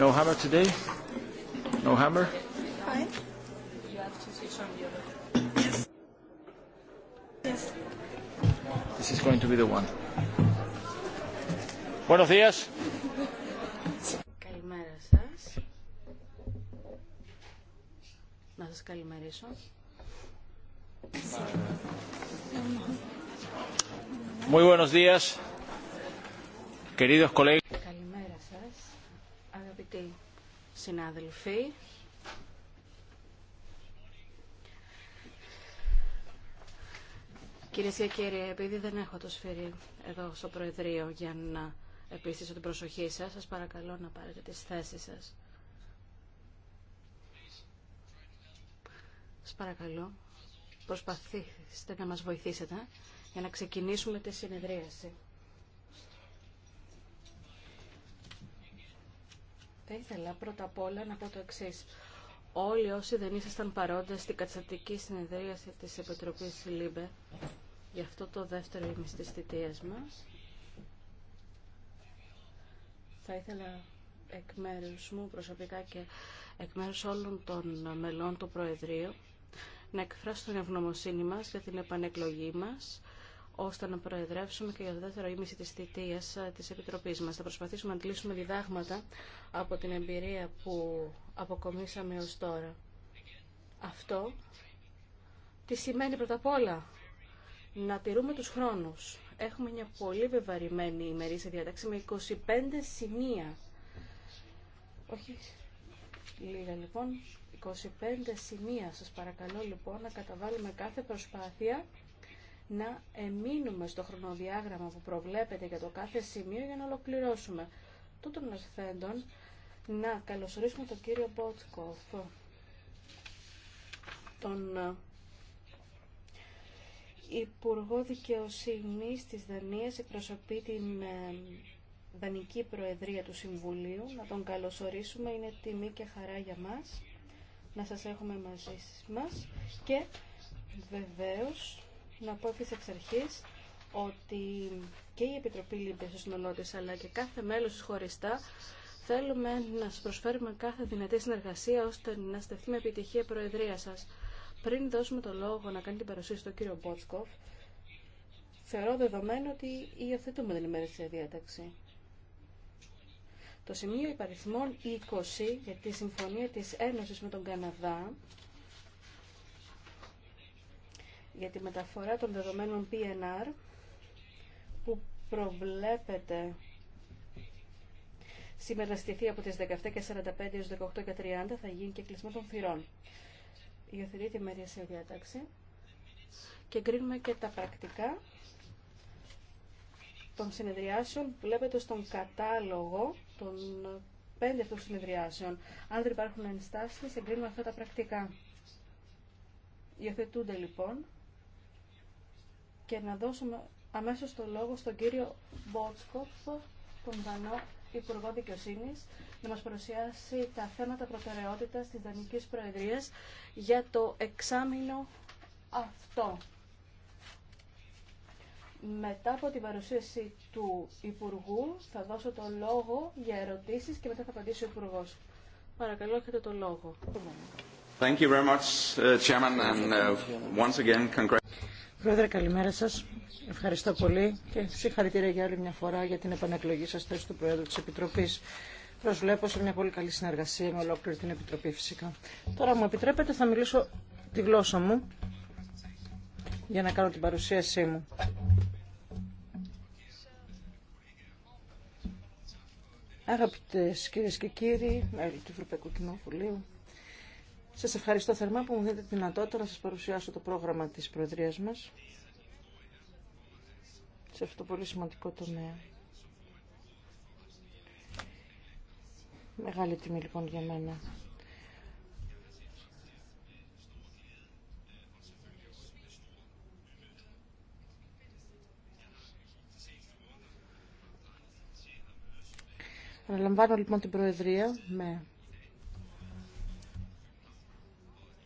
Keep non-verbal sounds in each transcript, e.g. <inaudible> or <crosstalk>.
No hammer today? No hammer? Fine. You have to switch on the other. Yes. Yes. This is going to be the one. Buenos días. Καλημέρα σας. Να σας καλημερίσω. Muy buenos días, queridos colegas. συνάδελφοι. Κυρίε και κύριοι, επειδή δεν έχω το σφυρί εδώ στο Προεδρείο για να επίστησω την προσοχή σας, σας παρακαλώ να πάρετε τις θέσεις σας. Σας παρακαλώ, προσπαθήστε να μας βοηθήσετε για να ξεκινήσουμε τη συνεδρίαση. Θα ήθελα πρώτα απ' όλα να πω το εξή. Όλοι όσοι δεν ήσασταν παρόντες στην καταστατική συνεδρίαση της Επιτροπής ΛΥΜΠΕ για αυτό το δεύτερο ημις της μας, θα ήθελα εκ μέρους μου προσωπικά και εκ μέρους όλων των μελών του Προεδρείου να εκφράσω την ευγνωμοσύνη μας για την επανεκλογή μας ώστε να προεδρεύσουμε και για το δεύτερο ήμιση της θητείας ε, της Επιτροπής μας. Θα προσπαθήσουμε να κλείσουμε διδάγματα από την εμπειρία που αποκομίσαμε ως τώρα. Αυτό τι σημαίνει πρώτα απ' όλα. Να τηρούμε τους χρόνους. Έχουμε μια πολύ βεβαρημένη σε διάταξη με 25 σημεία. Όχι, λίγα λοιπόν. 25 σημεία. Σας παρακαλώ λοιπόν να καταβάλουμε κάθε προσπάθεια να εμείνουμε στο χρονοδιάγραμμα που προβλέπεται για το κάθε σημείο για να ολοκληρώσουμε. Τούτων λεχθέντων, να καλωσορίσουμε τον κύριο Μπότσκοφ, τον ε, Υπουργό Δικαιοσύνη της Δανίας, εκπροσωπεί την ε, Δανική Προεδρία του Συμβουλίου. Να τον καλωσορίσουμε, είναι τιμή και χαρά για μας να σας έχουμε μαζί μας και βεβαίως να πω ευθύς εξ αρχή ότι και η Επιτροπή Λίμπια στο σύνολό αλλά και κάθε μέλος χωριστά θέλουμε να σα προσφέρουμε κάθε δυνατή συνεργασία ώστε να στεφθεί με επιτυχία η Προεδρία σα. Πριν δώσουμε το λόγο να κάνει την παρουσίαση στον κύριο Μπότσκοφ, θεωρώ δεδομένο ότι υιοθετούμε την ημερήσια διάταξη. Το σημείο υπαριθμών 20 για τη Συμφωνία της Ένωσης με τον Καναδά για τη μεταφορά των δεδομένων PNR που προβλέπεται σήμερα στηθεί από τις 17.45 έως 18.30 θα γίνει και κλεισμό των θυρών. τη η σε διάταξη και κρίνουμε και τα πρακτικά των συνεδριάσεων που βλέπετε στον κατάλογο των πέντε αυτών συνεδριάσεων. Αν δεν υπάρχουν ενστάσεις, εγκρίνουμε αυτά τα πρακτικά. Υιοθετούνται λοιπόν και να δώσουμε αμέσως το λόγο στον κύριο Μπότσκοφ, τον Δανό Υπουργό Δικαιοσύνη, να μας παρουσιάσει τα θέματα προτεραιότητας της Δανικής Προεδρίας για το εξάμεινο αυτό. Μετά από την παρουσίαση του Υπουργού θα δώσω το λόγο για ερωτήσεις και μετά θα απαντήσει ο υπουργό. Παρακαλώ, έχετε το λόγο. Thank you very much, uh, Chairman, and uh, once Πρόεδρε, καλημέρα σας. Ευχαριστώ πολύ και συγχαρητήρια για άλλη μια φορά για την επανεκλογή σας θέση του Πρόεδρου της Επιτροπής. Προσβλέπω σε μια πολύ καλή συνεργασία με ολόκληρη την Επιτροπή φυσικά. Τώρα μου επιτρέπετε θα μιλήσω τη γλώσσα μου για να κάνω την παρουσίασή μου. Αγαπητές κυρίες και κύριοι, μέλη του Ευρωπαϊκού Κοινοβουλίου, σας ευχαριστώ θερμά που μου δίνετε τη δυνατότητα να σας παρουσιάσω το πρόγραμμα της Προεδρίας μας σε αυτό το πολύ σημαντικό τομέα. Μεγάλη τιμή λοιπόν για μένα. Αναλαμβάνω λοιπόν την Προεδρία με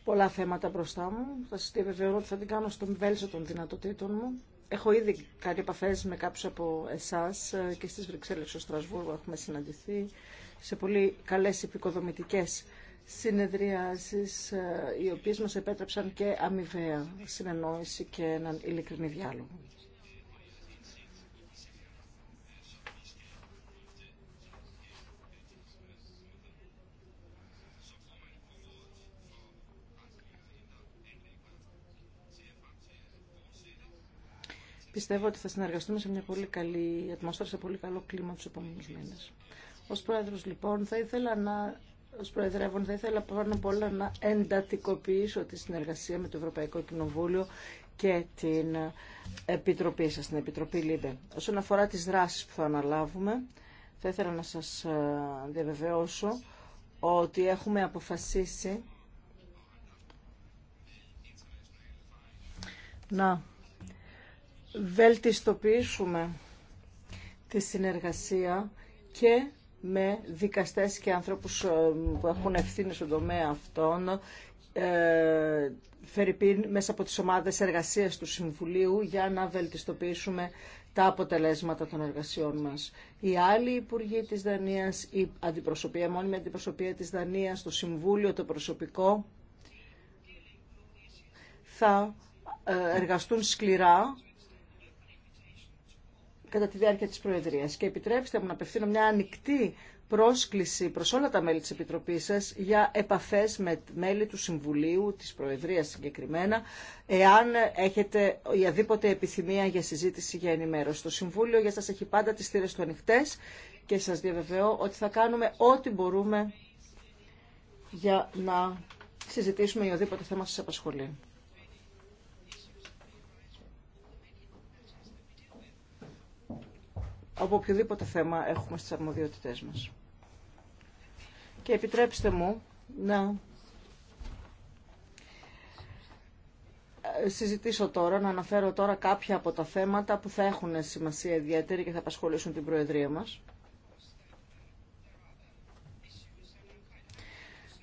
πολλά θέματα μπροστά μου. Θα σα διαβεβαιώ ότι θα την κάνω στον βέλσο των δυνατοτήτων μου. Έχω ήδη κάνει επαφέ με κάποιου από εσάς ε, και στις Βρυξέλλες στο Στρασβούργο έχουμε συναντηθεί σε πολύ καλές επικοδομητικέ συνεδριάσεις ε, οι οποίες μας επέτρεψαν και αμοιβαία συνεννόηση και έναν ειλικρινή διάλογο. Πιστεύω ότι θα συνεργαστούμε σε μια πολύ καλή ατμόσφαιρα, σε πολύ καλό κλίμα του επόμενου μήνε. Ω πρόεδρος λοιπόν θα ήθελα να ως Προεδρεύων θα ήθελα πάνω απ' όλα να εντατικοποιήσω τη συνεργασία με το Ευρωπαϊκό Κοινοβούλιο και την Επιτροπή σας, την Επιτροπή ΛΥΜΠΕ. Όσον αφορά τις δράσει που θα αναλάβουμε, θα ήθελα να σας ε, διαβεβαιώσω ότι έχουμε αποφασίσει να βελτιστοποιήσουμε τη συνεργασία και με δικαστές και άνθρωπους ε, που έχουν ευθύνη στον τομέα αυτών, ε, μέσα από τις ομάδες εργασίας του Συμβουλίου για να βελτιστοποιήσουμε τα αποτελέσματα των εργασιών μας. Οι άλλοι υπουργοί της Δανίας, η αντιπροσωπεία, μόνιμη αντιπροσωπεία της Δανίας, το Συμβούλιο, το προσωπικό, θα ε, εργαστούν σκληρά κατά τη διάρκεια της Προεδρίας. Και επιτρέψτε μου να απευθύνω μια ανοιχτή πρόσκληση προς όλα τα μέλη της Επιτροπής σας για επαφές με μέλη του Συμβουλίου, της Προεδρίας συγκεκριμένα, εάν έχετε οποιαδήποτε επιθυμία για συζήτηση, για ενημέρωση. Το Συμβούλιο για σας έχει πάντα τις θύρες του ανοιχτέ και σας διαβεβαιώ ότι θα κάνουμε ό,τι μπορούμε για να συζητήσουμε οποιοδήποτε θέμα σας απασχολεί. από οποιοδήποτε θέμα έχουμε στις αρμοδιότητές μας. Και επιτρέψτε μου να ε, συζητήσω τώρα, να αναφέρω τώρα κάποια από τα θέματα που θα έχουν σημασία ιδιαίτερη και θα απασχολήσουν την Προεδρία μας.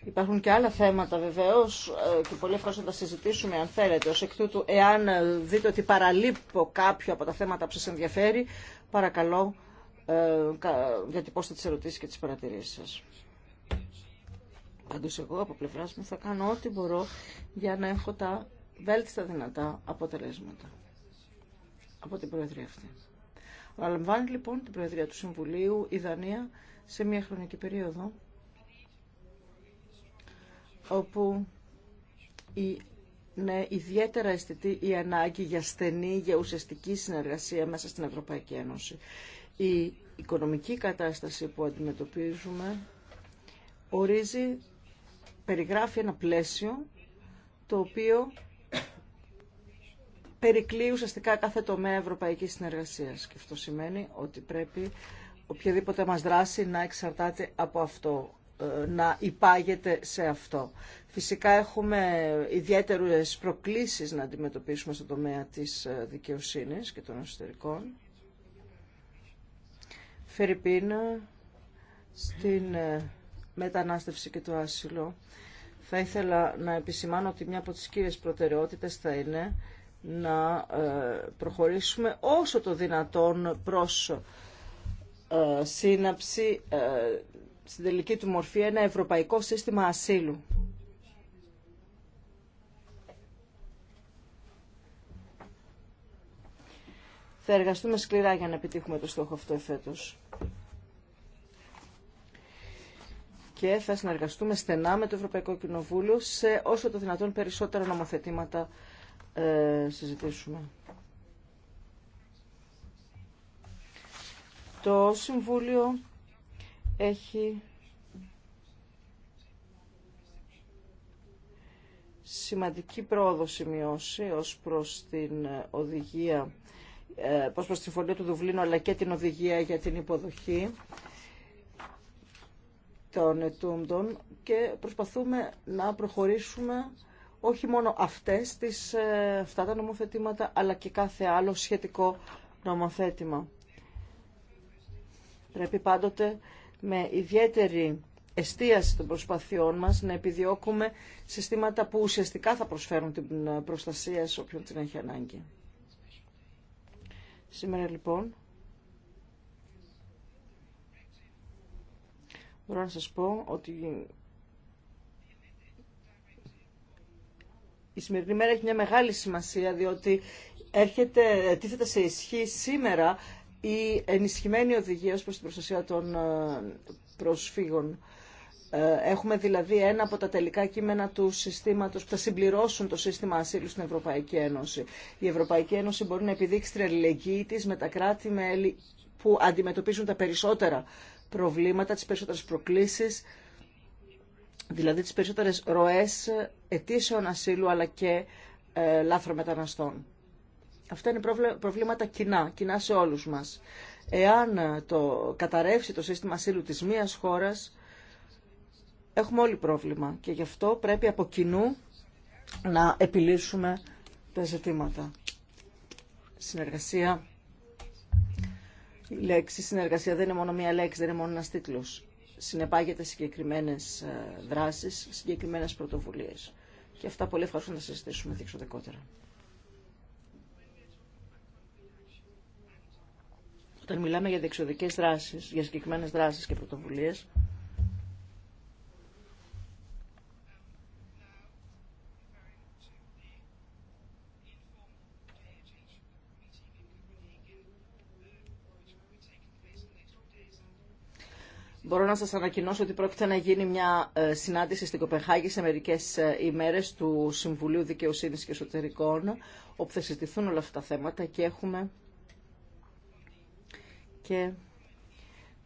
Υπάρχουν και άλλα θέματα βεβαίω ε, και πολύ ευχαριστώ να τα συζητήσουμε αν θέλετε. Ω εκ τούτου, εάν ε, δείτε ότι παραλείπω κάποιο από τα θέματα που σα ενδιαφέρει, παρακαλώ ε, διατυπώστε τι ερωτήσει και τι παρατηρήσει σα. Πάντω, εγώ από πλευρά μου θα κάνω ό,τι μπορώ για να έχω τα βέλτιστα δυνατά αποτελέσματα από την Προεδρία αυτή. Αναλαμβάνει λοιπόν την Προεδρία του Συμβουλίου η Δανία σε μια χρονική περίοδο όπου είναι ιδιαίτερα αισθητή η ανάγκη για στενή, για ουσιαστική συνεργασία μέσα στην Ευρωπαϊκή Ένωση. Η οικονομική κατάσταση που αντιμετωπίζουμε ορίζει, περιγράφει ένα πλαίσιο το οποίο περικλεί ουσιαστικά κάθε τομέα ευρωπαϊκής συνεργασίας. Και αυτό σημαίνει ότι πρέπει οποιαδήποτε μας δράση να εξαρτάται από αυτό να υπάγεται σε αυτό. Φυσικά έχουμε ιδιαίτερες προκλήσεις να αντιμετωπίσουμε στον τομέα της ε, δικαιοσύνης και των εσωτερικών. Φερρυπίνα στην ε, μετανάστευση και το άσυλο. Θα ήθελα να επισημάνω ότι μια από τις κύριες προτεραιότητες θα είναι να ε, προχωρήσουμε όσο το δυνατόν προς σύναψη στην τελική του μορφή ένα ευρωπαϊκό σύστημα ασύλου. Θα εργαστούμε σκληρά για να επιτύχουμε το στόχο αυτό εφέτος. Και θα συνεργαστούμε στενά με το Ευρωπαϊκό Κοινοβούλιο σε όσο το δυνατόν περισσότερα νομοθετήματα ε, συζητήσουμε. Το Συμβούλιο έχει σημαντική πρόοδο σημειώσει ως προς την οδηγία, ε, ως προς τη συμφωνία του Δουβλίνου αλλά και την οδηγία για την υποδοχή των ετούντων και προσπαθούμε να προχωρήσουμε όχι μόνο αυτές τις, ε, αυτά τα νομοθετήματα αλλά και κάθε άλλο σχετικό νομοθέτημα. Πρέπει πάντοτε με ιδιαίτερη εστίαση των προσπαθειών μας να επιδιώκουμε συστήματα που ουσιαστικά θα προσφέρουν την προστασία σε όποιον την έχει ανάγκη. Σήμερα λοιπόν μπορώ να σας πω ότι η σημερινή μέρα έχει μια μεγάλη σημασία διότι έρχεται, τίθεται σε ισχύ σήμερα η ενισχυμένη οδηγία προς την προστασία των ε, προσφύγων. Ε, έχουμε δηλαδή ένα από τα τελικά κείμενα του συστήματος που θα συμπληρώσουν το σύστημα ασύλου στην Ευρωπαϊκή Ένωση. Η Ευρωπαϊκή Ένωση μπορεί να επιδείξει την αλληλεγγύη της με τα κράτη-μέλη που αντιμετωπίζουν τα περισσότερα προβλήματα, τις περισσότερες προκλήσεις, δηλαδή τις περισσότερες ροές αιτήσεων ασύλου αλλά και ε, λάθρο μεταναστών. Αυτά είναι προβλήματα κοινά, κοινά σε όλους μας. Εάν ε, το καταρρεύσει το σύστημα ασύλου της μίας χώρας, έχουμε όλοι πρόβλημα και γι' αυτό πρέπει από κοινού να επιλύσουμε τα ζητήματα. Συνεργασία. Η λέξη συνεργασία δεν είναι μόνο μία λέξη, δεν είναι μόνο ένας τίτλος. Συνεπάγεται συγκεκριμένες ε, δράσεις, συγκεκριμένες πρωτοβουλίες. Και αυτά πολύ ευχαριστώ να συζητήσουμε διεξοδικότερα. όταν μιλάμε για διεξοδικέ δράσεις, για συγκεκριμένε δράσεις και πρωτοβουλίες, Μπορώ να σας ανακοινώσω ότι πρόκειται να γίνει μια ε, συνάντηση στην Κοπεχάγη σε μερικές ε, ημέρες του Συμβουλίου Δικαιοσύνης και Εσωτερικών, όπου θα συζητηθούν όλα αυτά τα θέματα και έχουμε και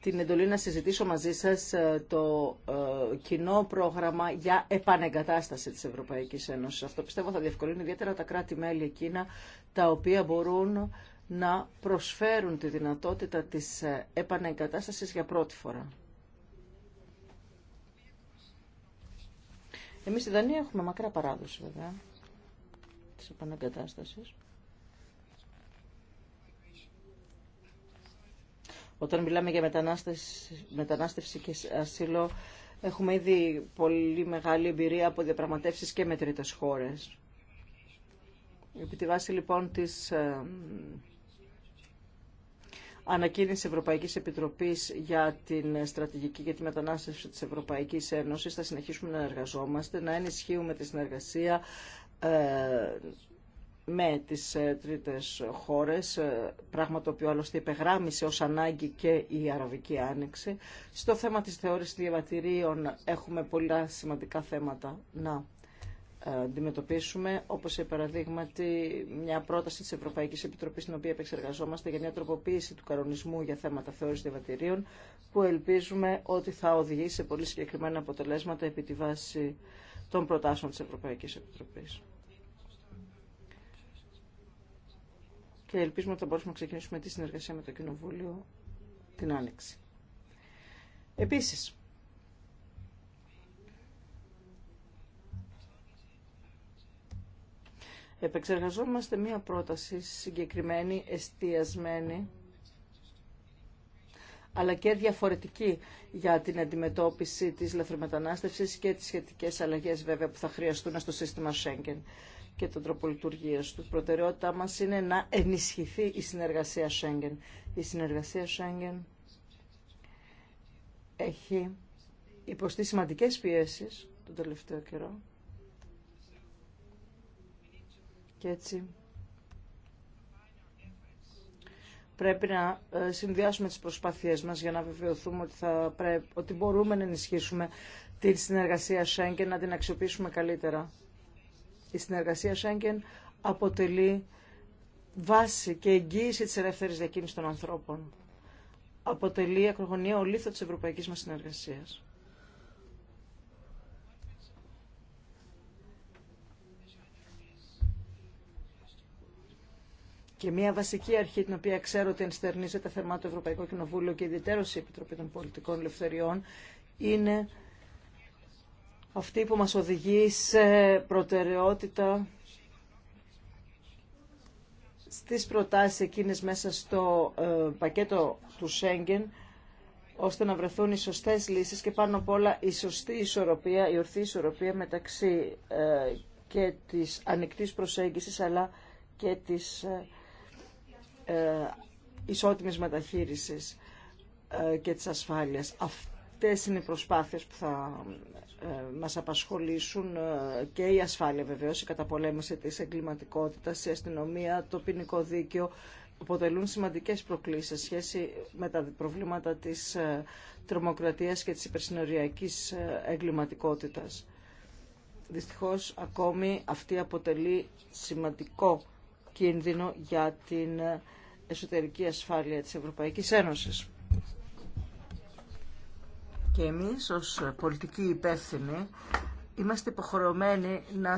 την εντολή να συζητήσω μαζί σας ε, το ε, κοινό πρόγραμμα για επανεγκατάσταση της Ευρωπαϊκής Ένωσης. Αυτό πιστεύω θα διευκολύνει ιδιαίτερα τα κράτη-μέλη εκείνα τα οποία μπορούν να προσφέρουν τη δυνατότητα της ε, επανεγκατάστασης για πρώτη φορά. Εμείς στη Δανία έχουμε μακρά παράδοση βέβαια της επανεγκατάστασης. Όταν μιλάμε για μετανάστευση, μετανάστευση και ασύλο, έχουμε ήδη πολύ μεγάλη εμπειρία από διαπραγματεύσεις και με τρίτες χώρες. Επί τη βάση λοιπόν της ε, ανακοίνηση Ευρωπαϊκής Επιτροπής για την στρατηγική και τη μετανάστευση της Ευρωπαϊκής Ένωσης. Θα συνεχίσουμε να εργαζόμαστε, να ενισχύουμε τη συνεργασία ε, με τις ε, τρίτες χώρες, ε, πράγμα το οποίο άλλωστε υπεγράμισε ως ανάγκη και η Αραβική Άνοιξη. Στο θέμα της θεώρησης διαβατηρίων έχουμε πολλά σημαντικά θέματα να ε, αντιμετωπίσουμε, όπως παραδείγματι μια πρόταση της Ευρωπαϊκής Επιτροπής, στην οποία επεξεργαζόμαστε για μια τροποποίηση του κανονισμού για θέματα θεώρησης διαβατηρίων, που ελπίζουμε ότι θα οδηγήσει σε πολύ συγκεκριμένα αποτελέσματα επί τη βάση των προτάσεων της Ευρωπαϊκής Επιτροπής. και ελπίζουμε ότι θα μπορέσουμε να ξεκινήσουμε τη συνεργασία με το Κοινοβούλιο την Άνοιξη. Επίσης, επεξεργαζόμαστε μία πρόταση συγκεκριμένη, εστιασμένη, αλλά και διαφορετική για την αντιμετώπιση της λαθρομετανάστευσης και τις σχετικές αλλαγές βέβαια που θα χρειαστούν στο σύστημα Schengen και τον τρόπο λειτουργία του. Προτεραιότητά μα είναι να ενισχυθεί η συνεργασία Schengen. Η συνεργασία Schengen έχει υποστεί σημαντικέ πιέσει τον τελευταίο καιρό. Και έτσι πρέπει να ε, συνδυάσουμε τις προσπάθειές μας για να βεβαιωθούμε ότι, θα πρέπει, ότι μπορούμε να ενισχύσουμε την συνεργασία Schengen, να την αξιοποιήσουμε καλύτερα. Η συνεργασία Σέγγεν αποτελεί βάση και εγγύηση της ελεύθερης διακίνησης των ανθρώπων. Αποτελεί ακρογωνία ολίθο της ευρωπαϊκής μας συνεργασίας. Και μια βασική αρχή, την οποία ξέρω ότι ενστερνίζεται θερμά το Ευρωπαϊκό Κοινοβούλιο και ιδιαίτερω η Επιτροπή των Πολιτικών Ελευθεριών, είναι αυτή που μας οδηγεί σε προτεραιότητα στις προτάσεις εκείνες μέσα στο ε, πακέτο του Σέγγεν, ώστε να βρεθούν οι σωστές λύσεις και πάνω απ' όλα η σωστή ισορροπία, η ορθή ισορροπία μεταξύ ε, και της ανοιχτής προσέγγισης αλλά και της ε, ε ισότιμης μεταχείρισης και της ασφάλειας. Αυτές είναι οι προσπάθειες που θα ε, μας απασχολήσουν ε, και η ασφάλεια βεβαίως, η καταπολέμηση της εγκληματικότητας, η αστυνομία, το ποινικό δίκαιο, αποτελούν σημαντικές προκλήσεις σε σχέση με τα προβλήματα της ε, τρομοκρατίας και της υπερσυνοριακής εγκληματικότητας. Δυστυχώς ακόμη αυτή αποτελεί σημαντικό κίνδυνο για την εσωτερική ασφάλεια της Ευρωπαϊκής Ένωσης και εμείς ως πολιτικοί υπεύθυνοι είμαστε υποχρεωμένοι να,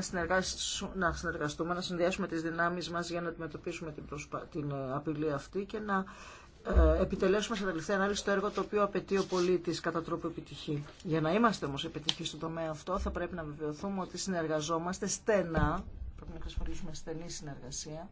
να συνεργαστούμε, να συνδυάσουμε τις δυνάμεις μας για να αντιμετωπίσουμε την, την ε, απειλή αυτή και να ε, επιτελέσουμε σε τελευταία ανάλυση το έργο το οποίο απαιτεί ο πολίτη κατά τρόπο επιτυχή. Για να είμαστε όμω επιτυχεί στον τομέα αυτό, θα πρέπει να βεβαιωθούμε ότι συνεργαζόμαστε στενά. Πρέπει να εξασφαλίσουμε στενή συνεργασία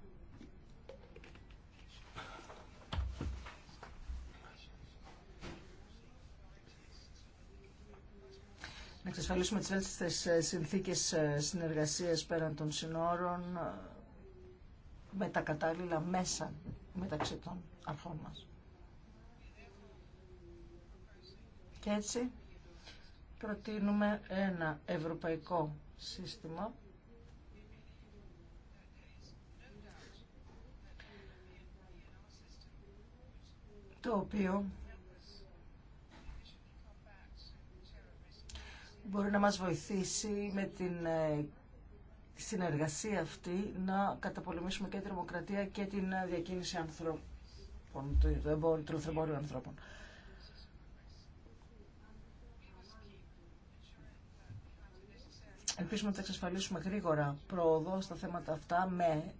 να εξασφαλίσουμε τις βέλτιστες ε, συνθήκες ε, συνεργασίας πέραν των συνόρων ε, με τα κατάλληλα μέσα μεταξύ των αρχών μας. Και έτσι προτείνουμε ένα ευρωπαϊκό σύστημα το οποίο μπορεί να μας βοηθήσει με την ε, συνεργασία αυτή να καταπολεμήσουμε και τη δημοκρατία και την ε, διακίνηση ανθρώπων, του εμπόριου ανθρώπων. Ελπίζουμε να θα εξασφαλίσουμε γρήγορα πρόοδο στα θέματα αυτά με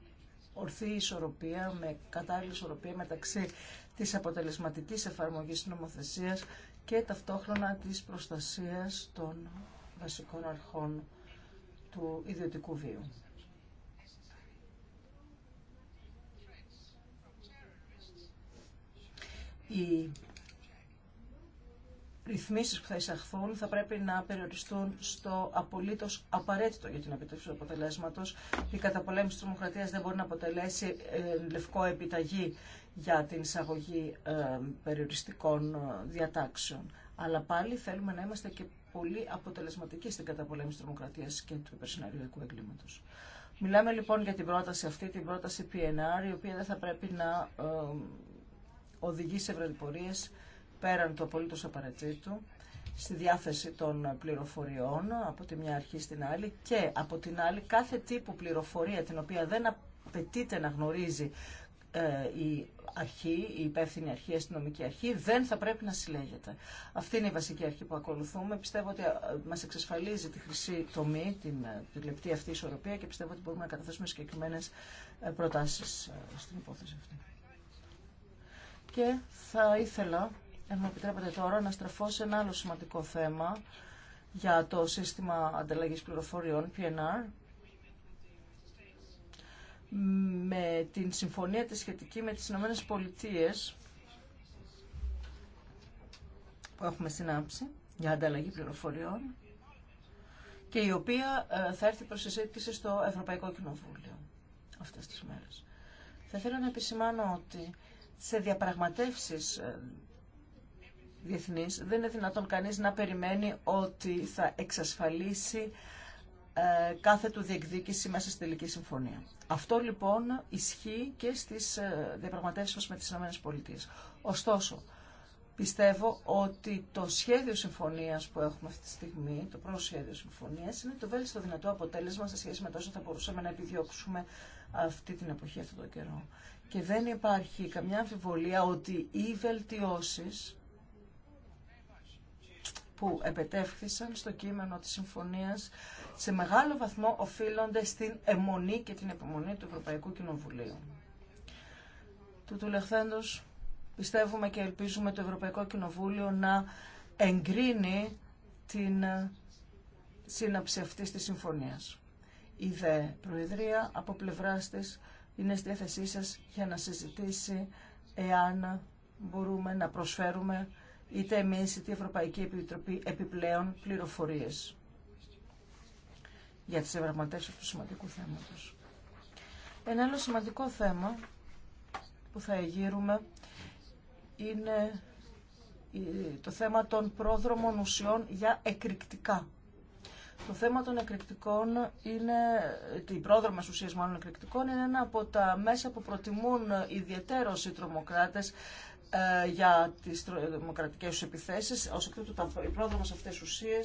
ορθή ισορροπία, με κατάλληλη ισορροπία μεταξύ της αποτελεσματικής εφαρμογής νομοθεσίας και ταυτόχρονα της προστασίας των βασικών αρχών του ιδιωτικού βίου. Οι ρυθμίσεις που θα εισαχθούν θα πρέπει να περιοριστούν στο απολύτως απαραίτητο για την επιτρέψη του αποτελέσματος. Η καταπολέμηση της τρομοκρατίας δεν μπορεί να αποτελέσει ε, λευκό επιταγή για την εισαγωγή ε, περιοριστικών ε, διατάξεων. Αλλά πάλι θέλουμε να είμαστε και πολύ αποτελεσματικοί στην καταπολέμηση τρομοκρατία και του υπερσυναριακού εγκλήματος. Μιλάμε λοιπόν για την πρόταση αυτή, την πρόταση PNR, η οποία δεν θα πρέπει να ε, οδηγεί σε ευρωπορίες πέραν του απολύτω απαραίτητου στη διάθεση των πληροφοριών από τη μια αρχή στην άλλη και από την άλλη κάθε τύπου πληροφορία την οποία δεν απαιτείται να γνωρίζει ε, η αρχή, η υπεύθυνη αρχή, η αστυνομική αρχή δεν θα πρέπει να συλλέγεται. Αυτή είναι η βασική αρχή που ακολουθούμε. Πιστεύω ότι ε, μας εξασφαλίζει τη χρυσή τομή, την, ε, τη λεπτή αυτή ισορροπία και πιστεύω ότι μπορούμε να καταθέσουμε συγκεκριμένε προτάσεις στην υπόθεση αυτή. Και θα ήθελα, αν μου επιτρέπετε τώρα, να στραφώ σε ένα άλλο σημαντικό θέμα για το σύστημα ανταλλαγής πληροφοριών, PNR, με την συμφωνία τη σχετική με τις Ηνωμένες Πολιτείες που έχουμε συνάψει για ανταλλαγή πληροφοριών και η οποία ε, θα έρθει προς συζήτηση στο Ευρωπαϊκό Κοινοβούλιο αυτές τις μέρες. Θα θέλω να επισημάνω ότι σε διαπραγματεύσεις ε, διεθνείς δεν είναι δυνατόν κανείς να περιμένει ότι θα εξασφαλίσει ε, κάθε του διεκδίκηση μέσα στη τελική συμφωνία. Αυτό λοιπόν ισχύει και στις ε, διαπραγματεύσεις μας με τις ΗΠΑ. Ωστόσο, πιστεύω ότι το σχέδιο συμφωνίας που έχουμε αυτή τη στιγμή, το πρώτο σχέδιο συμφωνίας, είναι το βέλτιστο δυνατό αποτέλεσμα σε σχέση με το όσο θα μπορούσαμε να επιδιώξουμε αυτή την εποχή, αυτό τον καιρό. Και δεν υπάρχει καμιά αμφιβολία ότι οι βελτιώσεις που επετεύχθησαν στο κείμενο της συμφωνίας σε μεγάλο βαθμό οφείλονται στην αιμονή και την επιμονή του Ευρωπαϊκού Κοινοβουλίου. Του τουλεχθέντος πιστεύουμε και ελπίζουμε το Ευρωπαϊκό Κοινοβούλιο να εγκρίνει την σύναψη αυτή της συμφωνίας. Η ΔΕ Προεδρία από πλευρά της είναι στη διάθεσή σα για να συζητήσει εάν μπορούμε να προσφέρουμε είτε εμείς είτε η Ευρωπαϊκή Επιτροπή επιπλέον πληροφορίες για τις διαπραγματεύσεις του σημαντικού θέματος. Ένα άλλο σημαντικό θέμα που θα εγείρουμε είναι το θέμα των πρόδρομων ουσιών για εκρηκτικά. Το θέμα των εκρηκτικών είναι, οι πρόδρομε ουσίε μάλλον εκρηκτικών, είναι ένα από τα μέσα που προτιμούν ιδιαίτερω οι τρομοκράτε ε, για τι δημοκρατικέ του επιθέσει. Ω εκ τούτου, οι πρόδρομε αυτέ ουσίε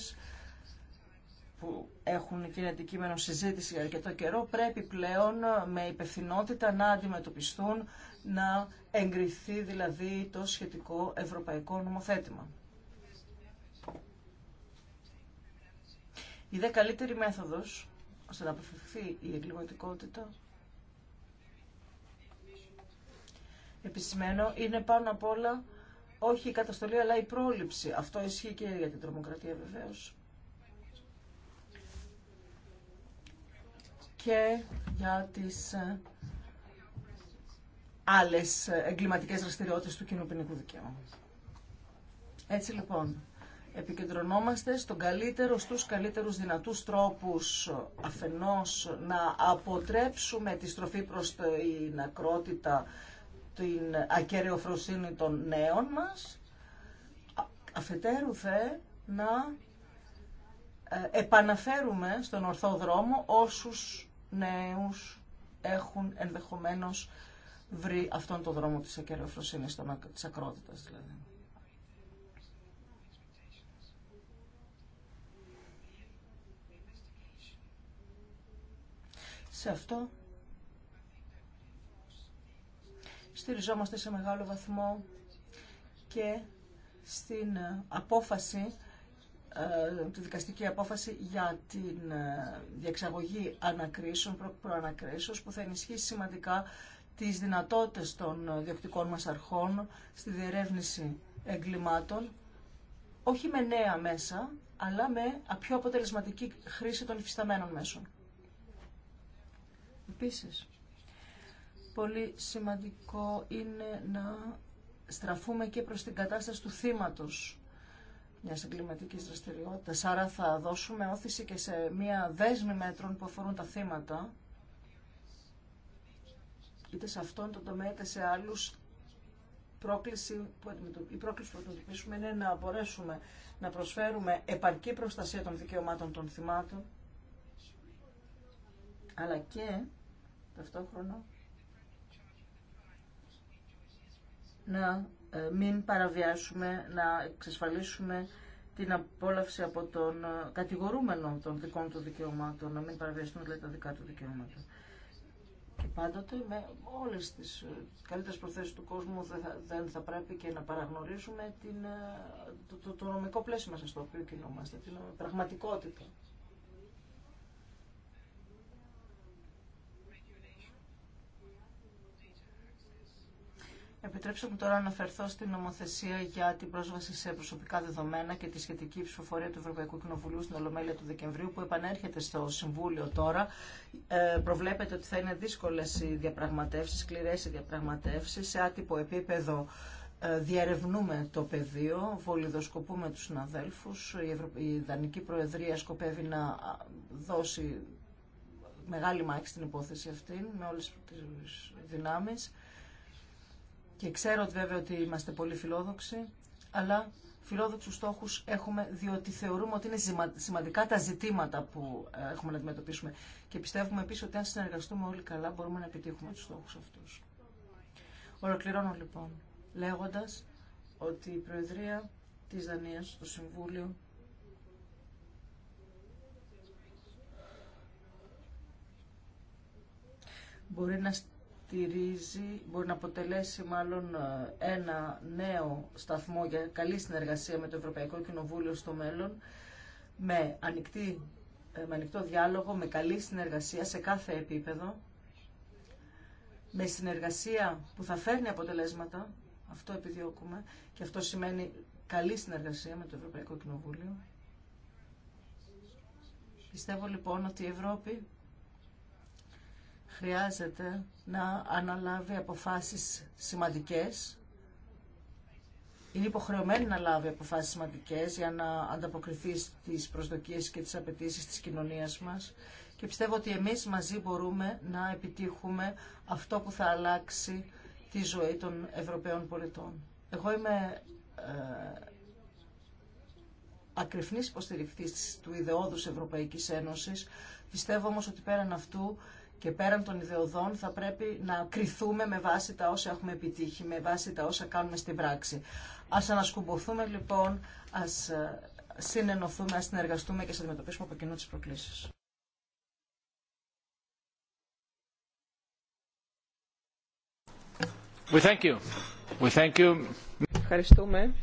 που έχουν και αντικείμενο συζήτηση για αρκετό καιρό πρέπει πλέον με υπευθυνότητα να αντιμετωπιστούν, να εγκριθεί δηλαδή το σχετικό ευρωπαϊκό νομοθέτημα. Η δε καλύτερη μέθοδος ώστε να αποφευχθεί η εγκληματικότητα επισημένο είναι πάνω απ' όλα όχι η καταστολή αλλά η πρόληψη. Αυτό ισχύει και για την τρομοκρατία βεβαίως. και για τις ε, άλλες εγκληματικές δραστηριότητες του κοινού ποινικού δικαίου. Έτσι λοιπόν, επικεντρωνόμαστε στον καλύτερο, στους καλύτερους δυνατούς τρόπους αφενός να αποτρέψουμε τη στροφή προς την ακρότητα, την ακέραιοφροσύνη των νέων μας, αφετέρου δε να ε, επαναφέρουμε στον ορθό δρόμο όσους νέους έχουν ενδεχομένως βρει αυτόν τον δρόμο της ακεραιοφροσύνης, της ακρότητας δηλαδή. Σε αυτό στηριζόμαστε σε μεγάλο βαθμό και στην ε, απόφαση ε, τη δικαστική απόφαση για την ε, διεξαγωγή ανακρίσεων, προανακρίσεως, που θα ενισχύσει σημαντικά τις δυνατότητες των ε, διοκτικών μας αρχών στη διερεύνηση εγκλημάτων, όχι με νέα μέσα, αλλά με πιο αποτελεσματική χρήση των υφισταμένων μέσων. Επίσης, πολύ σημαντικό είναι να στραφούμε και προς την κατάσταση του θύματος μια εγκληματική δραστηριότητα. Άρα θα δώσουμε όθηση και σε μια δέσμη μέτρων που αφορούν τα θύματα, είτε σε αυτόν τον τομέα είτε σε άλλου. Η πρόκληση που αντιμετωπίσουμε είναι να μπορέσουμε να προσφέρουμε επαρκή προστασία των δικαιωμάτων των θυμάτων, αλλά και ταυτόχρονα να ε, μην παραβιάσουμε, να εξασφαλίσουμε την απόλαυση από τον ε, κατηγορούμενο των δικών του δικαιωμάτων, να μην παραβιαστούν δηλαδή τα δικά του δικαιώματα. Και πάντοτε με όλες τις ε, καλύτερες προθέσεις του κόσμου δεν θα, δεν πρέπει και να παραγνωρίζουμε την, το, το νομικό πλαίσιο μας στο οποίο κινούμαστε, την πραγματικότητα. Επιτρέψτε μου τώρα να αναφερθώ στην νομοθεσία για την πρόσβαση σε προσωπικά δεδομένα και τη σχετική ψηφοφορία του Ευρωπαϊκού Κοινοβουλίου στην Ολομέλεια του Δεκεμβρίου που επανέρχεται στο Συμβούλιο τώρα. Ε, προβλέπεται ότι θα είναι δύσκολε οι διαπραγματεύσει, σκληρέ οι διαπραγματεύσει. Σε άτυπο επίπεδο ε, διαρευνούμε το πεδίο, βολιδοσκοπούμε του συναδέλφου. Η, Ευρω... η Δανική Προεδρία σκοπεύει να δώσει μεγάλη μάχη στην υπόθεση αυτή με όλε τι δυνάμει. Και ξέρω βέβαια ότι είμαστε πολύ φιλόδοξοι, αλλά φιλόδοξους στόχους έχουμε διότι θεωρούμε ότι είναι σημαντικά τα ζητήματα που ε, έχουμε να αντιμετωπίσουμε. Και πιστεύουμε επίσης ότι αν συνεργαστούμε όλοι καλά μπορούμε να επιτύχουμε τους στόχους αυτούς. Ολοκληρώνω λοιπόν λέγοντας ότι η Προεδρία της Δανίας στο Συμβούλιο μπορεί να μπορεί να αποτελέσει μάλλον ε, ένα νέο σταθμό για καλή συνεργασία με το Ευρωπαϊκό Κοινοβούλιο στο μέλλον, με, ανοιχτή, ε, με ανοιχτό διάλογο, με καλή συνεργασία σε κάθε επίπεδο, με συνεργασία που θα φέρνει αποτελέσματα, αυτό επιδιώκουμε, και αυτό σημαίνει καλή συνεργασία με το Ευρωπαϊκό Κοινοβούλιο. Πιστεύω λοιπόν ότι η Ευρώπη χρειάζεται να αναλάβει αποφάσεις σημαντικές. Είναι υποχρεωμένη να λάβει αποφάσεις σημαντικές για να ανταποκριθεί στις προσδοκίες και τις απαιτήσεις της κοινωνίας μας. Και πιστεύω ότι εμείς μαζί μπορούμε να επιτύχουμε αυτό που θα αλλάξει τη ζωή των Ευρωπαίων πολιτών. Εγώ είμαι ε, ακριφνής υποστηριχτής του ιδεώδους Ευρωπαϊκής Ένωσης. Πιστεύω όμως ότι πέραν αυτού και πέραν των ιδεωδών θα πρέπει να κρυθούμε με βάση τα όσα έχουμε επιτύχει, με βάση τα όσα κάνουμε στην πράξη. Ας ανασκουμποθούμε λοιπόν, ας ε, συνενωθούμε, ας συνεργαστούμε και ας αντιμετωπίσουμε από κοινού τις προκλήσεις. We thank you. We thank you. Ευχαριστούμε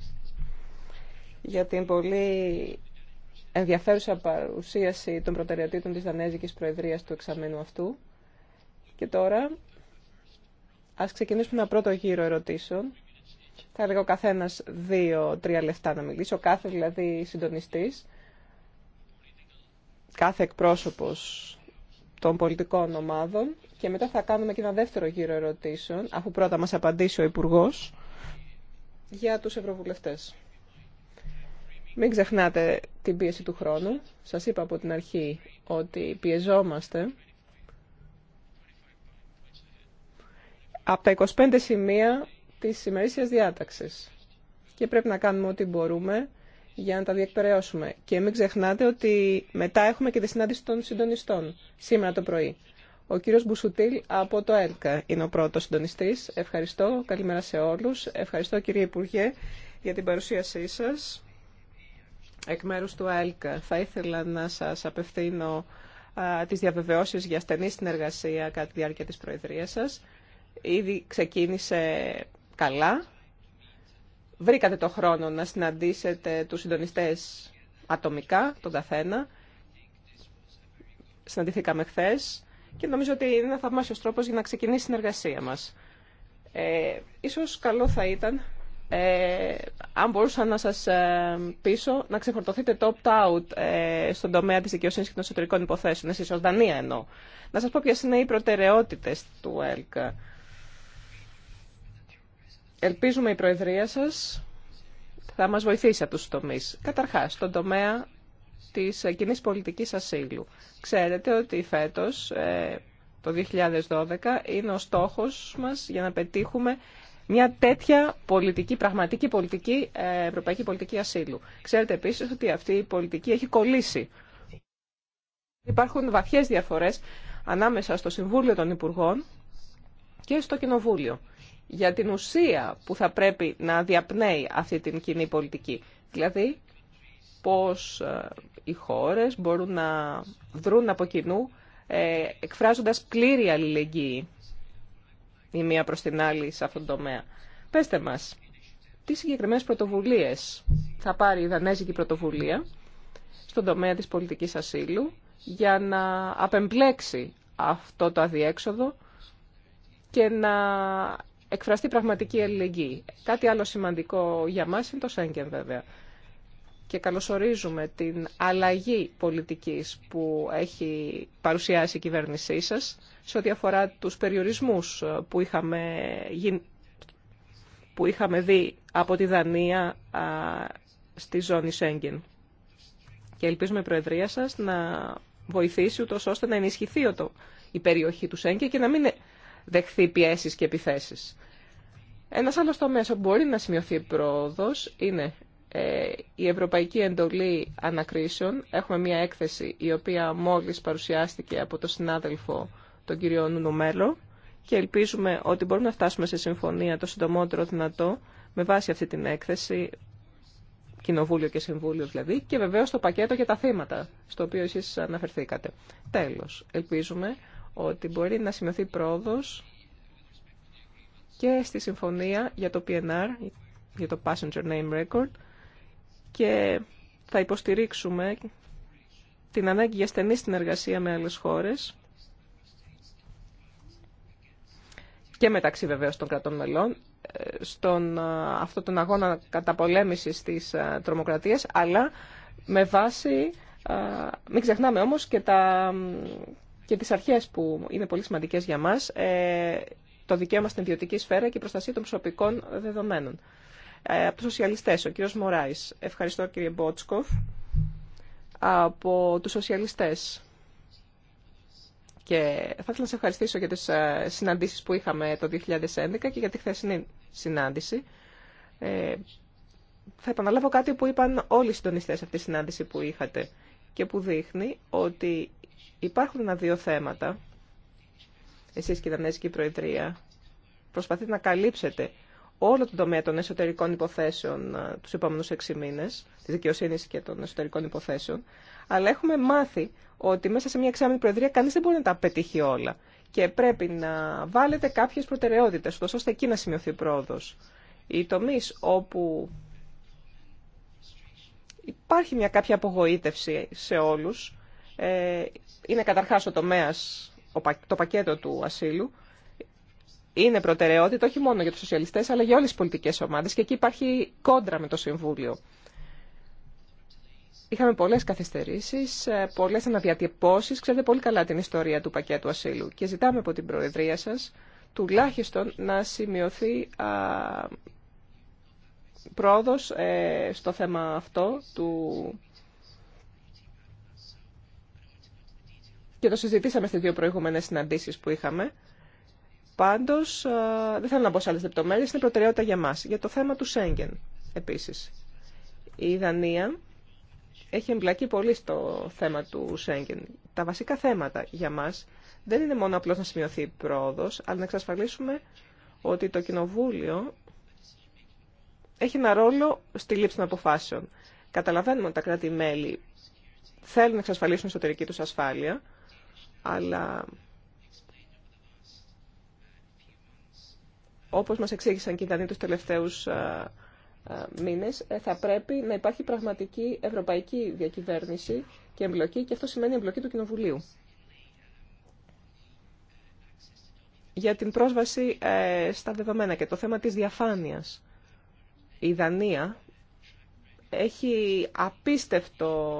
για την πολύ ενδιαφέρουσα παρουσίαση των προτεραιοτήτων της Δανέζικης Προεδρίας του εξαμένου αυτού. Και τώρα ας ξεκινήσουμε ένα πρώτο γύρο ερωτήσεων. Θα έλεγα ο καθένας δύο-τρία λεφτά να μιλήσει, ο κάθε δηλαδή συντονιστής, κάθε εκπρόσωπος των πολιτικών ομάδων και μετά θα κάνουμε και ένα δεύτερο γύρο ερωτήσεων, αφού πρώτα μας απαντήσει ο υπουργό για τους ευρωβουλευτές. Μην ξεχνάτε την πίεση του χρόνου. Σας είπα από την αρχή ότι πιεζόμαστε από τα 25 σημεία της ημερήσιας διάταξης. Και πρέπει να κάνουμε ό,τι μπορούμε για να τα διεκπαιρεώσουμε. Και μην ξεχνάτε ότι μετά έχουμε και τη συνάντηση των συντονιστών σήμερα το πρωί. Ο κύριος Μπουσουτήλ από το ΕΛΚΑ είναι ο πρώτος συντονιστής. Ευχαριστώ. Καλημέρα σε όλους. Ευχαριστώ κύριε Υπουργέ για την παρουσίασή σας. Εκ μέρους του ΕΛΚΑ θα ήθελα να σας απευθύνω α, τις διαβεβαιώσεις για στενή συνεργασία κατά τη διάρκεια της Προεδρίας σας ήδη ξεκίνησε καλά. Βρήκατε το χρόνο να συναντήσετε τους συντονιστές ατομικά, τον καθένα. Συναντηθήκαμε χθε και νομίζω ότι είναι ένα θαυμάσιο τρόπος για να ξεκινήσει η συνεργασία μας. Ε, ίσως καλό θα ήταν, ε, αν μπορούσα να σας ε, πείσω, να ξεφορτωθείτε το out ε, στον τομέα της δικαιοσύνη και των εσωτερικών υποθέσεων, εσείς ως Δανία εννοώ. Να σας πω ποιες είναι οι προτεραιότητες του ΕΛΚΑ. Ελπίζουμε η Προεδρία σας θα μας βοηθήσει από τους τομείς. Καταρχάς, στον τομέα της κοινή πολιτικής ασύλου. Ξέρετε ότι φέτος, ε, το 2012, είναι ο στόχος μας για να πετύχουμε μια τέτοια πολιτική, πραγματική πολιτική, ε, ευρωπαϊκή πολιτική ασύλου. Ξέρετε επίσης ότι αυτή η πολιτική έχει κολλήσει. Υπάρχουν βαθιές διαφορές ανάμεσα στο Συμβούλιο των Υπουργών και στο Κοινοβούλιο για την ουσία που θα πρέπει να διαπνέει αυτή την κοινή πολιτική. Δηλαδή, πώς ε, οι χώρες μπορούν να δρουν από κοινού ε, εκφράζοντας πλήρη αλληλεγγύη η μία προς την άλλη σε αυτόν τον τομέα. Πέστε μας, τι συγκεκριμένες πρωτοβουλίες θα πάρει η Δανέζικη πρωτοβουλία στον τομέα της πολιτικής ασύλου για να απεμπλέξει αυτό το αδιέξοδο και να εκφραστεί πραγματική αλληλεγγύη. Κάτι άλλο σημαντικό για μας είναι το Σέγγεν βέβαια. Και καλωσορίζουμε την αλλαγή πολιτικής που έχει παρουσιάσει η κυβέρνησή σας σε ό,τι αφορά τους περιορισμούς ε, που είχαμε, που είχαμε δει από τη Δανία στη ζώνη Σέγγεν. Και ελπίζουμε η Προεδρία σας να βοηθήσει ούτως ώστε να ενισχυθεί η περιοχή του Σέγγεν και να μην δεχθεί πιέσεις και επιθέσεις. Ένα άλλος τομέας που μπορεί να σημειωθεί πρόοδος είναι ε, η Ευρωπαϊκή Εντολή Ανακρίσεων. Έχουμε μια έκθεση η οποία μόλις παρουσιάστηκε από τον συνάδελφο τον κύριο Μέλο και ελπίζουμε ότι μπορούμε να φτάσουμε σε συμφωνία το συντομότερο δυνατό με βάση αυτή την έκθεση, κοινοβούλιο και συμβούλιο δηλαδή, και βεβαίω το πακέτο για τα θύματα, στο οποίο εσείς αναφερθήκατε. Τέλος, ελπίζουμε ότι μπορεί να σημειωθεί πρόοδος και στη συμφωνία για το PNR, για το Passenger Name Record και θα υποστηρίξουμε την ανάγκη για στενή συνεργασία με άλλες χώρες και μεταξύ βεβαίως των κρατών μελών ε, στον ε, αυτόν τον αγώνα καταπολέμησης της ε, τρομοκρατίας αλλά με βάση μην ξεχνάμε όμως και τα και τις αρχές που είναι πολύ σημαντικές για μας, ε, το δικαίωμα στην ιδιωτική σφαίρα και η προστασία των προσωπικών δεδομένων. Ε, από τους σοσιαλιστές, ο κύριος Μωράης. Ευχαριστώ κύριε Μπότσκοφ. Από τους σοσιαλιστές. Και θα ήθελα να σε ευχαριστήσω για τις ε, συναντήσεις που είχαμε το 2011 και για τη χθεσινή συνάντηση. θα επαναλάβω κάτι που είπαν όλοι οι συντονιστές αυτή τη συνάντηση που είχατε και που δείχνει ότι Υπάρχουν ένα-δύο θέματα. εσεί και η Δανέζικη Προεδρία προσπαθείτε να καλύψετε όλο τον τομέα των εσωτερικών υποθέσεων ε, του επόμενου έξι μήνε, τη δικαιοσύνη και των εσωτερικών υποθέσεων, αλλά έχουμε μάθει ότι μέσα σε μια εξάμεινη προεδρία κανεί δεν μπορεί να τα πετύχει όλα και πρέπει να βάλετε κάποιε προτεραιότητε, ώστε εκεί να σημειωθεί πρόοδο. Οι τομεί όπου υπάρχει μια κάποια απογοήτευση σε όλους ε, είναι καταρχάς ο τομέας, το πακέτο του ασύλου, είναι προτεραιότητα όχι μόνο για τους σοσιαλιστές, αλλά για όλες τις πολιτικές ομάδες και εκεί υπάρχει κόντρα με το Συμβούλιο. Είχαμε πολλές καθυστερήσεις, ε, πολλές αναδιατυπώσεις. Ξέρετε πολύ καλά την ιστορία του πακέτου ασύλου και ζητάμε από την Προεδρία σας τουλάχιστον να σημειωθεί α, πρόοδος ε, στο θέμα αυτό του και το συζητήσαμε στις δύο προηγούμενες συναντήσεις που είχαμε. Πάντως, ε, δεν θέλω να μπω σε άλλες λεπτομέρειες, είναι προτεραιότητα για μας. Για το θέμα του Σέγγεν, επίσης. Η Δανία έχει εμπλακεί πολύ στο θέμα του Σέγγεν. Τα βασικά θέματα για μας δεν είναι μόνο απλώς να σημειωθεί η πρόοδος, αλλά να εξασφαλίσουμε ότι το Κοινοβούλιο έχει ένα ρόλο στη λήψη των αποφάσεων. Καταλαβαίνουμε ότι τα κράτη-μέλη θέλουν να εξασφαλίσουν εσωτερική τους ασφάλεια, αλλά όπως μας εξήγησαν και οι Δανείοι τους τελευταίους ε, ε, μήνες, ε, θα πρέπει να υπάρχει πραγματική ευρωπαϊκή διακυβέρνηση και εμπλοκή και αυτό σημαίνει εμπλοκή του Κοινοβουλίου. Για την πρόσβαση στα δεδομένα και το θέμα της διαφάνειας. Η Δανία έχει απίστευτο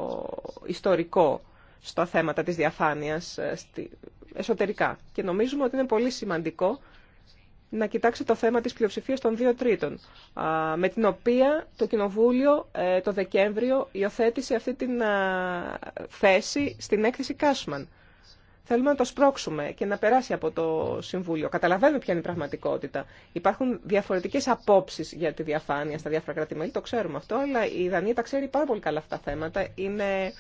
ιστορικό στα θέματα της διαφάνειας ε, εσωτερικά. Και νομίζουμε ότι είναι πολύ σημαντικό να κοιτάξει το θέμα της πλειοψηφίας των δύο τρίτων, με την οποία το Κοινοβούλιο ε, το Δεκέμβριο υιοθέτησε αυτή την θέση στην έκθεση Κάσμαν. Θέλουμε να το σπρώξουμε και να περάσει από το Συμβούλιο. Καταλαβαίνουμε ποια είναι η πραγματικότητα. Υπάρχουν διαφορετικές απόψεις για τη διαφάνεια στα διάφορα κράτη-μέλη, το ξέρουμε αυτό, αλλά η Δανία τα ξέρει πάρα πολύ καλά αυτά τα θέματα. Είναι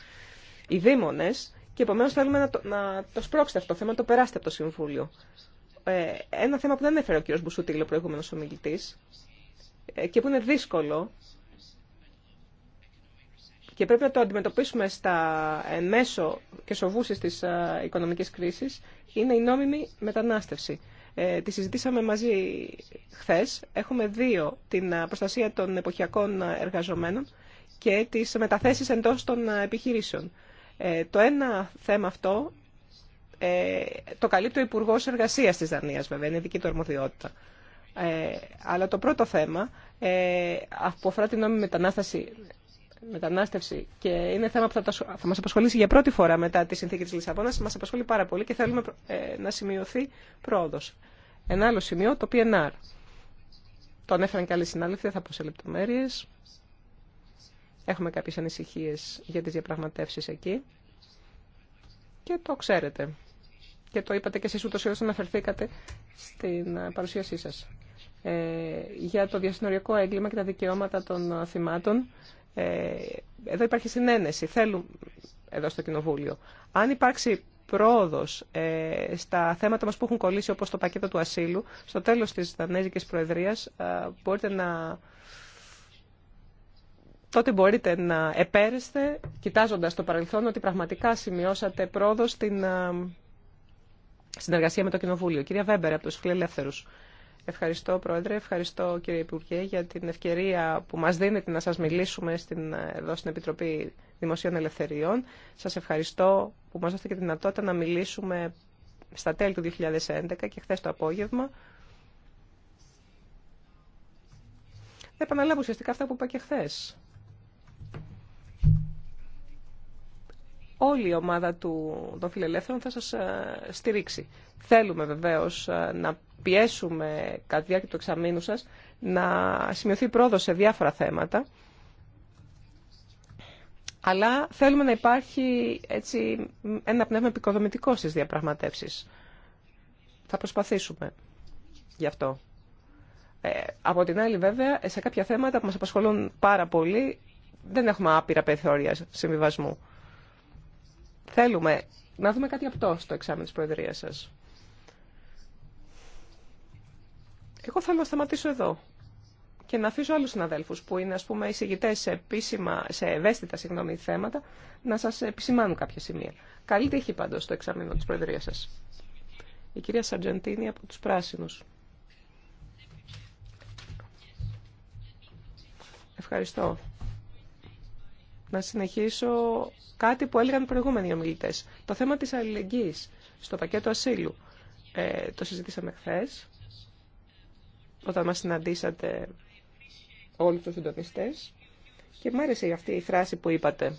οι δήμονες και επομένως θέλουμε να το, να σπρώξετε αυτό το θέμα, να το περάσετε από το Συμβούλιο. Ε, ένα θέμα που δεν έφερε ο κ. Μπουσούτηλ, ο προηγούμενος ομιλητής, ε, και που είναι δύσκολο και πρέπει να το αντιμετωπίσουμε στα εν μέσω και σοβούσεις της ε, οικονομικής κρίσης, είναι η νόμιμη μετανάστευση. Ε, τη συζητήσαμε μαζί χθες. Έχουμε δύο, την ε, προστασία των εποχιακών εργαζομένων και τις μεταθέσεις εντός των επιχειρήσεων. Ε, το ένα θέμα αυτό ε, το καλύπτει ο Υπουργό Εργασία τη Δανία, βέβαια, είναι δική του αρμοδιότητα. Ε, αλλά το πρώτο θέμα που αφορά την νόμιμη μετανάστευση και είναι θέμα που θα, θα μας απασχολήσει για πρώτη φορά μετά τη συνθήκη της Λισαβόνας, μας απασχολεί πάρα πολύ και θέλουμε να σημειωθεί πρόοδος. Ένα άλλο σημείο, το PNR. Το ανέφεραν και άλλοι συνάδελφοι, θα πω σε λεπτομέρειες. Έχουμε κάποιες ανησυχίες για τις διαπραγματεύσεις εκεί και το ξέρετε. Και το είπατε και εσείς ούτως ή αναφερθήκατε στην παρουσίασή σας. Ε, για το διασυνοριακό έγκλημα και τα δικαιώματα των θυμάτων, ε, εδώ υπάρχει συνένεση, θέλουν εδώ στο Κοινοβούλιο. Αν υπάρξει πρόοδος ε, στα θέματα μας που έχουν κολλήσει, όπως το πακέτο του ασύλου, στο τέλος της Δανέζικης Προεδρίας μπορείτε να τότε μπορείτε να επέρεστε, κοιτάζοντας το παρελθόν, ότι πραγματικά σημειώσατε πρόοδο στην συνεργασία με το Κοινοβούλιο. Κυρία Βέμπερ, από τους Φιλελεύθερους. Ευχαριστώ, Πρόεδρε. Ευχαριστώ, κύριε Υπουργέ, για την ευκαιρία που μας δίνετε να σας μιλήσουμε στην, εδώ στην Επιτροπή Δημοσίων Ελευθεριών. Σας ευχαριστώ που μας δώσετε και τη δυνατότητα να μιλήσουμε στα τέλη του 2011 και χθε το απόγευμα. Θα επαναλάβω ουσιαστικά αυτά που είπα και χθε. όλη η ομάδα του, των φιλελεύθερων θα σας ε, στηρίξει. Θέλουμε βεβαίως ε, να πιέσουμε κατά τη διάρκεια του εξαμήνου σας να σημειωθεί πρόοδος σε διάφορα θέματα, αλλά θέλουμε να υπάρχει έτσι, ένα πνεύμα επικοδομητικό στις διαπραγματεύσεις. Θα προσπαθήσουμε γι' αυτό. Ε, από την άλλη βέβαια, σε κάποια θέματα που μας απασχολούν πάρα πολύ, δεν έχουμε άπειρα περιθώρια συμβιβασμού. Θέλουμε να δούμε κάτι αυτό στο εξάμεινο της Προεδρίας σας. Εγώ θέλω να σταματήσω εδώ και να αφήσω άλλους συναδέλφους που είναι ας πούμε εισηγητές σε, επίσημα, σε ευαίσθητα συγγνώμη, θέματα να σας επισημάνουν κάποια σημεία. Καλή τύχη πάντως στο εξάμεινο της Προεδρίας σας. Η κυρία Σαρτζεντίνη από τους Πράσινους. Ευχαριστώ να συνεχίσω κάτι που έλεγαν οι προηγούμενοι ομιλητέ. Το θέμα της αλληλεγγύης στο πακέτο ασύλου. Ε, το συζητήσαμε χθε, όταν μας συναντήσατε όλου τους συντονιστέ και μου άρεσε αυτή η φράση που είπατε.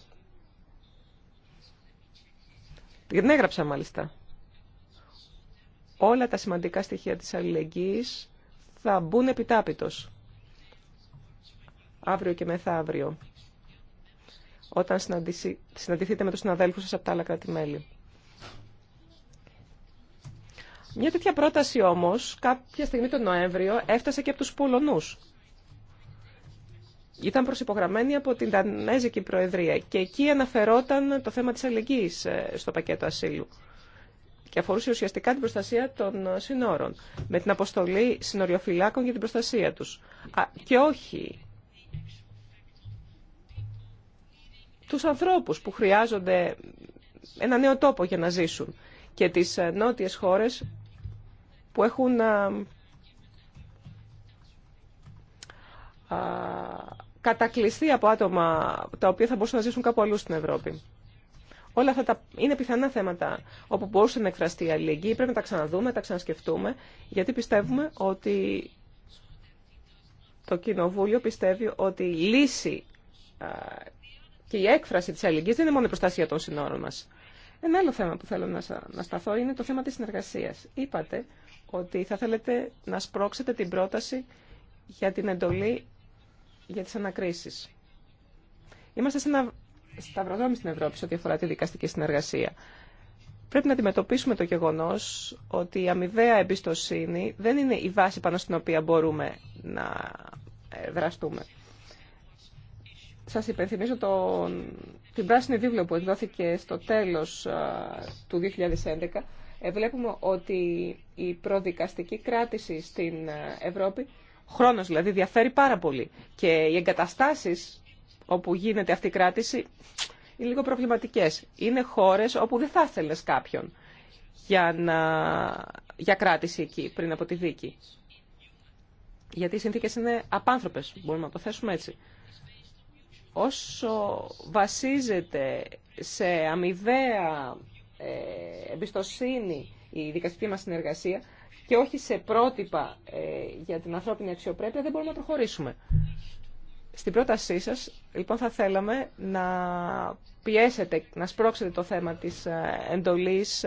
Την έγραψα μάλιστα. Όλα τα σημαντικά στοιχεία της αλληλεγγύης θα μπουν επιτάπητος. Αύριο και μεθαύριο όταν συναντηθείτε με τους συναδέλφους σας από τα άλλα κράτη-μέλη. Μια τέτοια πρόταση όμως κάποια στιγμή τον Νοέμβριο έφτασε και από τους Πολωνούς. Ήταν προσυπογραμμένη από την Δανέζικη Προεδρία και εκεί αναφερόταν το θέμα της αλληλεγγύης ε, στο πακέτο ασύλου και αφορούσε ουσιαστικά την προστασία των συνόρων, με την αποστολή συνοριοφυλάκων για την προστασία τους. και όχι τους ανθρώπους που χρειάζονται ένα νέο τόπο για να ζήσουν και τις ε, νότιες χώρες που έχουν ε, κατακλειστεί από άτομα τα οποία θα μπορούσαν να ζήσουν κάπου αλλού στην Ευρώπη. Όλα αυτά είναι πιθανά θέματα όπου μπορούσε να εκφραστεί η αλληλεγγύη. Πρέπει να τα ξαναδούμε, να τα ξανασκεφτούμε, γιατί πιστεύουμε ότι το Κοινοβούλιο πιστεύει ότι η λύση και η έκφραση της αλληλεγγύης δεν είναι μόνο η προστασία των συνόρων μας. Ένα άλλο θέμα που θέλω να σταθώ είναι το θέμα της συνεργασίας. Είπατε ότι θα θέλετε να σπρώξετε την πρόταση για την εντολή για τις ανακρίσεις. Είμαστε σε ένα σταυροδρόμι στην Ευρώπη σε ό,τι αφορά τη δικαστική συνεργασία. Πρέπει να αντιμετωπίσουμε το γεγονός ότι η αμοιβαία εμπιστοσύνη δεν είναι η βάση πάνω στην οποία μπορούμε να ε, δραστούμε. Σας υπενθυμίζω τον, την πράσινη βίβλο που εκδόθηκε στο τέλος του 2011. Ε, βλέπουμε ότι η προδικαστική κράτηση στην Ευρώπη, χρόνος δηλαδή, διαφέρει πάρα πολύ. Και οι εγκαταστάσεις όπου γίνεται αυτή η κράτηση είναι λίγο προβληματικές. Είναι χώρες όπου δεν θα ήθελε κάποιον για, να, για κράτηση εκεί πριν από τη δίκη. Γιατί οι συνθήκες είναι απάνθρωπες, μπορούμε να το θέσουμε έτσι όσο βασίζεται σε αμοιβαία ε, εμπιστοσύνη η δικαστική μας συνεργασία και όχι σε πρότυπα ε, για την ανθρώπινη αξιοπρέπεια, δεν μπορούμε να προχωρήσουμε. Στην πρότασή σας, λοιπόν, θα θέλαμε να πιέσετε, να σπρώξετε το θέμα της ε, εντολής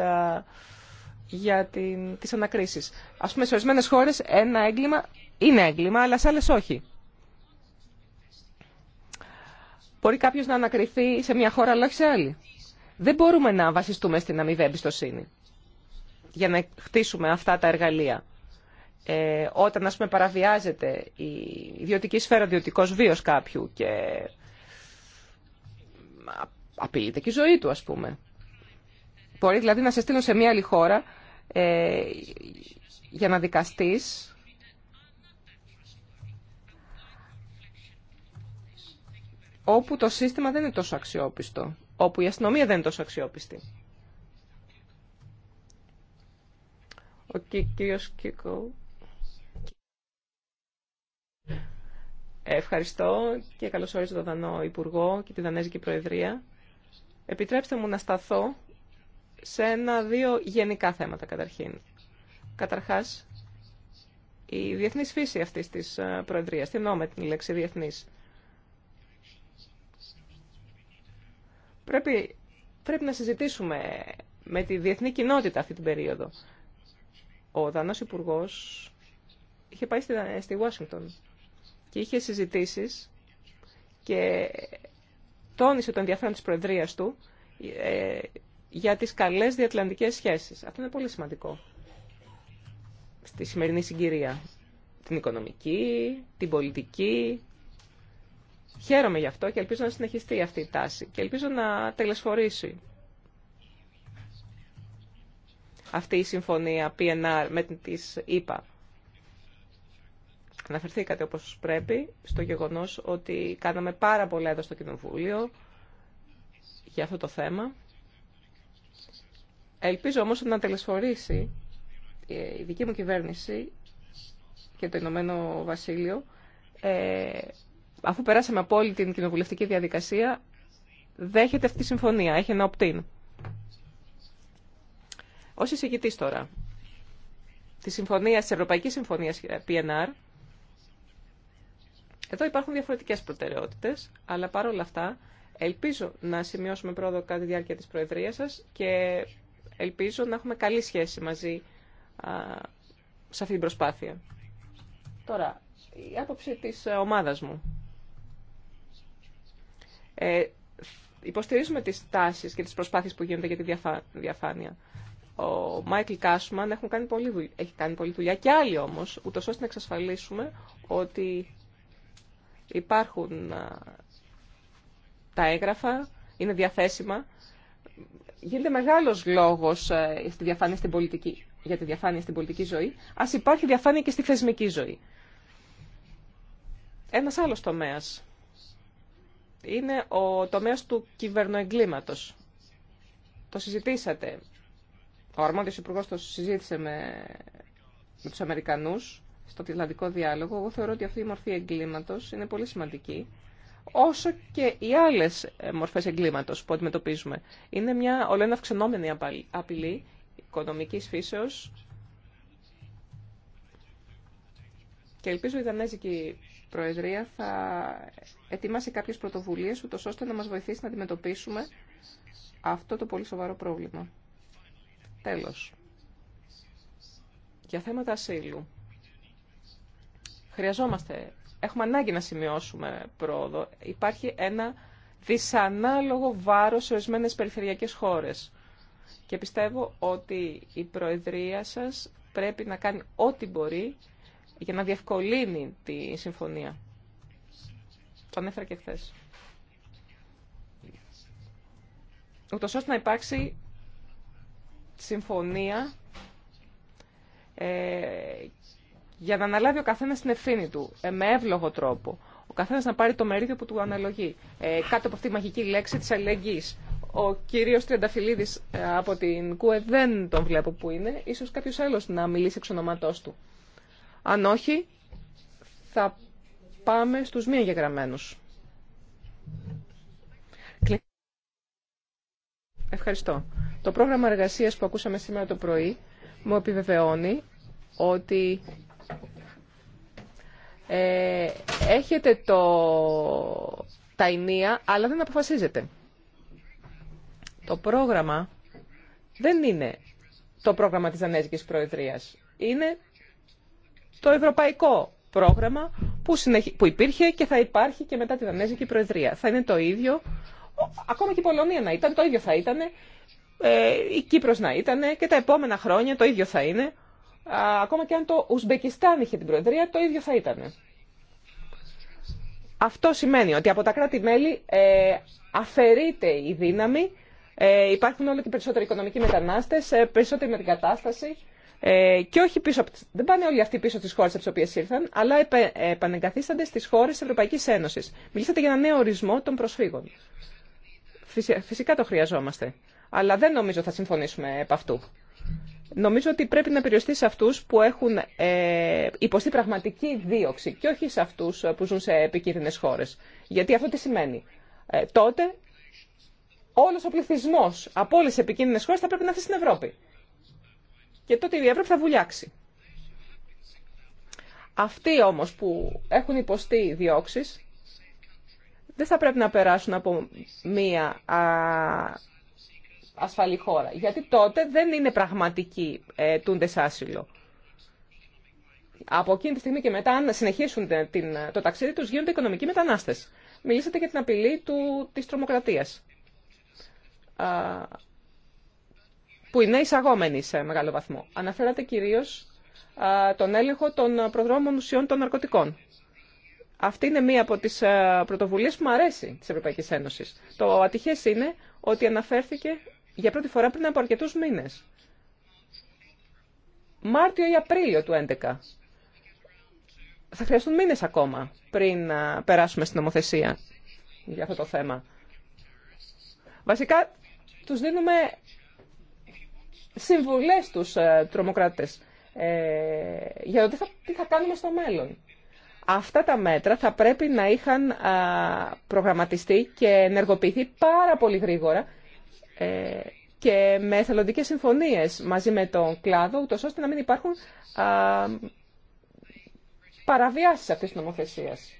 για την, τις ανακρίσεις. Ας πούμε, σε ορισμένες χώρες ένα έγκλημα είναι έγκλημα, αλλά σε άλλες όχι. Μπορεί κάποιο να ανακριθεί σε μια χώρα, αλλά όχι σε άλλη. Δεν μπορούμε να βασιστούμε στην αμοιβή εμπιστοσύνη για να χτίσουμε αυτά τα εργαλεία. Ε, όταν, ας πούμε, παραβιάζεται η ιδιωτική σφαίρα, ο ιδιωτικός βίος κάποιου και απειλείται και η ζωή του, ας πούμε. Μπορεί δηλαδή να σε στείλουν σε μια άλλη χώρα ε, για να δικαστείς όπου το σύστημα δεν είναι τόσο αξιόπιστο, όπου η αστυνομία δεν είναι τόσο αξιόπιστη. Ο Ευχαριστώ και καλώς ορίζω τον Δανό Υπουργό και τη Δανέζικη Προεδρία. Επιτρέψτε μου να σταθώ σε ένα-δύο γενικά θέματα καταρχήν. Καταρχάς, η διεθνής φύση αυτής της ε, Προεδρίας. Τι εννοώ με την λέξη διεθνής. Πρέπει, πρέπει να συζητήσουμε με τη διεθνή κοινότητα αυτή την περίοδο. Ο Δανός υπουργό είχε πάει στη, στη και είχε συζητήσεις και τόνισε τον ενδιαφέρον της Προεδρίας του ε, για τις καλές διατλαντικές σχέσεις. Αυτό είναι πολύ σημαντικό στη σημερινή συγκυρία. Την οικονομική, την πολιτική, Χαίρομαι γι' αυτό και ελπίζω να συνεχιστεί αυτή η τάση και ελπίζω να τελεσφορήσει αυτή η συμφωνία PNR με την της ΕΠΑ. Αναφερθήκατε όπως πρέπει στο γεγονός ότι κάναμε πάρα πολλά εδώ στο Κοινοβούλιο για αυτό το θέμα. Ελπίζω όμως να τελεσφορήσει η δική μου κυβέρνηση και το Ηνωμένο Βασίλειο ε, αφού περάσαμε από όλη την κοινοβουλευτική διαδικασία, δέχεται αυτή τη συμφωνία, έχει ένα opt-in. Ως εισηγητής τώρα, τη συμφωνία, της Ευρωπαϊκής Συμφωνίας PNR, εδώ υπάρχουν διαφορετικές προτεραιότητες, αλλά παρόλα αυτά ελπίζω να σημειώσουμε πρόοδο κατά τη διάρκεια της Προεδρίας σας και ελπίζω να έχουμε καλή σχέση μαζί α, σε αυτή την προσπάθεια. Τώρα, η άποψη της ομάδας μου. Ε, υποστηρίζουμε τις τάσεις και τις προσπάθειες που γίνονται για τη διαφάνεια. Ο Μάικλ Κάσμαν έχουν κάνει πολύ έχει κάνει πολλή δουλειά και άλλοι όμως, ούτως ώστε να εξασφαλίσουμε ότι υπάρχουν τα έγγραφα, είναι διαθέσιμα. Γίνεται μεγάλος λόγος ε, στη διαφάνεια στην πολιτική, για τη διαφάνεια στην πολιτική ζωή, ας υπάρχει διαφάνεια και στη θεσμική ζωή. Ένας άλλος τομέας είναι ο τομέας του κυβερνοεγκλήματος. Το συζητήσατε. Ο αρμόδιος υπουργός το συζήτησε με, με τους Αμερικανούς στο Τιλαντικό Διάλογο. Εγώ θεωρώ ότι αυτή η μορφή εγκλήματος είναι πολύ σημαντική όσο και οι άλλες ε, μορφές εγκλήματος που αντιμετωπίζουμε. Είναι μια ολένα αυξανόμενη απειλή οικονομικής φύσεως και ελπίζω η Προεδρία θα ετοιμάσει κάποιες πρωτοβουλίες, ούτως ώστε να μας βοηθήσει να αντιμετωπίσουμε αυτό το πολύ σοβαρό πρόβλημα. Τέλος. Για θέματα ασύλου. Χρειαζόμαστε, έχουμε ανάγκη να σημειώσουμε πρόοδο. Υπάρχει ένα δυσανάλογο βάρος σε ορισμένε περιφερειακές χώρες. Και πιστεύω ότι η Προεδρία σας πρέπει να κάνει ό,τι μπορεί για να διευκολύνει τη συμφωνία. Το ανέφερα και χθε. Ούτω ώστε να υπάρξει συμφωνία ε, για να αναλάβει ο καθένα την ευθύνη του, ε, με εύλογο τρόπο. Ο καθένα να πάρει το μερίδιο που του αναλογεί. Ε, κάτω από αυτή τη μαγική λέξη τη αλληλεγγύη. Ο κύριος ε, από την ΚΟΕ δεν τον βλέπω που είναι. Ίσως κάποιο άλλο να μιλήσει εξ του. Αν όχι, θα πάμε στους μη εγγεγραμμένους. Ευχαριστώ. Το πρόγραμμα εργασίας που ακούσαμε σήμερα το πρωί μου επιβεβαιώνει ότι ε, έχετε το, τα ενία, αλλά δεν αποφασίζετε. Το πρόγραμμα δεν είναι το πρόγραμμα της Δανέζικης Προεδρίας. Είναι το ευρωπαϊκό πρόγραμμα που, που υπήρχε και θα υπάρχει και μετά τη Δανέζικη Προεδρία. Θα είναι το ίδιο, ακόμα και η Πολωνία να ήταν, το ίδιο θα ήταν, ε, η Κύπρος να ήταν και τα επόμενα χρόνια το ίδιο θα είναι. Ακόμα και αν το Ουσμπεκιστάν είχε την Προεδρία, το ίδιο θα ήταν. Αυτό σημαίνει ότι από τα κράτη-μέλη ε, αφαιρείται η δύναμη, ε, υπάρχουν όλο και περισσότεροι οικονομικοί μετανάστες, περισσότερη κατάσταση. Ε, και όχι πίσω, δεν πάνε όλοι αυτοί πίσω τι χώρε από τι οποίε ήρθαν, αλλά επε, επανεγκαθίστανται στι χώρε τη Ευρωπαϊκή Ένωση. Μιλήσατε για ένα νέο ορισμό των προσφύγων. Φυσικά το χρειαζόμαστε. Αλλά δεν νομίζω θα συμφωνήσουμε επ' αυτού. Νομίζω ότι πρέπει να περιοριστεί σε αυτού που έχουν ε, υποστεί πραγματική δίωξη και όχι σε αυτού που ζουν σε επικίνδυνε χώρε. Γιατί αυτό τι σημαίνει. Ε, τότε όλο ο πληθυσμό από όλε τι επικίνδυνε χώρε θα πρέπει να έρθει στην Ευρώπη και τότε η Ευρώπη θα βουλιάξει. Αυτοί όμως που έχουν υποστεί διώξεις δεν θα πρέπει να περάσουν από μία ασφαλή χώρα. Γιατί τότε δεν είναι πραγματικοί ε, τούντες άσυλο. Από εκείνη τη στιγμή και μετά, αν συνεχίσουν την, το ταξίδι τους, γίνονται οικονομικοί μετανάστες. Μιλήσατε για την απειλή του, της τρομοκρατίας που είναι εισαγόμενοι σε μεγάλο βαθμό. Αναφέρατε κυρίω τον έλεγχο των προδρόμων ουσιών των ναρκωτικών. Αυτή είναι μία από τις πρωτοβουλίε που μου αρέσει τη Ευρωπαϊκή Ένωση. Το ατυχέ είναι ότι αναφέρθηκε για πρώτη φορά πριν από αρκετούς μήνες. Μάρτιο ή Απρίλιο του 2011. Θα χρειαστούν μήνες ακόμα πριν περάσουμε στην νομοθεσία για αυτό το θέμα. Βασικά, τους δίνουμε συμβουλές τους ε, τρομοκράτες ε, για το τι θα, τι θα κάνουμε στο μέλλον. Αυτά τα μέτρα θα πρέπει να είχαν προγραμματιστεί και ενεργοποιηθεί πάρα πολύ γρήγορα ε, και με εθελοντικές συμφωνίες μαζί με τον κλάδο, ούτως ώστε να μην υπάρχουν παραβιάσεις αυτής της νομοθεσίας.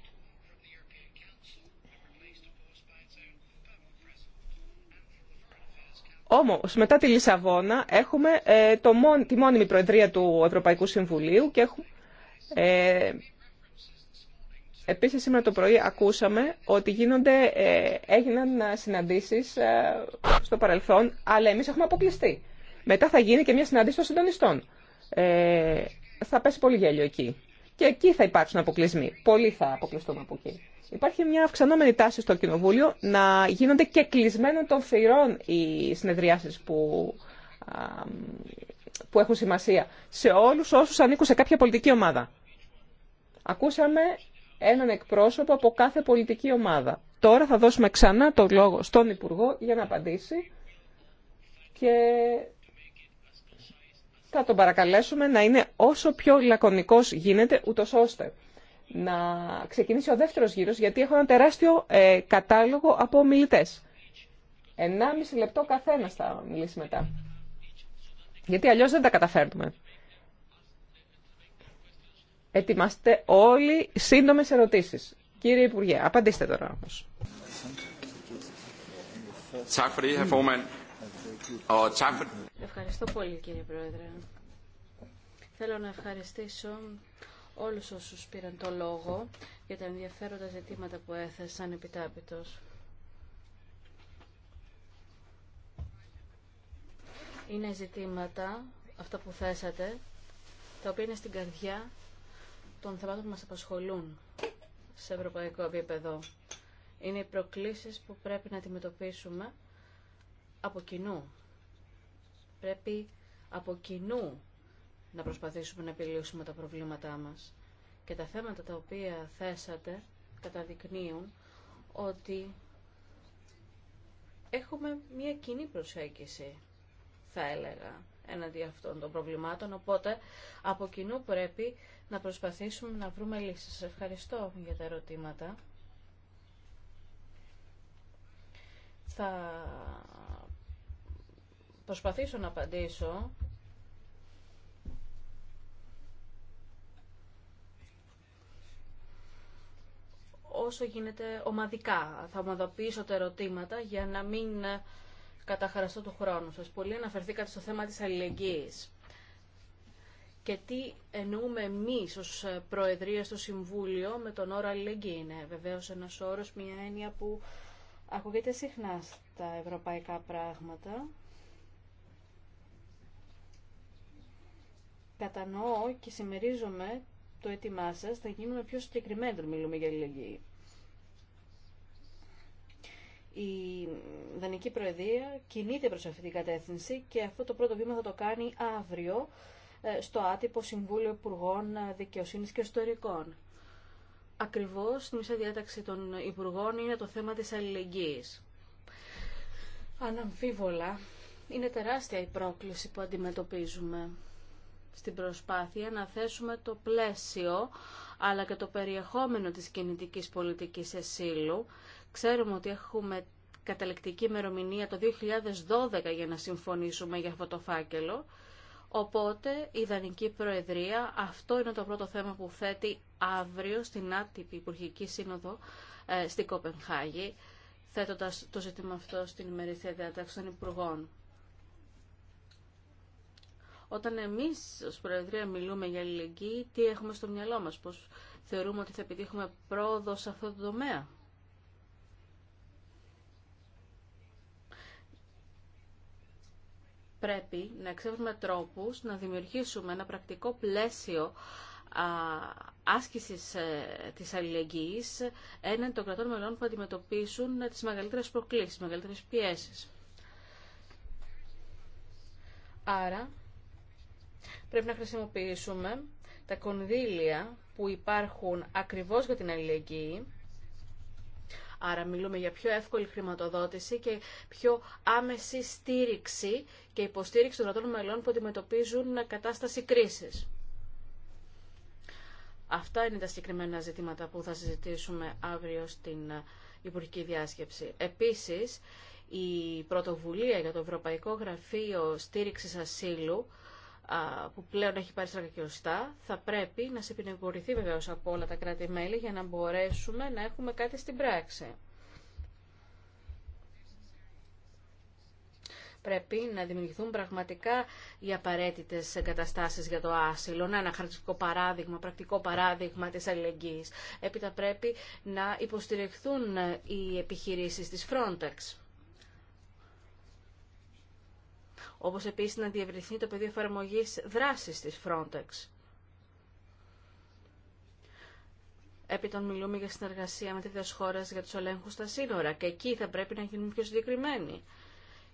Όμως, μετά τη Λισαβόνα έχουμε ε, το, τη μόνιμη Προεδρία του Ευρωπαϊκού Συμβουλίου και έχουμε... Ε, Επίσης, σήμερα το πρωί ακούσαμε ότι γίνονται, ε, έγιναν συναντήσεις ε, στο παρελθόν, αλλά εμείς έχουμε αποκλειστεί. Μετά θα γίνει και μια συνάντηση των συντονιστών. Ε, θα πέσει πολύ γέλιο εκεί. Και εκεί θα υπάρξουν αποκλεισμοί. Πολλοί θα αποκλειστούν από εκεί. Υπάρχει μια αυξανόμενη τάση στο Κοινοβούλιο να γίνονται και κλεισμένο των θηρών οι συνεδριάσεις που, που έχουν σημασία σε όλους όσους ανήκουν σε κάποια πολιτική ομάδα. Ακούσαμε έναν εκπρόσωπο από κάθε πολιτική ομάδα. Τώρα θα δώσουμε ξανά το λόγο στον Υπουργό για να απαντήσει και θα τον παρακαλέσουμε να είναι όσο πιο λακωνικός γίνεται, ούτως ώστε να ξεκινήσει ο δεύτερος γύρος, γιατί έχω ένα τεράστιο ε, κατάλογο από ομιλητέ. 1,5 λεπτό καθένα θα μιλήσει μετά. Γιατί αλλιώς δεν τα καταφέρνουμε. Ετοιμάστε όλοι σύντομες ερωτήσεις. Κύριε Υπουργέ, απαντήστε τώρα όμως. Ευχαριστώ πολύ κύριε Πρόεδρε. Θέλω να ευχαριστήσω όλους όσους πήραν το λόγο για τα ενδιαφέροντα ζητήματα που έθεσαν επιτάπητος. Είναι ζητήματα, αυτά που θέσατε, τα οποία είναι στην καρδιά των θεμάτων που μας απασχολούν σε ευρωπαϊκό επίπεδο. Είναι οι προκλήσεις που πρέπει να αντιμετωπίσουμε από κοινού. Πρέπει από κοινού να προσπαθήσουμε να επιλύσουμε τα προβλήματά μας. Και τα θέματα τα οποία θέσατε καταδεικνύουν ότι έχουμε μια κοινή προσέγγιση, θα έλεγα, έναντι αυτών των προβλημάτων, οπότε από κοινού πρέπει να προσπαθήσουμε να βρούμε λύσεις. ευχαριστώ για τα ερωτήματα. Θα προσπαθήσω να απαντήσω όσο γίνεται ομαδικά. Θα ομαδοποιήσω τα ερωτήματα για να μην καταχαραστώ το χρόνο σας. Πολύ αναφερθήκατε στο θέμα της αλληλεγγύης. Και τι εννοούμε εμεί ως Προεδρία στο Συμβούλιο με τον όρο αλληλεγγύη. Είναι βεβαίω ένας όρο μια έννοια που ακούγεται συχνά στα ευρωπαϊκά πράγματα. Κατανοώ και συμμερίζομαι το έτοιμά σα θα γίνουμε πιο συγκεκριμένοι όταν μιλούμε για αλληλεγγύη. Η Δανική Προεδρία κινείται προ αυτή την κατεύθυνση και αυτό το πρώτο βήμα θα το κάνει αύριο ε, στο άτυπο Συμβούλιο Υπουργών Δικαιοσύνη και Ιστορικών. Ακριβώ στη μισή διάταξη των Υπουργών είναι το θέμα της αλληλεγγύη. Αναμφίβολα, είναι τεράστια η πρόκληση που αντιμετωπίζουμε στην προσπάθεια να θέσουμε το πλαίσιο αλλά και το περιεχόμενο της κινητικής πολιτικής εσύλου. Ξέρουμε ότι έχουμε καταληκτική ημερομηνία το 2012 για να συμφωνήσουμε για αυτό το φάκελο. Οπότε η Δανική Προεδρία, αυτό είναι το πρώτο θέμα που θέτει αύριο στην άτυπη Υπουργική Σύνοδο στη ε, στην Κοπενχάγη, θέτοντας το ζήτημα αυτό στην ημερησία διάταξη των Υπουργών. Όταν εμείς ως Προεδρία μιλούμε για αλληλεγγύη, τι έχουμε στο μυαλό μας, πώς θεωρούμε ότι θα επιτύχουμε πρόοδο σε αυτό το τομέα. Πρέπει να εξεύρουμε τρόπους να δημιουργήσουμε ένα πρακτικό πλαίσιο άσκησης ε, της αλληλεγγύης έναν των κρατών μελών που αντιμετωπίσουν ε, τις μεγαλύτερες προκλήσεις, τις μεγαλύτερες πιέσεις. Άρα, πρέπει να χρησιμοποιήσουμε τα κονδύλια που υπάρχουν ακριβώς για την αλληλεγγύη, άρα μιλούμε για πιο εύκολη χρηματοδότηση και πιο άμεση στήριξη και υποστήριξη των δρατών μελών που αντιμετωπίζουν κατάσταση κρίσης. Αυτά είναι τα συγκεκριμένα ζητήματα που θα συζητήσουμε αύριο στην Υπουργική Διάσκεψη. Επίσης, η πρωτοβουλία για το Ευρωπαϊκό Γραφείο Στήριξης Ασύλου που πλέον έχει πάρει στραγγιωστά, θα πρέπει να συνεπινεγορηθεί βεβαίω από όλα τα κράτη-μέλη για να μπορέσουμε να έχουμε κάτι στην πράξη. Πρέπει να δημιουργηθούν πραγματικά οι απαραίτητε εγκαταστάσει για το άσυλο. Να ένα χαρακτηριστικό παράδειγμα, πρακτικό παράδειγμα τη αλληλεγγύη. Έπειτα πρέπει να υποστηριχθούν οι επιχειρήσει τη Frontex. όπως επίσης να διευρυνθεί το πεδίο εφαρμογή δράσης της Frontex. Έπειτα μιλούμε για συνεργασία με τέτοιες χώρες για τους ελέγχου στα σύνορα και εκεί θα πρέπει να γίνουμε πιο συγκεκριμένοι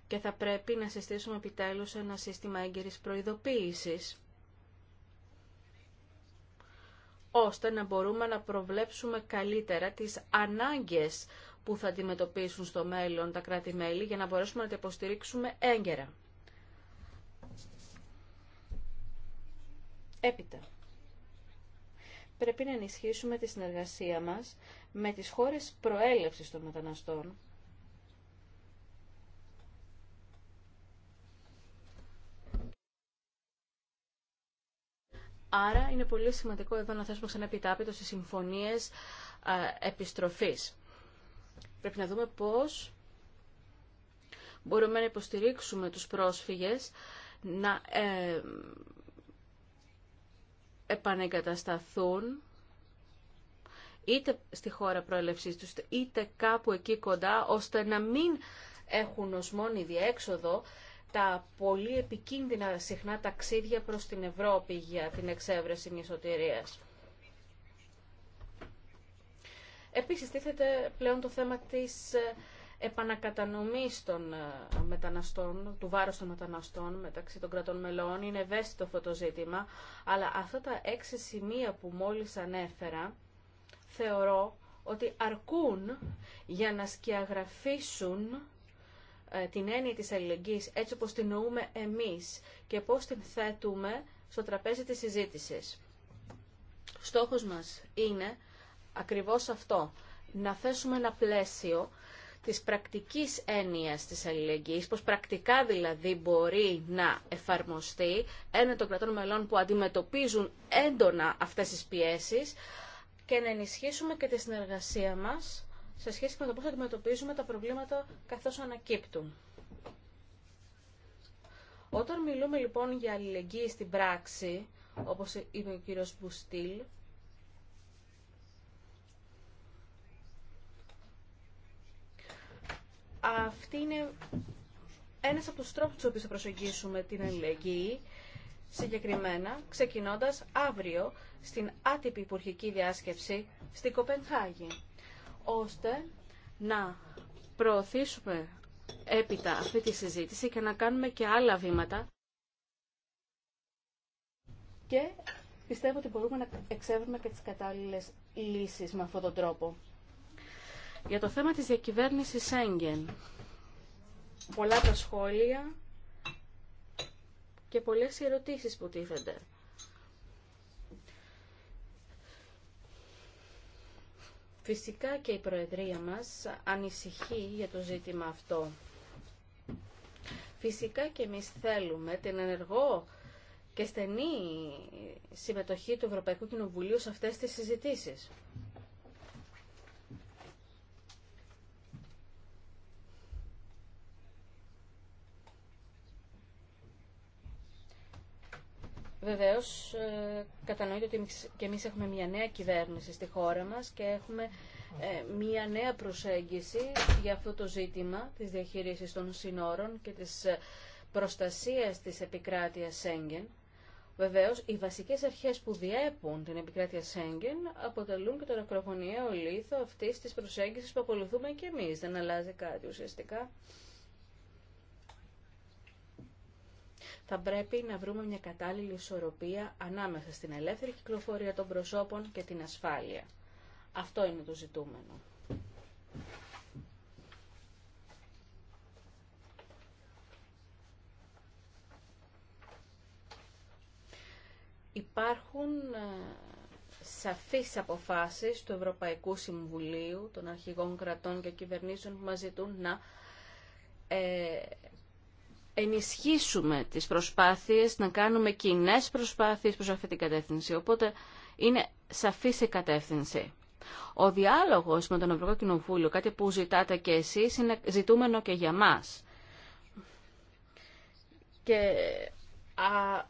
και θα πρέπει να συστήσουμε επιτέλους ένα σύστημα έγκαιρης προειδοποίησης ώστε να μπορούμε να προβλέψουμε καλύτερα τις ανάγκες που θα αντιμετωπίσουν στο μέλλον τα κράτη-μέλη για να μπορέσουμε να τα υποστηρίξουμε έγκαιρα. Έπειτα, πρέπει να ενισχύσουμε τη συνεργασία μας με τις χώρες προέλευσης των μεταναστών, Άρα είναι πολύ σημαντικό εδώ να θέσουμε ξανά επιτάπητο στις συμφωνίες επιστροφής. Πρέπει να δούμε πώς μπορούμε να υποστηρίξουμε τους πρόσφυγες να ε, επανεγκατασταθούν είτε στη χώρα προέλευσής τους, είτε κάπου εκεί κοντά, ώστε να μην έχουν ως μόνη διέξοδο τα πολύ επικίνδυνα συχνά ταξίδια προς την Ευρώπη για την εξέβρεση μισοτηρίας. Επίσης, τίθεται πλέον το θέμα της ε, επανακατανομής των ε, μεταναστών, του βάρους των μεταναστών μεταξύ των κρατών μελών. Είναι ευαίσθητο αυτό το ζήτημα, αλλά αυτά τα έξι σημεία που μόλις ανέφερα θεωρώ ότι αρκούν για να σκιαγραφίσουν ε, την έννοια της αλληλεγγύης έτσι όπως την νοούμε εμείς και πώς την θέτουμε στο τραπέζι της συζήτησης. Στόχος μας είναι ακριβώς αυτό, να θέσουμε ένα πλαίσιο της πρακτικής έννοιας της αλληλεγγύης, πως πρακτικά δηλαδή μπορεί να εφαρμοστεί ένα των κρατών μελών που αντιμετωπίζουν έντονα αυτές τις πιέσεις και να ενισχύσουμε και τη συνεργασία μας σε σχέση με το πώς αντιμετωπίζουμε τα προβλήματα καθώς ανακύπτουν. Όταν μιλούμε λοιπόν για αλληλεγγύη στην πράξη, όπως είπε ο κύριος Μπουστήλ, Αυτή είναι ένας από τους τρόπους που θα προσεγγίσουμε την αλληλεγγύη συγκεκριμένα ξεκινώντας αύριο στην άτυπη υπουργική διάσκεψη στην Κοπενχάγη ώστε να προωθήσουμε έπειτα αυτή τη συζήτηση και να κάνουμε και άλλα βήματα και πιστεύω ότι μπορούμε να εξεύρουμε και τις κατάλληλες λύσεις με αυτόν τον τρόπο. Για το θέμα της διακυβέρνησης Σέγγεν. Πολλά τα σχόλια και πολλές ερωτήσεις που τίθενται. Φυσικά και η Προεδρία μας ανησυχεί για το ζήτημα αυτό. Φυσικά και εμείς θέλουμε την ενεργό και στενή συμμετοχή του Ευρωπαϊκού Κοινοβουλίου σε αυτές τις συζητήσεις. Βεβαίως, ε, κατανοείται ότι και εμείς έχουμε μια νέα κυβέρνηση στη χώρα μα και έχουμε ε, μια νέα προσέγγιση για αυτό το ζήτημα της διαχείρισης των συνόρων και της ε, προστασίας της επικράτειας Σέγγεν. Βεβαίως, οι βασικές αρχές που διέπουν την επικράτεια Σέγγεν αποτελούν και τον ακρογωνιαίο λίθο αυτή της προσέγγιση που ακολουθούμε και εμεί. Δεν αλλάζει κάτι ουσιαστικά. θα πρέπει να βρούμε μια κατάλληλη ισορροπία ανάμεσα στην ελεύθερη κυκλοφορία των προσώπων και την ασφάλεια. Αυτό είναι το ζητούμενο. Υπάρχουν ε, σαφείς αποφάσεις του Ευρωπαϊκού Συμβουλίου των αρχηγών κρατών και κυβερνήσεων που μας ζητούν να ε, ενισχύσουμε τις προσπάθειες, να κάνουμε κοινέ προσπάθειες προς αυτή την κατεύθυνση. Οπότε είναι σαφής η κατεύθυνση. Ο διάλογος με τον Ευρωπαϊκό Κοινοβούλιο, κάτι που ζητάτε και εσείς, είναι ζητούμενο και για μας. Και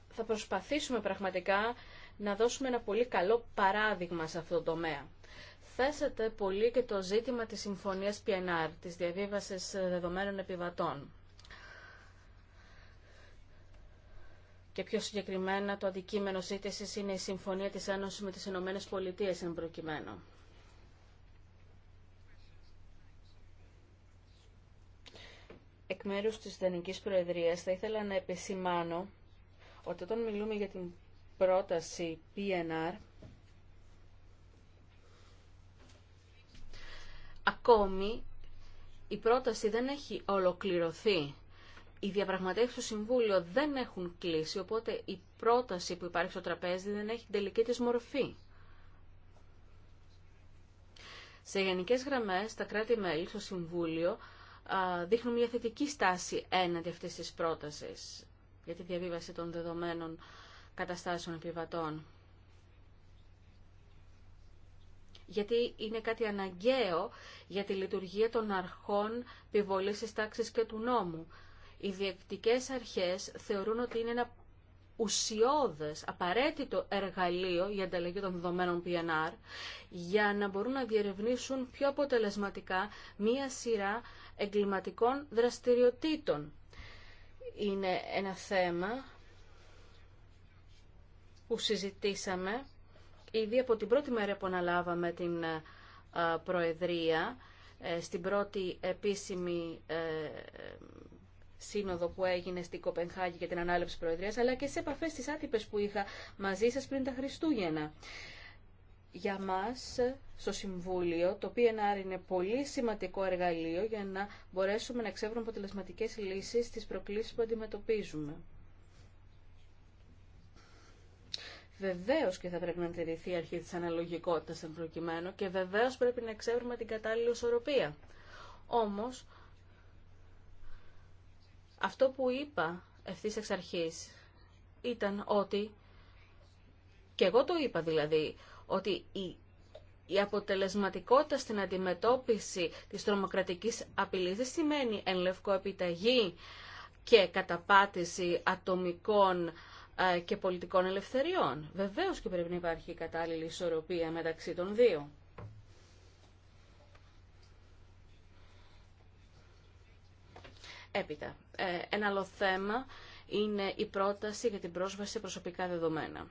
θα προσπαθήσουμε πραγματικά να δώσουμε ένα πολύ καλό παράδειγμα σε αυτό το τομέα. Θέσατε πολύ και το ζήτημα της Συμφωνίας PNR, της Διαβίβασης Δεδομένων Επιβατών. και πιο συγκεκριμένα το αντικείμενο ζήτηση είναι η Συμφωνία της Ένωσης με τις Ηνωμένες Πολιτείες εν προκειμένου. Εκ μέρους της Δανικής Προεδρίας θα ήθελα να επισημάνω ότι όταν μιλούμε για την πρόταση PNR ακόμη η πρόταση δεν έχει ολοκληρωθεί οι διαπραγματεύσει στο Συμβούλιο δεν έχουν κλείσει, οπότε η πρόταση που υπάρχει στο τραπέζι δεν έχει τελική της μορφή. Σε γενικές γραμμές, τα κράτη-μέλη στο Συμβούλιο δείχνουν μια θετική στάση έναντι αυτής της πρότασης για τη διαβίβαση των δεδομένων καταστάσεων επιβατών. γιατί είναι κάτι αναγκαίο για τη λειτουργία των αρχών επιβολής της τάξης και του νόμου. Οι διεκτικές αρχές θεωρούν ότι είναι ένα ουσιώδες, απαραίτητο εργαλείο για ανταλλαγή των δεδομένων PNR για να μπορούν να διερευνήσουν πιο αποτελεσματικά μία σειρά εγκληματικών δραστηριοτήτων. Είναι ένα θέμα που συζητήσαμε ήδη από την πρώτη μέρα που αναλάβαμε την ε, Προεδρία ε, στην πρώτη επίσημη ε, σύνοδο που έγινε στην Κοπενχάγη για την ανάληψη Προεδρίας, αλλά και σε επαφές στις άτυπες που είχα μαζί σας πριν τα Χριστούγεννα. Για μας, στο Συμβούλιο, το PNR είναι πολύ σημαντικό εργαλείο για να μπορέσουμε να εξεύρουμε αποτελεσματικέ λύσεις στις προκλήσεις που αντιμετωπίζουμε. Βεβαίως και θα πρέπει να τηρηθεί η αρχή της αναλογικότητας εν προκειμένου και βεβαίως πρέπει να εξεύρουμε την κατάλληλη ισορροπία. Όμως, αυτό που είπα ευθύς εξ αρχής ήταν ότι, και εγώ το είπα δηλαδή, ότι η η αποτελεσματικότητα στην αντιμετώπιση της τρομοκρατικής απειλής δεν σημαίνει εν λευκό επιταγή και καταπάτηση ατομικών ε, και πολιτικών ελευθεριών. Βεβαίως και πρέπει να υπάρχει κατάλληλη ισορροπία μεταξύ των δύο. Έπειτα, ε, ένα άλλο θέμα είναι η πρόταση για την πρόσβαση σε προσωπικά δεδομένα.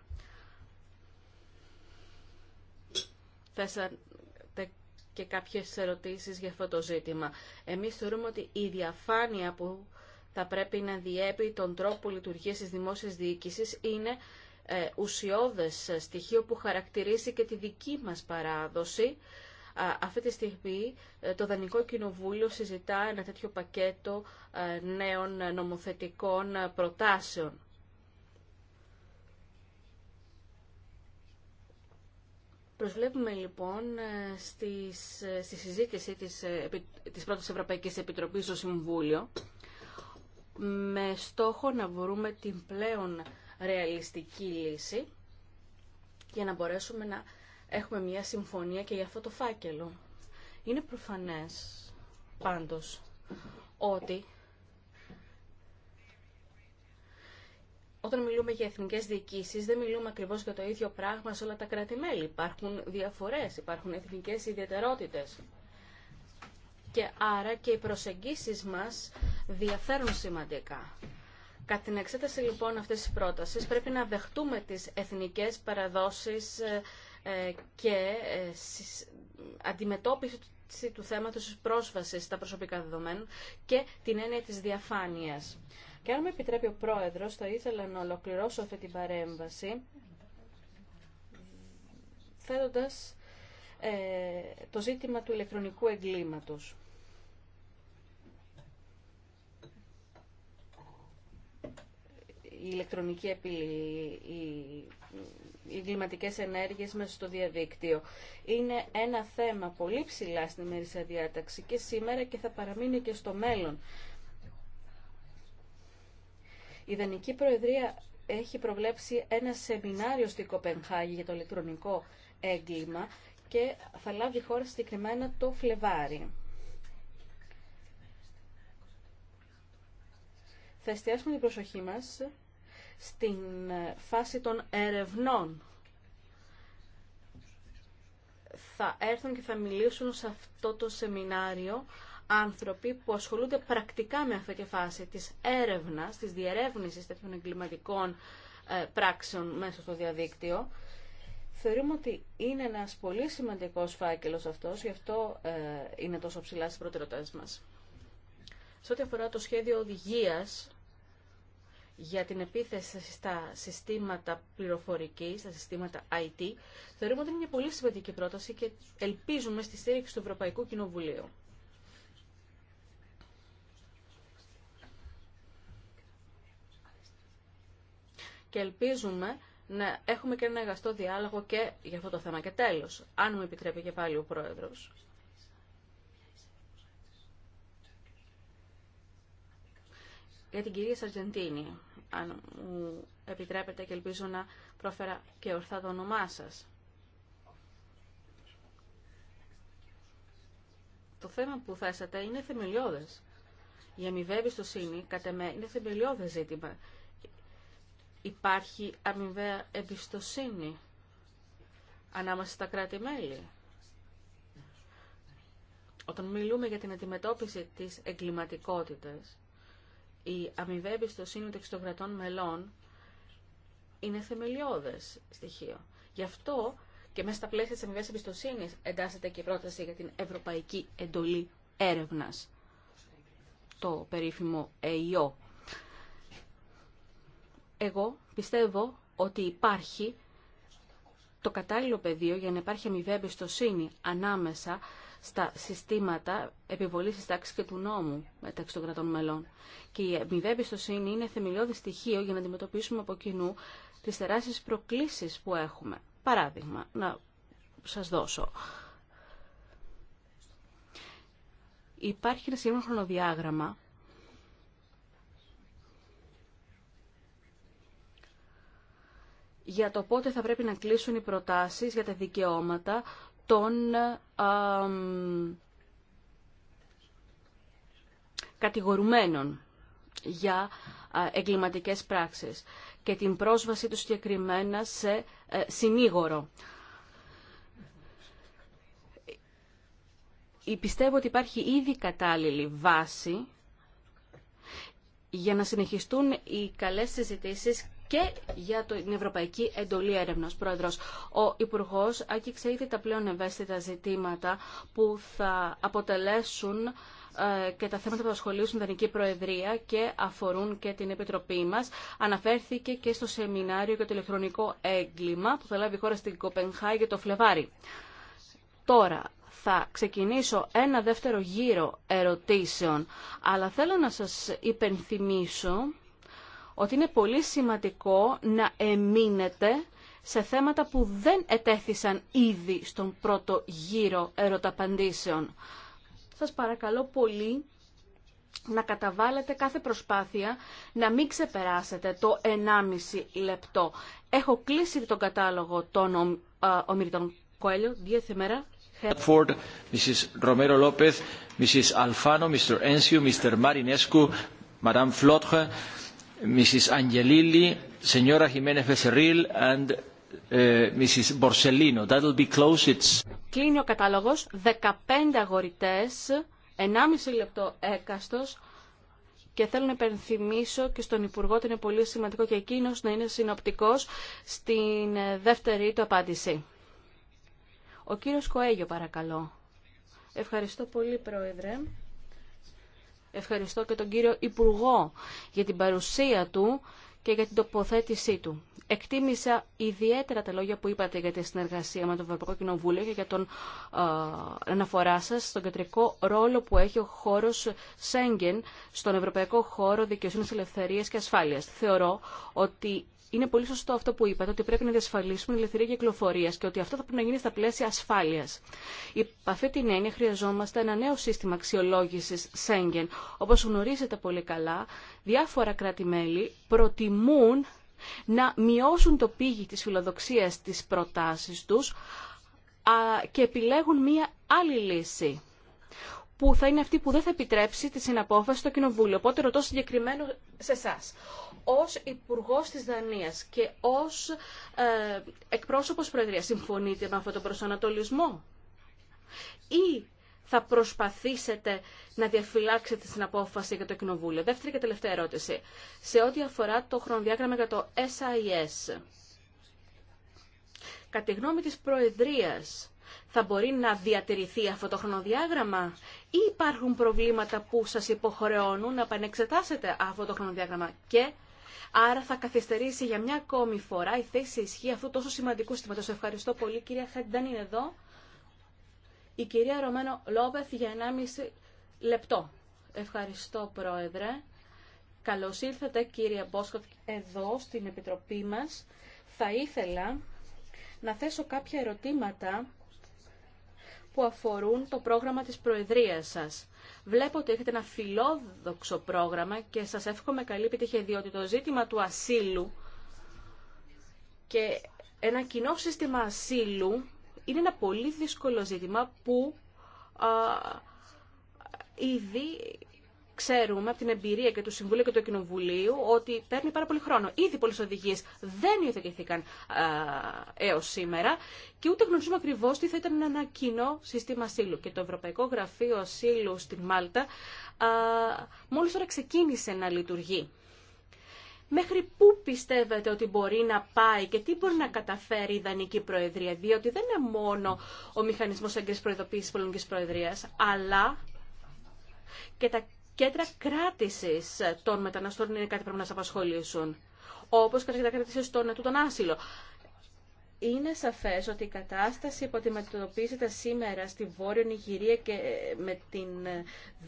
Θέσατε και κάποιες ερωτήσεις για αυτό το ζήτημα. Εμείς θεωρούμε ότι η διαφάνεια που θα πρέπει να διέπει τον τρόπο λειτουργίας της δημόσιας διοίκησης είναι ε, ουσιώδες στοιχείο που χαρακτηρίζει και τη δική μας παράδοση αυτή τη στιγμή ε, το Δανικό Κοινοβούλιο συζητά ένα τέτοιο πακέτο ε, νέων νομοθετικών ε, προτάσεων. Προσβλέπουμε λοιπόν στις, στη συζήτηση της, της πρώτης Ευρωπαϊκής Επιτροπής στο Συμβούλιο με στόχο να βρούμε την πλέον ρεαλιστική λύση για να μπορέσουμε να έχουμε μια συμφωνία και για αυτό το φάκελο. Είναι προφανές πάντως ότι όταν μιλούμε για εθνικές διοικήσεις δεν μιλούμε ακριβώς για το ίδιο πράγμα σε όλα τα κράτη-μέλη. Υπάρχουν διαφορές, υπάρχουν εθνικές ιδιαιτερότητες. Και άρα και οι προσεγγίσεις μας διαφέρουν σημαντικά. Κατά την εξέταση λοιπόν αυτής της πρότασης πρέπει να δεχτούμε τις εθνικές παραδόσεις ε, ε, και ε, αντιμετώπιση του θέματος της πρόσβασης στα προσωπικά δεδομένα και την έννοια της διαφάνειας. Και αν με επιτρέπει ο Πρόεδρος, θα ήθελα να ολοκληρώσω αυτή την παρέμβαση θέτοντας ε, το ζήτημα του ηλεκτρονικού εγκλήματος. Η ηλεκτρονική επιλογή οι εγκληματικές ενέργειες μέσα στο διαδίκτυο. Είναι ένα θέμα πολύ ψηλά στην ημερήσια διάταξη και σήμερα και θα παραμείνει και στο μέλλον. Η Δανική Προεδρία έχει προβλέψει ένα σεμινάριο στην Κοπενχάγη για το ηλεκτρονικό έγκλημα και θα λάβει χώρα συγκεκριμένα το Φλεβάρι. Θα εστιάσουμε την προσοχή μας στην φάση των ερευνών θα έρθουν και θα μιλήσουν σε αυτό το σεμινάριο άνθρωποι που ασχολούνται πρακτικά με αυτή τη φάση της έρευνας, της διερεύνησης τέτοιων εγκληματικών ε, πράξεων μέσα στο διαδίκτυο. Θεωρούμε ότι είναι ένας πολύ σημαντικός φάκελος αυτός, γι' αυτό ε, είναι τόσο ψηλά στις προτεραιότητες μας. Σε ό,τι αφορά το σχέδιο οδηγίας για την επίθεση στα συστήματα πληροφορική, στα συστήματα IT, θεωρούμε ότι είναι μια πολύ σημαντική πρόταση και ελπίζουμε στη στήριξη του Ευρωπαϊκού Κοινοβουλίου. Και ελπίζουμε να έχουμε και ένα εργαστό διάλογο και για αυτό το θέμα. Και τέλος, αν μου επιτρέπει και πάλι ο Πρόεδρος, για την κυρία Σαρτζεντίνη αν μου επιτρέπετε και ελπίζω να πρόφερα και ορθά το όνομά σας. Το θέμα που θέσατε είναι θεμελιώδες. Η αμοιβή εμπιστοσύνη, κατά με, είναι θεμελιώδε ζήτημα. Υπάρχει αμοιβαία εμπιστοσύνη ανάμεσα στα κράτη-μέλη. Όταν μιλούμε για την αντιμετώπιση της εγκληματικότητας, η αμοιβαία εμπιστοσύνη των κρατών μελών είναι θεμελιώδε στοιχείο. Γι' αυτό και μέσα στα πλαίσια τη αμοιβαίας εμπιστοσύνη εντάσσεται και η πρόταση για την Ευρωπαϊκή Εντολή έρευνα. το περίφημο ΕΙΟ. E Εγώ πιστεύω ότι υπάρχει το κατάλληλο πεδίο για να υπάρχει αμοιβαία εμπιστοσύνη ανάμεσα στα συστήματα επιβολή τη τάξη και του νόμου μεταξύ των κρατών μελών. Και η αμοιβή είναι θεμελιώδη στοιχείο για να αντιμετωπίσουμε από κοινού τις τεράστιε προκλήσεις που έχουμε. Παράδειγμα, να σας δώσω. Υπάρχει ένα σύγχρονο χρονοδιάγραμμα για το πότε θα πρέπει να κλείσουν οι προτάσεις για τα δικαιώματα των κατηγορουμένων για εγκληματικές πράξεις και την πρόσβασή του συγκεκριμένα σε ε, συνήγορο. Πιστεύω ότι υπάρχει ήδη κατάλληλη βάση για να συνεχιστούν οι καλές συζητήσεις και για την Ευρωπαϊκή Εντολή Έρευνας. Πρόεδρος, ο Υπουργός άκυξε ήδη τα πλέον ευαίσθητα ζητήματα που θα αποτελέσουν ε, και τα θέματα που ασχολήσουν την Προεδρία και αφορούν και την Επιτροπή μα. Αναφέρθηκε και στο σεμινάριο για το ηλεκτρονικό έγκλημα που θα λάβει η χώρα στην Κοπενχάγη το Φλεβάρι. Τώρα θα ξεκινήσω ένα δεύτερο γύρο ερωτήσεων, αλλά θέλω να σας υπενθυμίσω ότι είναι πολύ σημαντικό να εμείνετε σε θέματα που δεν ετέθησαν ήδη στον πρώτο γύρο ερωταπαντήσεων. Σας παρακαλώ πολύ να καταβάλετε κάθε προσπάθεια να μην ξεπεράσετε το 1,5 λεπτό. Έχω κλείσει τον κατάλογο των ομιλητών Κοέλιο, δύο Ford, Mrs. Romero Lopez, Mrs. Alfano, Mr. Κλείνει ο κατάλογος. 15 αγορητές, 1,5 λεπτό έκαστος και θέλω να υπενθυμίσω και στον Υπουργό ότι είναι πολύ σημαντικό και εκείνος να είναι συνοπτικός στην ε, δεύτερη του απάντηση. Ο κύριος Κοέγιο παρακαλώ. Ευχαριστώ πολύ Πρόεδρε. Ευχαριστώ και τον κύριο Υπουργό για την παρουσία του και για την τοποθέτησή του. Εκτίμησα ιδιαίτερα τα λόγια που είπατε για τη συνεργασία με το Ευρωπαϊκό Κοινοβούλιο και για τον αναφορά σα στον κεντρικό ρόλο που έχει ο χώρο Σέγγεν στον Ευρωπαϊκό Χώρο Δικαιοσύνη, Ελευθερία και Ασφάλεια. Θεωρώ ότι είναι πολύ σωστό αυτό που είπατε, ότι πρέπει να διασφαλίσουμε την ελευθερία κυκλοφορία και ότι αυτό θα πρέπει να γίνει στα πλαίσια ασφάλεια. Υπ' αυτή την έννοια, χρειαζόμαστε ένα νέο σύστημα αξιολόγηση Σέγγεν. Όπω γνωρίζετε πολύ καλά, διάφορα κράτη-μέλη προτιμούν να μειώσουν το πήγη της φιλοδοξίας της προτάσεις τους και επιλέγουν μία άλλη λύση που θα είναι αυτή που δεν θα επιτρέψει τη συναπόφαση στο Κοινοβούλιο. Οπότε ρωτώ συγκεκριμένο σε εσά. Ω Υπουργό τη Δανία και ω ε, εκπρόσωπο Προεδρία, συμφωνείτε με αυτόν τον προσανατολισμό, ή θα προσπαθήσετε να διαφυλάξετε την απόφαση για το Κοινοβούλιο. Δεύτερη και τελευταία ερώτηση. Σε ό,τι αφορά το χρονοδιάγραμμα για το SIS, κατά τη γνώμη της Προεδρίας, θα μπορεί να διατηρηθεί αυτό το χρονοδιάγραμμα ή υπάρχουν προβλήματα που σας υποχρεώνουν να πανεξετάσετε αυτό το χρονοδιάγραμμα και άρα θα καθυστερήσει για μια ακόμη φορά η θέση ισχύ αυτού τόσο σημαντικού συστήματος. Ευχαριστώ πολύ κυρία Χέντ, δεν είναι εδώ. Η κυρία Ρωμένο Λόβεθ για 1,5 λεπτό. Ευχαριστώ πρόεδρε. Καλώς ήρθατε κύριε Μπόσκοτ εδώ στην Επιτροπή μας. Θα ήθελα να θέσω κάποια ερωτήματα που αφορούν το πρόγραμμα της Προεδρίας σας. Βλέπω ότι έχετε ένα φιλόδοξο πρόγραμμα και σας εύχομαι καλή επιτυχία, διότι το ζήτημα του ασύλου και ένα κοινό σύστημα ασύλου είναι ένα πολύ δύσκολο ζήτημα που α, ήδη ξέρουμε από την εμπειρία και του Συμβουλίου και του Κοινοβουλίου ότι παίρνει πάρα πολύ χρόνο. Ήδη πολλέ οδηγίε δεν υιοθετηθήκαν έω σήμερα και ούτε γνωρίζουμε ακριβώ τι θα ήταν ένα κοινό σύστημα ασύλου. Και το Ευρωπαϊκό Γραφείο Ασύλου στην Μάλτα μόλι τώρα ξεκίνησε να λειτουργεί. Μέχρι πού πιστεύετε ότι μπορεί να πάει και τι μπορεί να καταφέρει η Δανική Προεδρία, διότι δεν είναι μόνο ο μηχανισμός έγκρισης προειδοποίησης της Πολωνικής Προεδρίας, αλλά και τα κέντρα κράτηση των μεταναστών είναι κάτι που πρέπει να σας απασχολήσουν. Όπως και τα κράτηση των ετούτων άσυλο. Είναι σαφές ότι η κατάσταση που αντιμετωπίζεται σήμερα στη Βόρεια Νιγηρία και με την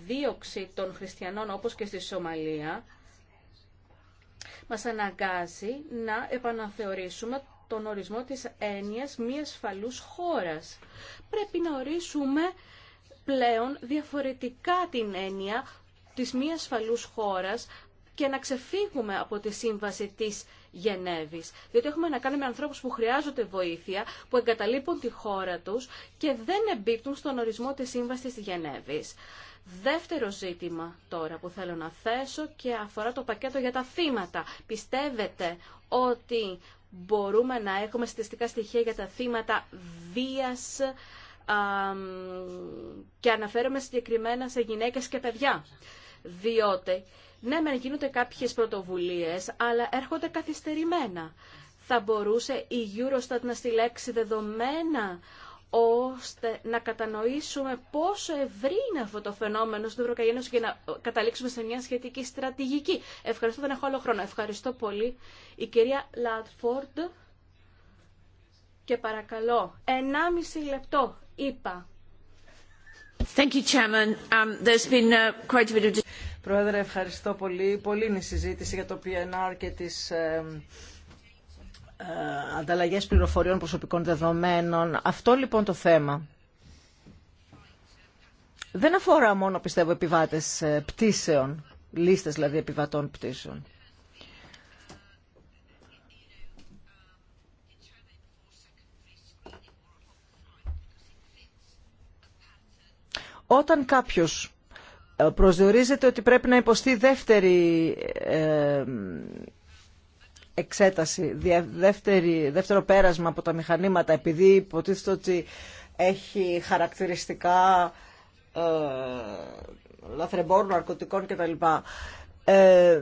δίωξη των χριστιανών όπως και στη Σομαλία μας αναγκάζει να επαναθεωρήσουμε τον ορισμό της έννοιας μη ασφαλούς χώρας. Πρέπει να ορίσουμε πλέον διαφορετικά την έννοια της μη ασφαλούς χώρας και να ξεφύγουμε από τη σύμβαση της Γενέβης. Διότι έχουμε να κάνουμε με ανθρώπους που χρειάζονται βοήθεια, που εγκαταλείπουν τη χώρα τους και δεν εμπίπτουν στον ορισμό της σύμβασης της Γενέβης. Δεύτερο ζήτημα τώρα που θέλω να θέσω και αφορά το πακέτο για τα θύματα. Πιστεύετε ότι μπορούμε να έχουμε στατιστικά στοιχεία για τα θύματα βίας α, και αναφέρομαι συγκεκριμένα σε γυναίκες και παιδιά. Διότι, ναι, μεν γίνονται κάποιες πρωτοβουλίες, αλλά έρχονται καθυστερημένα. Θα μπορούσε η Eurostat να στηλέξει δεδομένα ώστε να κατανοήσουμε πόσο ευρύ είναι αυτό το φαινόμενο στην Ευρωπαϊκή και να καταλήξουμε σε μια σχετική στρατηγική. Ευχαριστώ, δεν έχω άλλο χρόνο. Ευχαριστώ πολύ. Η κυρία Λάτφορντ και παρακαλώ, 1,5 λεπτό είπα. Πρόεδρε, ευχαριστώ πολύ. Πολύ είναι η συζήτηση για το PNR και τις ανταλλαγέ ε, ανταλλαγές πληροφοριών προσωπικών δεδομένων. Αυτό λοιπόν το θέμα. Δεν αφορά μόνο, πιστεύω, επιβάτες ε, πτήσεων, λίστες δηλαδή επιβατών πτήσεων. Όταν κάποιος ε, προσδιορίζεται ότι πρέπει να υποστεί δεύτερη ε, εξέταση, δεύτερη, δεύτερο πέρασμα από τα μηχανήματα, επειδή υποτίθεται ότι έχει χαρακτηριστικά ε, λαθρεμπόρων, ναρκωτικών κτλ. Ε,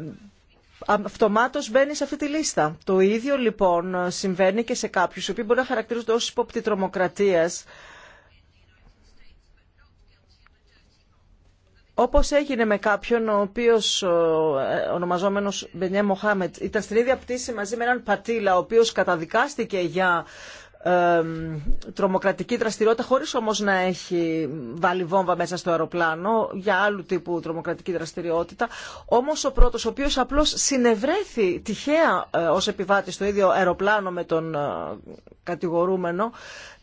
αυτομάτως μπαίνει σε αυτή τη λίστα. Το ίδιο λοιπόν συμβαίνει και σε κάποιους, οι οποίοι μπορεί να χαρακτηρίζονται ως υπόπτη τρομοκρατίας, όπως έγινε με κάποιον ο οποίος ε, ονομαζόμενος Μπενιέ Μοχάμετ ήταν στην ίδια πτήση μαζί με έναν πατήλα ο οποίος καταδικάστηκε για τρομοκρατική δραστηριότητα χωρίς όμως να έχει βάλει βόμβα μέσα στο αεροπλάνο για άλλου τύπου τρομοκρατική δραστηριότητα όμως ο πρώτος ο οποίος απλώς συνευρέθη τυχαία ε, ως επιβάτη στο ίδιο αεροπλάνο με τον ε, κατηγορούμενο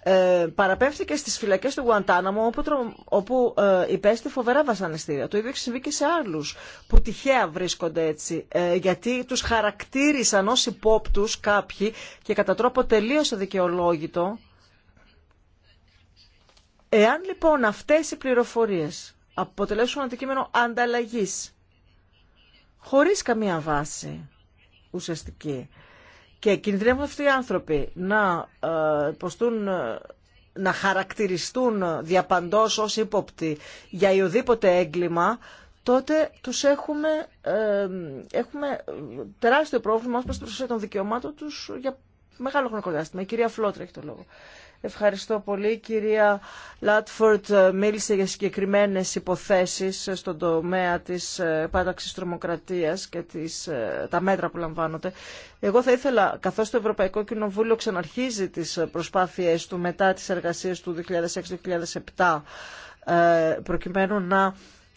Παραπέφθηκε παραπέμφθηκε στις φυλακές του Γουαντάναμο όπου, όπου ε, υπέστη φοβερά βασανιστήρια. Το ίδιο έχει συμβεί και σε άλλους που τυχαία βρίσκονται έτσι ε, γιατί τους χαρακτήρισαν ως υπόπτους κάποιοι και κατά τρόπο τελείως αδικαιολόγητο. Εάν λοιπόν αυτές οι πληροφορίες αποτελέσουν αντικείμενο ανταλλαγής χωρίς καμία βάση ουσιαστική και κινδυνεύουν αυτοί οι άνθρωποι να ε, ε, να χαρακτηριστούν διαπαντός ως ύποπτοι για ο,δήποτε έγκλημα, τότε τους έχουμε, ε, έχουμε τεράστιο πρόβλημα ως προς την των δικαιωμάτων τους για μεγάλο χρονικό διάστημα. Η κυρία Φλότρα έχει το λόγο. Ευχαριστώ πολύ. κυρία Λάτφορντ ε, μίλησε για συγκεκριμένες υποθέσεις ε, στον τομέα της ε, πάταξης τρομοκρατίας και τις, τα μέτρα που λαμβάνονται. Εγώ θα ήθελα, καθώς το Ευρωπαϊκό Κοινοβούλιο ξαναρχίζει τις προσπάθειές του μετά τις εργασίες του 2006-2007, προκειμένου να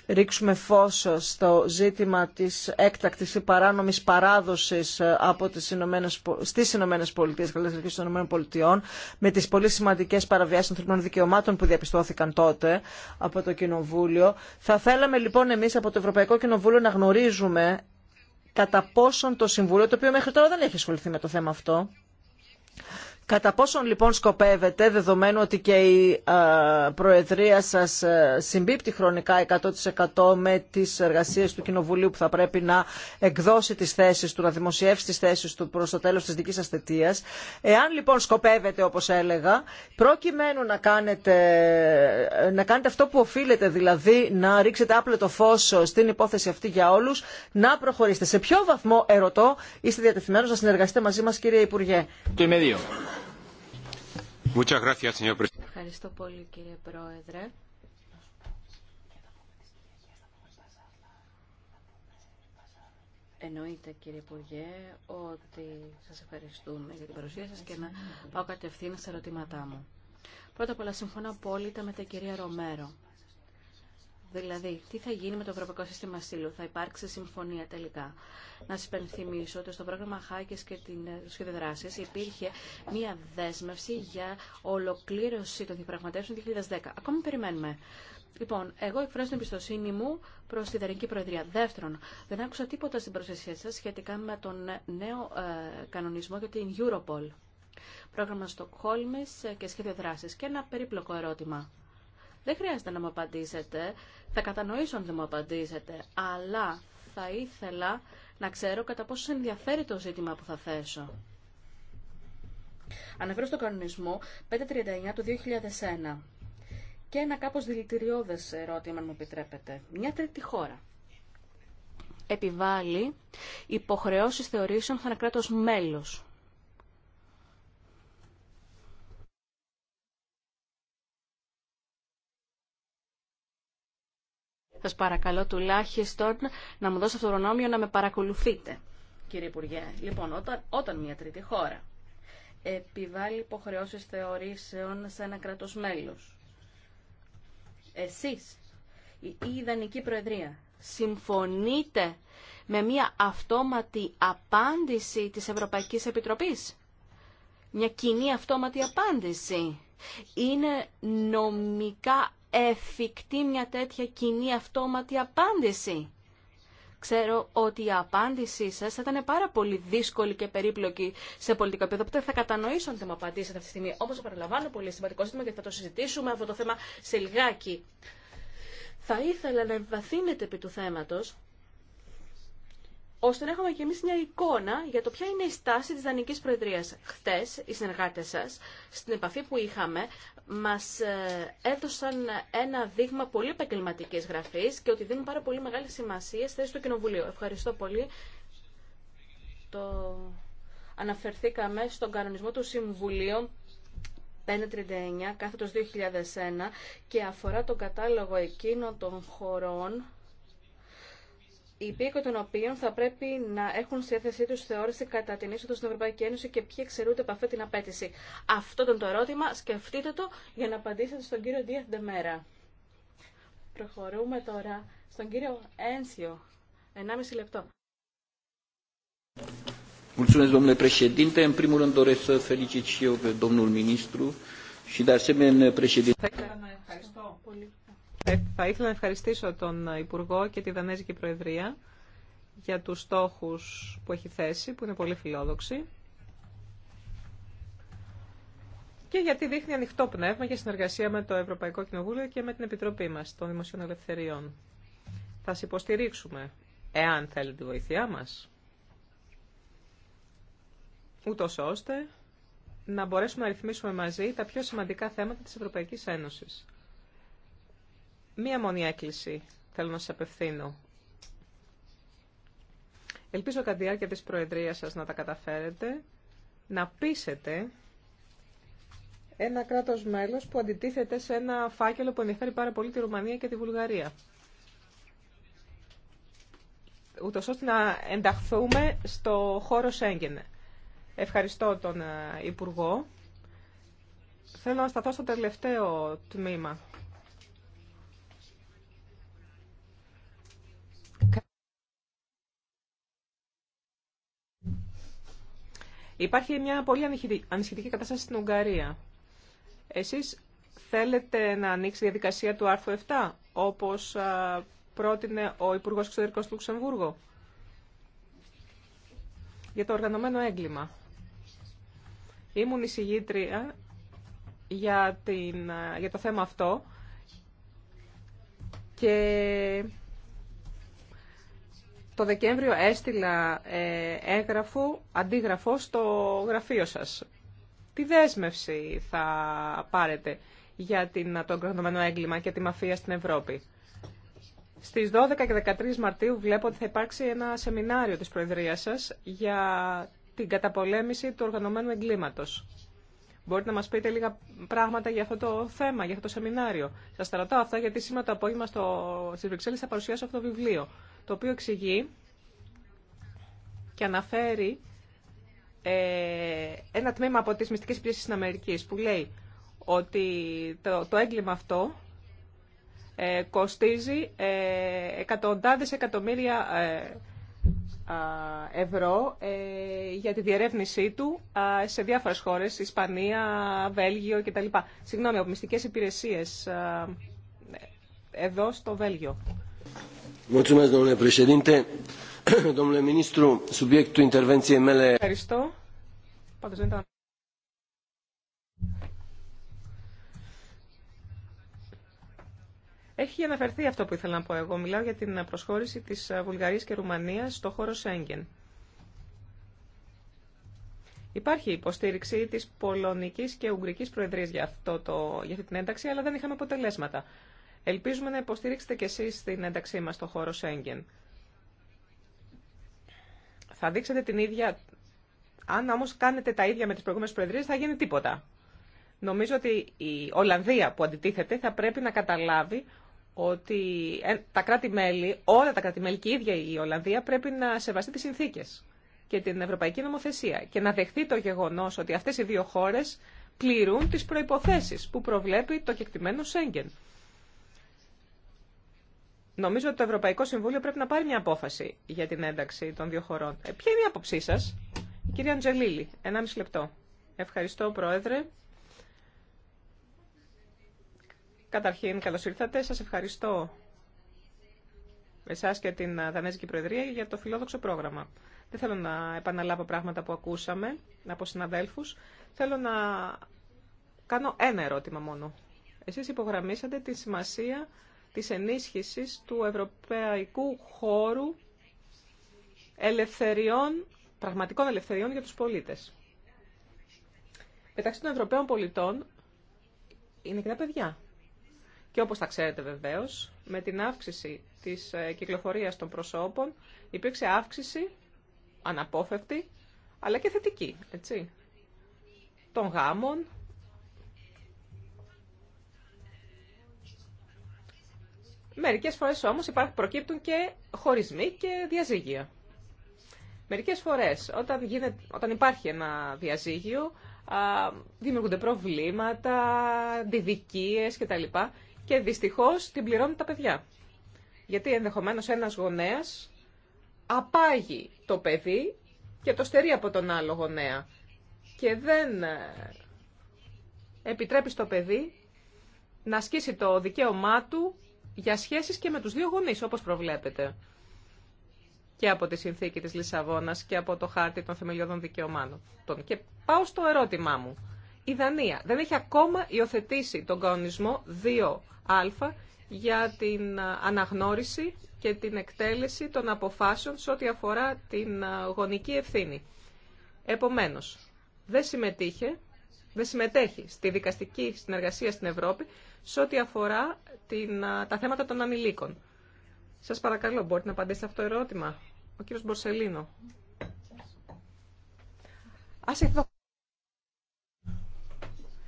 ρίξουμε φως στο ζήτημα της έκτακτης ή παράνομης παράδοσης ε, από τις Ηνωμένες, στις Ηνωμένε των Ηνωμένων με τις πολύ σημαντικές παραβιάσεις των ανθρωπινών δικαιωμάτων που διαπιστώθηκαν τότε από το Κοινοβούλιο. Θα θέλαμε λοιπόν εμείς από το Ευρωπαϊκό Κοινοβούλιο να γνωρίζουμε κατά πόσον το Συμβούλιο, το οποίο μέχρι τώρα δεν έχει ασχοληθεί με το θέμα αυτό, Κατά πόσον λοιπόν σκοπεύετε, δεδομένου ότι και η ε, Προεδρία σας ε, συμπίπτει χρονικά 100% με τις εργασίες του Κοινοβουλίου που θα πρέπει να εκδώσει τις θέσεις του, να δημοσιεύσει τις θέσεις του προς το τέλος της δικής σας θετίας. Εάν λοιπόν σκοπεύετε, όπως έλεγα, προκειμένου να κάνετε, να κάνετε αυτό που οφείλετε, δηλαδή να ρίξετε άπλετο φως στην υπόθεση αυτή για όλους, να προχωρήσετε. Σε ποιο βαθμό, ερωτώ, είστε διατεθειμένος να συνεργαστείτε μαζί μας, κύριε Υπουργέ. Το Ευχαριστώ πολύ κύριε Πρόεδρε. Εννοείται κύριε Υπουργέ ότι σας ευχαριστούμε για την παρουσία σας και να πάω κατευθείαν στα ερωτήματά μου. Πρώτα απ' όλα συμφωνώ απόλυτα με την κυρία Ρομέρο Δηλαδή, τι θα γίνει με το Ευρωπαϊκό Σύστημα Ασύλου, θα υπάρξει συμφωνία τελικά. Να σα υπενθυμίσω ότι στο πρόγραμμα Χάκε και την ε, σχέδιο δράση υπήρχε μία δέσμευση για ολοκλήρωση των διαπραγματεύσεων 2010. Ακόμη περιμένουμε. Λοιπόν, εγώ εκφράζω την εμπιστοσύνη μου προ τη Δερική Προεδρία. Δεύτερον, δεν άκουσα τίποτα στην προσέγγιση σα σχετικά με τον νέο ε, κανονισμό για την Europol. Πρόγραμμα Στοκχόλμη ε, και σχέδιο δράση. Και ένα περίπλοκο ερώτημα. Δεν χρειάζεται να μου απαντήσετε. Θα κατανοήσω αν δεν μου απαντήσετε. Αλλά θα ήθελα να ξέρω κατά πόσο ενδιαφέρει το ζήτημα που θα θέσω. Αναφέρω στο κανονισμό 539 του 2001 και ένα κάπως δηλητηριώδες ερώτημα, αν μου επιτρέπετε. Μια τρίτη χώρα επιβάλλει υποχρεώσεις θεωρήσεων είναι κράτος μέλος. Σας παρακαλώ τουλάχιστον να μου δώσετε το να με παρακολουθείτε, κύριε Υπουργέ. Λοιπόν, όταν, όταν μια τρίτη χώρα επιβάλλει υποχρεώσεις θεωρήσεων σε ένα κρατός μέλος, εσείς, η, η ιδανική προεδρία, συμφωνείτε με μια αυτόματη απάντηση της Ευρωπαϊκής Επιτροπής. Μια κοινή αυτόματη απάντηση. Είναι νομικά εφικτή μια τέτοια κοινή αυτόματη απάντηση. Ξέρω ότι η απάντησή σα θα ήταν πάρα πολύ δύσκολη και περίπλοκη σε πολιτικό επίπεδο. Οπότε θα κατανοήσω αν δεν μου απαντήσετε αυτή τη στιγμή. Όμως παραλαμβάνω πολύ σημαντικό ζήτημα και θα το συζητήσουμε αυτό το θέμα σε λιγάκι. Θα ήθελα να εμβαθύνετε επί του θέματο, ώστε να έχουμε κι εμεί μια εικόνα για το ποια είναι η στάση τη δανική Προεδρία. Χτες, οι συνεργάτε σας, στην επαφή που είχαμε, μας ε, έδωσαν ένα δείγμα πολύ επαγγελματική γραφής και ότι δίνουν πάρα πολύ μεγάλη σημασία στη θέση του Κοινοβουλίου. Ευχαριστώ πολύ. Το αναφερθήκαμε στον κανονισμό του Συμβουλίου 539 κάθετος 2001 και αφορά τον κατάλογο εκείνων των χωρών οι υπήκοοι των οποίων θα πρέπει να έχουν στη διάθεσή του θεώρηση κατά την είσοδο στην Ευρωπαϊκή Ένωση και ποιοι εξαιρούνται από αυτή την απέτηση. Αυτό ήταν το ερώτημα. Σκεφτείτε το για να απαντήσετε στον κύριο Δία Ντεμέρα. Προχωρούμε τώρα στον κύριο Ένσιο. Ενάμιση λεπτό. Mulțumesc, domnule președinte. În primul rând doresc să felicit și eu pe domnul ministru și de asemenea președinte. Ευχαριστώ πολύ. Ε, θα ήθελα να ευχαριστήσω τον Υπουργό και τη Δανέζικη Προεδρία για τους στόχους που έχει θέσει, που είναι πολύ φιλόδοξοι. Και γιατί δείχνει ανοιχτό πνεύμα για συνεργασία με το Ευρωπαϊκό Κοινοβούλιο και με την Επιτροπή μας των Δημοσίων Ελευθεριών. Θα σας υποστηρίξουμε, εάν θέλετε τη βοήθειά μας, ούτως ώστε να μπορέσουμε να ρυθμίσουμε μαζί τα πιο σημαντικά θέματα της Ευρωπαϊκής Ένωσης. Μία μόνη έκκληση θέλω να σας απευθύνω. Ελπίζω κατά τη διάρκεια της Προεδρίας σας να τα καταφέρετε, να πείσετε ένα κράτος μέλος που αντιτίθεται σε ένα φάκελο που ενδιαφέρει πάρα πολύ τη Ρουμανία και τη Βουλγαρία. Ούτως ώστε να ενταχθούμε στο χώρο Σέγγεν. Ευχαριστώ τον ε, Υπουργό. Θέλω να σταθώ στο τελευταίο τμήμα Υπάρχει μια πολύ ανησυχητική κατάσταση στην Ουγγαρία. Εσείς θέλετε να ανοίξει η διαδικασία του άρθρου 7, όπως πρότεινε ο Υπουργό Εξωτερικών του Λουξεμβούργο, για το οργανωμένο έγκλημα. Ήμουν εισηγήτρια για, για το θέμα αυτό και το Δεκέμβριο έστειλα ε, έγγραφο, αντίγραφο στο γραφείο σας. Τι δέσμευση θα πάρετε για την, το οργανωμένο έγκλημα και τη μαφία στην Ευρώπη. Στις 12 και 13 Μαρτίου βλέπω ότι θα υπάρξει ένα σεμινάριο της Προεδρίας σας για την καταπολέμηση του οργανωμένου εγκλήματος. Μπορείτε να μας πείτε λίγα πράγματα για αυτό το θέμα, για αυτό το σεμινάριο. Σας τα ρωτάω αυτά γιατί σήμερα το απόγευμα στο... στις Βρυξέλλες θα παρουσιάσω αυτό το βιβλίο το οποίο εξηγεί και αναφέρει ε, ένα τμήμα από τις μυστικές υπηρεσίες της Αμερικής που λέει ότι το, το έγκλημα αυτό ε, κοστίζει ε, εκατοντάδες εκατομμύρια ε, ευρώ για τη διερεύνησή του σε διάφορες χώρες, Ισπανία, Βέλγιο κτλ. Συγγνώμη, από μυστικές υπηρεσίες εδώ στο Βέλγιο. Domnule președinte, <clears throat> domnule ministru, subiectul intervenției mele... Έχει αναφερθεί αυτό που ήθελα να πω εγώ. Μιλάω για την προσχώρηση της Βουλγαρίας και Ρουμανίας στο χώρο Σέγγεν. Υπάρχει υποστήριξη της Πολωνικής και Ουγγρικής Προεδρίας για, αυτό το, για αυτή την ένταξη, αλλά δεν είχαμε αποτελέσματα. Ελπίζουμε να υποστήριξετε κι εσείς την ένταξή μας στο χώρο Σέγγεν. Θα δείξετε την ίδια... Αν όμως κάνετε τα ίδια με τις προηγούμενες προεδρίες θα γίνει τίποτα. Νομίζω ότι η Ολλανδία που αντιτίθεται θα πρέπει να καταλάβει ότι ε, τα κράτη-μέλη, όλα τα κράτη-μέλη και η ίδια η Ολλανδία πρέπει να σεβαστεί τις συνθήκες και την ευρωπαϊκή νομοθεσία και να δεχτεί το γεγονός ότι αυτές οι δύο χώρες πληρούν τις προϋποθέσεις που προβλέπει το κεκτημένο Σέγγεν. Νομίζω ότι το Ευρωπαϊκό Συμβούλιο πρέπει να πάρει μια απόφαση για την ένταξη των δύο χωρών. Ε, ποια είναι η άποψή σα, κυρία Αντζελίλη, μισή λεπτό. Ευχαριστώ, Πρόεδρε. Καταρχήν, καλώ ήρθατε. Σα ευχαριστώ εσά και την Δανέζικη Προεδρία για το φιλόδοξο πρόγραμμα. Δεν θέλω να επαναλάβω πράγματα που ακούσαμε από συναδέλφου. Θέλω να κάνω ένα ερώτημα μόνο. Εσείς υπογραμμίσατε τη σημασία της ενίσχυσης του ευρωπαϊκού χώρου ελευθεριών, πραγματικών ελευθεριών για τους πολίτες. Μεταξύ των Ευρωπαίων πολιτών είναι και τα παιδιά. Και όπως τα ξέρετε βεβαίως, με την αύξηση της ε, κυκλοφορίας των προσώπων υπήρξε αύξηση αναπόφευκτη, αλλά και θετική, έτσι, των γάμων, Μερικές φορές όμως υπάρχουν, προκύπτουν και χωρισμοί και διαζύγια. Μερικές φορές όταν, γίνεται, όταν υπάρχει ένα διαζύγιο α, δημιουργούνται προβλήματα, διδικίες κτλ. Και δυστυχώς την πληρώνουν τα παιδιά. Γιατί ενδεχομένως ένας γονέας απάγει το παιδί και το στερεί από τον άλλο γονέα. Και δεν ε, επιτρέπει στο παιδί να ασκήσει το δικαίωμά του για σχέσεις και με τους δύο γονείς, όπως προβλέπετε και από τη συνθήκη της Λισαβόνας και από το χάρτη των θεμελιωδών δικαιωμάτων. Και πάω στο ερώτημά μου. Η Δανία δεν έχει ακόμα υιοθετήσει τον κανονισμό 2α για την αναγνώριση και την εκτέλεση των αποφάσεων σε ό,τι αφορά την γονική ευθύνη. Επομένως, δεν συμμετείχε δεν συμμετέχει στη δικαστική συνεργασία στην Ευρώπη σε ό,τι αφορά την, τα θέματα των ανηλίκων. Σας παρακαλώ, μπορείτε να απαντήσετε αυτό το ερώτημα. Ο κύριος Μπορσελίνο.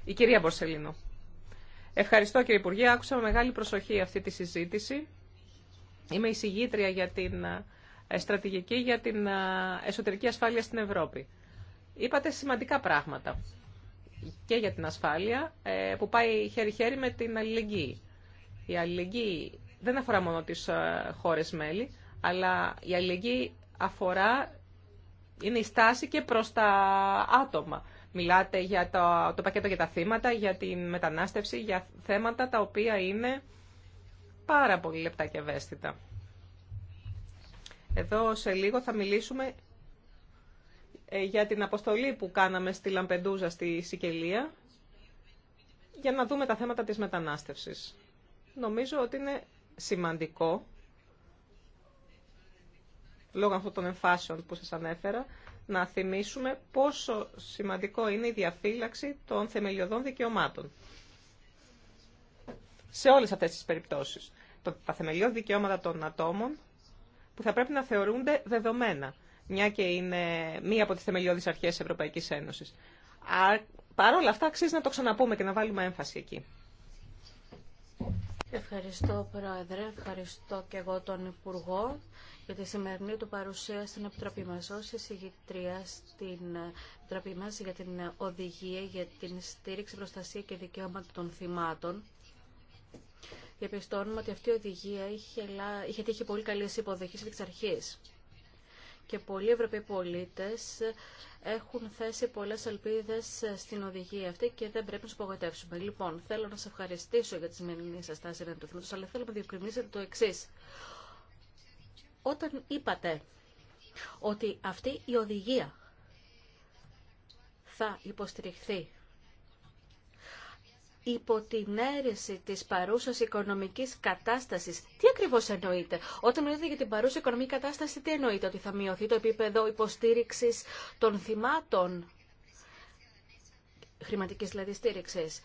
Η κυρία Μπορσελίνο. Ευχαριστώ κύριε Υπουργέ. Άκουσα με μεγάλη προσοχή αυτή τη συζήτηση. Είμαι εισηγήτρια για την ε, στρατηγική για την εσωτερική ασφάλεια στην Ευρώπη. Είπατε σημαντικά πράγματα και για την ασφάλεια ε, που πάει χέρι-χέρι με την αλληλεγγύη. Η αλληλεγγύη δεν αφορά μόνο τις ε, χώρες μέλη, αλλά η αλληλεγγύη αφορά, είναι η στάση και προς τα άτομα. Μιλάτε για το, το πακέτο για τα θύματα, για την μετανάστευση, για θέματα τα οποία είναι πάρα πολύ λεπτά και ευαίσθητα. Εδώ σε λίγο θα μιλήσουμε ε, για την αποστολή που κάναμε στη Λαμπεντούζα στη Σικελία για να δούμε τα θέματα της μετανάστευσης. Νομίζω ότι είναι σημαντικό, λόγω αυτών των εμφάσεων που σας ανέφερα, να θυμίσουμε πόσο σημαντικό είναι η διαφύλαξη των θεμελιωδών δικαιωμάτων. Σε όλες αυτές τις περιπτώσεις. Τα θεμελιώδη δικαιώματα των ατόμων που θα πρέπει να θεωρούνται δεδομένα μια και είναι μία από τις θεμελιώδεις αρχές της Ευρωπαϊκής Ένωσης. Παρ' όλα αυτά αξίζει να το ξαναπούμε και να βάλουμε έμφαση εκεί. Ευχαριστώ, Πρόεδρε. Ευχαριστώ και εγώ τον Υπουργό για τη σημερινή του παρουσία στην Επιτροπή μας. Ως εισηγητρία στην Επιτροπή μας για την οδηγία, για την στήριξη, προστασία και δικαιώματα των θυμάτων, διαπιστώνουμε ότι αυτή η οδηγία είχε, είχε τύχει πολύ καλή υποδοχή εξ αρχής και πολλοί Ευρωπαίοι πολίτες έχουν θέσει πολλές ελπίδε στην οδηγία αυτή και δεν πρέπει να σου απογοητεύσουμε. Λοιπόν, θέλω να σας ευχαριστήσω για τη σημερινή σας τάση του θέματο, αλλά θέλω να διευκρινίσετε το εξή. Όταν είπατε ότι αυτή η οδηγία θα υποστηριχθεί υπό την αίρεση της παρούσας οικονομικής κατάστασης. Τι ακριβώς εννοείται. Όταν μιλάτε για την παρούσα οικονομική κατάσταση, τι εννοείται. Ότι θα μειωθεί το επίπεδο υποστήριξης των θυμάτων χρηματικής δηλαδή στήριξης.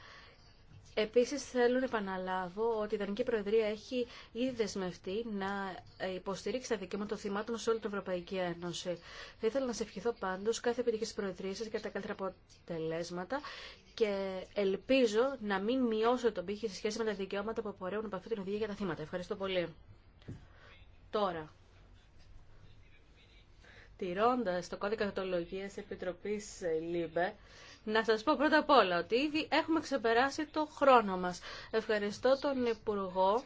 Επίσης θέλω να επαναλάβω ότι η Δανική Προεδρία έχει ήδη δεσμευτεί να υποστηρίξει τα δικαιώματα των θυμάτων σε όλη την Ευρωπαϊκή Ένωση. Θα ήθελα να σε ευχηθώ πάντως κάθε επιτυχία της Προεδρίας σας για τα καλύτερα αποτελέσματα και ελπίζω να μην μειώσω τον πύχη σε σχέση με τα δικαιώματα που απορρέουν από αυτή την οδηγία για τα θύματα. Ευχαριστώ πολύ. Τώρα, τηρώντας το κώδικα θετολογίας Επιτροπής ΛΥΜΠΕ, να σας πω πρώτα απ' όλα ότι ήδη έχουμε ξεπεράσει το χρόνο μας. Ευχαριστώ τον Υπουργό,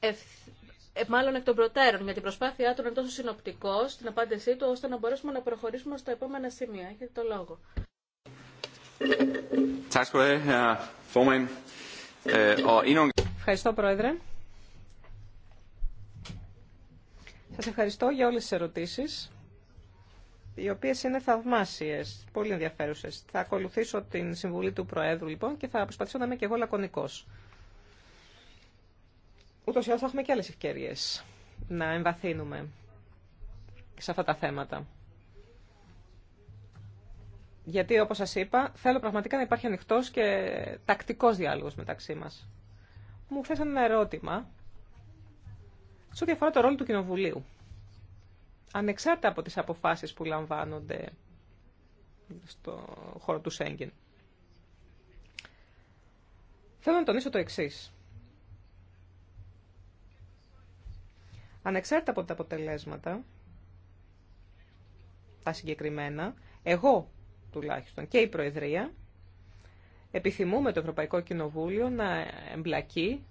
ε, μάλλον εκ των προτέρων, για την προσπάθειά του να είναι τόσο συνοπτικό στην απάντησή του, ώστε να μπορέσουμε να προχωρήσουμε στα επόμενα σημεία. Έχετε το λόγο. Øh, ευχαριστώ, Πρόεδρε. Σας ευχαριστώ για όλες τις ερωτήσεις οι οποίες είναι θαυμάσιες, πολύ ενδιαφέρουσες. Θα ακολουθήσω την συμβουλή του Προέδρου, λοιπόν, και θα προσπαθήσω να είμαι και εγώ λακωνικός. Ούτως ή άλλως θα έχουμε και άλλες ευκαιρίες να εμβαθύνουμε σε αυτά τα θέματα. Γιατί, όπως σας είπα, θέλω πραγματικά να υπάρχει ανοιχτό και τακτικός διάλογος μεταξύ μας. Μου θέσανε ένα ερώτημα σε ό,τι αφορά το ρόλο του Κοινοβουλίου ανεξάρτητα από τις αποφάσεις που λαμβάνονται στο χώρο του Σέγγεν. Θέλω να τονίσω το εξής. Ανεξάρτητα από τα αποτελέσματα, τα συγκεκριμένα, εγώ τουλάχιστον και η Προεδρία, επιθυμούμε το Ευρωπαϊκό Κοινοβούλιο να εμπλακεί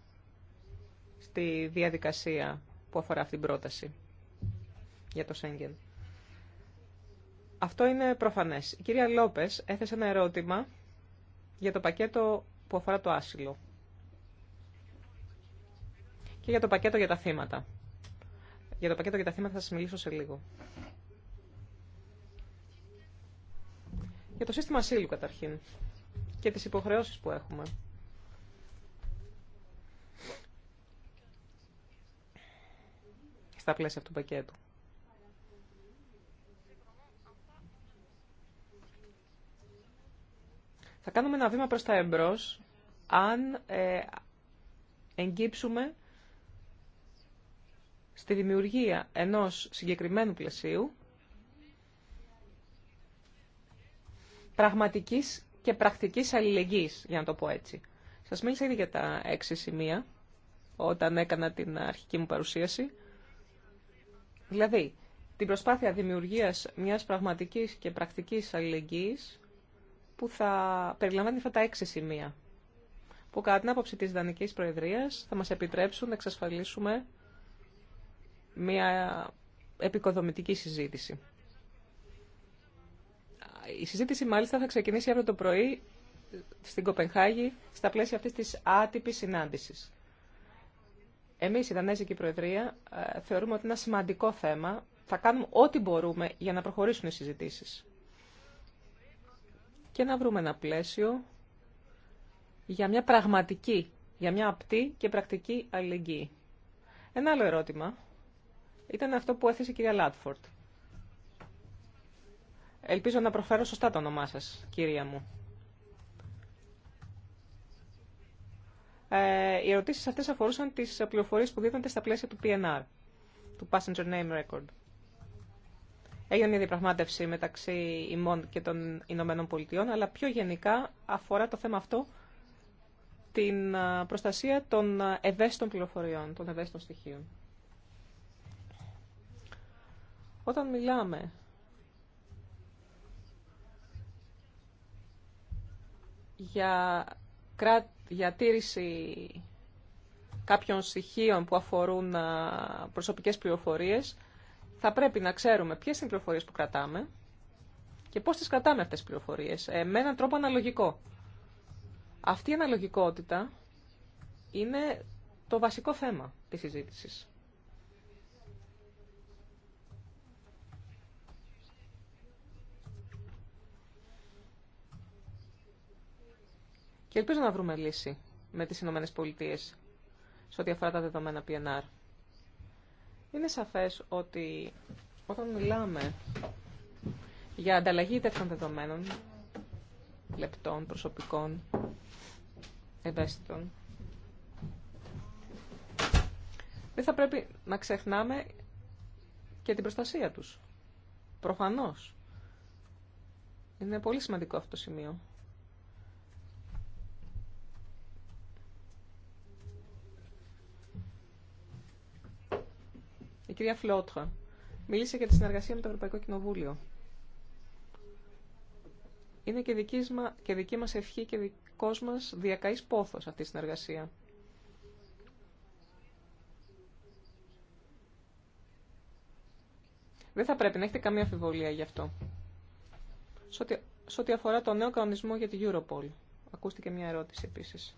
στη διαδικασία που αφορά αυτή την πρόταση για το Σέγγεν. Αυτό είναι προφανές. Η κυρία Λόπες έθεσε ένα ερώτημα για το πακέτο που αφορά το άσυλο και για το πακέτο για τα θύματα. Για το πακέτο για τα θύματα θα σας μιλήσω σε λίγο. Για το σύστημα ασύλου καταρχήν και τις υποχρεώσεις που έχουμε. Στα πλαίσια αυτού του πακέτου. Θα κάνουμε ένα βήμα προς τα εμπρός αν ε, εγκύψουμε στη δημιουργία ενός συγκεκριμένου πλαισίου πραγματικής και πρακτικής αλληλεγγύης, για να το πω έτσι. Σας μίλησα ήδη για τα έξι σημεία όταν έκανα την αρχική μου παρουσίαση. Δηλαδή, την προσπάθεια δημιουργίας μιας πραγματικής και πρακτικής αλληλεγγύης που θα περιλαμβάνει αυτά τα έξι σημεία, που κατά την άποψη τη Δανική Προεδρίας θα μας επιτρέψουν να εξασφαλίσουμε μια επικοδομητική συζήτηση. Η συζήτηση μάλιστα θα ξεκινήσει αύριο το πρωί στην Κοπενχάγη στα πλαίσια αυτής της άτυπης συνάντησης. Εμείς η Δανέζικη Προεδρία ε, θεωρούμε ότι είναι ένα σημαντικό θέμα. Θα κάνουμε ό,τι μπορούμε για να προχωρήσουν οι συζητήσεις και να βρούμε ένα πλαίσιο για μια πραγματική, για μια απτή και πρακτική αλληλεγγύη. Ένα άλλο ερώτημα ήταν αυτό που έθεσε η κυρία Λάτφορντ. Ελπίζω να προφέρω σωστά το όνομά σας, κυρία μου. Ε, οι ερωτήσεις αυτές αφορούσαν τις πληροφορίες που δίδονται στα πλαίσια του PNR, του Passenger Name Record. Έγινε μια διαπραγμάτευση μεταξύ ημών και των Ηνωμένων Πολιτειών, αλλά πιο γενικά αφορά το θέμα αυτό την προστασία των ευαίσθητων πληροφοριών, των ευαίσθητων στοιχείων. Όταν μιλάμε για, κρά... για τήρηση κάποιων στοιχείων που αφορούν προσωπικές πληροφορίες, θα πρέπει να ξέρουμε ποιε είναι οι πληροφορίε που κρατάμε και πώς τις κρατάμε αυτές τις πληροφορίες, ε, με έναν τρόπο αναλογικό. Αυτή η αναλογικότητα είναι το βασικό θέμα της συζήτηση. Και ελπίζω να βρούμε λύση με τις Ηνωμένε Πολιτείες σε ό,τι αφορά τα δεδομένα PNR. Είναι σαφές ότι όταν μιλάμε για ανταλλαγή τέτοιων δεδομένων, λεπτών, προσωπικών, ευαίσθητων, δεν θα πρέπει να ξεχνάμε και την προστασία τους. Προφανώς. Είναι πολύ σημαντικό αυτό το σημείο. Η κυρία Φλότχα μίλησε για τη συνεργασία με το Ευρωπαϊκό Κοινοβούλιο. Είναι και δική, μας ευχή και δικός μας διακαής πόθος αυτή η συνεργασία. Δεν θα πρέπει να έχετε καμία αφιβολία γι' αυτό. Σε ό,τι αφορά το νέο κανονισμό για τη Europol. Ακούστηκε μια ερώτηση επίσης.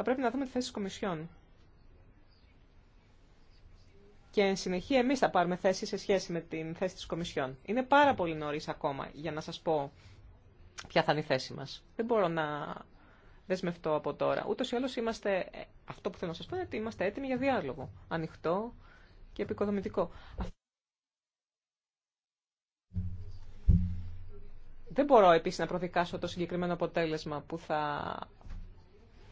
θα πρέπει να δούμε τη θέση της Κομισιόν. Και εν συνεχεία εμείς θα πάρουμε θέση σε σχέση με την θέση της Κομισιόν. Είναι πάρα πολύ νωρί ακόμα για να σας πω ποια θα είναι η θέση μας. Δεν μπορώ να δεσμευτώ από τώρα. Ούτω ή άλλω είμαστε, αυτό που θέλω να σα πω είναι ότι είμαστε έτοιμοι για διάλογο. Ανοιχτό και επικοδομητικό. Δεν μπορώ επίσης να προδικάσω το συγκεκριμένο αποτέλεσμα που θα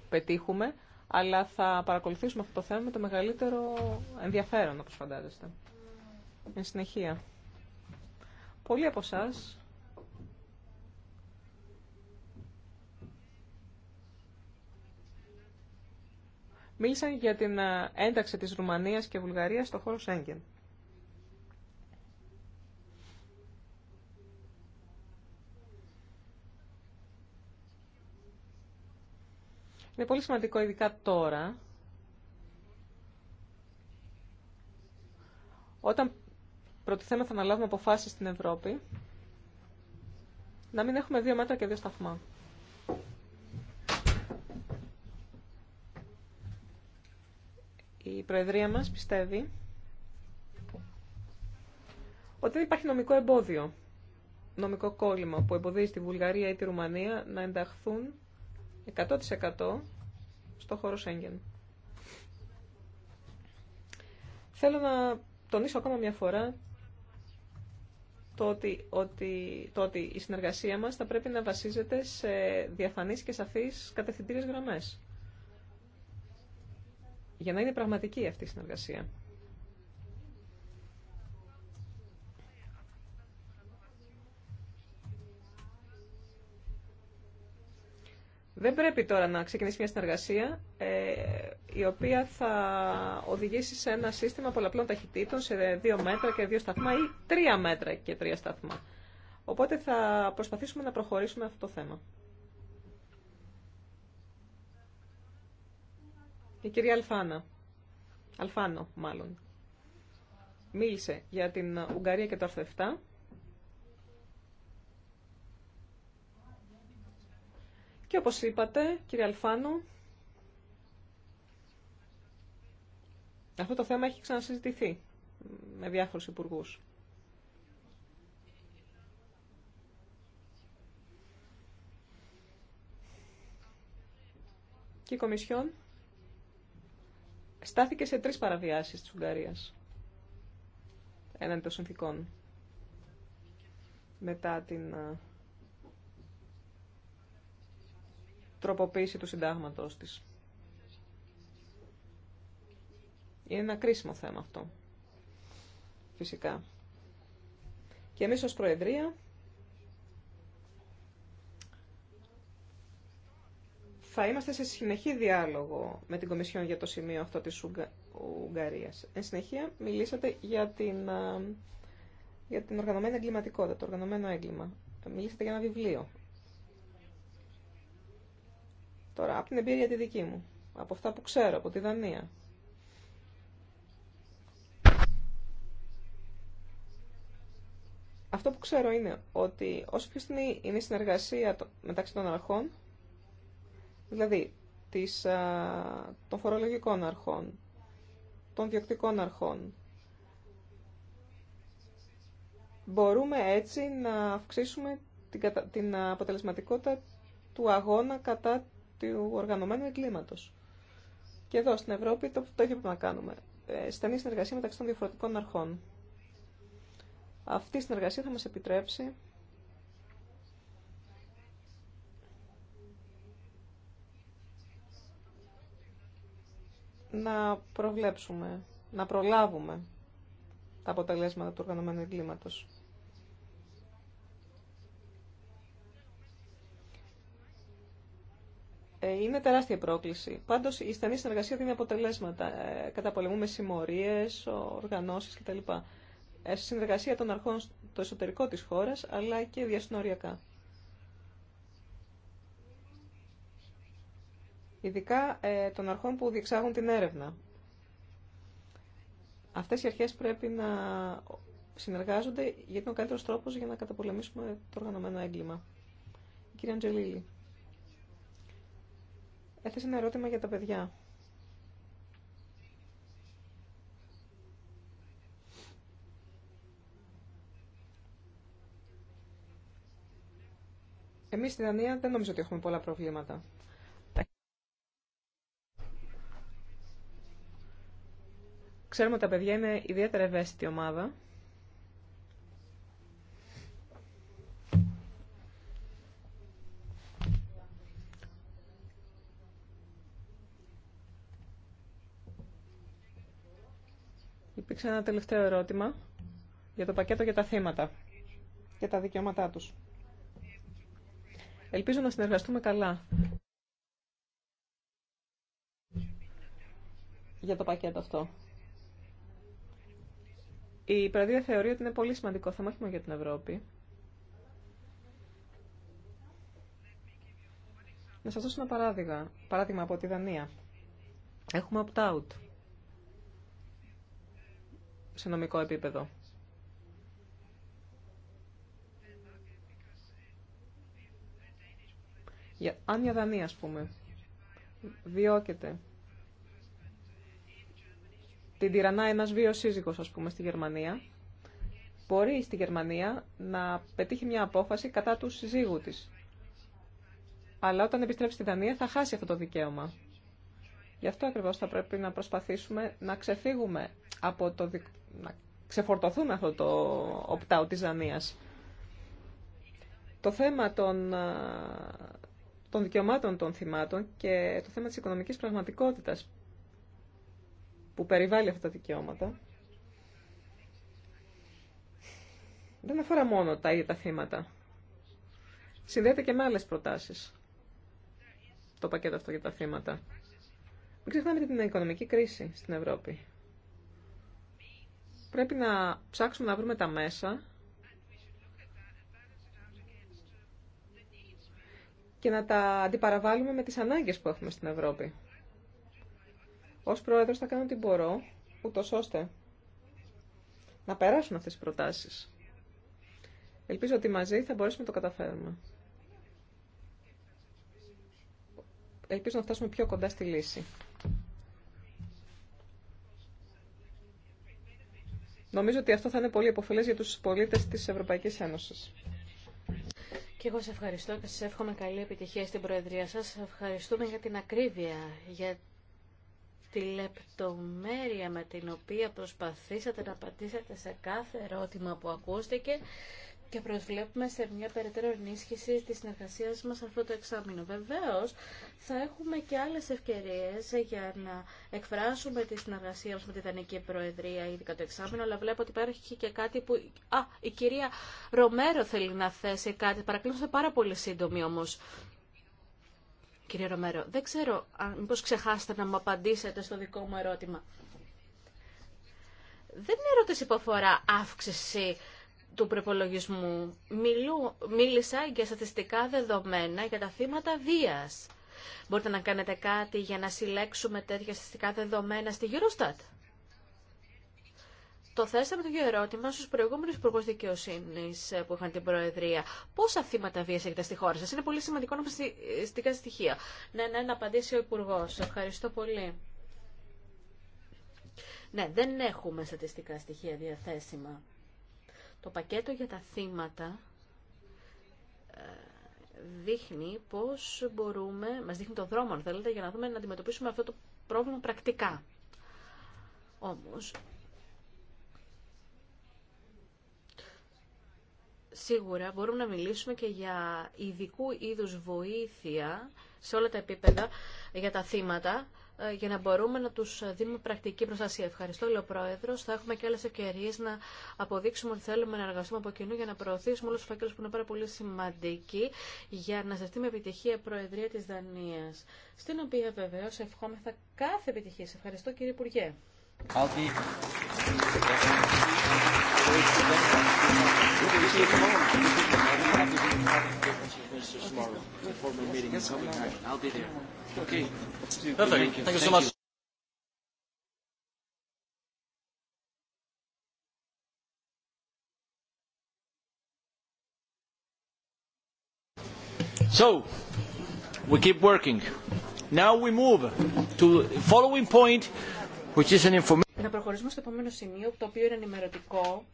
πετύχουμε, αλλά θα παρακολουθήσουμε αυτό το θέμα με το μεγαλύτερο ενδιαφέρον, όπως φαντάζεστε. Εν συνεχεία. Πολλοί από εσά. Μίλησαν για την ε, ένταξη της Ρουμανίας και Βουλγαρίας στο χώρο Σέγγεν. Είναι πολύ σημαντικό ειδικά τώρα, όταν προτιθέμεθα να λάβουμε αποφάσεις στην Ευρώπη, να μην έχουμε δύο μέτρα και δύο σταθμά. Η Προεδρία μας πιστεύει ότι δεν υπάρχει νομικό εμπόδιο, νομικό κόλλημα που εμποδίζει τη Βουλγαρία ή τη Ρουμανία να ενταχθούν 100% στο χώρο Σέγγεν. Θέλω να τονίσω ακόμα μια φορά το ότι, ότι, το ότι η συνεργασία μας θα πρέπει να βασίζεται σε διαφανείς και σαφείς κατευθυντήριες γραμμές. Για να είναι πραγματική αυτή η συνεργασία. Δεν πρέπει τώρα να ξεκινήσει μια συνεργασία ε, η οποία θα οδηγήσει σε ένα σύστημα πολλαπλών ταχυτήτων σε δύο μέτρα και δύο σταθμά ή τρία μέτρα και τρία σταθμά. Οπότε θα προσπαθήσουμε να προχωρήσουμε αυτό το θέμα. Η κυρία Αλφάνα, Αλφάνο μάλλον, μίλησε για την Ουγγαρία και το Αρθεφτά. Και όπως είπατε, κύριε Αλφάνο, αυτό το θέμα έχει ξανασυζητηθεί με διάφορους υπουργούς. Και η Κομισιόν στάθηκε σε τρεις παραβιάσεις της Ουγγαρίας έναντι των συνθήκων μετά την ε, τροποποίηση του συντάγματος της. Είναι ένα κρίσιμο θέμα αυτό, φυσικά. Και εμείς ως Προεδρία θα είμαστε σε συνεχή διάλογο με την Κομισιόν για το σημείο αυτό της Ουγγα... Ουγγαρίας. Εν συνεχεία μιλήσατε για την, για την οργανωμένη εγκληματικότητα, το οργανωμένο έγκλημα. Μιλήσατε για ένα βιβλίο Τώρα, από την εμπειρία τη δική μου, από αυτά που ξέρω, από τη Δανία. Αυτό που ξέρω είναι ότι όσο πιο στενή είναι η συνεργασία μεταξύ των αρχών, δηλαδή της, των φορολογικών αρχών, των διοκτικών αρχών, μπορούμε έτσι να αυξήσουμε την, την αποτελεσματικότητα του αγώνα κατά του οργανωμένου εγκλήματος. Και εδώ στην Ευρώπη το, το ίδιο πρέπει να κάνουμε. Ε, στενή συνεργασία μεταξύ των διαφορετικών αρχών. Αυτή η συνεργασία θα μας επιτρέψει να προβλέψουμε, να προλάβουμε τα αποτελέσματα του οργανωμένου εγκλήματος. Ε, είναι τεράστια πρόκληση. Πάντω η στενή συνεργασία δίνει αποτελέσματα. Ε, καταπολεμούμε συμμορίε, οργανώσει κτλ. Ε, συνεργασία των αρχών στο εσωτερικό τη χώρα αλλά και διασυνοριακά. Ειδικά των αρχών που διεξάγουν την έρευνα. Αυτές οι αρχές πρέπει να συνεργάζονται γιατί είναι ο καλύτερος τρόπος για να καταπολεμήσουμε το οργανωμένο έγκλημα. Κύριε Αντζελίλη έθεσε ένα ερώτημα για τα παιδιά. Εμείς στην Δανία δεν νομίζω ότι έχουμε πολλά προβλήματα. Ξέρουμε ότι τα παιδιά είναι ιδιαίτερα ευαίσθητη ομάδα. υπήρξε ένα τελευταίο ερώτημα για το πακέτο για τα θέματα και τα δικαιώματά τους. Ελπίζω να συνεργαστούμε καλά. για το πακέτο αυτό. Η Πραδία θεωρεί ότι είναι πολύ σημαντικό θέμα, όχι μόνο για την Ευρώπη. Να σας δώσω ένα παράδειγμα, παράδειγμα από τη Δανία. Έχουμε opt-out σε νομικό επίπεδο. Για, αν η Δανία, ας πούμε, διώκεται, την τυρανά ένας βίος σύζυγος, ας πούμε, στη Γερμανία, μπορεί στη Γερμανία να πετύχει μια απόφαση κατά του συζύγου της. Αλλά όταν επιστρέψει στη Δανία θα χάσει αυτό το δικαίωμα. Γι' αυτό ακριβώς θα πρέπει να προσπαθήσουμε να ξεφύγουμε από το, να ξεφορτωθούμε αυτό το opt της Το θέμα των, των δικαιωμάτων των θυμάτων και το θέμα της οικονομικής πραγματικότητας που περιβάλλει αυτά τα δικαιώματα δεν αφορά μόνο τα ίδια τα θύματα. Συνδέεται και με άλλες προτάσεις το πακέτο αυτό για τα θύματα. Μην ξεχνάμε την οικονομική κρίση στην Ευρώπη πρέπει να ψάξουμε να βρούμε τα μέσα και να τα αντιπαραβάλουμε με τις ανάγκες που έχουμε στην Ευρώπη. Ως πρόεδρος θα κάνω τι μπορώ, ούτως ώστε να περάσουν αυτές οι προτάσεις. Ελπίζω ότι μαζί θα μπορέσουμε να το καταφέρουμε. Ελπίζω να φτάσουμε πιο κοντά στη λύση. Νομίζω ότι αυτό θα είναι πολύ επωφελέ για του πολίτε τη Ευρωπαϊκή Ένωση. Και εγώ σε ευχαριστώ και σα εύχομαι καλή επιτυχία στην Προεδρία Σα Ευχαριστούμε για την ακρίβεια, για τη λεπτομέρεια με την οποία προσπαθήσατε να απαντήσετε σε κάθε ερώτημα που ακούστηκε και προσβλέπουμε σε μια περαιτέρω ενίσχυση τη συνεργασία μα αυτό το εξάμεινο. Βεβαίω, θα έχουμε και άλλε ευκαιρίε για να εκφράσουμε τη συνεργασία μα με τη Δανική Προεδρία ειδικά το εξάμεινο, αλλά βλέπω ότι υπάρχει και κάτι που. Α, η κυρία Ρομέρο θέλει να θέσει κάτι. Παρακλείστε πάρα πολύ σύντομη όμω. Κύριε Ρομέρο, δεν ξέρω αν μήπως ξεχάσετε να μου απαντήσετε στο δικό μου ερώτημα. Δεν είναι ερώτηση που αφορά αύξηση του προπολογισμού. Μίλησα για στατιστικά δεδομένα για τα θύματα βίας. Μπορείτε να κάνετε κάτι για να συλλέξουμε τέτοια στατιστικά δεδομένα στη Eurostat. Το θέσαμε το ερώτημα στου προηγούμενους υπουργού δικαιοσύνη ε, που είχαν την Προεδρία. Πόσα θύματα βίας έχετε στη χώρα σας. Είναι πολύ σημαντικό να ε, στατιστικά στοιχεία. Ναι, ναι, να απαντήσει ο υπουργό. Ευχαριστώ πολύ. Ναι, δεν έχουμε στατιστικά στοιχεία διαθέσιμα. Το πακέτο για τα θύματα ε, δείχνει πώς μπορούμε, μας δείχνει το δρόμο αν θέλετε, για να δούμε να αντιμετωπίσουμε αυτό το πρόβλημα πρακτικά. Όμως, σίγουρα μπορούμε να μιλήσουμε και για ειδικού είδους βοήθεια σε όλα τα επίπεδα για τα θύματα, ε, για να μπορούμε να τους ε, δίνουμε πρακτική προστασία. Ευχαριστώ, λέει Θα έχουμε και άλλες ευκαιρίες να αποδείξουμε ότι θέλουμε να εργαστούμε από κοινού για να προωθήσουμε όλους τους φακέλους που είναι πάρα πολύ σημαντικοί για να ζευτεί με επιτυχία Προεδρία της Δανίας, στην οποία βεβαίω ευχόμεθα κάθε επιτυχία. Σε ευχαριστώ, κύριε Υπουργέ. So, we keep working. Now we move to the following point, which is an information. Να προχωρήσουμε στο επόμενο σημείο, το οποίο είναι ενημερωτικό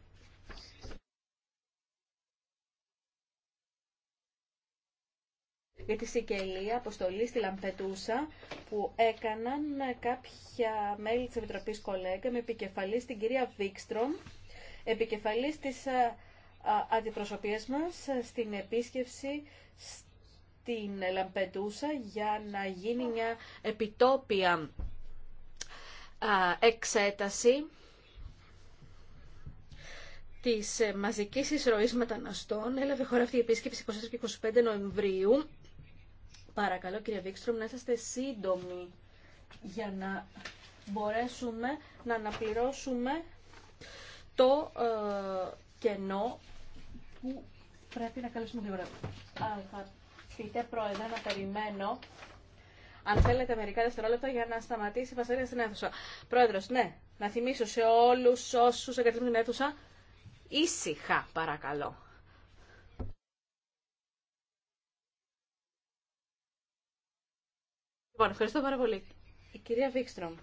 για τη Σικελία, αποστολή στη Λαμπετούσα, που έκαναν κάποια μέλη της Επιτροπής Κολέγκα με επικεφαλή στην κυρία Βίκστρομ, επικεφαλή της ε, ε, αντιπροσωπείας μας ε, στην επίσκεψη στην Λαμπετούσα για να γίνει μια επιτόπια εξέταση της μαζικής εισρωής μεταναστών. Έλαβε χώρα αυτή η επίσκεψη 24 και 25 Νοεμβρίου Παρακαλώ κύριε Βίξτρομ να είσαστε σύντομοι για να μπορέσουμε να αναπληρώσουμε το ε, κενό που πρέπει να καλύψουμε γρήγορα. πείτε, Πρόεδρε, να περιμένω αν θέλετε μερικά δευτερόλεπτα για να σταματήσει η φασαρία στην αίθουσα. Πρόεδρος, ναι, να θυμίσω σε όλους όσους εγκαταλείπουν την αίθουσα, ήσυχα παρακαλώ. Λοιπόν, ευχαριστώ πάρα πολύ. Η κυρία Βίξτρομ,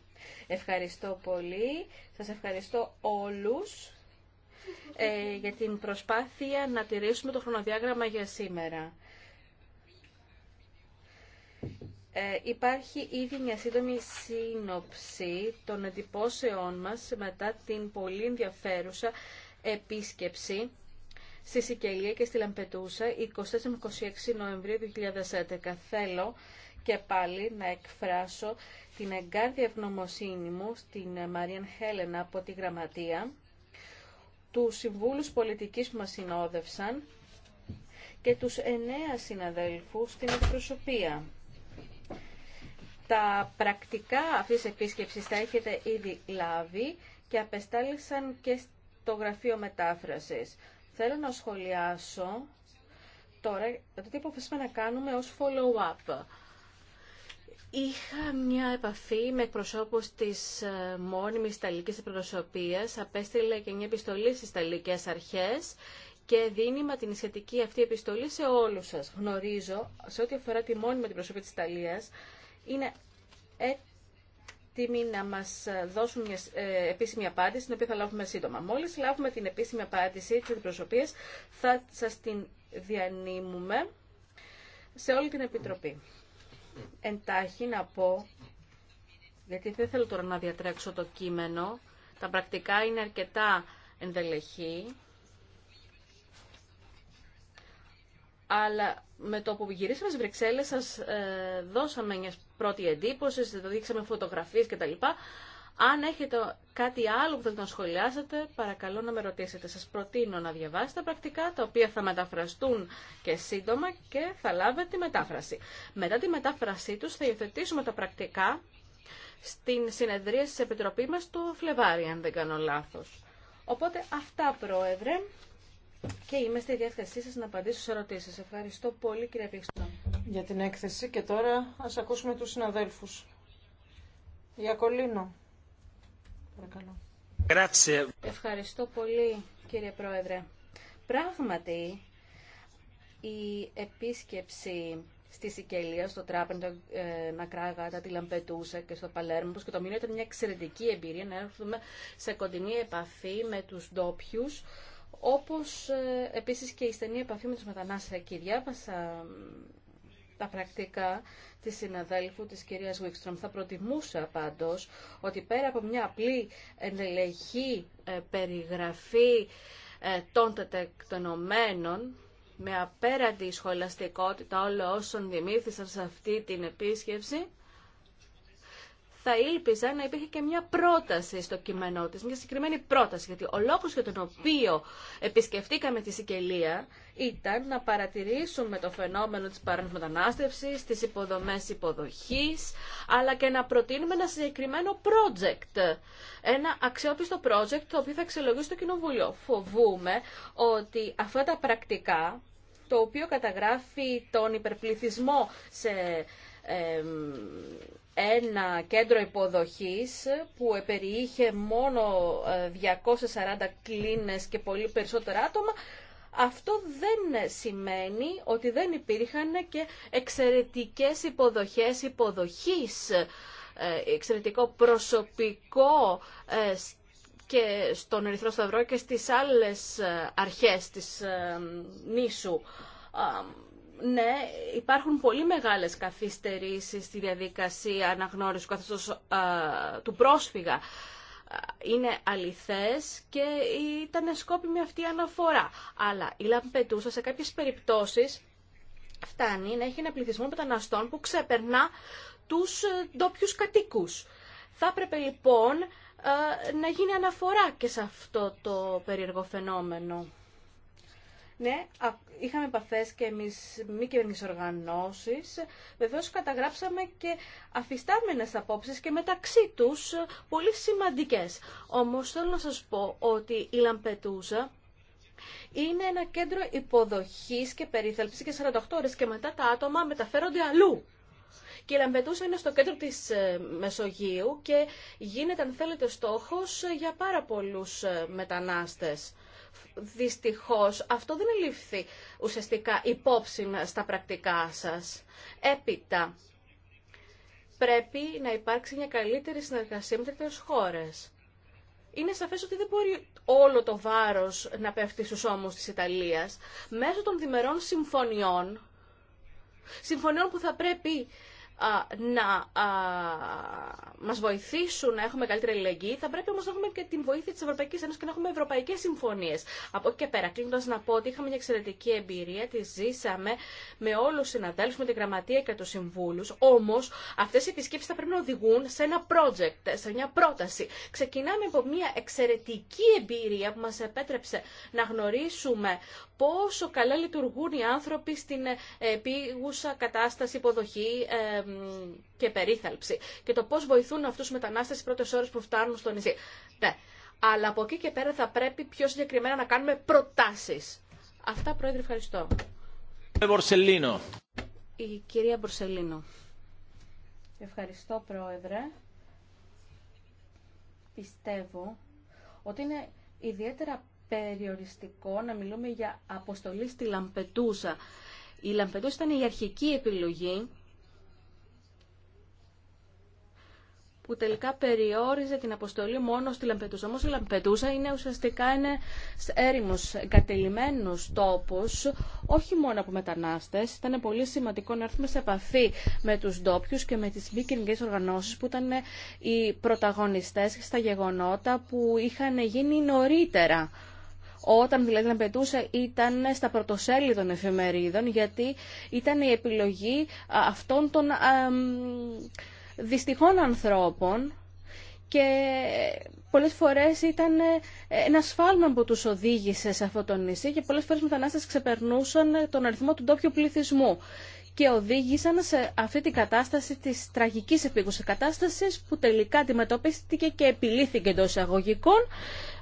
ευχαριστώ πολύ. Σας ευχαριστώ όλους ε, για την προσπάθεια να τηρήσουμε το χρονοδιάγραμμα για σήμερα. Ε, υπάρχει ήδη μια σύντομη σύνοψη των εντυπώσεών μας μετά την πολύ ενδιαφέρουσα επίσκεψη στη Σικελία και στη Λαμπετούσα 24-26 Νοεμβρίου 2011. Θέλω και πάλι να εκφράσω την εγκάρδια ευγνωμοσύνη μου στην Μαρίαν Χέλενα από τη Γραμματεία, του Συμβούλου πολιτικής που μας συνόδευσαν και τους εννέα συναδέλφους στην εκπροσωπεία. Τα πρακτικά αυτής της επίσκεψης τα έχετε ήδη λάβει και απεστάλησαν και στο γραφείο μετάφρασης. Θέλω να σχολιάσω τώρα το τι αποφασίσαμε να κάνουμε ως follow-up Είχα μια επαφή με εκπροσώπους της ε, μόνιμης Ιταλικής Επιδοσοπίας, απέστειλε και μια επιστολή στις Ιταλικές Αρχές και δίνημα την σχετική αυτή επιστολή σε όλους σας. Γνωρίζω, σε ό,τι αφορά τη μόνιμη προσωπία της Ιταλίας, είναι έτοιμοι να μας δώσουν μια ε, επίσημη απάντηση, την οποία θα λάβουμε σύντομα. Μόλις λάβουμε την επίσημη απάντηση της αντιπροσωπείας, θα σας την διανύμουμε σε όλη την Επιτροπή εντάχει να πω, γιατί δεν θέλω τώρα να διατρέξω το κείμενο, τα πρακτικά είναι αρκετά ενδελεχή, αλλά με το που γυρίσαμε στις Βρυξέλλες σας ε, δώσαμε μια πρώτη εντύπωση, σας δείξαμε φωτογραφίες κτλ. Αν έχετε κάτι άλλο που θέλετε να σχολιάσετε, παρακαλώ να με ρωτήσετε. Σας προτείνω να διαβάσετε πρακτικά, τα οποία θα μεταφραστούν και σύντομα και θα λάβετε τη μετάφραση. Μετά τη μετάφρασή τους θα υιοθετήσουμε τα πρακτικά στην συνεδρία της Επιτροπής μας το Φλεβάρι, αν δεν κάνω λάθος. Οπότε αυτά, Πρόεδρε, και είμαι στη διάθεσή σας να απαντήσω σε ερωτήσεις. Ευχαριστώ πολύ, κύριε Πίξτον. Για την έκθεση και τώρα ας ακούσουμε τους συναδέλφους. Για Κολίνο. Ευχαριστώ πολύ, κύριε Πρόεδρε. Πράγματι, η επίσκεψη στη Σικελία, στο Τράπεντο, ε, κράγατα, τη Λαμπετούσα και στο Παλέρμο, και το μήνυμα, ήταν μια εξαιρετική εμπειρία να έρθουμε σε κοντινή επαφή με τους ντόπιου, όπως ε, επίσης και η στενή επαφή με τους μετανάστες εκεί. Διάβασα τα πρακτικά της συναδέλφου της κυρίας Γουίξτρομ Θα προτιμούσα πάντως ότι πέρα από μια απλή ενελεχή ε, περιγραφή ε, των τετεκτονωμένων με απέραντη σχολαστικότητα όλων όσων δημήθησαν σε αυτή την επίσκεψη, θα ήλπιζα να υπήρχε και μια πρόταση στο κείμενό της, μια συγκεκριμένη πρόταση, γιατί ο λόγος για τον οποίο επισκεφτήκαμε τη Σικελία ήταν να παρατηρήσουμε το φαινόμενο της παρανομετανάστευσης, της υποδομές υποδοχής, αλλά και να προτείνουμε ένα συγκεκριμένο project, ένα αξιόπιστο project το οποίο θα αξιολογήσει το Κοινοβούλιο. Φοβούμε ότι αυτά τα πρακτικά, το οποίο καταγράφει τον υπερπληθισμό σε ένα κέντρο υποδοχής που περιείχε μόνο 240 ε, κλίνες και πολύ περισσότερα άτομα, αυτό δεν σημαίνει ότι δεν υπήρχαν και εξαιρετικές υποδοχές υποδοχής, ε, εξαιρετικό προσωπικό ε, και στον Ερυθρό Σταυρό και στις άλλες αρχές της νήσου ναι, υπάρχουν πολύ μεγάλες καθυστερήσεις στη διαδικασία αναγνώρισης του του πρόσφυγα. Είναι αληθές και ήταν σκόπιμη αυτή η αναφορά. Αλλά η Λαμπετούσα σε κάποιες περιπτώσεις φτάνει να έχει ένα πληθυσμό μεταναστών που ξεπερνά τους ε, ντόπιου κατοίκους. Θα έπρεπε λοιπόν ε, να γίνει αναφορά και σε αυτό το περίεργο φαινόμενο. Ναι, είχαμε επαφέ και εμεί μη κυβερνή οργανώσει. Βεβαίω καταγράψαμε και αφιστάμενε απόψει και μεταξύ του πολύ σημαντικέ. Όμω θέλω να σα πω ότι η Λαμπετούζα είναι ένα κέντρο υποδοχή και περίθαλψη και 48 ώρε και μετά τα άτομα μεταφέρονται αλλού. Και η Λαμπετούσα είναι στο κέντρο της ε, Μεσογείου και γίνεται, αν θέλετε, στόχος ε, για πάρα πολλούς ε, μετανάστες δυστυχώς αυτό δεν ελήφθη ουσιαστικά υπόψη στα πρακτικά σας. Έπειτα, πρέπει να υπάρξει μια καλύτερη συνεργασία με τέτοιες χώρες. Είναι σαφές ότι δεν μπορεί όλο το βάρος να πέφτει στους ώμους της Ιταλίας. Μέσω των διμερών συμφωνιών, συμφωνιών που θα πρέπει να μας βοηθήσουν να έχουμε καλύτερη αλληλεγγύη, θα πρέπει όμως να έχουμε και την βοήθεια της Ευρωπαϊκής Ένωσης και να έχουμε ευρωπαϊκές συμφωνίες. Από εκεί και πέρα, κλείνοντας να πω ότι είχαμε μια εξαιρετική εμπειρία, τη ζήσαμε με όλους τους συναδέλφους, με την Γραμματεία και τους συμβούλους, όμως αυτές οι επισκέψεις θα πρέπει να οδηγούν σε ένα project, σε μια πρόταση. Ξεκινάμε από μια εξαιρετική εμπειρία που μας επέτρεψε να γνωρίσουμε πόσο καλά λειτουργούν οι άνθρωποι στην ε, επίγουσα κατάσταση υποδοχή και περίθαλψη και το πώς βοηθούν αυτούς τους μετανάστες στις πρώτες ώρες που φτάνουν στο νησί. Ναι, αλλά από εκεί και πέρα θα πρέπει πιο συγκεκριμένα να κάνουμε προτάσεις. Αυτά, Πρόεδρε, ευχαριστώ. Ε, Η κυρία Μπορσελίνο. Ευχαριστώ, Πρόεδρε. Πιστεύω ότι είναι ιδιαίτερα περιοριστικό να μιλούμε για αποστολή στη Λαμπετούσα. Η Λαμπετούσα ήταν η αρχική επιλογή που τελικά περιόριζε την αποστολή μόνο στη Λαμπετούσα. Όμως η Λαμπετούσα είναι ουσιαστικά ένα έρημος, κατελημένος τόπος, όχι μόνο από μετανάστες. Ήταν πολύ σημαντικό να έρθουμε σε επαφή με τους ντόπιου και με τις μη κοινωνικέ οργανώσεις που ήταν οι πρωταγωνιστές στα γεγονότα που είχαν γίνει νωρίτερα όταν δηλαδή να πετούσε ήταν στα πρωτοσέλιδα των εφημερίδων γιατί ήταν η επιλογή αυτών των δυστυχών ανθρώπων και πολλές φορές ήταν ε, ένα σφάλμα που τους οδήγησε σε αυτό το νησί και πολλές φορές μετανάστες ξεπερνούσαν τον αριθμό του ντόπιου πληθυσμού και οδήγησαν σε αυτή την κατάσταση της τραγικής επίγουσα κατάστασης που τελικά αντιμετωπίστηκε και επιλύθηκε εντό εισαγωγικών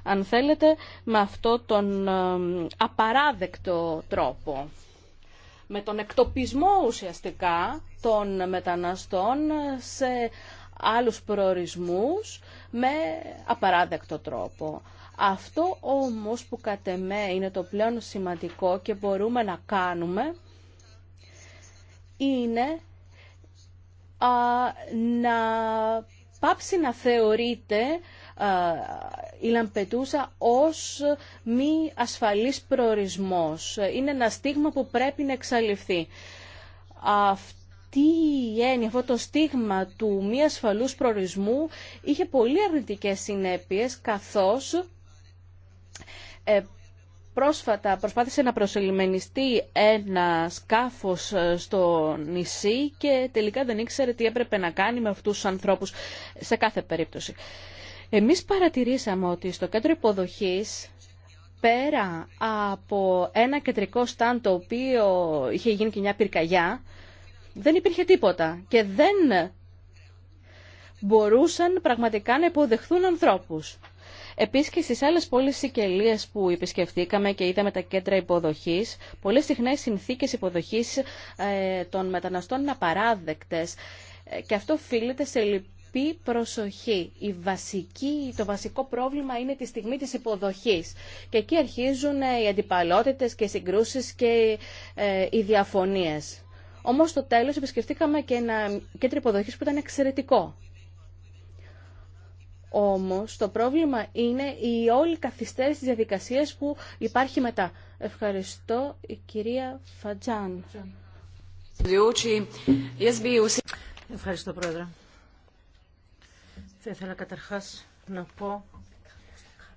αν θέλετε με αυτό τον ε, απαράδεκτο τρόπο. Με τον εκτοπισμό ουσιαστικά των μεταναστών σε άλλους προορισμούς με απαράδεκτο τρόπο. Αυτό όμως που κατ' είναι το πλέον σημαντικό και μπορούμε να κάνουμε είναι να πάψει να θεωρείται α, η Λαμπετούσα ως μη ασφαλής προορισμός. Είναι ένα στίγμα που πρέπει να εξαλειφθεί. Αυτή η έννοια, αυτό το στίγμα του μη ασφαλούς προορισμού είχε πολύ αρνητικές συνέπειες καθώς ε, Πρόσφατα προσπάθησε να προσελιμενιστεί ένα σκάφος ε, στο νησί και τελικά δεν ήξερε τι έπρεπε να κάνει με αυτούς τους ανθρώπους σε κάθε περίπτωση. Εμείς παρατηρήσαμε ότι στο κέντρο υποδοχής πέρα από ένα κεντρικό στάν το οποίο είχε γίνει και μια πυρκαγιά, δεν υπήρχε τίποτα και δεν μπορούσαν πραγματικά να υποδεχθούν ανθρώπους. Επίσης και στις άλλες πόλεις Σικελίας που επισκεφτήκαμε και είδαμε τα κέντρα υποδοχής, πολλές συχνά οι συνθήκες υποδοχής ε, των μεταναστών είναι απαράδεκτες ε, και αυτό οφείλεται σε λυπή προσοχή. Η βασική, το βασικό πρόβλημα είναι τη στιγμή της υποδοχής. Και εκεί αρχίζουν ε, οι αντιπαλότητες και οι συγκρούσεις και οι διαφωνίες. Όμως στο τέλος επισκεφτήκαμε και ένα κέντρο υποδοχής που ήταν εξαιρετικό. Όμως το πρόβλημα είναι η όλη καθυστέρηση της διαδικασίας που υπάρχει μετά. Ευχαριστώ η κυρία Φατζάν. Ευχαριστώ πρόεδρε. Θα ήθελα καταρχάς να πω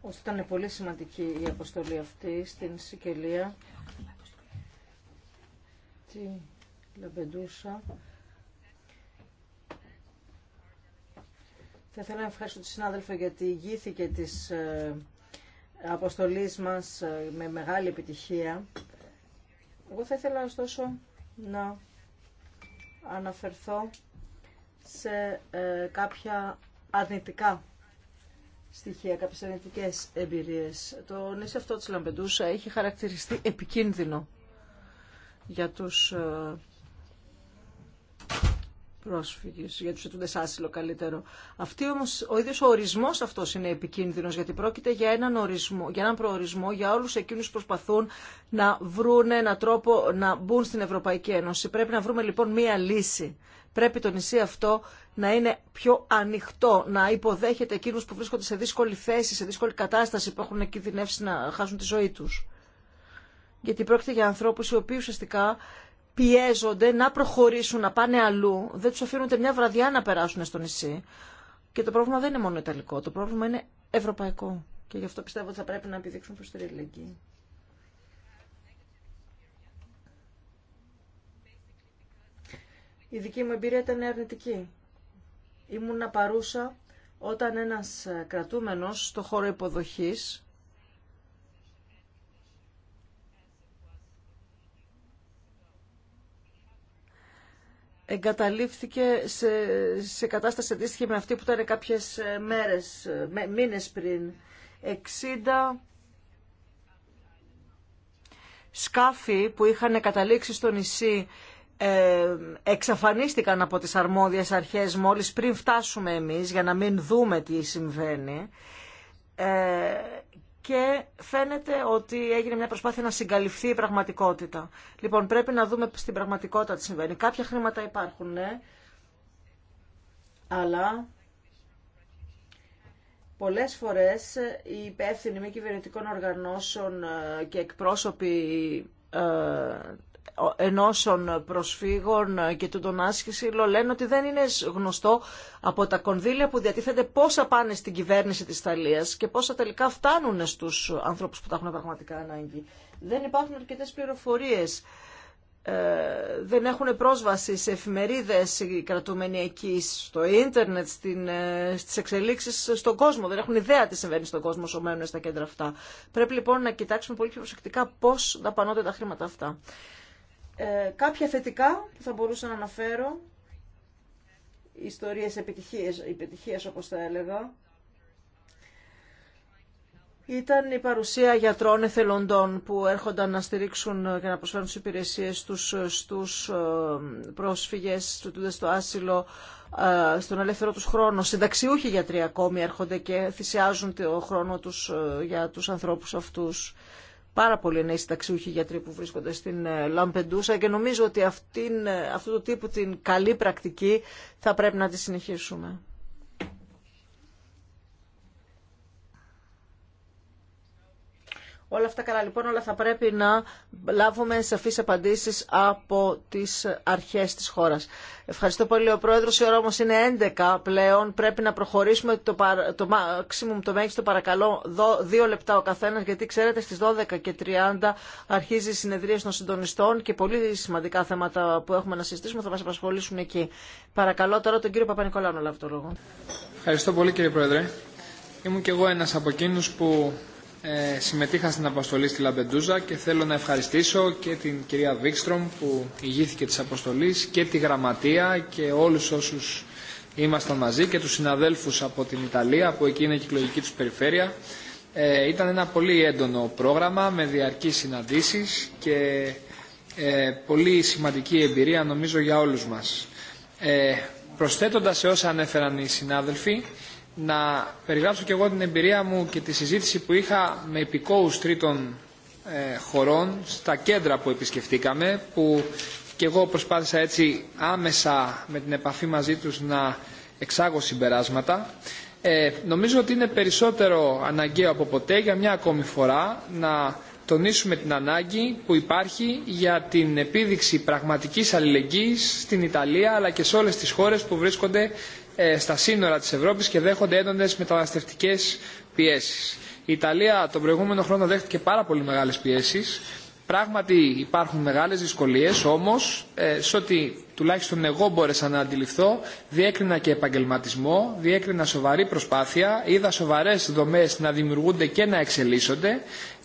ότι ήταν πολύ σημαντική η αποστολή αυτή στην Σικελία, τη Λαμπεντούσα Θα ήθελα να ευχαριστώ τη συνάδελφο γιατί ηγήθηκε της ε, αποστολής μας ε, με μεγάλη επιτυχία. Εγώ θα ήθελα ωστόσο να αναφερθώ σε ε, κάποια αρνητικά στοιχεία, κάποιες αρνητικές εμπειρίες. Το νησί αυτό της Λαμπεντούσα έχει χαρακτηριστεί επικίνδυνο για τους πρόσφυγε, για του ετούντες άσυλο καλύτερο. Αυτή ο ίδιο ο ορισμό αυτό είναι επικίνδυνο, γιατί πρόκειται για έναν, ορισμό, για έναν προορισμό για όλου εκείνου που προσπαθούν να βρουν έναν τρόπο να μπουν στην Ευρωπαϊκή Ένωση. Πρέπει να βρούμε λοιπόν μία λύση. Πρέπει το νησί αυτό να είναι πιο ανοιχτό, να υποδέχεται εκείνους που βρίσκονται σε δύσκολη θέση, σε δύσκολη κατάσταση, που έχουν κινδυνεύσει να χάσουν τη ζωή του. Γιατί πρόκειται για ανθρώπου οι οποίοι ουσιαστικά πιέζονται να προχωρήσουν, να πάνε αλλού. Δεν του αφήνουν μια βραδιά να περάσουν στο νησί. Και το πρόβλημα δεν είναι μόνο ιταλικό, το πρόβλημα είναι ευρωπαϊκό. Και γι' αυτό πιστεύω ότι θα πρέπει να επιδείξουν προ την ελληνική. Η δική μου εμπειρία ήταν αρνητική. Ήμουν παρούσα όταν ένας κρατούμενος στο χώρο υποδοχής εγκαταλείφθηκε σε, σε κατάσταση αντίστοιχη με αυτή που ήταν κάποιες ε, μέρες, ε, μήνες πριν. 60 σκάφη που είχαν καταλήξει στο νησί ε, εξαφανίστηκαν από τις αρμόδιες αρχές μόλις πριν φτάσουμε εμείς για να μην δούμε τι συμβαίνει και φαίνεται ότι έγινε μια προσπάθεια να συγκαλυφθεί η πραγματικότητα. Λοιπόν, πρέπει να δούμε στην πραγματικότητα τι συμβαίνει. Κάποια χρήματα υπάρχουν, ναι, αλλά πολλές φορές οι υπεύθυνοι μη κυβερνητικών οργανώσεων ε, και εκπρόσωποι ε, ενώσεων προσφύγων και του τον άσκηση λένε ότι δεν είναι γνωστό από τα κονδύλια που διατίθενται πόσα πάνε στην κυβέρνηση της Ιταλίας και πόσα τελικά φτάνουν στους ανθρώπους που τα έχουν πραγματικά ανάγκη. Δεν υπάρχουν αρκετές πληροφορίες. Ε, δεν έχουν πρόσβαση σε εφημερίδες κρατούμενοι εκεί στο ίντερνετ, στην, ε, στις εξελίξεις στον κόσμο. Δεν έχουν ιδέα τι συμβαίνει στον κόσμο όσο μένουν στα κέντρα αυτά. Πρέπει λοιπόν να κοιτάξουμε πολύ πιο προσεκτικά πώς δαπανώνται τα χρήματα αυτά. Ε, κάποια θετικά που θα μπορούσα να αναφέρω, ιστορίες επιτυχίες, επιτυχίες όπως τα έλεγα, ήταν η παρουσία γιατρών εθελοντών που έρχονταν να στηρίξουν και να προσφέρουν τις υπηρεσίες τους στους ε, πρόσφυγες, στους στο άσυλο, ε, στον ελεύθερο τους χρόνο. Συνταξιούχοι γιατροί ακόμη έρχονται και θυσιάζουν το χρόνο τους για τους ανθρώπους αυτούς πάρα πολλοί νέοι συνταξιούχοι γιατροί που βρίσκονται στην ε, Λαμπεντούσα και νομίζω ότι αυτήν, ε, αυτού του τύπου την καλή πρακτική θα πρέπει να τη συνεχίσουμε. Όλα αυτά καλά λοιπόν, όλα θα πρέπει να λάβουμε σαφείς απαντήσεις από τις αρχές της χώρας. Ευχαριστώ πολύ ο Πρόεδρος, η ώρα όμως είναι 11 πλέον, πρέπει να προχωρήσουμε το, παρα... το το μέγιστο παρακαλώ, δύο λεπτά ο καθένας, γιατί ξέρετε στις 12 και 30 αρχίζει η συνεδρία των συντονιστών και πολύ σημαντικά θέματα που έχουμε να συζητήσουμε θα μας απασχολήσουν εκεί. Παρακαλώ τώρα τον κύριο Παπα-Νικολάου να λάβει το λόγο. Ευχαριστώ πολύ κύριε Πρόεδρε. Ήμουν και εγώ ένας από εκείνους που ε, συμμετείχα στην αποστολή στη Λαμπεντούζα και θέλω να ευχαριστήσω και την κυρία Βίξτρομ που ηγήθηκε της αποστολής και τη γραμματεία και όλους όσους ήμασταν μαζί και τους συναδέλφους από την Ιταλία, που εκεί είναι η κυκλογική τους περιφέρεια. Ε, ήταν ένα πολύ έντονο πρόγραμμα με διαρκή συναντήσεις και ε, πολύ σημαντική εμπειρία νομίζω για όλους μας. Ε, προσθέτοντας σε όσα ανέφεραν οι συνάδελφοι, να περιγράψω και εγώ την εμπειρία μου και τη συζήτηση που είχα με επικόους τρίτων ε, χωρών στα κέντρα που επισκεφτήκαμε που και εγώ προσπάθησα έτσι άμεσα με την επαφή μαζί τους να εξάγω συμπεράσματα. Ε, νομίζω ότι είναι περισσότερο αναγκαίο από ποτέ για μια ακόμη φορά να τονίσουμε την ανάγκη που υπάρχει για την επίδειξη πραγματικής αλληλεγγύης στην Ιταλία αλλά και σε όλες τις χώρες που βρίσκονται ε, στα σύνορα της Ευρώπης και δέχονται έντονες μεταναστευτικές πιέσεις. Η Ιταλία τον προηγούμενο χρόνο δέχτηκε πάρα πολύ μεγάλες πιέσεις. Πράγματι υπάρχουν μεγάλες δυσκολίες, όμως ε, σε ό,τι τουλάχιστον εγώ μπόρεσα να αντιληφθώ, διέκρινα και επαγγελματισμό, διέκρινα σοβαρή προσπάθεια, είδα σοβαρές δομές να δημιουργούνται και να εξελίσσονται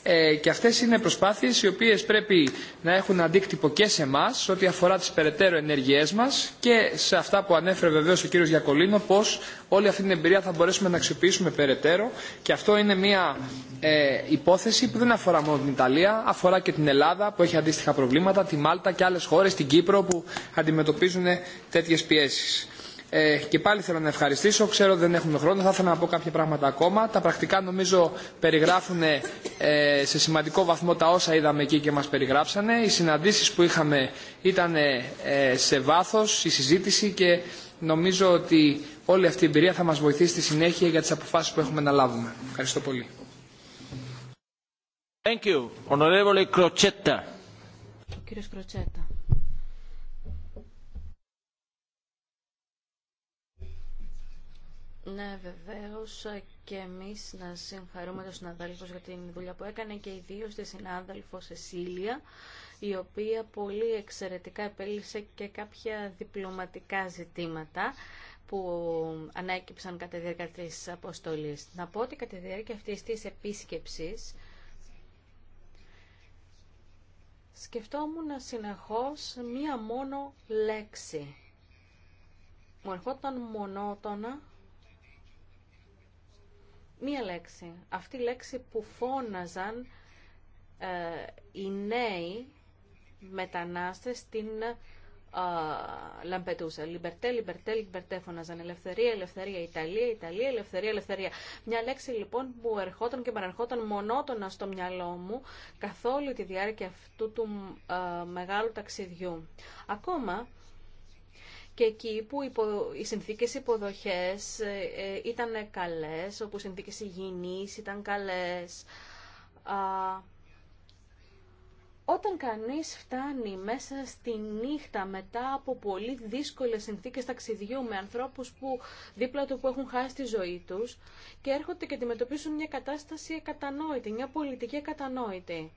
ε, και αυτές είναι προσπάθειες οι οποίες πρέπει να έχουν αντίκτυπο και σε εμά ό,τι αφορά τις περαιτέρω ενέργειές μας και σε αυτά που ανέφερε βεβαίως ο κύριος Γιακολίνο πώς όλη αυτή την εμπειρία θα μπορέσουμε να αξιοποιήσουμε περαιτέρω και αυτό είναι μια ε, υπόθεση που δεν αφορά μόνο την Ιταλία, αφορά και την Ελλάδα που έχει αντίστοιχα προβλήματα, τη Μάλτα και άλλες χώρες, την Κύπρο που αντιμετωπίζουν τέτοιες πιέσεις. Ε, και πάλι θέλω να ευχαριστήσω. Ξέρω ότι δεν έχουμε χρόνο. Θα ήθελα να πω κάποια πράγματα ακόμα. Τα πρακτικά νομίζω περιγράφουν ε, σε σημαντικό βαθμό τα όσα είδαμε εκεί και μας περιγράψανε. Οι συναντήσεις που είχαμε ήταν ε, σε βάθος, η συζήτηση και νομίζω ότι όλη αυτή η εμπειρία θα μας βοηθήσει στη συνέχεια για τις αποφάσεις που έχουμε να λάβουμε. Ευχαριστώ πολύ. Thank you. Honorable Crocetta. Ναι, βεβαίω και εμεί να συγχαρούμε τον συναδέλφο για την δουλειά που έκανε και ιδίω τη συνάδελφο Σεσίλια, η οποία πολύ εξαιρετικά επέλυσε και κάποια διπλωματικά ζητήματα που ανέκυψαν κατά τη διάρκεια τη αποστολή. Να πω ότι κατά τη διάρκεια αυτή της επίσκεψη. σκεφτόμουν συνεχώς μία μόνο λέξη. Μου ερχόταν μονότονα μία λέξη. Αυτή η λέξη που φώναζαν ε, οι νέοι μετανάστες στην ε, Λαμπετούσα. Λιμπερτέ, λιμπερτέ, λιμπερτέ φώναζαν. Ελευθερία, ελευθερία, Ιταλία, Ιταλία, ελευθερία, ελευθερία. Μια λέξη λοιπόν που ερχόταν και παρερχόταν μονότονα στο μυαλό μου καθ' όλη τη διάρκεια αυτού του ε, μεγάλου ταξιδιού. Ακόμα και εκεί που οι συνθήκες υποδοχές ε, ε, ήταν καλές, όπου οι συνθήκες υγιεινής ήταν καλές. Όταν κανείς φτάνει μέσα στη νύχτα μετά από πολύ δύσκολες συνθήκες ταξιδιού με ανθρώπους που δίπλα του που έχουν χάσει τη ζωή τους και έρχονται και αντιμετωπίσουν μια κατάσταση εκατανόητη, μια πολιτική εκατανόητη.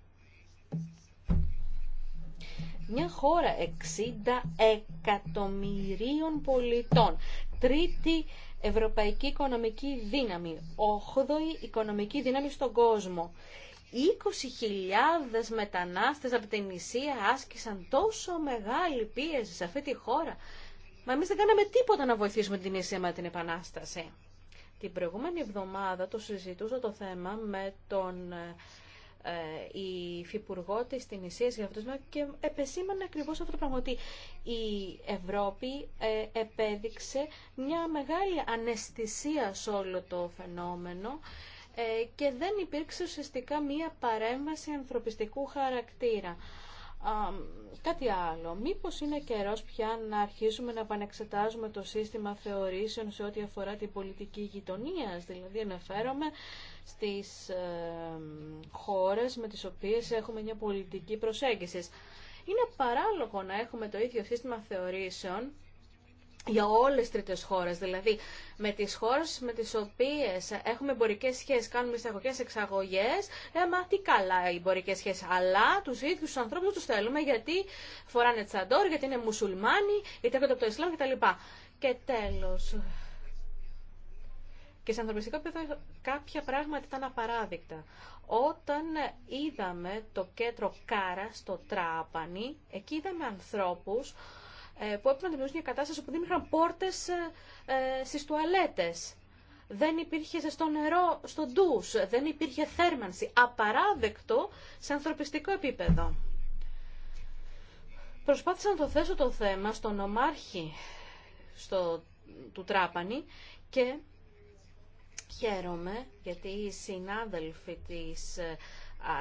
Μια χώρα 60 εκατομμυρίων πολιτών. Τρίτη ευρωπαϊκή οικονομική δύναμη. Οχδοη οικονομική δύναμη στον κόσμο. 20.000 μετανάστες από την Ισία άσκησαν τόσο μεγάλη πίεση σε αυτή τη χώρα. Μα εμείς δεν κάναμε τίποτα να βοηθήσουμε την Ισία με την Επανάσταση. Την προηγούμενη εβδομάδα το συζητούσα το θέμα με τον ε, ε, η υφυπουργό τη την για αυτό και επεσήμανε ακριβώς αυτό το πράγμα ότι η Ευρώπη ε, επέδειξε μια μεγάλη αναισθησία σε όλο το φαινόμενο ε, και δεν υπήρξε ουσιαστικά μια παρέμβαση ανθρωπιστικού χαρακτήρα κάτι άλλο. Μήπως είναι καιρός πια να αρχίσουμε να επανεξετάζουμε το σύστημα θεωρήσεων σε ό,τι αφορά την πολιτική γειτονία. Δηλαδή αναφέρομαι στις ε, χώρες με τις οποίες έχουμε μια πολιτική προσέγγιση. Είναι παράλογο να έχουμε το ίδιο σύστημα θεωρήσεων για όλες τις τρίτες χώρες, δηλαδή με τις χώρες με τις οποίες έχουμε εμπορικές σχέσεις, κάνουμε εισαγωγές, εξαγωγές, ε, μα τι καλά οι εμπορικές σχέσεις, αλλά τους ίδιους τους ανθρώπους τους θέλουμε γιατί φοράνε τσαντόρ, γιατί είναι μουσουλμάνοι, γιατί έρχονται από το Ισλάμ κτλ. Και τέλος. Και σε ανθρωπιστικό επίπεδο κάποια πράγματα ήταν απαράδεικτα. Όταν είδαμε το κέντρο Κάρα στο Τράπανη, εκεί είδαμε ανθρώπους ε, που έπρεπε να δημιουργήσουν μια κατάσταση όπου δεν είχαν πόρτες ε, ε, στις τουαλέτες. Δεν υπήρχε ζεστό νερό στο ντους, δεν υπήρχε θέρμανση. Απαράδεκτο σε ανθρωπιστικό επίπεδο. Προσπάθησα να το θέσω το θέμα στον ομάρχη στο, του Τράπανη και χαίρομαι γιατί οι συνάδελφοι της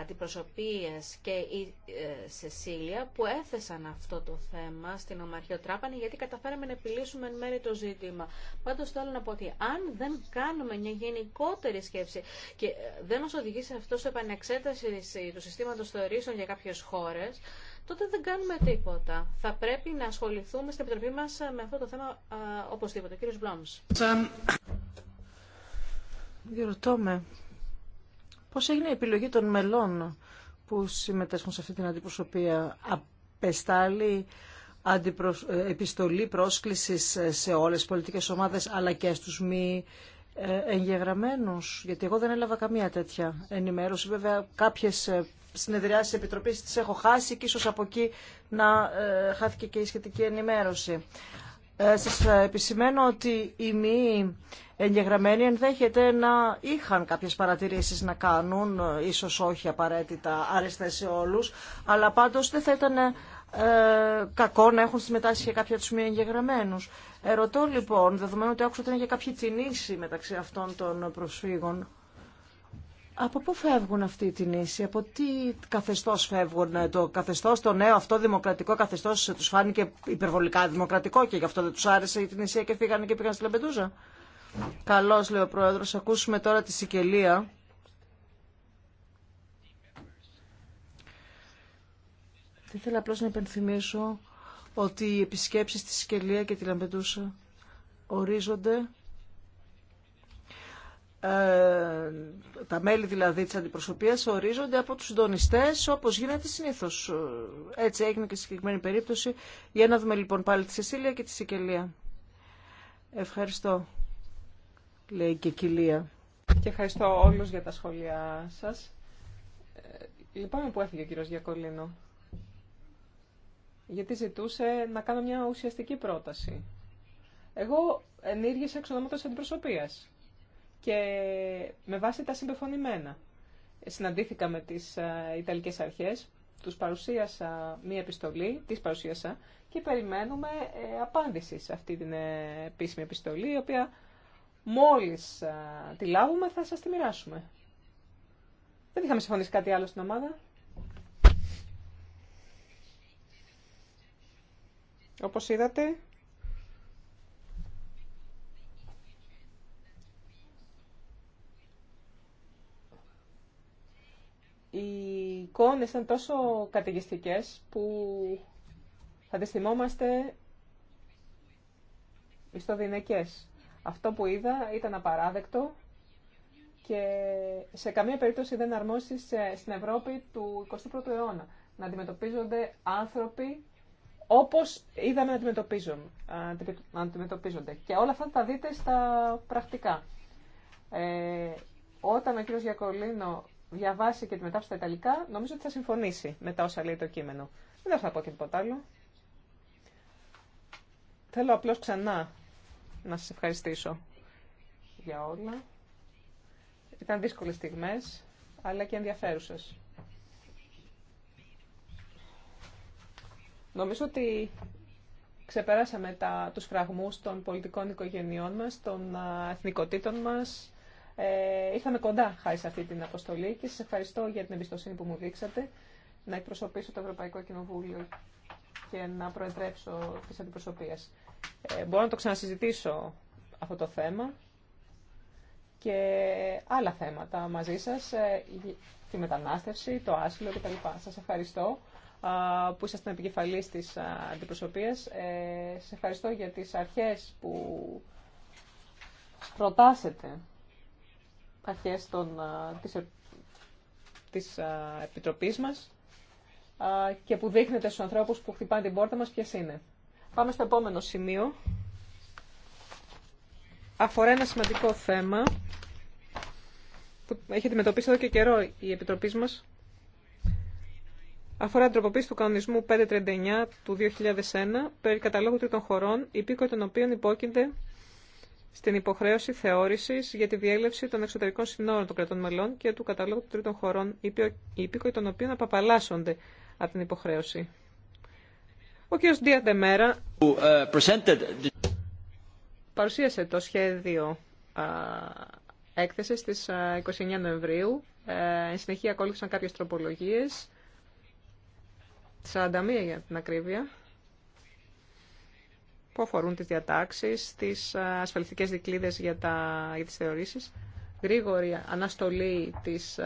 αντιπροσωπείες και η ε, Σεσίλια που έθεσαν αυτό το θέμα στην Ομαρχία Τράπανη γιατί καταφέραμε να επιλύσουμε εν μέρει το ζήτημα. Πάντως θέλω να πω ότι αν δεν κάνουμε μια γενικότερη σκέψη και ε, δεν μας οδηγήσει αυτό σε επανεξέταση του συστήματος θεωρήσεων για κάποιες χώρες, τότε δεν κάνουμε τίποτα. Θα πρέπει να ασχοληθούμε στην Επιτροπή μας ε, με αυτό το θέμα α, οπωσδήποτε. Κύριος Μπλόμς. Διερωτώ με Πώς έγινε η επιλογή των μελών που συμμετέσχουν σε αυτή την αντιπροσωπεία. Απεστάλλει αντιπροσ... Ε, επιστολή πρόσκλησης σε όλες τις πολιτικές ομάδες αλλά και στους μη ε, εγγεγραμμένους. Γιατί εγώ δεν έλαβα καμία τέτοια ενημέρωση. Βέβαια κάποιες ε, συνεδριάσεις επιτροπής τις έχω χάσει και ίσως από εκεί να χάθηκε και η σχετική ενημέρωση. Ε, σας ε, επισημαίνω ότι οι μη εγγεγραμμένοι ενδέχεται να είχαν κάποιες παρατηρήσεις να κάνουν, ε, ίσως όχι απαραίτητα αρεστές σε όλους, αλλά πάντως δεν θα ήταν κακό να έχουν συμμετάσχει και κάποια τους μη εγγεγραμμένους. Ερωτώ λοιπόν, δεδομένου ότι άκουσα ότι είναι για κάποια τινήση μεταξύ αυτών των προσφύγων, από πού φεύγουν αυτοί οι Τινήσοι, από τι καθεστώς φεύγουν. Το καθεστώς, το νέο αυτό δημοκρατικό καθεστώς τους φάνηκε υπερβολικά δημοκρατικό και γι' αυτό δεν τους άρεσε η Τινησία και φύγανε και πήγαν στη Λαμπεντούζα. Καλώς λέει ο Πρόεδρος, ακούσουμε τώρα τη Σικελία. Θα ήθελα απλώς να υπενθυμίσω ότι οι επισκέψεις στη Σικελία και τη Λεμπεντούζα ορίζονται ε, τα μέλη δηλαδή της αντιπροσωπείας ορίζονται από τους συντονιστές όπως γίνεται συνήθως. Έτσι έγινε και συγκεκριμένη περίπτωση. Για να δούμε λοιπόν πάλι τη Σεσίλια και τη Σικελία. Ευχαριστώ, λέει και Κιλία. Και ευχαριστώ όλους για τα σχόλιά σας. Ε, λυπάμαι που έφυγε ο κύριος Γιακολίνο. Γιατί ζητούσε να κάνω μια ουσιαστική πρόταση. Εγώ ενήργησα εξ αντιπροσωπείας και με βάση τα συμπεφωνημένα. Συναντήθηκα με τις ε, Ιταλικές Αρχές, τους παρουσίασα μία επιστολή, τις παρουσίασα και περιμένουμε ε, απάντηση σε αυτή την ε, επίσημη επιστολή, η οποία μόλις τη λάβουμε θα σας τη μοιράσουμε. Δεν είχαμε συμφωνήσει κάτι άλλο στην ομάδα. Όπως είδατε, οι εικόνες ήταν τόσο καταιγιστικές που θα τις θυμόμαστε ιστοδυναικές. Αυτό που είδα ήταν απαράδεκτο και σε καμία περίπτωση δεν αρμόσει στην Ευρώπη του 21ου αιώνα να αντιμετωπίζονται άνθρωποι όπως είδαμε να αντιμετωπίζονται. Και όλα αυτά τα δείτε στα πρακτικά. Ε, όταν ο κ. Γιακολίνο διαβάσει και τη μετάφραση στα Ιταλικά, νομίζω ότι θα συμφωνήσει με τα όσα λέει το κείμενο. Δεν θα πω και τίποτα άλλο. Θέλω απλώς ξανά να σας ευχαριστήσω για όλα. Ήταν δύσκολες στιγμές, αλλά και ενδιαφέρουσες. Νομίζω ότι ξεπεράσαμε τα, τους φραγμούς των πολιτικών οικογενειών μας, των εθνικοτήτων μας, ε, ήρθαμε κοντά χάρη σε αυτή την αποστολή και σα ευχαριστώ για την εμπιστοσύνη που μου δείξατε να εκπροσωπήσω το Ευρωπαϊκό Κοινοβούλιο και να προεδρέψω τις αντιπροσωπίες. Ε, μπορώ να το ξανασυζητήσω αυτό το θέμα και άλλα θέματα μαζί σας, ε, τη μετανάστευση, το άσυλο κτλ. Σας ευχαριστώ που ήσασταν επικεφαλής της αντιπροσωπείας. Ε, σας ευχαριστώ για τις αρχές που προτάσετε αρχές των, της, ε, της Επιτροπής μας και που δείχνεται στους ανθρώπους που χτυπάνε την πόρτα μας ποιες είναι. Πάμε στο επόμενο σημείο. Αφορά ένα σημαντικό θέμα που έχει αντιμετωπίσει εδώ και καιρό η Επιτροπή μας. Αφορά την τροποποίηση του κανονισμού 539 του 2001 περί καταλόγου τρίτων χωρών, υπήκοοι των οποίων υπόκεινται στην υποχρέωση θεώρηση για τη διέλευση των εξωτερικών συνόρων των κρατών μελών και του καταλόγου των τρίτων χωρών, υπήκοοι των οποίων απαπαλλάσσονται από την υποχρέωση. Ο κ. Μέρα uh, παρουσίασε το σχέδιο έκθεση στις 29 Νοεμβρίου. Ε, εν συνεχεία ακόλουθησαν κάποιες τροπολογίες, 41 για την ακρίβεια, που αφορούν τις διατάξεις, τις ασφαλιστικές δικλίδες για, τα, για τις θεωρήσεις, γρήγορη αναστολή της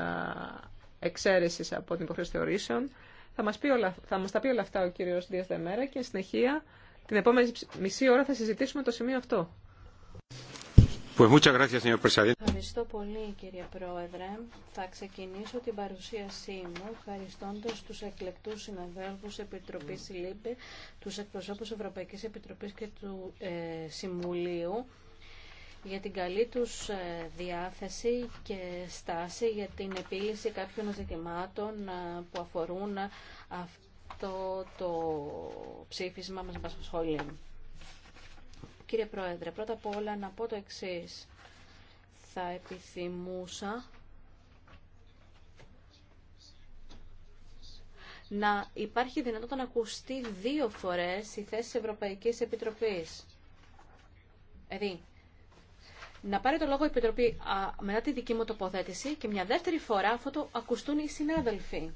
εξαίρεσης από την υποχρέωση θεωρήσεων. Θα μας, πει όλα, θα μας τα πει όλα αυτά ο κύριος Δίας Δεμέρα και συνεχεία την επόμενη μισή ώρα θα συζητήσουμε το σημείο αυτό. Ευχαριστώ πολύ, κύριε Πρόεδρε. Θα ξεκινήσω την παρουσίασή μου ευχαριστώντα του εκλεκτού συναδέλφου Επιτροπή ΛΥΠΕ, του εκπροσώπου Ευρωπαϊκή Επιτροπή και του ε, Συμβουλίου για την καλή τους ε, διάθεση και στάση για την επίλυση κάποιων ζητημάτων ε, που αφορούν αυτό το ψήφισμα μας σχολείο. Κύριε Πρόεδρε, πρώτα απ' όλα να πω το εξής. Θα επιθυμούσα να υπάρχει δυνατότητα να ακουστεί δύο φορές η θέση της Ευρωπαϊκής Επιτροπής. Δηλαδή, να πάρει το λόγο η Επιτροπή μετά τη δική μου τοποθέτηση και μια δεύτερη φορά αφού το ακουστούν οι συνάδελφοι.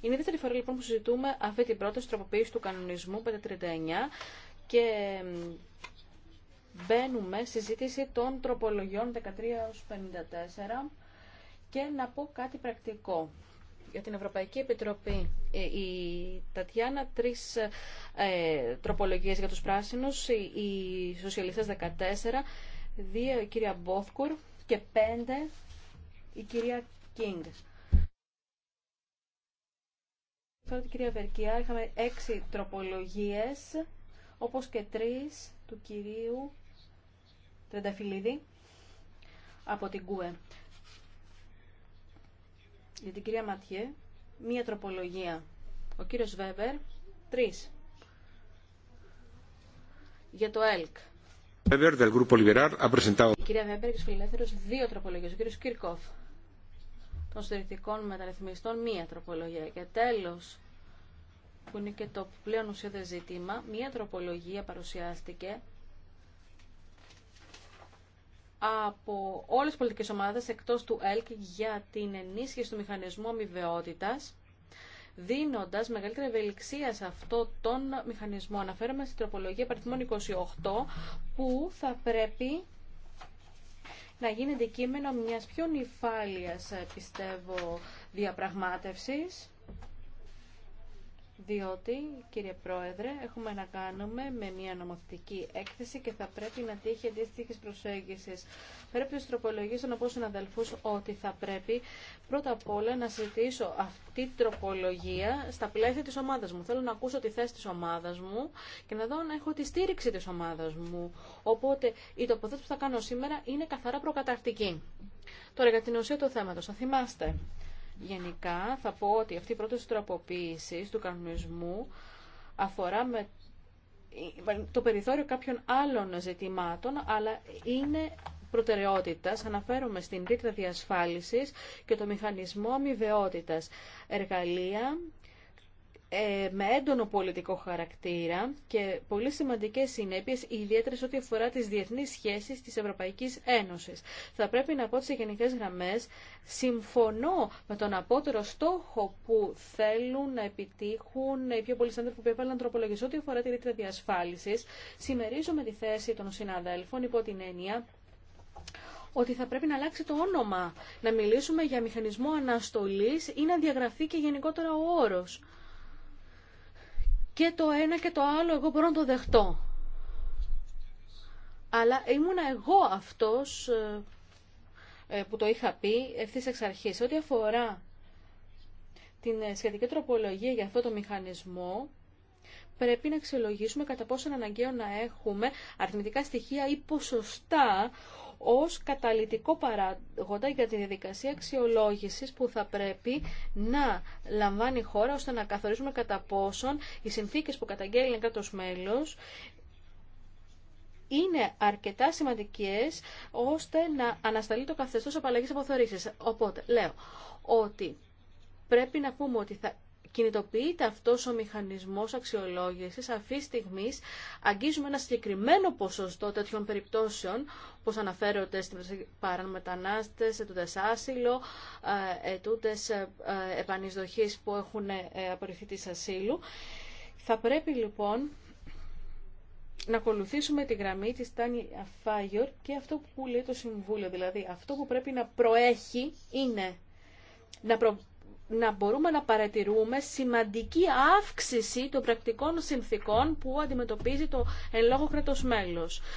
Είναι η δεύτερη φορά λοιπόν που συζητούμε αυτή την πρώτη τροποποίηση του κανονισμού 539 και μπαίνουμε στη συζήτηση των τροπολογιών 13-54 και να πω κάτι πρακτικό. Για την Ευρωπαϊκή Επιτροπή, ε, η Τατιάνα τρεις ε, τροπολογίες για τους πράσινους, οι, οι σοσιαλιστές 14, δύο η κυρία Μπόθκουρ και πέντε η κυρία Κίνγκ. Τώρα την κυρία Βερκιά είχαμε έξι τροπολογίες όπως και τρεις του κυρίου Τρενταφυλλίδη από την ΚΟΕ. Για την κυρία Ματιέ, μία τροπολογία. Ο κύριος Βέμπερ, τρεις. Για το ΕΛΚ. Βέβερ Η κυρία Βέμπερ και ο Φιλελεύθερος, δύο τροπολογίες. Ο κύριος Κύρκοφ των συντηρητικών μεταρρυθμιστών, μία τροπολογία. Και τέλος, που είναι και το πλέον ουσιώδες ζήτημα, μία τροπολογία παρουσιάστηκε από όλες τις πολιτικές ομάδες εκτός του ΕΛΚ για την ενίσχυση του μηχανισμού αμοιβαιότητας, δίνοντας μεγαλύτερη ευελιξία σε αυτό τον μηχανισμό. Αναφέρομαι στην τροπολογία παριθμών 28, που θα πρέπει να γίνεται κείμενο μιας πιο νυφάλιας, πιστεύω, διαπραγμάτευσης, διότι, κύριε Πρόεδρε, έχουμε να κάνουμε με μια νομοθετική έκθεση και θα πρέπει να τύχει αντίστοιχη προσέγγιση. Πρέπει ω τροπολογήσω να πω στου αδελφού ότι θα πρέπει πρώτα απ' όλα να συζητήσω αυτή την τροπολογία στα πλαίσια τη ομάδα μου. Θέλω να ακούσω τη θέση τη ομάδα μου και να δω να έχω τη στήριξη τη ομάδα μου. Οπότε η τοποθέτηση που θα κάνω σήμερα είναι καθαρά προκαταρκτική. Τώρα για την ουσία του θέματο. Θα θυμάστε Γενικά θα πω ότι αυτή η πρώτη τροποποίηση του κανονισμού αφορά με το περιθώριο κάποιων άλλων ζητημάτων, αλλά είναι προτεραιότητας. Αναφέρομαι στην ρήτρα διασφάλισης και το μηχανισμό αμοιβαιότητας. Εργαλεία ε, με έντονο πολιτικό χαρακτήρα και πολύ σημαντικές συνέπειες, ιδιαίτερα ό,τι αφορά τις διεθνείς σχέσεις της Ευρωπαϊκής Ένωσης. Θα πρέπει να πω ότι σε γενικές γραμμές συμφωνώ με τον απότερο στόχο που θέλουν να επιτύχουν οι πιο πολλοί άνθρωποι που επέβαλαν τροπολογίες ό,τι αφορά τη ρήτρα διασφάλισης. με τη θέση των συναδέλφων υπό την έννοια ότι θα πρέπει να αλλάξει το όνομα, να μιλήσουμε για μηχανισμό αναστολής ή να διαγραφεί και γενικότερα ο όρος και το ένα και το άλλο εγώ μπορώ να το δεχτώ. Αλλά ήμουνα εγώ αυτός ε, ε, που το είχα πει ευθύς εξ αρχής. Ό,τι αφορά την ε, σχετική τροπολογία για αυτό το μηχανισμό, πρέπει να αξιολογήσουμε κατά πόσο αναγκαίο να έχουμε αριθμητικά στοιχεία ή ποσοστά, ως καταλητικό παράγοντα για τη διαδικασία αξιολόγησης που θα πρέπει να λαμβάνει η χώρα ώστε να καθορίζουμε κατά πόσον οι συνθήκες που καταγγέλνει κάτω κράτος μέλος είναι αρκετά σημαντικές ώστε να ανασταλεί το καθεστώς απαλλαγής αποθορήσεις. Οπότε, λέω ότι πρέπει να πούμε ότι θα κινητοποιείται αυτός ο μηχανισμός αξιολόγησης, αυτή τη στιγμή αγγίζουμε ένα συγκεκριμένο ποσοστό τέτοιων περιπτώσεων, όπως αναφέρονται στην παραμετανάστες, το άσυλο, ετούτες ε, ε, επανεισδοχής που έχουν ε, απορριφθεί ασύλου. Θα πρέπει λοιπόν να ακολουθήσουμε τη γραμμή της Τάνι Αφάγιορ και αυτό που λέει το Συμβούλιο. Δηλαδή, αυτό που πρέπει να προέχει είναι να, προ να μπορούμε να παρατηρούμε σημαντική αύξηση των πρακτικών συνθήκων που αντιμετωπίζει το εν λόγω κρατός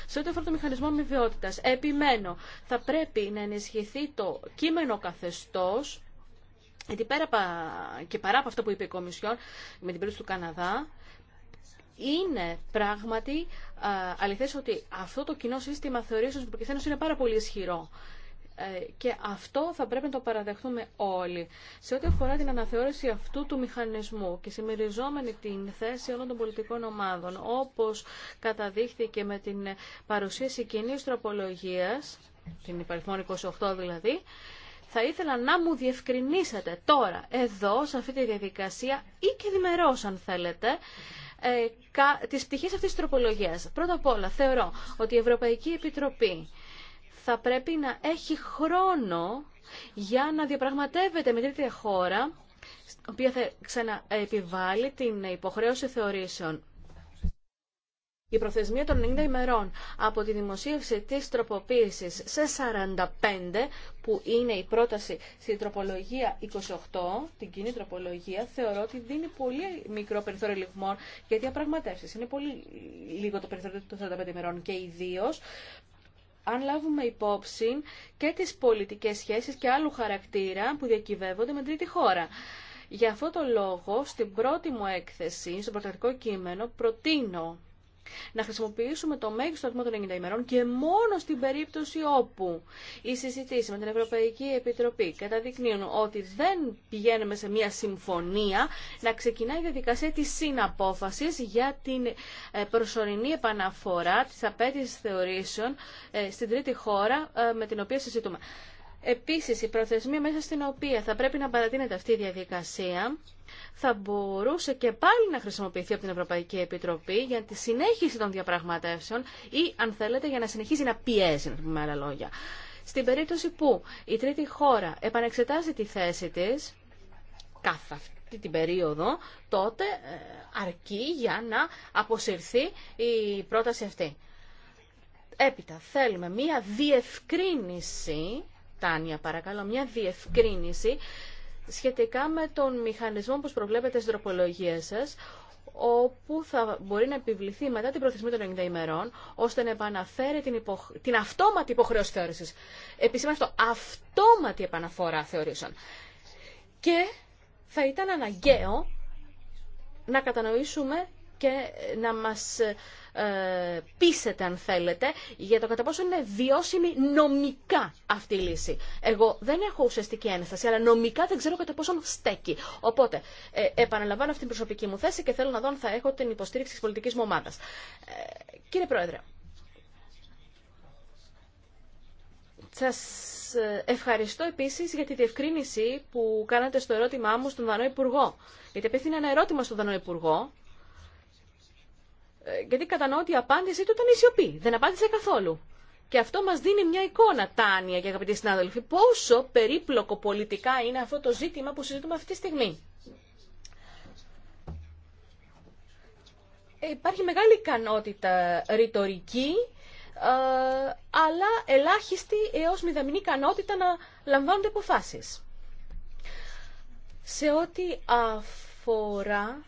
Σε ό,τι αφορά το μηχανισμό αμοιβαιότητας, επιμένω, θα πρέπει να ενισχυθεί το κείμενο καθεστώς, γιατί πέρα και παρά από αυτό που είπε η Κομισιόν με την περίπτωση του Καναδά, είναι πράγματι αληθές ότι αυτό το κοινό σύστημα θεωρήσεως που είναι πάρα πολύ ισχυρό. Ε, και αυτό θα πρέπει να το παραδεχτούμε όλοι. Σε ό,τι αφορά την αναθεώρηση αυτού του μηχανισμού και συμμεριζόμενη την θέση όλων των πολιτικών ομάδων, όπως καταδείχθηκε με την παρουσίαση κοινή τροπολογίας, την υπαριθμόν 28 δηλαδή, θα ήθελα να μου διευκρινίσετε τώρα, εδώ, σε αυτή τη διαδικασία ή και διμερώς αν θέλετε, ε, τις πτυχές αυτής της Πρώτα απ' όλα, θεωρώ ότι η Ευρωπαϊκή Επιτροπή θα πρέπει να έχει χρόνο για να διαπραγματεύεται με τρίτη χώρα, η οποία θα ξαναεπιβάλλει την υποχρέωση θεωρήσεων. Η προθεσμία των 90 ημερών από τη δημοσίευση της τροποποίησης σε 45, που είναι η πρόταση στην τροπολογία 28, την κοινή τροπολογία, θεωρώ ότι δίνει πολύ μικρό περιθώριο λιγμών για διαπραγματεύσεις. Είναι πολύ λίγο το περιθώριο των 45 ημερών και ιδίω αν λάβουμε υπόψη και τις πολιτικές σχέσεις και άλλου χαρακτήρα που διακυβεύονται με τρίτη χώρα. Για αυτό το λόγο, στην πρώτη μου έκθεση, στο πρωταρχικό κείμενο, προτείνω να χρησιμοποιήσουμε το μέγιστο αριθμό των 90 ημερών και μόνο στην περίπτωση όπου οι συζητήσει με την Ευρωπαϊκή Επιτροπή καταδεικνύουν ότι δεν πηγαίνουμε σε μια συμφωνία, να ξεκινάει η διαδικασία τη συναπόφαση για την ε, προσωρινή επαναφορά τη απέτηση θεωρήσεων ε, στην τρίτη χώρα ε, με την οποία συζητούμε. Επίση, η προθεσμία μέσα στην οποία θα πρέπει να παρατείνεται αυτή η διαδικασία θα μπορούσε και πάλι να χρησιμοποιηθεί από την Ευρωπαϊκή Επιτροπή για τη συνέχιση των διαπραγματεύσεων ή, αν θέλετε, για να συνεχίσει να πιέζει, με άλλα λόγια. Στην περίπτωση που η τρίτη χώρα επανεξετάζει τη θέση της, κάθε αυτή την περίοδο, τότε ε, αρκεί για να αποσυρθεί η πρόταση αυτή. Έπειτα, θέλουμε μία διευκρίνηση, Τάνια παρακαλώ, μία διευκρίνηση σχετικά με τον μηχανισμό που προβλέπετε στην τροπολογία σας, όπου θα μπορεί να επιβληθεί μετά την προθεσμία των 90 ημερών, ώστε να επαναφέρει την, την αυτόματη υποχρέωση θεώρηση. Επίσημα αυτό, αυτόματη επαναφορά θεωρήσεων. Και θα ήταν αναγκαίο να κατανοήσουμε και να μας ε, πείσετε αν θέλετε για το κατά πόσο είναι βιώσιμη νομικά αυτή η λύση. Εγώ δεν έχω ουσιαστική ένσταση, αλλά νομικά δεν ξέρω κατά πόσο στέκει. Οπότε, ε, επαναλαμβάνω αυτή την προσωπική μου θέση και θέλω να δω αν θα έχω την υποστήριξη της πολιτικής μου ομάδας. Ε, κύριε Πρόεδρε, Σας ε, ευχαριστώ επίσης για τη διευκρίνηση που κάνατε στο ερώτημά μου στον Δανό Υπουργό. Γιατί είναι ένα ερώτημα στον Δανό Υπουργό ε, γιατί κατανοώ ότι η απάντησή του ήταν η σιωπή. Δεν απάντησε καθόλου. Και αυτό μας δίνει μια εικόνα, Τάνια και αγαπητοί συνάδελφοι, πόσο περίπλοκο πολιτικά είναι αυτό το ζήτημα που συζητούμε αυτή τη στιγμή. Ε, υπάρχει μεγάλη ικανότητα ρητορική, ε, αλλά ελάχιστη έως μηδαμινή ικανότητα να λαμβάνονται αποφάσεις. Σε ό,τι αφορά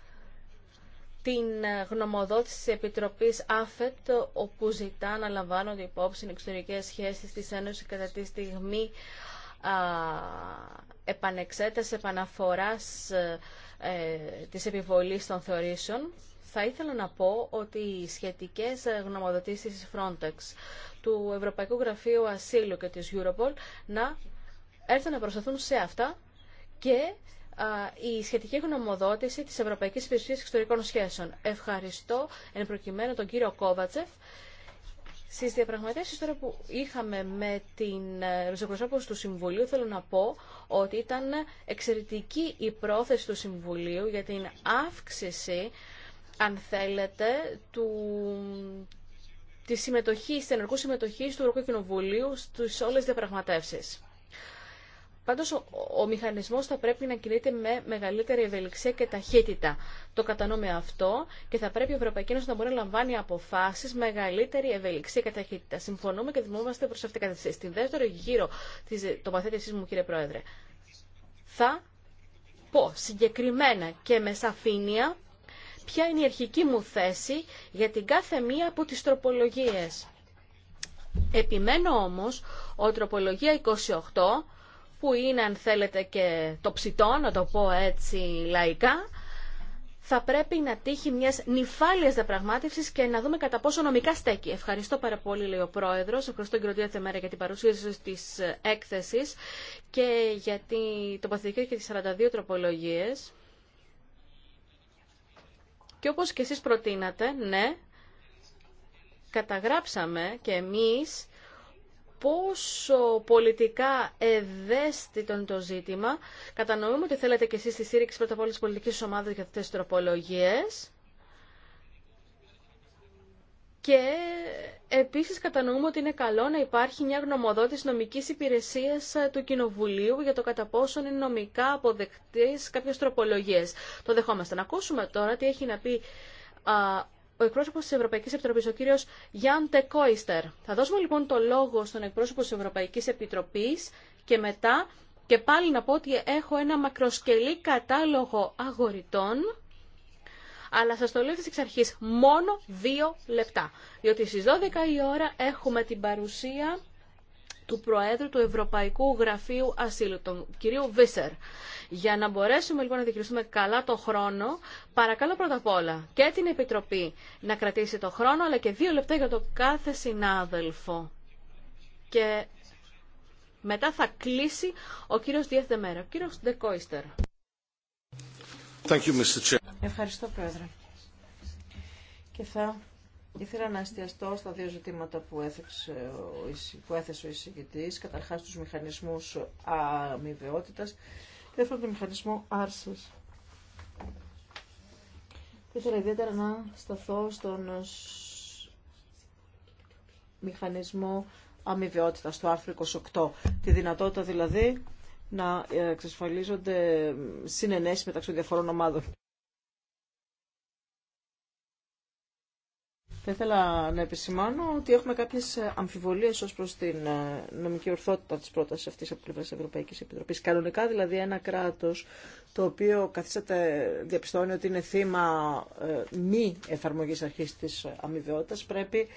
την ε, γνωμοδότηση της Επιτροπής ΑΦΕΤ, όπου ζητά να λαμβάνονται υπόψη εξωτερικές σχέσεις της Ένωσης κατά τη στιγμή επανεξέταση, επαναφοράς ε, ε, της επιβολής των θεωρήσεων. Θα ήθελα να πω ότι οι σχετικές ε, γνωμοδοτήσεις της Frontex, του Ευρωπαϊκού Γραφείου Ασύλου και της Europol να έρθουν να προσταθούν σε αυτά και η σχετική γνωμοδότηση της Ευρωπαϊκής Υπηρεσίας Εξωτερικών Σχέσεων. Ευχαριστώ εν προκειμένου τον κύριο Κόβατσεφ. Στις διαπραγματεύσεις τώρα που είχαμε με την ε, προσωπικούς του Συμβουλίου θέλω να πω ότι ήταν εξαιρετική η πρόθεση του Συμβουλίου για την αύξηση, αν θέλετε, του, της συμμετοχής, της ενεργού συμμετοχής του Ευρωπαϊκού Κοινοβουλίου στις όλες τις διαπραγματεύσεις. Πάντω, ο, ο μηχανισμός θα πρέπει να κινείται με μεγαλύτερη ευελιξία και ταχύτητα. Το κατανοούμε αυτό και θα πρέπει η Ευρωπαϊκή Ένωση να μπορεί να λαμβάνει αποφάσει μεγαλύτερη ευελιξία και ταχύτητα. Συμφωνούμε και δημόμαστε προ αυτήν την κατεύθυνση. Στην δεύτερο γύρο τη τοποθέτησής μου, κύριε Πρόεδρε, θα πω συγκεκριμένα και με σαφήνεια ποια είναι η αρχική μου θέση για την κάθε μία από τις τροπολογίες. Επιμένω όμως, ο τροπολογία 28 που είναι αν θέλετε και το ψητό, να το πω έτσι λαϊκά, θα πρέπει να τύχει μιας νυφάλιας διαπραγμάτευσης και να δούμε κατά πόσο νομικά στέκει. Ευχαριστώ πάρα πολύ, λέει ο Πρόεδρος. Ευχαριστώ τον Δία, Θεμέρα για την παρουσίαση της έκθεσης και για το τοποθετική και τις 42 τροπολογίες. Και όπως και εσείς προτείνατε, ναι, καταγράψαμε και εμείς πόσο πολιτικά ευαίσθητο είναι το ζήτημα. Κατανοούμε ότι θέλετε και εσείς τη στήριξη πρώτα απ' όλα πολιτικής ομάδας για αυτές τις τροπολογίες. Και επίσης κατανοούμε ότι είναι καλό να υπάρχει μια γνωμοδότηση νομικής υπηρεσίας ε, του Κοινοβουλίου για το κατά πόσο είναι νομικά αποδεκτές κάποιες τροπολογίες. Το δεχόμαστε. Να ακούσουμε τώρα τι έχει να πει ο εκπρόσωπος της Ευρωπαϊκής Επιτροπής, ο κύριος Γιάν Τεκόιστερ. Θα δώσουμε λοιπόν το λόγο στον εκπρόσωπο της Ευρωπαϊκής Επιτροπής και μετά και πάλι να πω ότι έχω ένα μακροσκελή κατάλογο αγοριτών, αλλά σας το λέω της εξ αρχής, μόνο δύο λεπτά. Διότι στις 12 η ώρα έχουμε την παρουσία του Προέδρου του Ευρωπαϊκού Γραφείου Ασύλου, τον κυρίου Βίσερ. Για να μπορέσουμε λοιπόν να διαχειριστούμε καλά το χρόνο, παρακαλώ πρώτα απ' όλα και την Επιτροπή να κρατήσει το χρόνο, αλλά και δύο λεπτά για το κάθε συνάδελφο. Και μετά θα κλείσει ο κύριος Διεθνέμερα, ο κύριος Ντεκόιστερ. Ευχαριστώ, Πρόεδρε. Και θα Ήθελα να εστιαστώ στα δύο ζητήματα που έθεσε ο, που έθεσε ο εισηγητής, καταρχάς τους μηχανισμούς αμοιβαιότητας και δεύτερον τον μηχανισμό άρσης. Ήθελα ιδιαίτερα να σταθώ στον μηχανισμό αμοιβαιότητα, στο άρθρο 28, τη δυνατότητα δηλαδή να εξασφαλίζονται συνενέσεις μεταξύ των διαφορών ομάδων. Θα ήθελα να επισημάνω ότι έχουμε κάποιε αμφιβολίε ω προ την ε, νομική ορθότητα τη πρόταση αυτή από πλευρά τη Ευρωπαϊκή Επιτροπή. Κανονικά, δηλαδή, ένα κράτο το οποίο καθίσατε διαπιστώνει ότι είναι θύμα ε, μη εφαρμογή αρχή τη αμοιβαιότητα πρέπει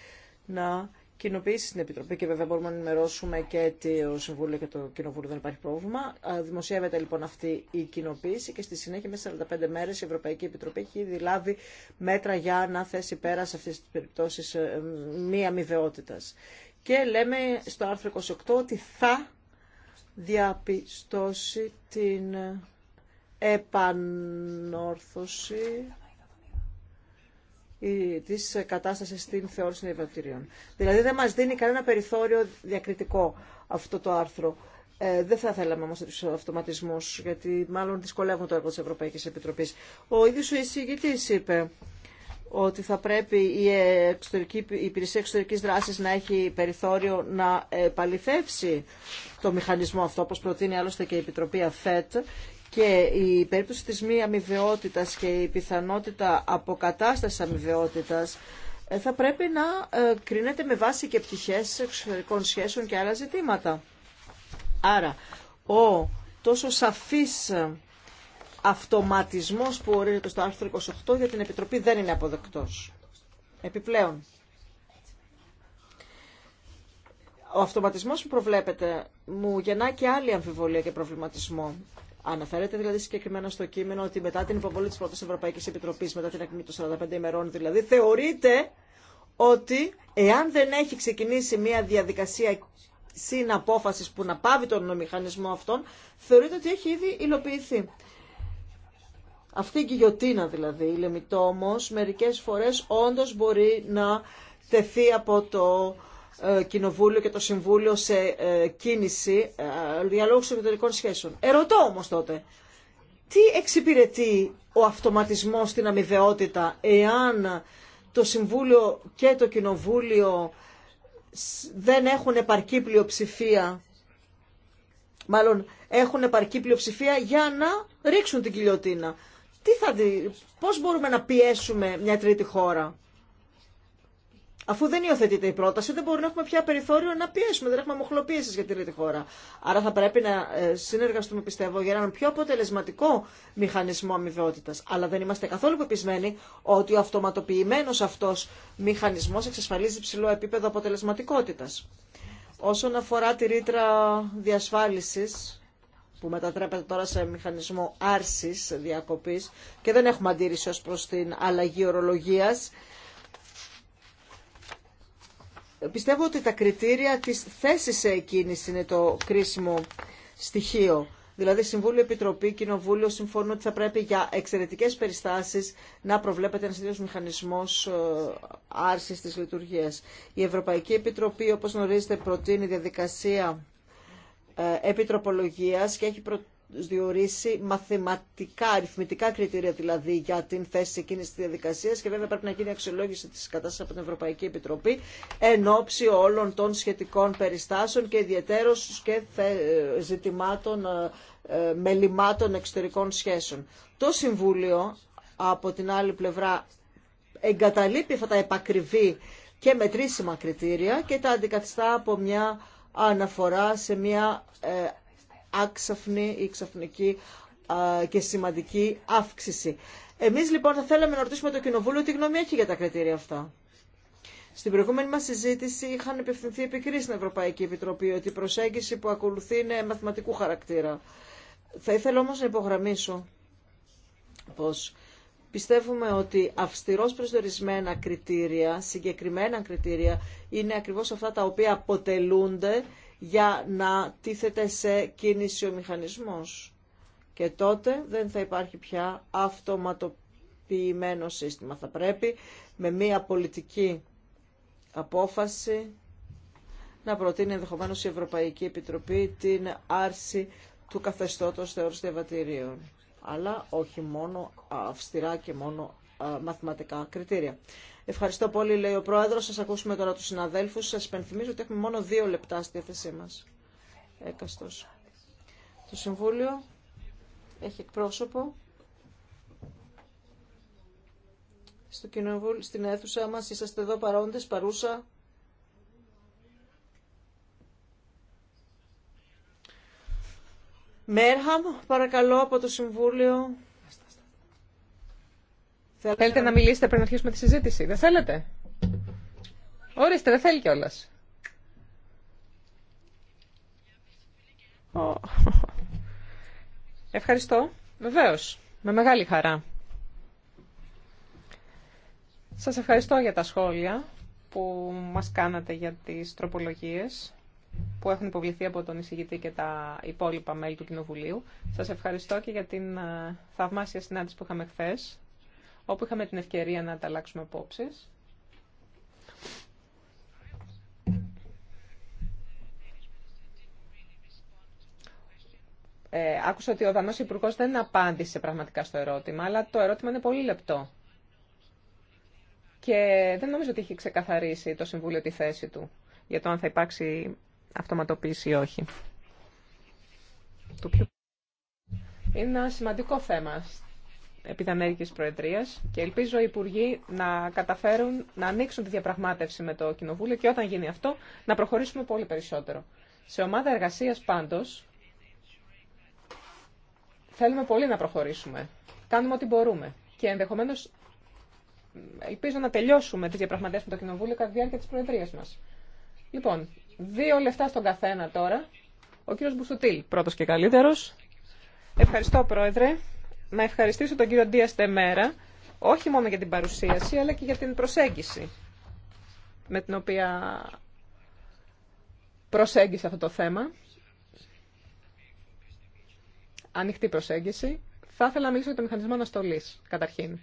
να κοινοποίηση στην Επιτροπή και βέβαια μπορούμε να ενημερώσουμε και το Συμβούλιο και το Κοινοβούλιο, δεν υπάρχει πρόβλημα. Δημοσιεύεται λοιπόν αυτή η κοινοποίηση και στη συνέχεια με 45 μέρες η Ευρωπαϊκή Επιτροπή έχει ήδη λάβει μέτρα για να θέσει πέρα σε αυτές τις περιπτώσεις ε, μία αμοιβαιότητας. Και λέμε στο άρθρο 28 ότι θα διαπιστώσει την επανόρθωση Τη κατάσταση στην θεώρηση διαβατηρίων. Δηλαδή δεν μα δίνει κανένα περιθώριο διακριτικό αυτό το άρθρο. Ε, δεν θα θέλαμε όμω του αυτοματισμού, γιατί μάλλον δυσκολεύουν το έργο τη Ευρωπαϊκή Επιτροπή. Ο ίδιο ο εισηγητή είπε ότι θα πρέπει η, εξωτερική, η υπηρεσία εξωτερικής δράσης να έχει περιθώριο να επαληθεύσει το μηχανισμό αυτό, όπως προτείνει άλλωστε και η Επιτροπή ΑΦΕΤ και η περίπτωση της μη αμοιβαιότητας και η πιθανότητα αποκατάστασης αμοιβαιότητας ε, θα πρέπει να ε, κρίνεται με βάση και πτυχές εξωτερικών σχέσεων και άλλα ζητήματα. Άρα, ο τόσο σαφής ε, αυτοματισμός που ορίζεται στο άρθρο 28 για την Επιτροπή δεν είναι αποδεκτός. Επιπλέον, ο αυτοματισμός που προβλέπεται μου γεννά και άλλη αμφιβολία και προβληματισμό. Αναφέρεται δηλαδή συγκεκριμένα στο κείμενο ότι μετά την υποβολή τη πρώτη Ευρωπαϊκή Επιτροπή, μετά την ακμή των 45 ημερών δηλαδή, θεωρείται ότι εάν δεν έχει ξεκινήσει μια διαδικασία συναπόφασης που να πάβει τον μηχανισμό αυτόν, θεωρείται ότι έχει ήδη υλοποιηθεί. Αυτή η γιοτίνα δηλαδή, η λεμιτόμος, μερικές φορές όντως μπορεί να τεθεί από το ε, Κοινοβούλιο και το Συμβούλιο σε ε, κίνηση για ε, λόγους εξωτερικών σχέσεων. Ερωτώ όμως τότε, τι εξυπηρετεί ο αυτοματισμός στην αμοιβαιότητα εάν το Συμβούλιο και το Κοινοβούλιο δεν έχουν επαρκή πλειοψηφία, μάλλον έχουν επαρκή πλειοψηφία για να ρίξουν την κοιλιοτίνα. Τι θα πώς μπορούμε να πιέσουμε μια τρίτη χώρα Αφού δεν υιοθετείται η πρόταση, δεν μπορούμε να έχουμε πια περιθώριο να πιέσουμε, δεν έχουμε μοχλοποίηση για τη τρίτη χώρα. Άρα θα πρέπει να ε, συνεργαστούμε, πιστεύω, για έναν πιο αποτελεσματικό μηχανισμό αμοιβαιότητα. Αλλά δεν είμαστε καθόλου πεπισμένοι ότι ο αυτοματοποιημένο αυτό μηχανισμό εξασφαλίζει ψηλό επίπεδο αποτελεσματικότητα. Όσον αφορά τη ρήτρα διασφάλιση, που μετατρέπεται τώρα σε μηχανισμό άρση διακοπή, και δεν έχουμε αντίρρηση ω προ την αλλαγή ορολογία, Πιστεύω ότι τα κριτήρια της θέσης σε εκείνης είναι το κρίσιμο στοιχείο. Δηλαδή, Συμβούλιο, Επιτροπή, Κοινοβούλιο συμφωνούν ότι θα πρέπει για εξαιρετικέ περιστάσει να προβλέπεται ένα τέτοιο μηχανισμό ε, άρση τη λειτουργία. Η Ευρωπαϊκή Επιτροπή, όπω γνωρίζετε, προτείνει διαδικασία ε, επιτροπολογία και έχει διορίσει μαθηματικά, αριθμητικά κριτήρια δηλαδή για την θέση εκείνη τη διαδικασία και βέβαια πρέπει να γίνει αξιολόγηση τη κατάσταση από την Ευρωπαϊκή Επιτροπή εν ώψη όλων των σχετικών περιστάσεων και ιδιαίτερω και ζητημάτων ε, ε, μελημάτων εξωτερικών σχέσεων. Το Συμβούλιο από την άλλη πλευρά εγκαταλείπει αυτά τα επακριβή και μετρήσιμα κριτήρια και τα αντικαθιστά από μια αναφορά σε μια ε, άξαφνη ή ξαφνική και σημαντική αύξηση. Εμείς λοιπόν θα θέλαμε να ρωτήσουμε το Κοινοβούλιο τι γνώμη έχει για τα κριτήρια αυτά. Στην προηγούμενη μα συζήτηση είχαν επευθυνθεί επικρίσει στην Ευρωπαϊκή Επιτροπή ότι η προσέγγιση που ακολουθεί είναι μαθηματικού χαρακτήρα. Θα ήθελα όμω να υπογραμμίσω πω πιστεύουμε ότι αυστηρός προσδιορισμένα κριτήρια, συγκεκριμένα κριτήρια, είναι ακριβώ αυτά τα οποία αποτελούνται για να τίθεται σε κίνηση ο μηχανισμός. Και τότε δεν θα υπάρχει πια αυτοματοποιημένο σύστημα. Θα πρέπει με μία πολιτική απόφαση να προτείνει ενδεχομένω η Ευρωπαϊκή Επιτροπή την άρση του καθεστώτος θεωρούς διαβατηρίων. Αλλά όχι μόνο αυστηρά και μόνο μαθηματικά κριτήρια. Ευχαριστώ πολύ, λέει ο Πρόεδρο. Σα ακούσουμε τώρα του συναδέλφου. Σα υπενθυμίζω ότι έχουμε μόνο δύο λεπτά στη θέση μα. Έκαστο. Το Συμβούλιο έχει εκπρόσωπο. Στο κοινοβούλιο, στην αίθουσά μας είσαστε εδώ παρόντες, παρούσα. Μέρχαμ, παρακαλώ, από το Συμβούλιο. Θέλετε να μιλήσετε πριν αρχίσουμε τη συζήτηση. Δεν θέλετε. Ορίστε, δεν θέλει κιόλα. Ευχαριστώ. Βεβαίω, Με μεγάλη χαρά. Σας ευχαριστώ για τα σχόλια που μας κάνατε για τις τροπολογίες που έχουν υποβληθεί από τον εισηγητή και τα υπόλοιπα μέλη του Κοινοβουλίου. Σας ευχαριστώ και για την ε, θαυμάσια συνάντηση που είχαμε χθες όπου είχαμε την ευκαιρία να ανταλλάξουμε απόψεις. Ε, άκουσα ότι ο Δανός υπουργό δεν απάντησε πραγματικά στο ερώτημα, αλλά το ερώτημα είναι πολύ λεπτό. Και δεν νομίζω ότι έχει ξεκαθαρίσει το Συμβούλιο τη θέση του για το αν θα υπάρξει αυτοματοποίηση ή όχι. Είναι ένα σημαντικό θέμα επί Προεδρίας και ελπίζω οι Υπουργοί να καταφέρουν να ανοίξουν τη διαπραγμάτευση με το Κοινοβούλιο και όταν γίνει αυτό να προχωρήσουμε πολύ περισσότερο. Σε ομάδα εργασίας πάντως θέλουμε πολύ να προχωρήσουμε. Κάνουμε ό,τι μπορούμε και ενδεχομένως ελπίζω να τελειώσουμε τις διαπραγματεύσεις με το Κοινοβούλιο κατά τη διάρκεια της Προεδρίας μας. Λοιπόν, δύο λεφτά στον καθένα τώρα. Ο κύριος Μπουσουτήλ, πρώτος και καλύτερος. Ευχαριστώ, Πρόεδρε να ευχαριστήσω τον κύριο Ντία Στεμέρα, όχι μόνο για την παρουσίαση, αλλά και για την προσέγγιση με την οποία προσέγγισε αυτό το θέμα. Ανοιχτή προσέγγιση. Θα ήθελα να μιλήσω για το μηχανισμό αναστολή καταρχήν.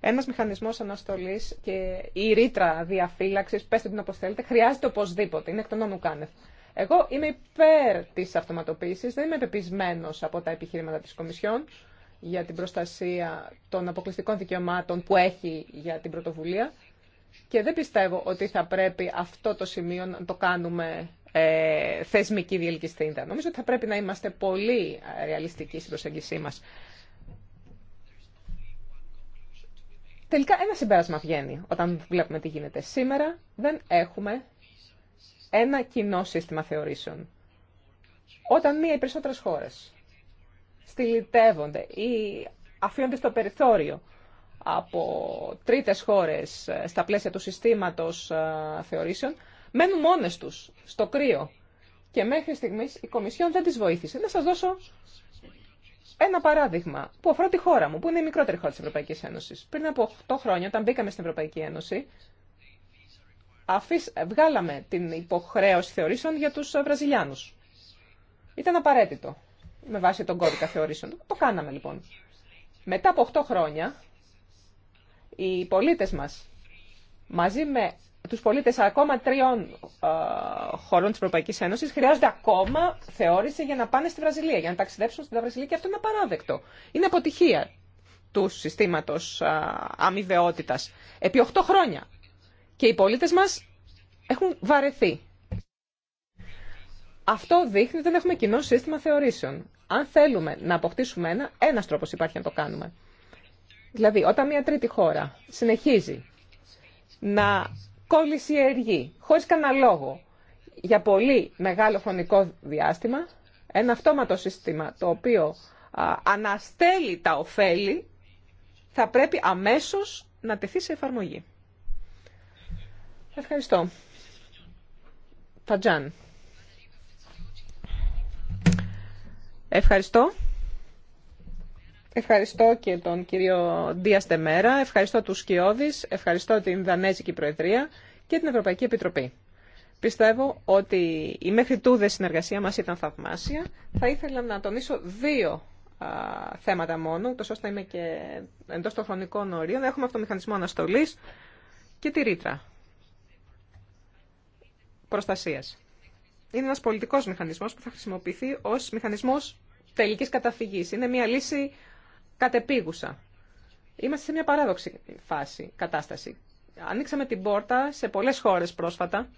Ένα μηχανισμό αναστολή και η ρήτρα διαφύλαξη, πέστε την όπω θέλετε, χρειάζεται οπωσδήποτε. Είναι εκ των όνου κάνευ. Εγώ είμαι υπέρ τη αυτοματοποίηση, δεν είμαι πεπισμένο από τα επιχείρηματα τη Κομισιόν για την προστασία των αποκλειστικών δικαιωμάτων που έχει για την πρωτοβουλία και δεν πιστεύω ότι θα πρέπει αυτό το σημείο να το κάνουμε ε, θεσμική διελκυστήντα. Νομίζω ότι θα πρέπει να είμαστε πολύ ε, ρεαλιστικοί στην προσέγγισή μας. Τελικά ένα συμπέρασμα βγαίνει όταν βλέπουμε τι γίνεται. Σήμερα δεν έχουμε ένα κοινό σύστημα θεωρήσεων. Όταν μία ή περισσότερες χώρες στυλιτεύονται ή αφήνονται στο περιθώριο από τρίτες χώρες ε, στα πλαίσια του συστήματος ε, θεωρήσεων, μένουν μόνες τους στο κρύο. Και μέχρι στιγμής η Κομισιόν δεν τις βοήθησε. Να σας δώσω ένα παράδειγμα που αφορά τη χώρα μου, που είναι η μικρότερη χώρα της Ευρωπαϊκής Ένωσης. Πριν από 8 χρόνια, όταν μπήκαμε στην Ευρωπαϊκή Ένωση, αφήσ, βγάλαμε την υποχρέωση θεωρήσεων για τους ε, Βραζιλιάνους. Ήταν απαραίτητο με βάση τον κώδικα θεωρήσεων. Το κάναμε λοιπόν. Μετά από 8 χρόνια, οι πολίτες μας, μαζί με τους πολίτες ακόμα τριών ε, χωρών της Ευρωπαϊκής Ένωσης, χρειάζονται ακόμα θεώρηση για να πάνε στη Βραζιλία, για να ταξιδέψουν στη Βραζιλία και αυτό είναι απαράδεκτο. Είναι αποτυχία του συστήματος ε, αμοιβαιότητας. Επί 8 χρόνια. Και οι πολίτες μας έχουν βαρεθεί. Αυτό δείχνει ότι δεν έχουμε κοινό σύστημα θεωρήσεων αν θέλουμε να αποκτήσουμε ένα, ένα τρόπο υπάρχει να το κάνουμε. Δηλαδή, όταν μια τρίτη χώρα συνεχίζει να εργή, χωρίς κανένα λόγο, για πολύ μεγάλο χρονικό διάστημα, ένα αυτόματο σύστημα το οποίο αναστέλει τα ωφέλη, θα πρέπει αμέσως να τεθεί σε εφαρμογή. Ευχαριστώ. Τατζάν. Ευχαριστώ. Ευχαριστώ και τον κύριο Ντία Στεμέρα, ευχαριστώ τους Σκιώδης, ευχαριστώ την Δανέζικη Προεδρία και την Ευρωπαϊκή Επιτροπή. Πιστεύω ότι η μέχρι τούδε συνεργασία μας ήταν θαυμάσια. Θα ήθελα να τονίσω δύο θέματα μόνο, ούτως ώστε είμαι και εντός των χρονικών ορίων. Έχουμε αυτό το μηχανισμό αναστολής και τη ρήτρα προστασίας. Είναι ένας πολιτικός μηχανισμός που θα χρησιμοποιηθεί ως μηχανισμός τελικής καταφυγής. Είναι μια λύση κατεπίγουσα. Είμαστε σε μια παράδοξη φάση, κατάσταση. Ανοίξαμε την πόρτα σε πολλές χώρες πρόσφατα,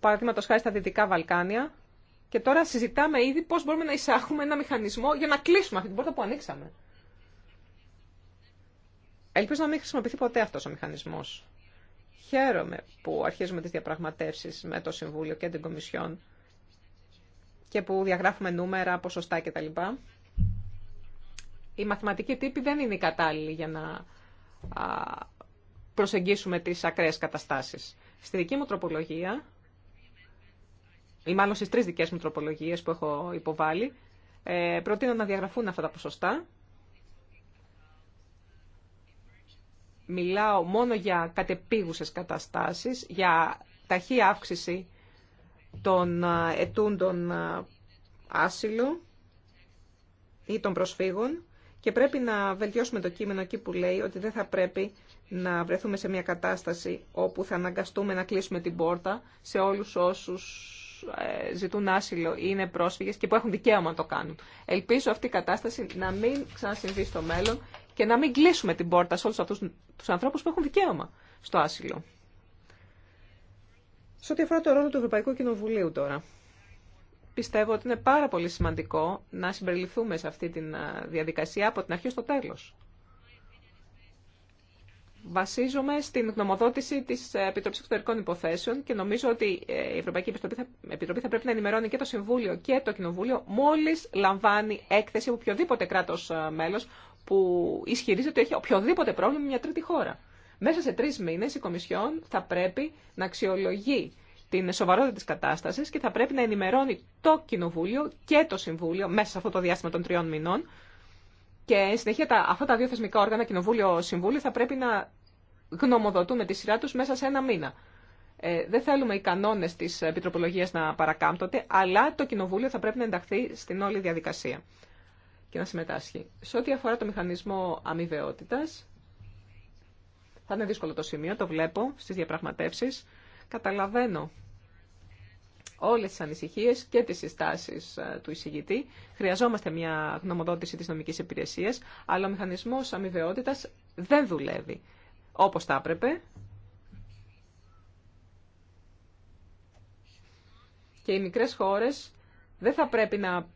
παραδείγματος χάρη στα Δυτικά Βαλκάνια, και τώρα συζητάμε ήδη πώς μπορούμε να εισάγουμε ένα μηχανισμό για να κλείσουμε αυτή την πόρτα που ανοίξαμε. Ελπίζω να μην χρησιμοποιηθεί ποτέ αυτός ο μηχανισμός. Χαίρομαι που αρχίζουμε τις διαπραγματεύσεις με το Συμβούλιο και την Κομισιόν και που διαγράφουμε νούμερα, ποσοστά κτλ. Οι μαθηματικοί τύποι δεν είναι οι κατάλληλοι για να προσεγγίσουμε τις ακραίες καταστάσεις. Στη δική μου τροπολογία, ή μάλλον στις τρεις δικές μου τροπολογίες που έχω υποβάλει, ε, προτείνω να διαγραφούν αυτά τα ποσοστά. Μιλάω μόνο για κατεπίγουσες καταστάσεις, για ταχύ αύξηση των ε, ετούντων ε, άσυλο ή των προσφύγων και πρέπει να βελτιώσουμε το κείμενο εκεί που λέει ότι δεν θα πρέπει να βρεθούμε σε μια κατάσταση όπου θα αναγκαστούμε να κλείσουμε την πόρτα σε όλους όσους ε, ζητούν άσυλο ή είναι πρόσφυγες και που έχουν δικαίωμα να το κάνουν. Ελπίζω αυτή η κατάσταση να μην ξανασυμβεί στο μέλλον και να μην κλείσουμε την πόρτα σε όλους αυτούς τους ανθρώπους που έχουν δικαίωμα στο άσυλο. Σε ό,τι αφορά το ρόλο του Ευρωπαϊκού Κοινοβουλίου τώρα, πιστεύω ότι είναι πάρα πολύ σημαντικό να συμπεριληφθούμε σε αυτή τη διαδικασία από την αρχή στο τέλος. Βασίζομαι στην γνωμοδότηση τη Επιτροπή Εξωτερικών Υποθέσεων και νομίζω ότι ε, η Ευρωπαϊκή Επιτροπή θα, Επιτροπή θα πρέπει να ενημερώνει και το Συμβούλιο και το Κοινοβούλιο μόλι λαμβάνει έκθεση από οποιοδήποτε κράτο ε, μέλο που ισχυρίζεται ότι έχει οποιοδήποτε πρόβλημα με μια τρίτη χώρα. Μέσα σε τρει μήνε η Κομισιόν θα πρέπει να αξιολογεί την σοβαρότητα τη κατάσταση και θα πρέπει να ενημερώνει το Κοινοβούλιο και το Συμβούλιο μέσα σε αυτό το διάστημα των τριών μηνών. Και συνεχεία τα, αυτά τα δύο θεσμικά όργανα, Κοινοβούλιο Συμβούλιο, θα πρέπει να γνωμοδοτούν με τη σειρά του μέσα σε ένα μήνα. Ε, δεν θέλουμε οι κανόνε τη επιτροπολογία να παρακάμπτονται, αλλά το Κοινοβούλιο θα πρέπει να ενταχθεί στην όλη διαδικασία και να συμμετάσχει. Σε ό,τι αφορά το μηχανισμό αμοιβαιότητα, θα είναι δύσκολο το σημείο, το βλέπω στις διαπραγματεύσεις. Καταλαβαίνω όλες τις ανησυχίες και τις συστάσεις ε, του εισηγητή. Χρειαζόμαστε μια γνωμοδότηση της νομικής υπηρεσίας, αλλά ο μηχανισμός αμοιβαιότητας δεν δουλεύει όπως θα έπρεπε. Και οι μικρές χώρες δεν θα πρέπει να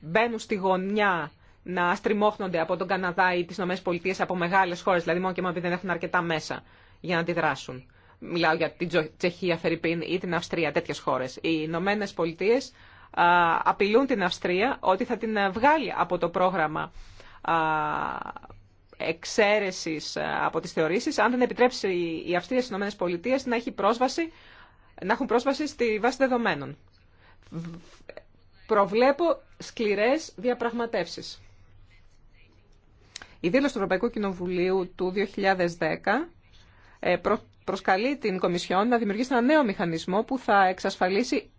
μπαίνουν στη γωνιά να στριμώχνονται από τον Καναδά ή τι ΗΠΑ από μεγάλε χώρε, δηλαδή μόνο και μόνο επειδή δεν έχουν αρκετά μέσα για να αντιδράσουν. Μιλάω για την Τσεχία, Φερρυπίν ή την Αυστρία, τέτοιε χώρε. Οι Ηνωμένε Πολιτείε απειλούν την Αυστρία ότι θα την ε, βγάλει από το πρόγραμμα εξαίρεση ε, από τι θεωρήσει, αν δεν επιτρέψει η Αυστρία στι ΗΠΑ να, έχει πρόσβαση, να έχουν πρόσβαση στη βάση δεδομένων. Προβλέπω σκληρέ διαπραγματεύσει. Η δήλωση του Ευρωπαϊκού Κοινοβουλίου του 2010 ε, προσκαλεί την Κομισιόν να δημιουργήσει ένα νέο μηχανισμό που θα εξασφαλίσει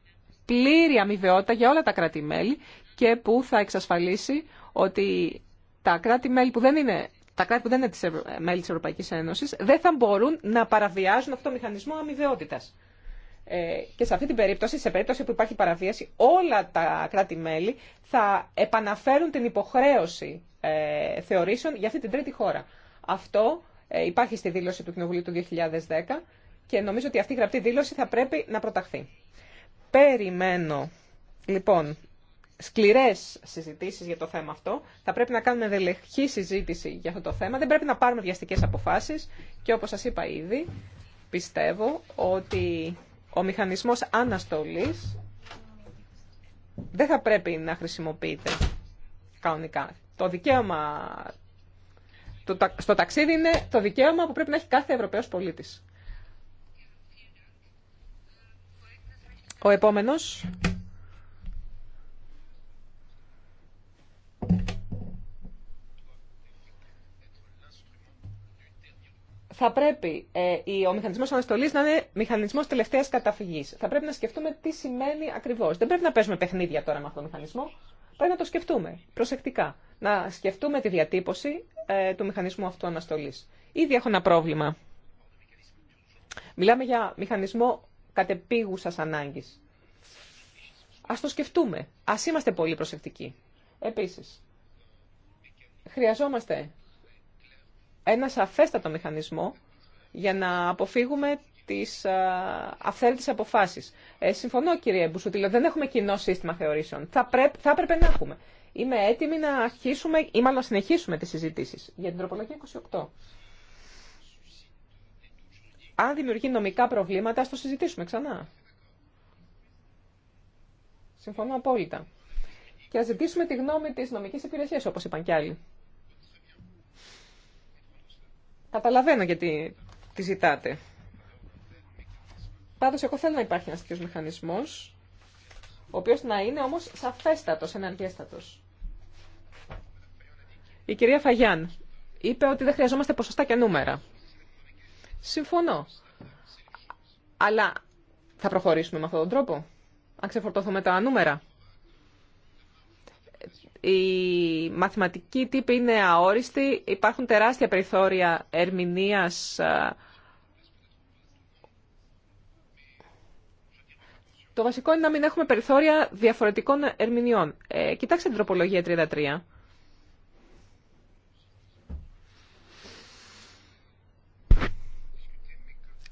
πλήρη αμοιβαιότητα για όλα τα κράτη-μέλη και που θα εξασφαλίσει ότι τα κράτη-μέλη που δεν είναι τα κράτη που δεν είναι μέλη της Ευρωπαϊκής Ένωσης δεν θα μπορούν να παραβιάζουν αυτό το μηχανισμό αμοιβαιότητας. Ε, και σε αυτή την περίπτωση, σε περίπτωση που υπάρχει παραβίαση, όλα τα κράτη-μέλη θα επαναφέρουν την υποχρέωση ε, θεωρήσεων για αυτή την τρίτη χώρα. Αυτό ε, υπάρχει στη δήλωση του Κοινοβουλίου του 2010 και νομίζω ότι αυτή η γραπτή δήλωση θα πρέπει να προταχθεί. Περιμένω, λοιπόν, σκληρές συζητήσεις για το θέμα αυτό. Θα πρέπει να κάνουμε δελεχή συζήτηση για αυτό το θέμα. Δεν πρέπει να πάρουμε βιαστικές αποφάσεις και όπως σας είπα ήδη, πιστεύω ότι ο μηχανισμός αναστολής δεν θα πρέπει να χρησιμοποιείται κανονικά. Το δικαίωμα στο ταξίδι είναι το δικαίωμα που πρέπει να έχει κάθε Ευρωπαίος πολίτης. Ο επόμενος θα πρέπει ε, ο μηχανισμό αναστολή να είναι μηχανισμό τελευταία καταφυγή. Θα πρέπει να σκεφτούμε τι σημαίνει ακριβώ. Δεν πρέπει να παίζουμε παιχνίδια τώρα με αυτόν τον μηχανισμό. Πρέπει να το σκεφτούμε προσεκτικά. Να σκεφτούμε τη διατύπωση ε, του μηχανισμού αυτού αναστολή. Ήδη έχω ένα πρόβλημα. Μιλάμε για μηχανισμό κατεπίγουσα ανάγκη. Α το σκεφτούμε. Α είμαστε πολύ προσεκτικοί. Επίση, χρειαζόμαστε ένα σαφέστατο μηχανισμό για να αποφύγουμε τις αυθαίρετε αποφάσεις. Ε, συμφωνώ κύριε Μπουσούτη, δεν έχουμε κοινό σύστημα θεωρήσεων. Θα, πρέπει θα έπρεπε να έχουμε. Είμαι έτοιμη να αρχίσουμε ή μάλλον να συνεχίσουμε τις συζητήσει. για την τροπολογία 28. Αν δημιουργεί νομικά προβλήματα, ας το συζητήσουμε ξανά. Συμφωνώ απόλυτα. Και ας ζητήσουμε τη γνώμη της νομικής υπηρεσίας, όπως είπαν κι άλλοι. Καταλαβαίνω γιατί τη ζητάτε. Πάντως, εγώ θέλω να υπάρχει ένας τέτοιος μηχανισμός, ο οποίος να είναι όμως σαφέστατος, εναντιέστατος. Η κυρία Φαγιάν είπε ότι δεν χρειαζόμαστε ποσοστά και νούμερα. Συμφωνώ. Αλλά θα προχωρήσουμε με αυτόν τον τρόπο, αν ξεφορτώθουμε τα νούμερα οι μαθηματικοί τύποι είναι αόριστοι, υπάρχουν τεράστια περιθώρια ερμηνείας ε, Το βασικό είναι να μην έχουμε περιθώρια διαφορετικών ερμηνεών. Ε, κοιτάξτε την τροπολογία 33.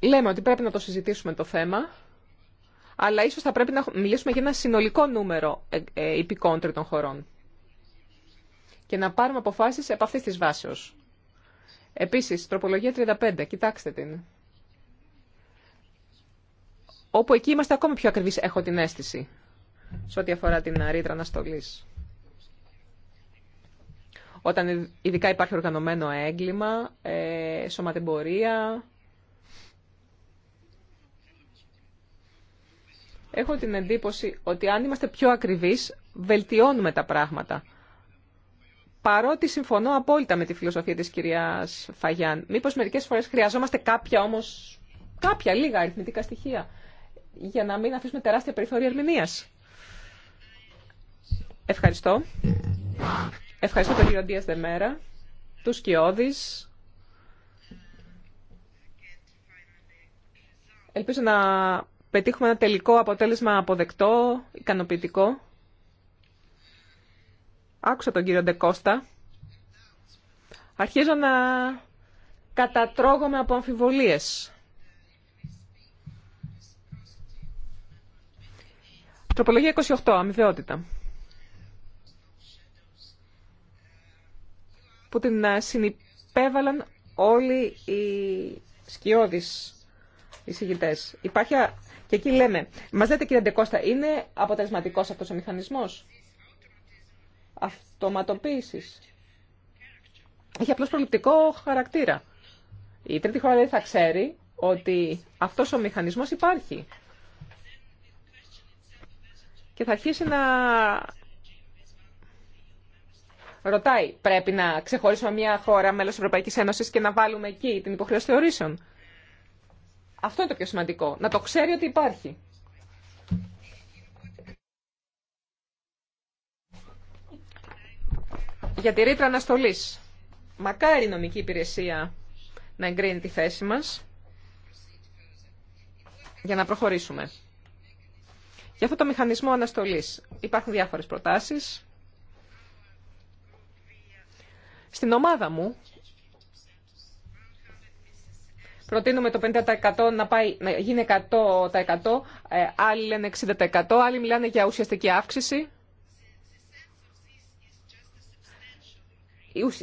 Λέμε ότι πρέπει να το συζητήσουμε το θέμα, αλλά ίσως θα πρέπει να μιλήσουμε για ένα συνολικό νούμερο ε, ε, υπηκών των χωρών και να πάρουμε αποφάσεις από αυτή τη βάσεως. Επίσης, τροπολογία 35, κοιτάξτε την. Όπου εκεί είμαστε ακόμη πιο ακριβείς, έχω την αίσθηση, σε ό,τι αφορά την ρήτρα αναστολή. Όταν ειδικά υπάρχει οργανωμένο έγκλημα, ε, σωματεμπορία... Έχω την εντύπωση ότι αν είμαστε πιο ακριβείς, βελτιώνουμε τα πράγματα παρότι συμφωνώ απόλυτα με τη φιλοσοφία της κυρίας Φαγιάν, μήπως μερικές φορές χρειαζόμαστε κάποια όμως, κάποια λίγα αριθμητικά στοιχεία, για να μην αφήσουμε τεράστια περιθώρια ερμηνείας. Ευχαριστώ. Ευχαριστώ τον κύριο Ντίας Δεμέρα, τους Κιώδης. Ελπίζω να πετύχουμε ένα τελικό αποτέλεσμα αποδεκτό, ικανοποιητικό. Άκουσα τον κύριο Ντεκώστα. Αρχίζω να κατατρώγομαι από αμφιβολίες. Τροπολογία 28, αμοιβαιότητα. Που την ε, συνυπέβαλαν όλοι οι σκιώδεις εισηγητές. Υπάρχει, και εκεί λέμε, μας λέτε κύριε Ντεκώστα, είναι αποτελεσματικός αυτός ο μηχανισμός αυτοματοποίησης. Έχει απλώς προληπτικό χαρακτήρα. Η τρίτη χώρα δεν θα ξέρει ότι αυτός ο μηχανισμός υπάρχει. Και θα αρχίσει να ρωτάει, πρέπει να ξεχωρίσουμε μια χώρα μέλο τη Ευρωπαϊκής Ένωσης και να βάλουμε εκεί την υποχρέωση θεωρήσεων. Αυτό είναι το πιο σημαντικό, να το ξέρει ότι υπάρχει. για τη ρήτρα αναστολή. Μακάρι η νομική υπηρεσία να εγκρίνει τη θέση μας για να προχωρήσουμε. Για αυτό το μηχανισμό αναστολής υπάρχουν διάφορες προτάσεις. Στην ομάδα μου προτείνουμε το 50% να, πάει, να γίνει 100%, ε, άλλοι λένε 60%, άλλοι μιλάνε για ουσιαστική αύξηση.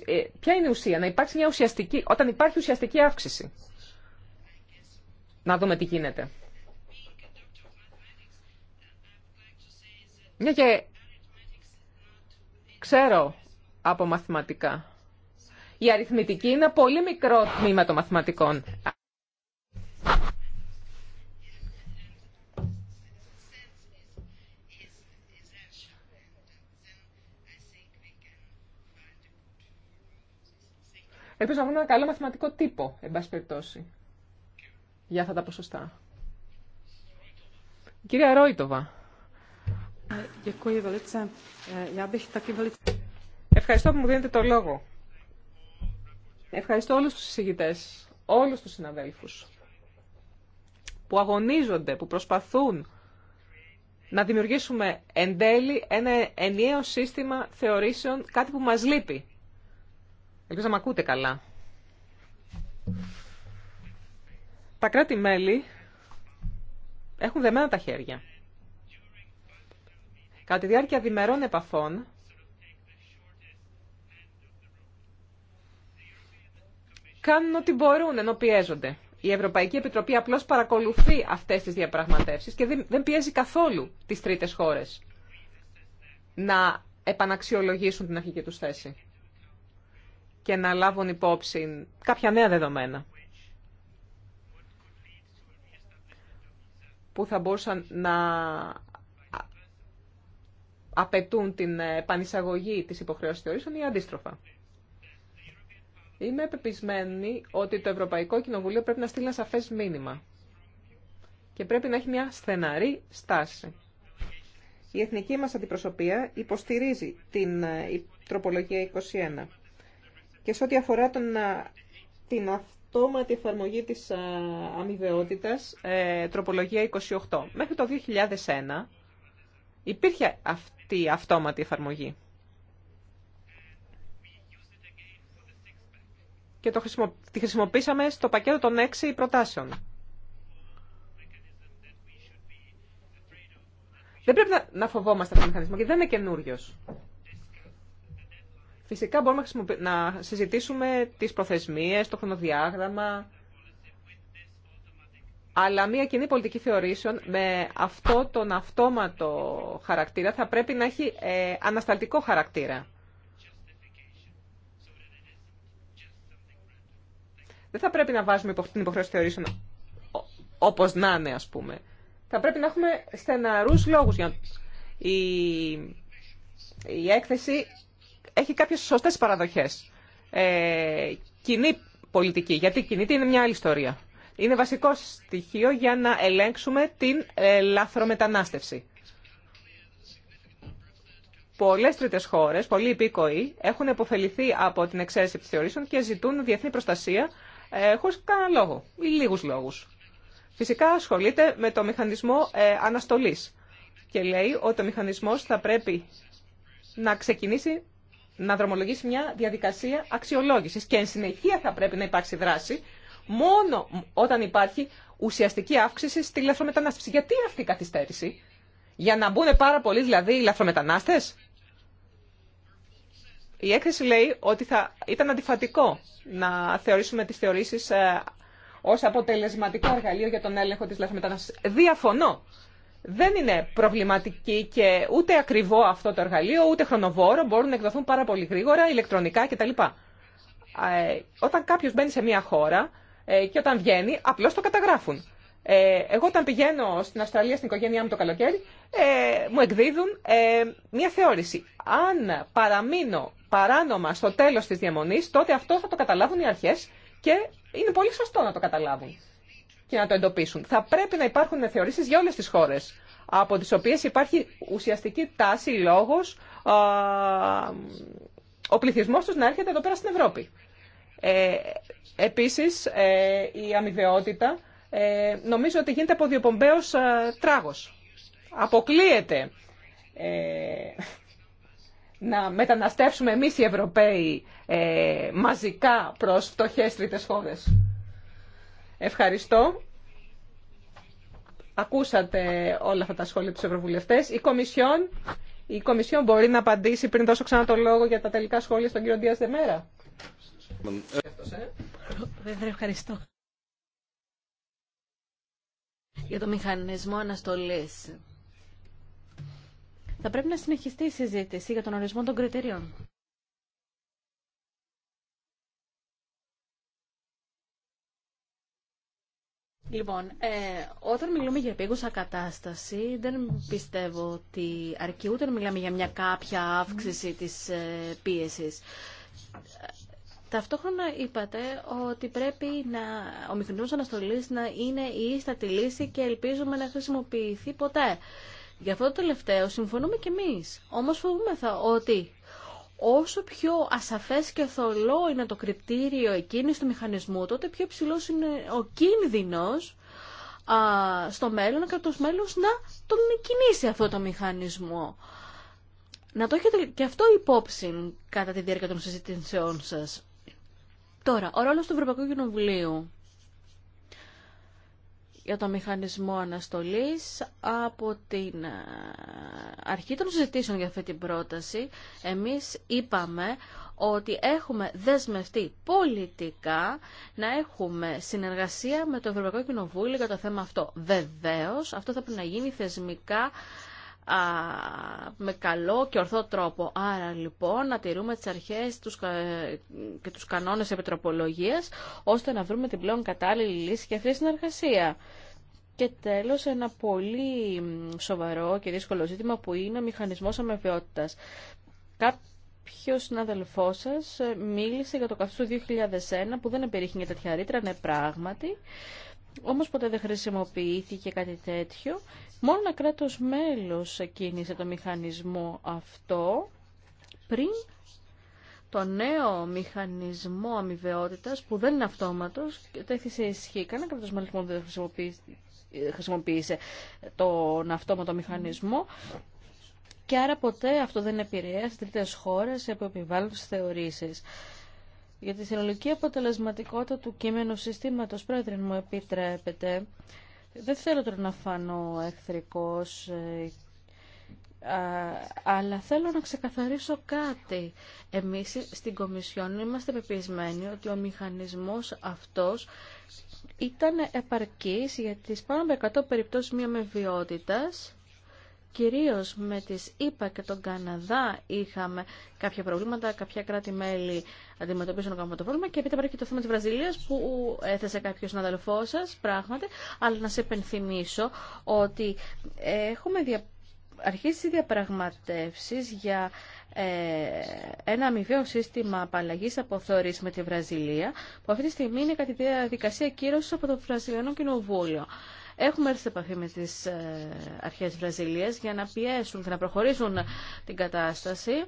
Ε, ποια είναι η ουσία, να υπάρξει μια ουσιαστική, όταν υπάρχει ουσιαστική αύξηση. Να δούμε τι γίνεται. Μια και ξέρω από μαθηματικά. Η αριθμητική είναι πολύ μικρό τμήμα των μαθηματικών. Ελπίζω να βρούμε ένα καλό μαθηματικό τύπο, εν πάση περιπτώσει, για αυτά τα ποσοστά. Κυρία Ρόιτοβα. Eh, Ευχαριστώ που μου δίνετε το λόγο. Ευχαριστώ όλους τους συζητητές, όλους τους συναδέλφους που αγωνίζονται, που προσπαθούν να δημιουργήσουμε εν τέλει ένα ενιαίο σύστημα θεωρήσεων, κάτι που μας λείπει Ελπίζω να με ακούτε καλά. Τα κράτη-μέλη έχουν δεμένα τα χέρια. Κατά τη διάρκεια διμερών επαφών, κάνουν ό,τι μπορούν ενώ πιέζονται. Η Ευρωπαϊκή Επιτροπή απλώς παρακολουθεί αυτές τις διαπραγματεύσεις και δεν πιέζει καθόλου τις τρίτες χώρες να επαναξιολογήσουν την αρχική τους θέση και να λάβουν υπόψη κάποια νέα δεδομένα που θα μπορούσαν να απαιτούν την επανεισαγωγή της υποχρέωσης θεωρήσεων ή αντίστροφα. Είμαι πεπισμένη ότι το Ευρωπαϊκό Κοινοβουλίο πρέπει να στείλει ένα σαφές μήνυμα και πρέπει να έχει μια στεναρή στάση. Η εθνική μας αντιπροσωπεία υποστηρίζει την ε, τροπολογία 21 και σε ό,τι αφορά τον, την αυτόματη εφαρμογή της αμοιβαιότητας, ε, τροπολογία 28. Μέχρι το 2001 υπήρχε αυτή η αυτόματη εφαρμογή. Και το χρησιμο... τη χρησιμοποίησαμε στο πακέτο των 6 προτάσεων. Δεν πρέπει να, να φοβόμαστε αυτό το μηχανισμό, γιατί δεν είναι καινούριο. Φυσικά μπορούμε να συζητήσουμε τις προθεσμίες, το χρονοδιάγραμμα, αλλά μια κοινή πολιτική θεωρήσεων με αυτό τον αυτόματο χαρακτήρα θα πρέπει να έχει ε, ανασταλτικό χαρακτήρα. Δεν θα πρέπει να βάζουμε την υποχρέωση θεωρήσεων όπως να είναι, ας πούμε. Θα πρέπει να έχουμε στεναρούς λόγους. Για... Η... η έκθεση έχει κάποιες σωστές παραδοχές. Ε, κοινή πολιτική, γιατί κοινή είναι μια άλλη ιστορία. Είναι βασικό στοιχείο για να ελέγξουμε την ε, λαθρομετανάστευση. Πολλέ τρίτε χώρε, πολλοί υπήκοοι, έχουν υποφεληθεί από την εξαίρεση τη θεωρήσεων και ζητούν διεθνή προστασία ε, χωρί κανένα λόγο ή λίγου λόγου. Φυσικά ασχολείται με το μηχανισμό ε, αναστολή και λέει ότι ο μηχανισμό θα πρέπει να ξεκινήσει να δρομολογήσει μια διαδικασία αξιολόγηση. και εν συνεχεία θα πρέπει να υπάρξει δράση μόνο όταν υπάρχει ουσιαστική αύξηση στη λαθρομετανάστευση. Γιατί αυτή η καθυστέρηση, για να μπουν πάρα πολλοί δηλαδή οι λαθρομετανάστε. Η έκθεση λέει ότι θα ήταν αντιφατικό να θεωρήσουμε τις θεωρήσεις ε, ως αποτελεσματικό εργαλείο για τον έλεγχο της λαθρομετανάστευσης. Διαφωνώ δεν είναι προβληματική και ούτε ακριβό αυτό το εργαλείο, ούτε χρονοβόρο, μπορούν να εκδοθούν πάρα πολύ γρήγορα, ηλεκτρονικά κτλ. Ε, όταν κάποιο μπαίνει σε μια χώρα ε, και όταν βγαίνει, απλώ το καταγράφουν. Ε, εγώ όταν πηγαίνω στην Αυστραλία στην οικογένειά μου το καλοκαίρι, ε, μου εκδίδουν ε, μια θεώρηση. Αν παραμείνω παράνομα στο τέλος της διαμονής, τότε αυτό θα το καταλάβουν οι αρχές και είναι πολύ σωστό να το καταλάβουν και να το εντοπίσουν. Θα πρέπει να υπάρχουν θεωρήσει για όλε τι χώρες, από τις οποίες υπάρχει ουσιαστική τάση, λόγο ο πληθυσμό τους να έρχεται εδώ πέρα στην Ευρώπη. Ε, επίσης, ε, η αμοιβαιότητα ε, νομίζω ότι γίνεται από ε, τράγος. Αποκλείεται ε, να μεταναστεύσουμε εμείς οι Ευρωπαίοι μαζικά προς φτωχές τρίτες χώρες. Ευχαριστώ. Ακούσατε όλα αυτά τα σχόλια του Ευρωβουλευτέ. Η Κομισιόν, η Κομισιόν μπορεί να απαντήσει πριν δώσω ξανά το λόγο για τα τελικά σχόλια στον κύριο Ντία Δεμέρα. ευχαριστώ. Για το μηχανισμό αναστολής. Θα πρέπει να συνεχιστεί η συζήτηση για τον ορισμό των κριτηρίων. Λοιπόν, ε, όταν μιλούμε για επίγουσα κατάσταση, δεν πιστεύω ότι αρκεί ούτε να μιλάμε για μια κάποια αύξηση της ε, πίεσης. Ταυτόχρονα είπατε ότι πρέπει να, ο μηχανισμός αναστολής να είναι η ίστατη λύση και ελπίζουμε να χρησιμοποιηθεί ποτέ. Για αυτό το τελευταίο συμφωνούμε κι εμείς. Όμως φοβούμεθα ότι όσο πιο ασαφές και θολό είναι το κριτήριο εκείνης του μηχανισμού, τότε πιο ψηλός είναι ο κίνδυνος α, στο μέλλον, το μέλλον να τον κινήσει αυτό το μηχανισμό. Να το έχετε και αυτό υπόψη κατά τη διάρκεια των συζητήσεών σας. Τώρα, ο ρόλος του Ευρωπαϊκού Κοινοβουλίου για το μηχανισμό αναστολής από την ε, αρχή των συζητήσεων για αυτή την πρόταση εμείς είπαμε ότι έχουμε δεσμευτεί πολιτικά να έχουμε συνεργασία με το Ευρωπαϊκό Κοινοβούλιο για το θέμα αυτό. Βεβαίως, αυτό θα πρέπει να γίνει θεσμικά α, με καλό και ορθό τρόπο. Άρα λοιπόν να τηρούμε τις αρχές τους, και τους κανόνες επιτροπολογίας ώστε να βρούμε την πλέον κατάλληλη λύση και αυτή συνεργασία. Και τέλος ένα πολύ σοβαρό και δύσκολο ζήτημα που είναι ο μηχανισμός αμεβαιότητας. Ποιο συνάδελφό σα μίλησε για το καθιστό 2001 που δεν περιείχε τέτοια ρήτρα, ναι πράγματι. Όμως ποτέ δεν χρησιμοποιήθηκε κάτι τέτοιο. Μόνο ένα κράτος μέλος κίνησε το μηχανισμό αυτό πριν το νέο μηχανισμό αμοιβαιότητας που δεν είναι αυτόματος τέθη σε ισχύ. Κανένα κράτος μέλος δεν χρησιμοποίησε τον αυτόματο μηχανισμό και άρα ποτέ αυτό δεν επηρέασε τρίτες χώρες από επιβάλλουν θεωρήσεις. Για τη συνολική αποτελεσματικότητα του κείμενου συστήματος, πρόεδρε, μου επιτρέπετε, δεν θέλω τώρα να φανώ εχθρικός, ε, αλλά θέλω να ξεκαθαρίσω κάτι. Εμείς στην Κομισιόν είμαστε πεπισμένοι ότι ο μηχανισμός αυτός ήταν επαρκής για τις πάνω από 100 με βιότητας κυρίως με τις ΗΠΑ και τον Καναδά είχαμε κάποια προβλήματα, κάποια κράτη-μέλη αντιμετωπίζουν ακόμα το πρόβλημα και έπειτα υπάρχει και το θέμα της Βραζιλίας που έθεσε κάποιος συναδελφό σας, πράγματι, αλλά να σε επενθυμίσω ότι έχουμε αρχίσει διαπραγματεύσεις για ε, ένα αμοιβαίο σύστημα απαλλαγή αποθόρη με τη Βραζιλία, που αυτή τη στιγμή είναι κατά τη διαδικασία κύρωση από το Βραζιλιανό Κοινοβούλιο. Έχουμε έρθει σε επαφή με τις ε, αρχές Βραζιλίας για να πιέσουν και να προχωρήσουν την κατάσταση.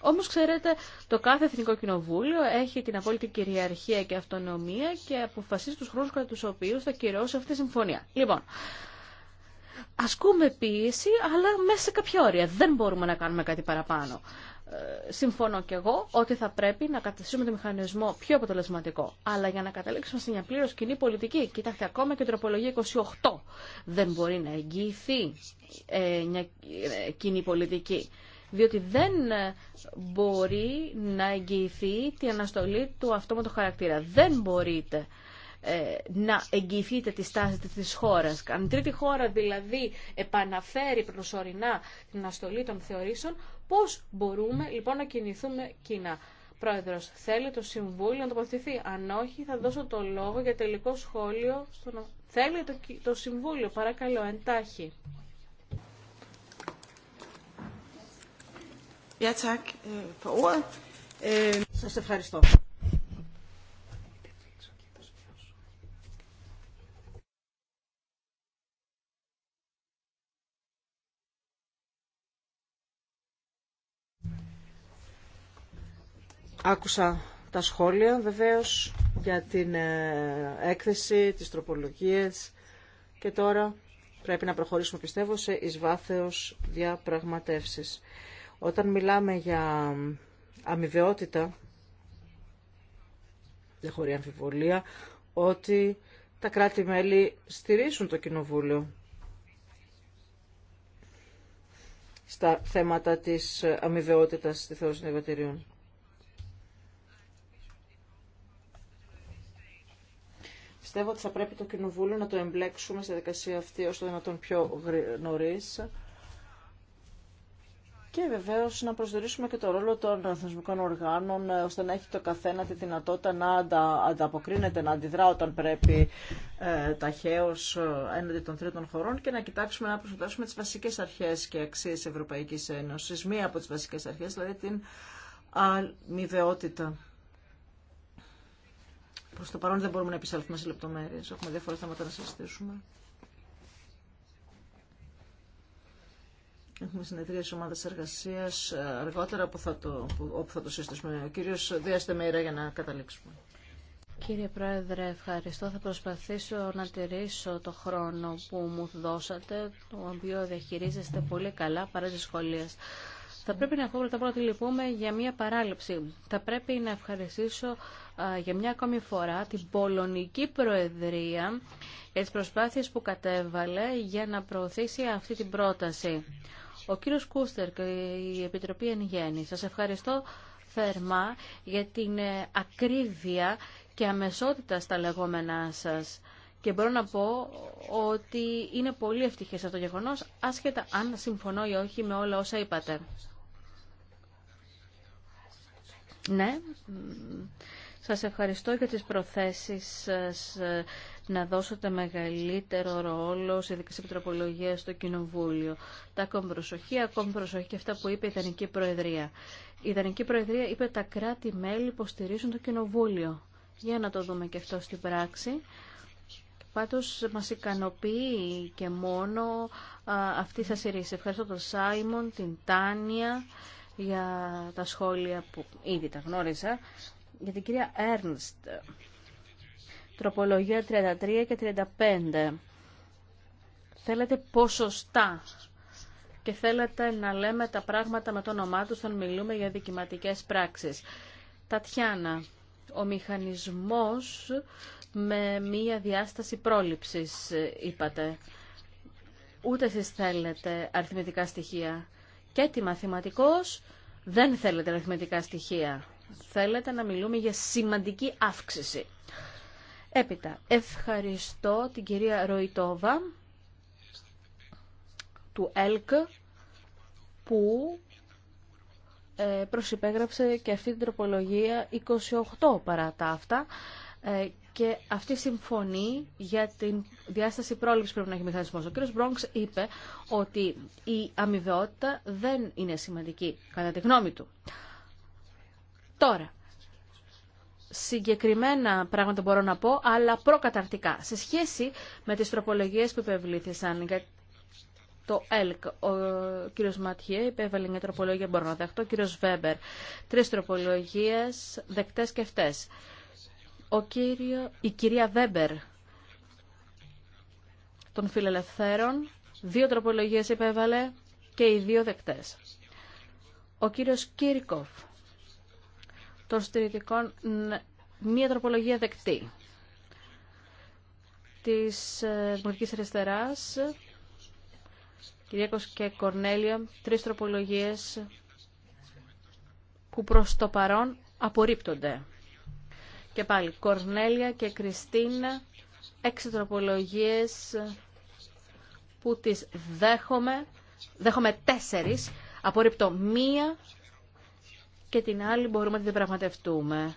Όμως, ξέρετε, το κάθε Εθνικό Κοινοβούλιο έχει την απόλυτη κυριαρχία και αυτονομία και αποφασίζει τους χρόνους κατά τους οποίους θα κυρώσει αυτή τη συμφωνία. Λοιπόν, ασκούμε πίεση, αλλά μέσα σε κάποια όρια. Δεν μπορούμε να κάνουμε κάτι παραπάνω. Ε, συμφωνώ και εγώ ότι θα πρέπει να καταστήσουμε το μηχανισμό πιο αποτελεσματικό. Αλλά για να καταλήξουμε σε μια πλήρω κοινή πολιτική, κοιτάξτε, ακόμα και η τροπολογία 28 δεν μπορεί να εγγυηθεί ε, μια ε, κοινή πολιτική. Διότι δεν μπορεί να εγγυηθεί την αναστολή του αυτόματο χαρακτήρα. Δεν μπορείτε να εγγυηθείτε τη στάση της χώρας. Αν τρίτη χώρα δηλαδή επαναφέρει προσωρινά την αναστολή των θεωρήσεων, Πώς μπορούμε λοιπόν να κινηθούμε κοινά. Πρόεδρος, θέλει το Συμβούλιο να τοποθετηθεί. Αν όχι, θα δώσω το λόγο για τελικό σχόλιο. Στον... Θέλει το, το Συμβούλιο, παρακαλώ, εντάχει. Eh, Σας ευχαριστώ. Άκουσα τα σχόλια βεβαίως για την ε, έκθεση, τις τροπολογίες και τώρα πρέπει να προχωρήσουμε πιστεύω σε εις βάθεως διαπραγματεύσεις. Όταν μιλάμε για αμοιβαιότητα, δεν χωρεί αμφιβολία, ότι τα κράτη-μέλη στηρίζουν το Κοινοβούλιο στα θέματα της αμοιβαιότητας στη θεώρηση των Πιστεύω ότι θα πρέπει το Κοινοβούλιο να το εμπλέξουμε στη δικασία αυτή να δυνατόν πιο νωρί. Και βεβαίω να προσδιορίσουμε και το ρόλο των θεσμικών οργάνων, ε, ώστε να έχει το καθένα τη δυνατότητα να ανταποκρίνεται, να αντιδρά όταν πρέπει ε, ταχαίω ε, έναντι των τρίτων χωρών και να κοιτάξουμε να προσδιορίσουμε τι βασικέ αρχέ και αξίε Ευρωπαϊκή Ένωση. Μία από τι βασικέ αρχέ, δηλαδή την αμοιβαιότητα προς το παρόν δεν μπορούμε να επισέλθουμε σε λεπτομέρειε. Έχουμε διάφορα θέματα να συζητήσουμε. Έχουμε συνεδρία τη ομάδα εργασία ε, αργότερα που θα το, που, όπου θα το συζητήσουμε. Ο κύριο Διάστε Μεϊρά για να καταλήξουμε. Κύριε Πρόεδρε, ευχαριστώ. Θα προσπαθήσω να τηρήσω το χρόνο που μου δώσατε, το οποίο διαχειρίζεστε πολύ καλά παρά τι θα πρέπει να πω πρώτα πρώτα ότι λυπούμε για μια παράληψη. Θα πρέπει να ευχαριστήσω για μια ακόμη φορά την Πολωνική Προεδρία για τις προσπάθειες που κατέβαλε για να προωθήσει αυτή την πρόταση. Ο κύριος Κούστερ και η Επιτροπή Εν Γέννη. Σας ευχαριστώ θερμά για την ε, ακρίβεια και αμεσότητα στα λεγόμενά σας. Και μπορώ να πω ότι είναι πολύ ευτυχέ αυτό το γεγονός, άσχετα αν συμφωνώ ή όχι με όλα όσα είπατε. Ναι, σας ευχαριστώ για τις προθέσεις σας ε, να δώσετε μεγαλύτερο ρόλο σε ειδικές επιτροπολογίες στο Κοινοβούλιο. Τα ακόμη προσοχή, ακόμη προσοχή και αυτά που είπε η Ιδανική Προεδρία. Η Ιδανική Προεδρία είπε τα κράτη-μέλη υποστηρίζουν το Κοινοβούλιο. Για να το δούμε και αυτό στην πράξη. Πάντως μας ικανοποιεί και μόνο αυτή σας η Ευχαριστώ τον Σάιμον, την Τάνια για τα σχόλια που ήδη τα γνώριζα. Για την κυρία Έρνστ, τροπολογία 33 και 35. Θέλετε ποσοστά και θέλετε να λέμε τα πράγματα με το όνομά τους όταν μιλούμε για δικηματικές πράξεις. Τατιάνα, ο μηχανισμός με μία διάσταση πρόληψης, είπατε. Ούτε εσείς θέλετε αριθμητικά στοιχεία. Και τη μαθηματικός δεν θέλετε αριθμητικά στοιχεία. Θέλετε να μιλούμε για σημαντική αύξηση. Έπειτα, ευχαριστώ την κυρία Ροϊτόβα του ΕΛΚ που ε, προσυπέγραψε και αυτή την τροπολογία 28 παρά τα αυτά ε, και αυτή συμφωνεί για την διάσταση πρόληψη που πρέπει να έχει μηχανισμό. Ο κ. Μπρόγκ είπε ότι η αμοιβαιότητα δεν είναι σημαντική, κατά τη γνώμη του. Τώρα, συγκεκριμένα πράγματα μπορώ να πω, αλλά προκαταρτικά. Σε σχέση με τις τροπολογίες που υπευλήθησαν για το ΕΛΚ, ο κύριος Ματιέ υπέβαλε μια τροπολογία, μπορώ να δεχτώ, ο κύριος Βέμπερ, τρεις τροπολογίες, δεκτές και αυτέ. Ο κύριο, η κυρία Βέμπερ των Φιλελευθέρων δύο τροπολογίες υπέβαλε και οι δύο δεκτές. Ο κύριος Κύρικοφ των Στηρητικών μία τροπολογία δεκτή της ε, Δημοτικής Αριστεράς Κυριάκος και Κορνέλια τρεις τροπολογίες που προς το παρόν απορρίπτονται. Και πάλι, Κορνέλια και Κριστίνα, έξι τροπολογίες που τις δέχομαι. Δέχομαι τέσσερις. Απορρίπτω μία και την άλλη μπορούμε να την πραγματευτούμε.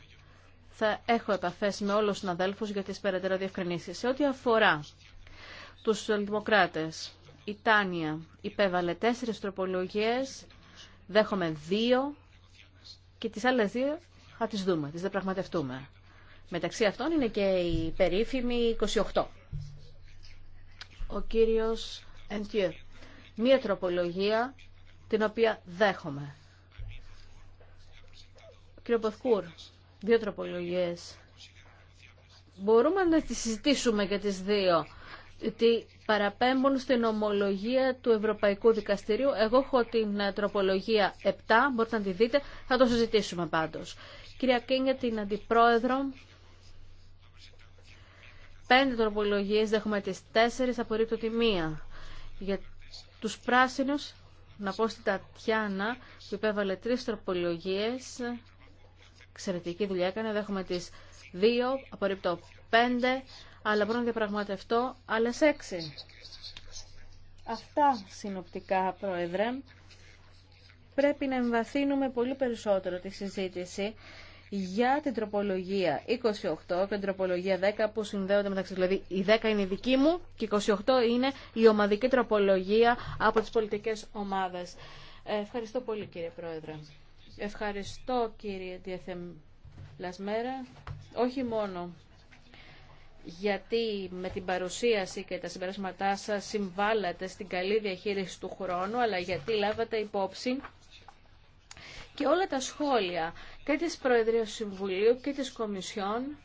Θα έχω επαφές με όλους τους συναδέλφους για τις περαιτέρω διευκρινήσεις. Σε ό,τι αφορά τους δημοκράτες, η Τάνια υπέβαλε τέσσερις τροπολογίες, δέχομαι δύο και τις άλλες δύο θα τις δούμε, τις δεν Μεταξύ αυτών είναι και η περίφημη 28. Ο κύριος Εντιέ. Μία τροπολογία την οποία δέχομαι. Κύριο Ποθκούρ, δύο τροπολογίες. Μπορούμε να τις συζητήσουμε και τις δύο ότι παραπέμπουν στην ομολογία του Ευρωπαϊκού Δικαστηρίου. Εγώ έχω την ε, τροπολογία 7, μπορείτε να τη δείτε, θα το συζητήσουμε πάντως. Κυρία Κίνια, την Αντιπρόεδρο, πέντε τροπολογίες, δέχομαι τις τέσσερις, απορρίπτω τη μία. Για τους πράσινους, να πω στην Τατιάνα που υπέβαλε τρεις τροπολογίες, εξαιρετική δουλειά έκανε, δέχομαι τις δύο, απορρίπτω πέντε, αλλά μπορώ να διαπραγματευτώ άλλε έξι. Αυτά συνοπτικά, Πρόεδρε. Πρέπει να εμβαθύνουμε πολύ περισσότερο τη συζήτηση για την τροπολογία 28 και την τροπολογία 10 που συνδέονται μεταξύ. Δηλαδή η 10 είναι η δική μου και η 28 είναι η ομαδική τροπολογία από τις πολιτικές ομάδες. Ε, ευχαριστώ πολύ κύριε Πρόεδρε. Ευχαριστώ κύριε Διεθεμ Λασμέρα. Όχι μόνο γιατί με την παρουσίαση και τα συμπεράσματά σας συμβάλλατε στην καλή διαχείριση του χρόνου, αλλά γιατί λάβατε υπόψη και όλα τα σχόλια και της Προεδρίας Συμβουλίου και της Κομισιόν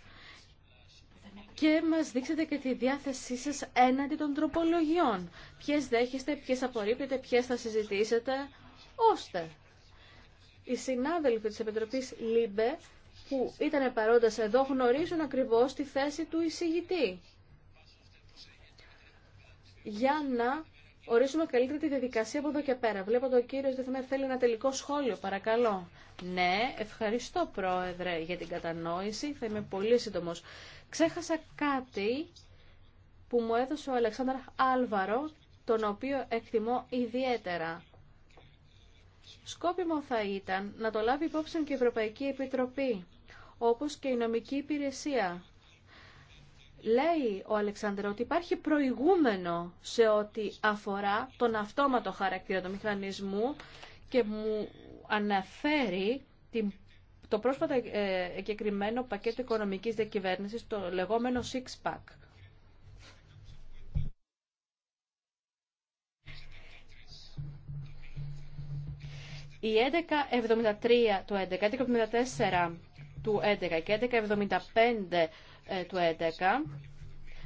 και μας δείξετε και τη διάθεσή σας έναντι των τροπολογιών. Ποιες δέχεστε, ποιες απορρίπτετε, ποιες θα συζητήσετε, ώστε οι συνάδελφοι της Επιτροπής ΛΥΜΠΕ που ήταν παρόντας εδώ γνωρίζουν ακριβώς τη θέση του εισηγητή για να ορίσουμε καλύτερα τη διαδικασία από εδώ και πέρα. Βλέπω ότι ο κύριο Δεθμέρ θέλει ένα τελικό σχόλιο, παρακαλώ. Ναι, ευχαριστώ πρόεδρε για την κατανόηση, θα είμαι πολύ σύντομο. Ξέχασα κάτι που μου έδωσε ο Αλεξάνδρα Άλβαρο, τον οποίο εκτιμώ ιδιαίτερα. Σκόπιμο θα ήταν να το λάβει υπόψη και η Ευρωπαϊκή Επιτροπή, όπως και η νομική υπηρεσία Λέει ο Αλεξάνδρου ότι υπάρχει προηγούμενο σε ό,τι αφορά τον αυτόματο χαρακτήρα του μηχανισμού και μου αναφέρει την, το πρόσφατα ε, εγκεκριμένο πακέτο οικονομικής διακυβέρνησης, το λεγόμενο six-pack. Η 1173 του 11, 1174 του 11 και 1175 ε, του 2011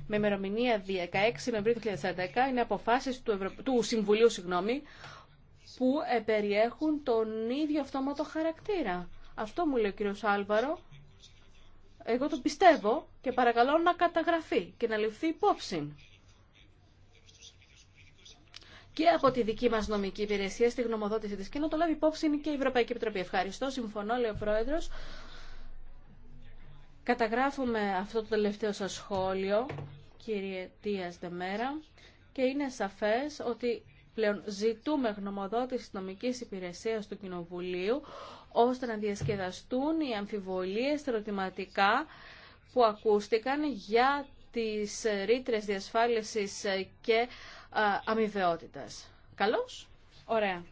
με ημερομηνία 16 Νοεμβρίου 2011 είναι αποφάσεις του, του Συμβουλίου συγγνώμη, που ε, περιέχουν τον ίδιο αυτόματο χαρακτήρα. Αυτό μου λέει ο κύριος Άλβαρο. Εγώ το πιστεύω και παρακαλώ να καταγραφεί και να ληφθεί υπόψη. Και από τη δική μας νομική υπηρεσία στη γνωμοδότηση της και να το λάβει υπόψη και η Ευρωπαϊκή Επιτροπή. Ευχαριστώ, συμφωνώ, λέει ο Πρόεδρος. Καταγράφουμε αυτό το τελευταίο σας σχόλιο, κύριε Τίας Δεμέρα, και είναι σαφές ότι πλέον ζητούμε γνωμοδότηση νομικής υπηρεσίας του Κοινοβουλίου, ώστε να διασκεδαστούν οι αμφιβολίες ερωτηματικά που ακούστηκαν για τις ρήτρε διασφάλισης και αμοιβαιότητας. Καλώς? Ωραία.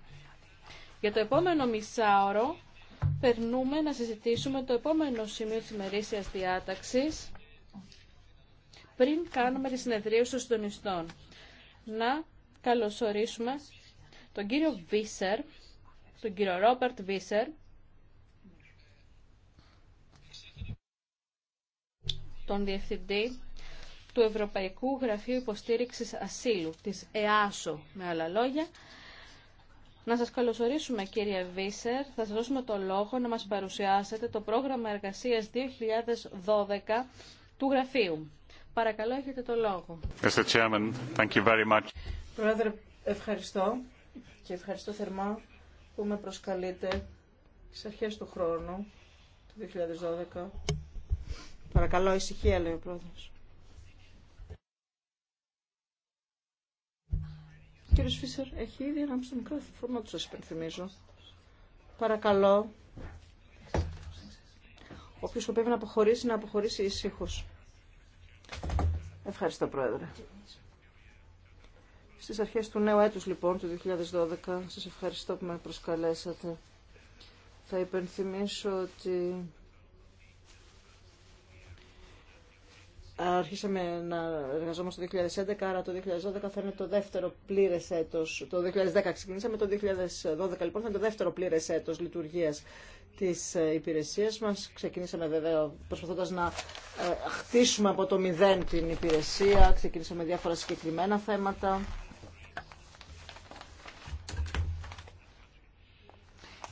Για το επόμενο μισάωρο περνούμε να συζητήσουμε το επόμενο σημείο της ημερήσιας διάταξης πριν κάνουμε τη συνεδρία των συντονιστών. Να καλωσορίσουμε τον κύριο Βίσερ, τον κύριο Ρόμπερτ Βίσερ, τον Διευθυντή του Ευρωπαϊκού Γραφείου Υποστήριξης Ασύλου, της ΕΑΣΟ, με άλλα λόγια, να σας καλωσορίσουμε κύριε Βίσερ. Θα σας δώσουμε το λόγο να μας παρουσιάσετε το πρόγραμμα εργασίας 2012 του Γραφείου. Παρακαλώ, έχετε το λόγο. Mr. Chairman, Πρόεδρε, ευχαριστώ και ευχαριστώ θερμά που με προσκαλείτε στις αρχές του χρόνου, του 2012. Παρακαλώ, ησυχία λέει ο πρόεδρος. κύριος Φίσερ έχει ήδη ανάψει το μικρόφωνο του, σας υπενθυμίζω. Παρακαλώ. Όποιος σκοπεύει να αποχωρήσει, να αποχωρήσει ησύχω. Ευχαριστώ, Πρόεδρε. Στις αρχές του νέου έτους, λοιπόν, του 2012, σας ευχαριστώ που με προσκαλέσατε. Θα υπενθυμίσω ότι Αρχίσαμε να εργαζόμαστε το 2011, άρα το 2012 θα είναι το δεύτερο πλήρε έτο. Το 2010 ξεκινήσαμε, το 2012 λοιπόν θα είναι το δεύτερο πλήρε έτο λειτουργία τη ε, υπηρεσία μα. Ξεκινήσαμε βέβαια προσπαθώντα να ε, χτίσουμε από το μηδέν την υπηρεσία. Ξεκινήσαμε διάφορα συγκεκριμένα θέματα.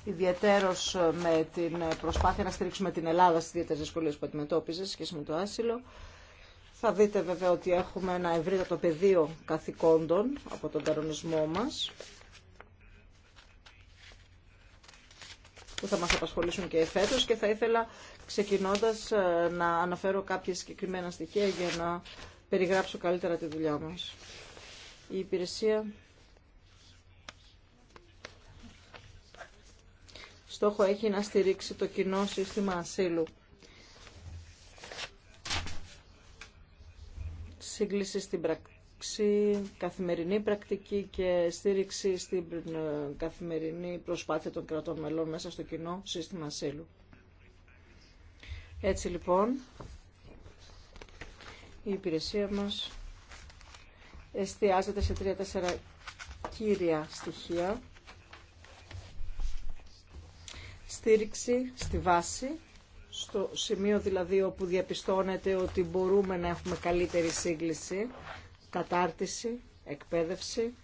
Ιδιαίτερο με την προσπάθεια να στηρίξουμε την Ελλάδα στι ιδιαίτερε δυσκολίε που αντιμετώπιζε σχέση με το άσυλο. Θα δείτε βέβαια ότι έχουμε ένα ευρύτατο πεδίο καθηκόντων από τον κανονισμό μας που θα μας απασχολήσουν και φέτος και θα ήθελα ξεκινώντας ε, να αναφέρω κάποια συγκεκριμένα στοιχεία για να περιγράψω καλύτερα τη δουλειά μας. Η υπηρεσία στόχο έχει να στηρίξει το κοινό σύστημα ασύλου σύγκληση στην πράξη, καθημερινή πρακτική και στήριξη στην ε, καθημερινή προσπάθεια των κρατών μελών μέσα στο κοινό σύστημα ασύλου. Έτσι λοιπόν, η υπηρεσία μας εστιάζεται σε τρία-τέσσερα κύρια στοιχεία. Στήριξη στη βάση στο σημείο δηλαδή όπου διαπιστώνεται ότι μπορούμε να έχουμε καλύτερη σύγκληση, κατάρτιση, εκπαίδευση.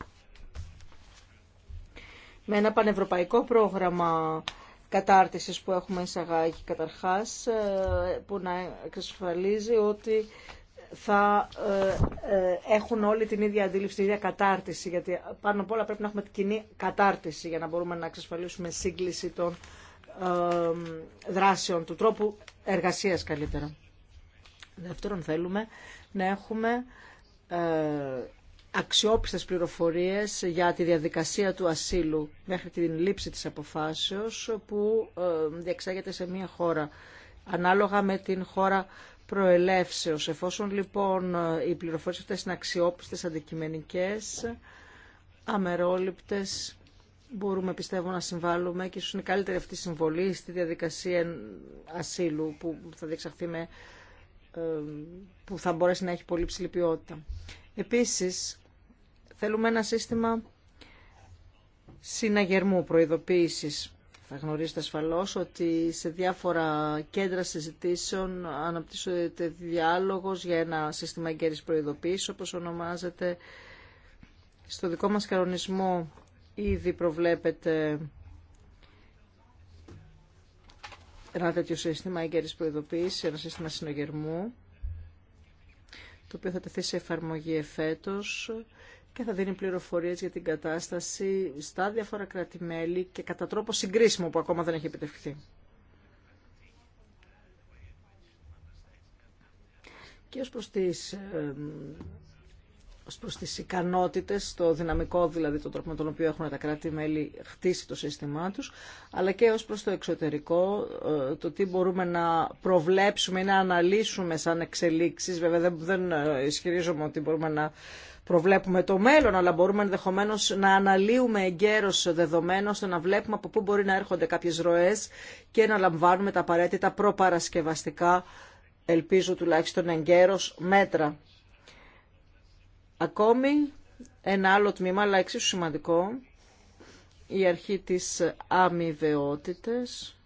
Με ένα πανευρωπαϊκό πρόγραμμα κατάρτισης που έχουμε εισαγάγει καταρχάς, ε, που να εξασφαλίζει ότι θα ε, ε, έχουν όλοι την ίδια αντίληψη, την ίδια κατάρτιση, γιατί πάνω απ' όλα πρέπει να έχουμε την κοινή κατάρτιση για να μπορούμε να εξασφαλίσουμε σύγκληση των δράσεων, του τρόπου εργασίας καλύτερα. Δεύτερον, θέλουμε να έχουμε ε, αξιόπιστες πληροφορίες για τη διαδικασία του ασύλου μέχρι την λήψη της αποφάσεως που ε, διεξάγεται σε μία χώρα, ανάλογα με την χώρα προελεύσεως. Εφόσον λοιπόν ε, οι πληροφορίες αυτές είναι αξιόπιστες, αντικειμενικές, αμερόληπτες, μπορούμε πιστεύω να συμβάλλουμε και ίσως είναι καλύτερη αυτή η συμβολή στη διαδικασία ασύλου που θα διεξαχθεί με, που θα μπορέσει να έχει πολύ ψηλή ποιότητα. Επίσης, θέλουμε ένα σύστημα συναγερμού προειδοποίησης. Θα γνωρίζετε ασφαλώς ότι σε διάφορα κέντρα συζητήσεων αναπτύσσεται διάλογος για ένα σύστημα εγκαίρης προειδοποίησης, όπως ονομάζεται στο δικό μας κανονισμό Ήδη προβλέπεται ένα τέτοιο σύστημα έγκαιρης προειδοποίηση, ένα σύστημα συνογερμού, το οποίο θα τεθεί σε εφαρμογή εφέτος και θα δίνει πληροφορίες για την κατάσταση στα διάφορα κράτη-μέλη και κατά τρόπο συγκρίσιμο που ακόμα δεν έχει επιτευχθεί. Και ως προς τις ε, προς τις ικανότητες, το δυναμικό δηλαδή τον τρόπο με τον οποίο έχουν τα κράτη-μέλη χτίσει το σύστημά τους, αλλά και ως προς το εξωτερικό, ε, το τι μπορούμε να προβλέψουμε ή να αναλύσουμε σαν εξελίξεις. Βέβαια δεν, δεν ε, ισχυρίζομαι ότι μπορούμε να προβλέπουμε το μέλλον, αλλά μπορούμε ενδεχομένω να αναλύουμε εγκαίρω δεδομένα ώστε να βλέπουμε από πού μπορεί να έρχονται κάποιε ροέ και να λαμβάνουμε τα απαραίτητα προπαρασκευαστικά, ελπίζω τουλάχιστον εγκαίρω, μέτρα. Ακόμη ένα άλλο τμήμα, αλλά εξίσου σημαντικό, η αρχή της αμοιβαιότητας,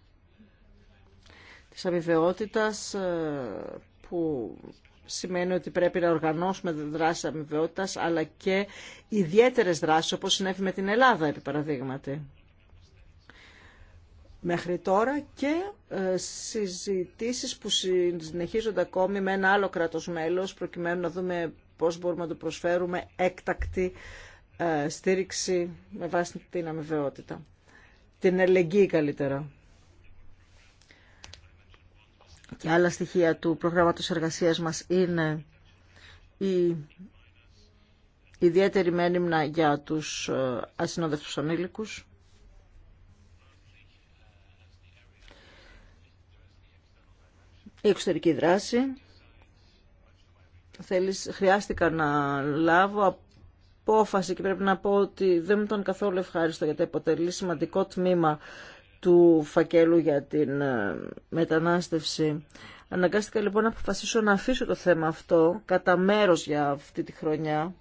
της αμοιβαιότητας ε, που σημαίνει ότι πρέπει να οργανώσουμε δράσεις αμοιβαιότητας, αλλά και ιδιαίτερες δράσεις, όπως συνέβη με την Ελλάδα, επί παραδείγματι. Μέχρι τώρα και ε, συζητήσεις που συνεχίζονται ακόμη με ένα άλλο κράτος μέλος, προκειμένου να δούμε πώς μπορούμε να του προσφέρουμε έκτακτη ε, στήριξη με βάση την αμοιβαιότητα. Την ελεγγύη καλύτερα. Και άλλα στοιχεία του προγράμματος εργασίας μας είναι η ιδιαίτερη μένυμνα για τους ε, ασυνόδευτους ανήλικους. Η εξωτερική δράση θέλεις, χρειάστηκα να λάβω απόφαση και πρέπει να πω ότι δεν μου ήταν καθόλου ευχάριστο γιατί αποτελεί σημαντικό τμήμα του φακέλου για την ε, μετανάστευση. Αναγκάστηκα λοιπόν να αποφασίσω να αφήσω το θέμα αυτό κατά μέρος για αυτή τη χρονιά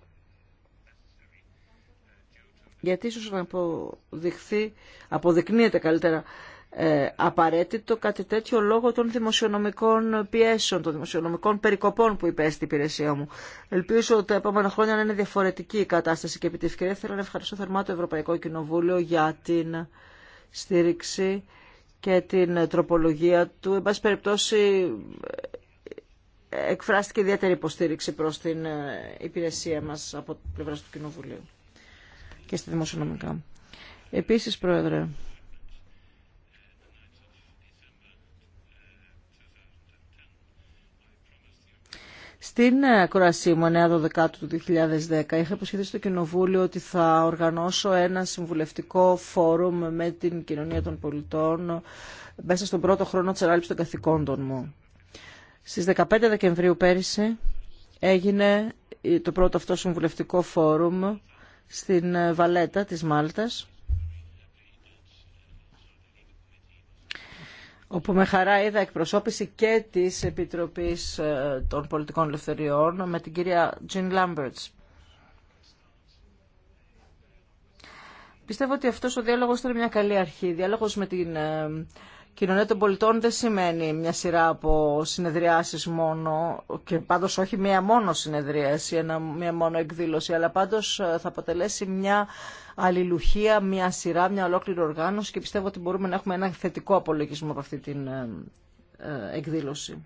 γιατί ίσως να αποδειχθεί, αποδεικνύεται καλύτερα ε, απαραίτητο κάτι τέτοιο λόγω των δημοσιονομικών πιέσεων, των δημοσιονομικών περικοπών που υπέστη η υπηρεσία μου. Ελπίζω ότι τα επόμενα χρόνια να είναι διαφορετική η κατάσταση και επί τη ευκαιρία θέλω να ευχαριστώ θερμά το Ευρωπαϊκό Κοινοβούλιο για την στήριξη και την τροπολογία του. Εν πάση περιπτώσει εκφράστηκε ιδιαίτερη υποστήριξη προς την ε, υπηρεσία μας από πλευρά του Κοινοβουλίου και στη δημοσιονομικά. Επίσης, Πρόεδρε, Στην ακροασή ε, μου, 9 του 2010, είχα υποσχεθεί στο Κοινοβούλιο ότι θα οργανώσω ένα συμβουλευτικό φόρουμ με την κοινωνία των πολιτών ε, μέσα στον πρώτο χρόνο της ανάληψης των καθηκόντων μου. Στις 15 Δεκεμβρίου πέρυσι έγινε ε, το πρώτο αυτό συμβουλευτικό φόρουμ στην Βαλέτα της Μάλτας όπου με χαρά είδα εκπροσώπηση και της Επιτροπής ε, των Πολιτικών Ελευθεριών με την κυρία Τζιν Λάμπερτς. Πιστεύω ότι αυτός ο διάλογος ήταν μια καλή αρχή. Διάλογος με την ε, κοινωνία των πολιτών δεν σημαίνει μια σειρά από συνεδριάσεις μόνο και πάντως όχι μια μόνο συνεδρίαση, μια μόνο εκδήλωση, αλλά πάντως ε, θα αποτελέσει μια αλληλουχία, μια σειρά, μια ολόκληρη οργάνωση και πιστεύω ότι μπορούμε να έχουμε ένα θετικό απολογισμό από αυτή την ε, ε, εκδήλωση.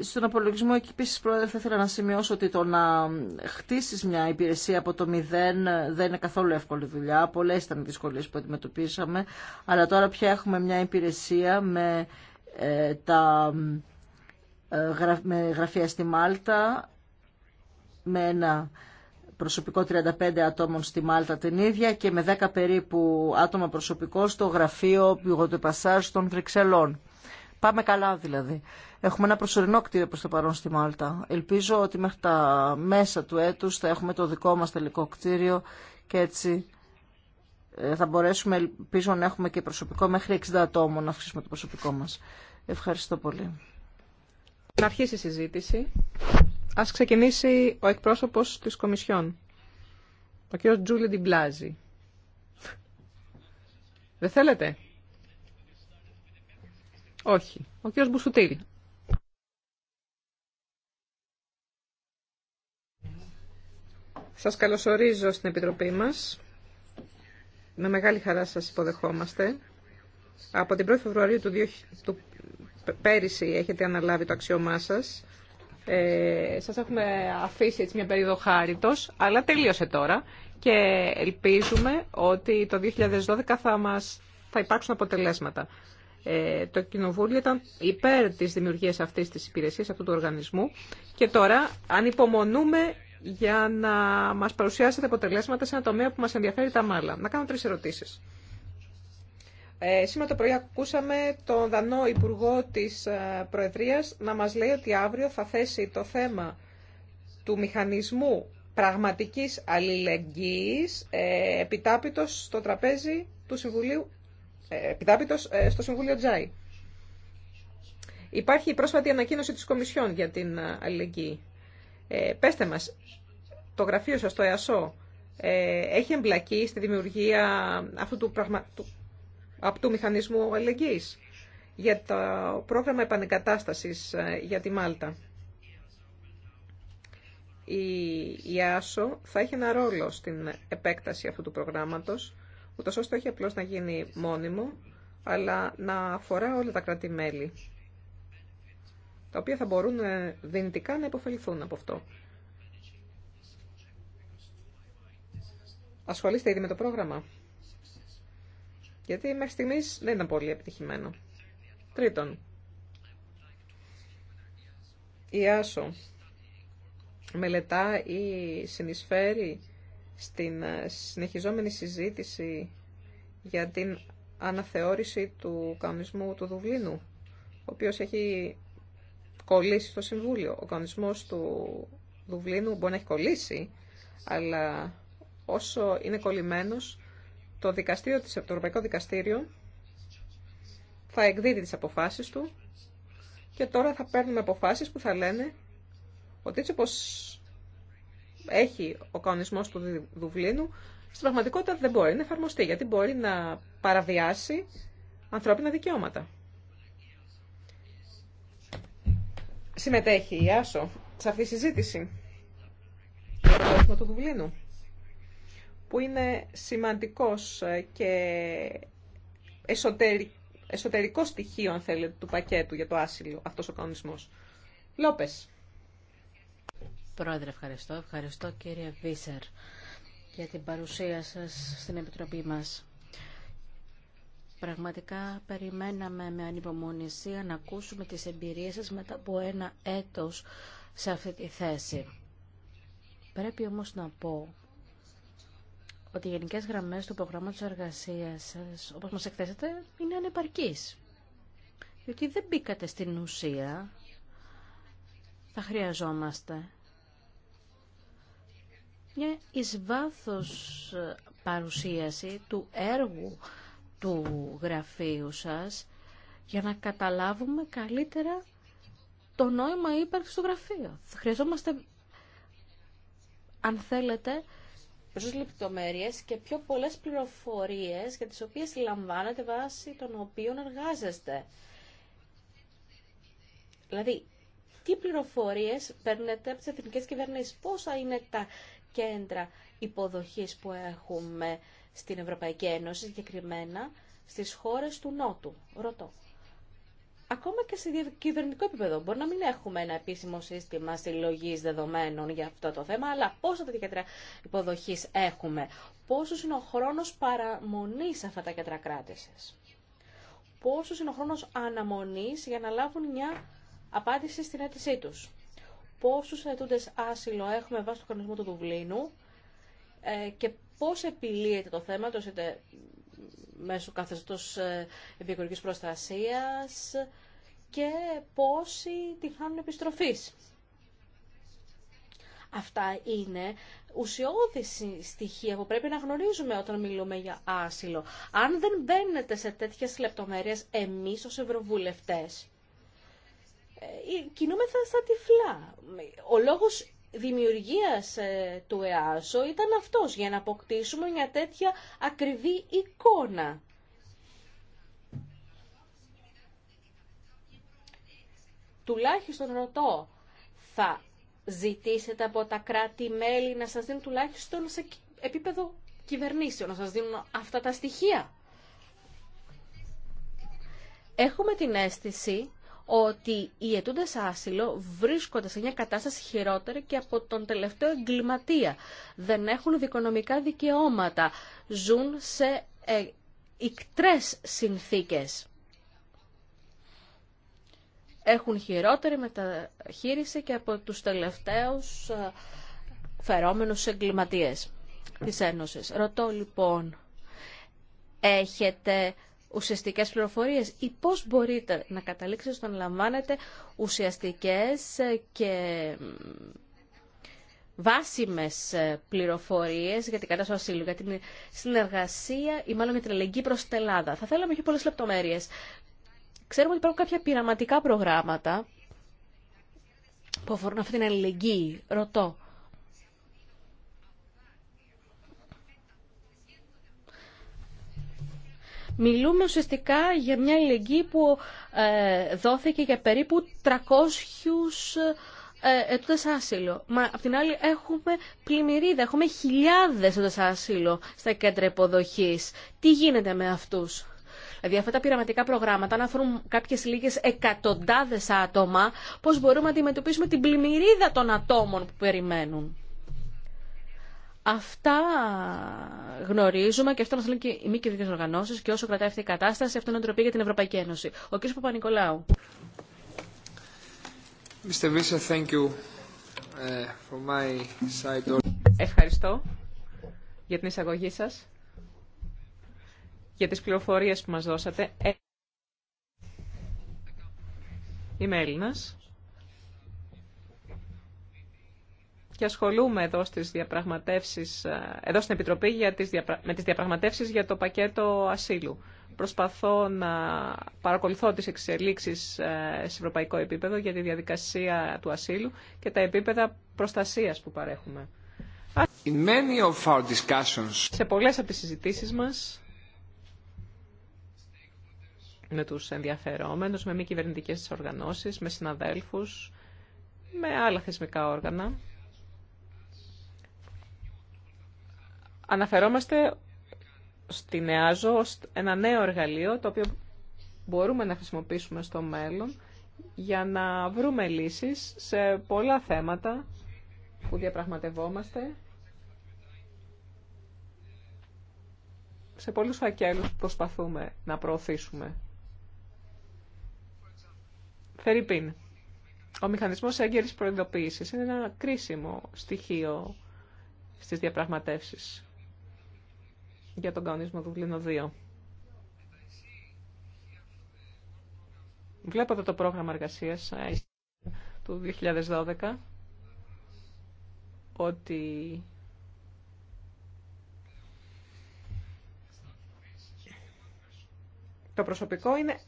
Στον απολογισμό εκεί επίση, Πρόεδρε, θα ήθελα να σημειώσω ότι το να χτίσει μια υπηρεσία από το μηδέν δεν είναι καθόλου εύκολη δουλειά. Πολλέ ήταν οι δυσκολίε που αντιμετωπίσαμε. Αλλά τώρα πια έχουμε μια υπηρεσία με, ε, τα, ε, γραφεία στη Μάλτα, με ένα προσωπικό 35 ατόμων στη Μάλτα την ίδια και με 10 περίπου άτομα προσωπικό στο γραφείο πασάρ των Βρυξελών. Πάμε καλά δηλαδή. Έχουμε ένα προσωρινό κτίριο προς το παρόν στη Μάλτα. Ελπίζω ότι μέχρι τα μέσα του έτους θα έχουμε το δικό μας τελικό κτίριο και έτσι ε, θα μπορέσουμε, ελπίζω να έχουμε και προσωπικό μέχρι 60 ατόμων να αυξήσουμε το προσωπικό μας. Ευχαριστώ πολύ. Να αρχίσει η συζήτηση. Ας ξεκινήσει ο εκπρόσωπος της Κομισιόν, ο κ. Τζούλι Ντιμπλάζη. Δεν θέλετε. Όχι. Ο κύριος Μπουσουτήλ. Σας καλωσορίζω στην Επιτροπή μας. Με μεγάλη χαρά σας υποδεχόμαστε. Από την 1η Φεβρουαρίου του, 2000, του πέρυσι έχετε αναλάβει το αξιωμά σας. Ε, σας έχουμε αφήσει έτσι μια περίοδο χάριτος, αλλά τελείωσε τώρα και ελπίζουμε ότι το 2012 θα, μας, θα υπάρξουν αποτελέσματα. Ε, το Κοινοβούλιο ήταν υπέρ της δημιουργίας αυτής της υπηρεσίας, αυτού του οργανισμού και τώρα ανυπομονούμε για να μας παρουσιάσετε αποτελέσματα σε ένα τομέα που μας ενδιαφέρει τα μάλλα. Να κάνω τρεις ερωτήσεις. Ε, σήμερα το πρωί ακούσαμε τον Δανό Υπουργό της ε, Προεδρίας να μας λέει ότι αύριο θα θέσει το θέμα του μηχανισμού πραγματικής αλληλεγγύης ε, επιτάπητος στο τραπέζι του Συμβουλίου επιτάπητο ε, στο Συμβούλιο Τζάι. Υπάρχει η πρόσφατη ανακοίνωση της Κομισιόν για την ε, αλληλεγγύη. Ε, πέστε μας, το γραφείο σας, το ΕΑΣΟ, ε, έχει εμπλακεί στη δημιουργία αυτού του, πραγμα... του... μηχανισμού αλληλεγγύης για το πρόγραμμα επανεκατάστασης ε, για τη Μάλτα. Η, η ΕΑΣΟ θα έχει ένα ρόλο στην επέκταση αυτού του προγράμματος ούτως ώστε όχι απλώς να γίνει μόνιμο, αλλά να αφορά όλα τα κράτη-μέλη, τα οποία θα μπορούν ε, δυνητικά να υποφεληθούν από αυτό. Ασχολείστε ήδη με το πρόγραμμα. Γιατί μέχρι στιγμής δεν ήταν πολύ επιτυχημένο. Τρίτον, η Άσο μελετά ή συνεισφέρει στην ε, συνεχιζόμενη συζήτηση για την αναθεώρηση του κανονισμού του Δουβλίνου, ο οποίος έχει κολλήσει στο Συμβούλιο. Ο κανονισμός του Δουβλίνου μπορεί να έχει κολλήσει, αλλά όσο είναι κολλημένος, το δικαστήριο της, το Ευρωπαϊκό Δικαστήριο θα εκδίδει τις αποφάσεις του και τώρα θα παίρνουμε αποφάσεις που θα λένε ότι έτσι όπως έχει ο κανονισμός του Δουβλίνου, στην πραγματικότητα δεν μπορεί να εφαρμοστεί, γιατί μπορεί να παραβιάσει ανθρώπινα δικαιώματα. Συμμετέχει η Άσο σε αυτή τη συζήτηση για το του Δουβλίνου, που είναι σημαντικός ε, και εσωτερικό, στοιχείο, αν θέλετε, του πακέτου για το άσυλο, αυτός ο κανονισμός. Λόπες. Πρόεδρε, ευχαριστώ. Ευχαριστώ κύριε Βίσερ για την παρουσία σας στην Επιτροπή μας. Πραγματικά περιμέναμε με ανυπομονησία να ακούσουμε τις εμπειρίες σας μετά από ένα έτος σε αυτή τη θέση. Πρέπει όμως να πω ότι οι γενικές γραμμές του προγράμματος εργασίας σας, όπως μας εκθέσατε, είναι ανεπαρκείς. Διότι δεν μπήκατε στην ουσία, θα χρειαζόμαστε μια εις βάθος ε, παρουσίαση του έργου του γραφείου σας για να καταλάβουμε καλύτερα το νόημα ύπαρξη του γραφείου. Χρειαζόμαστε, αν θέλετε, περισσότερες λεπτομέρειες και πιο πολλές πληροφορίες για τις οποίες λαμβάνετε βάση των οποίων εργάζεστε. Δηλαδή, τι πληροφορίες παίρνετε από τις εθνικές κυβερνήσεις, πόσα είναι τα κέντρα υποδοχής που έχουμε στην Ευρωπαϊκή Ένωση, συγκεκριμένα στις χώρες του Νότου. Ρωτώ. Ακόμα και σε κυβερνητικό επίπεδο. Μπορεί να μην έχουμε ένα επίσημο σύστημα συλλογή δεδομένων για αυτό το θέμα, αλλά πόσα τέτοια κέντρα υποδοχή έχουμε, πόσο είναι ο χρόνο παραμονή σε αυτά τα κέντρα κράτηση, πόσο είναι ο χρόνο αναμονή για να λάβουν μια απάντηση στην αίτησή του πόσους αιτούντες άσυλο έχουμε βάσει το κανονισμού του Δουβλίνου ε, και πώς επιλύεται το θέμα, το είτε μέσω καθεστώς ε, επικουρικής προστασίας και πόσοι τη χάνουν επιστροφής. Αυτά είναι ουσιώδη στοιχεία που πρέπει να γνωρίζουμε όταν μιλούμε για άσυλο. Αν δεν μπαίνετε σε τέτοιες λεπτομέρειες εμείς ως ευρωβουλευτές, ε, ε, κινούμεθα στα τυφλά. Ο λόγος δημιουργίας ε, του ΕΑΣΟ ήταν αυτός, για να αποκτήσουμε μια τέτοια ακριβή εικόνα. Τουλάχιστον ρωτώ, θα ζητήσετε από τα κράτη-μέλη να σας δίνουν τουλάχιστον σε επίπεδο κυβερνήσεων, να σας δίνουν αυτά τα στοιχεία. Έχουμε την αίσθηση ότι οι αιτούντες άσυλο βρίσκονται σε μια κατάσταση χειρότερη και από τον τελευταίο εγκληματία. Δεν έχουν δικονομικά δικαιώματα. Ζουν σε ε, ικτρές συνθήκες. Έχουν χειρότερη μεταχείριση και από τους τελευταίους ε, φερόμενους εγκληματίες της Ένωσης. Ρωτώ λοιπόν, έχετε ουσιαστικές πληροφορίες ή πώς μπορείτε να καταλήξετε στο να λαμβάνετε ουσιαστικές ε, και βάσιμες ε, πληροφορίες για την κατάσταση ασύλου, για την συνεργασία ή μάλλον για την αλληλεγγύη προς την Ελλάδα. Θα θέλαμε και πολλές λεπτομέρειες. Ξέρουμε ότι υπάρχουν κάποια πειραματικά προγράμματα που αφορούν αυτή την αλληλεγγύη. Ρωτώ, Μιλούμε ουσιαστικά για μια αλληλεγγύη που ε, δόθηκε για περίπου 300 ε, ετούτε άσυλο. Μα απ' την άλλη έχουμε πλημμυρίδα, έχουμε χιλιάδες ετούτε άσυλο στα κέντρα υποδοχής. Τι γίνεται με αυτούς. Δηλαδή αυτά τα πειραματικά προγράμματα, να αφορούν κάποιες λίγες εκατοντάδες άτομα, πώς μπορούμε να αντιμετωπίσουμε την πλημμυρίδα των ατόμων που περιμένουν. Αυτά γνωρίζουμε και αυτό μα λένε και οι μη κυβερνητικέ οργανώσει και όσο κρατάει αυτή η κατάσταση, αυτό είναι ντροπή για την Ευρωπαϊκή Ένωση. Ο κ. Παπα-Νικολάου. Uh, Ευχαριστώ για την εισαγωγή σας, για τις πληροφορίες που μας δώσατε. Ε, είμαι Έλληνας. και ασχολούμαι εδώ, στις διαπραγματεύσεις, ε, εδώ στην Επιτροπή για τις με τις διαπραγματεύσεις για το πακέτο ασύλου. Προσπαθώ να παρακολουθώ τις εξελίξεις ε, σε ευρωπαϊκό επίπεδο για τη διαδικασία του ασύλου και τα επίπεδα προστασίας που παρέχουμε. many of our discussions... Σε πολλές από τις συζητήσεις μας με τους ενδιαφερόμενους, με μη κυβερνητικέ οργανώσεις, με συναδέλφους, με άλλα θεσμικά όργανα. Αναφερόμαστε στην ΝΕΑΖΟ ως ένα νέο εργαλείο το οποίο μπορούμε να χρησιμοποιήσουμε στο μέλλον για να βρούμε λύσεις σε πολλά θέματα που διαπραγματευόμαστε σε πολλούς φακέλους που προσπαθούμε να προωθήσουμε. Φερρυπίν. Ο μηχανισμός έγκαιρης προειδοποίησης είναι ένα κρίσιμο στοιχείο στις διαπραγματεύσεις για τον κανονισμό του 2. Βλέπω εδώ το πρόγραμμα εργασίας ε, του 2012 ότι το προσωπικό είναι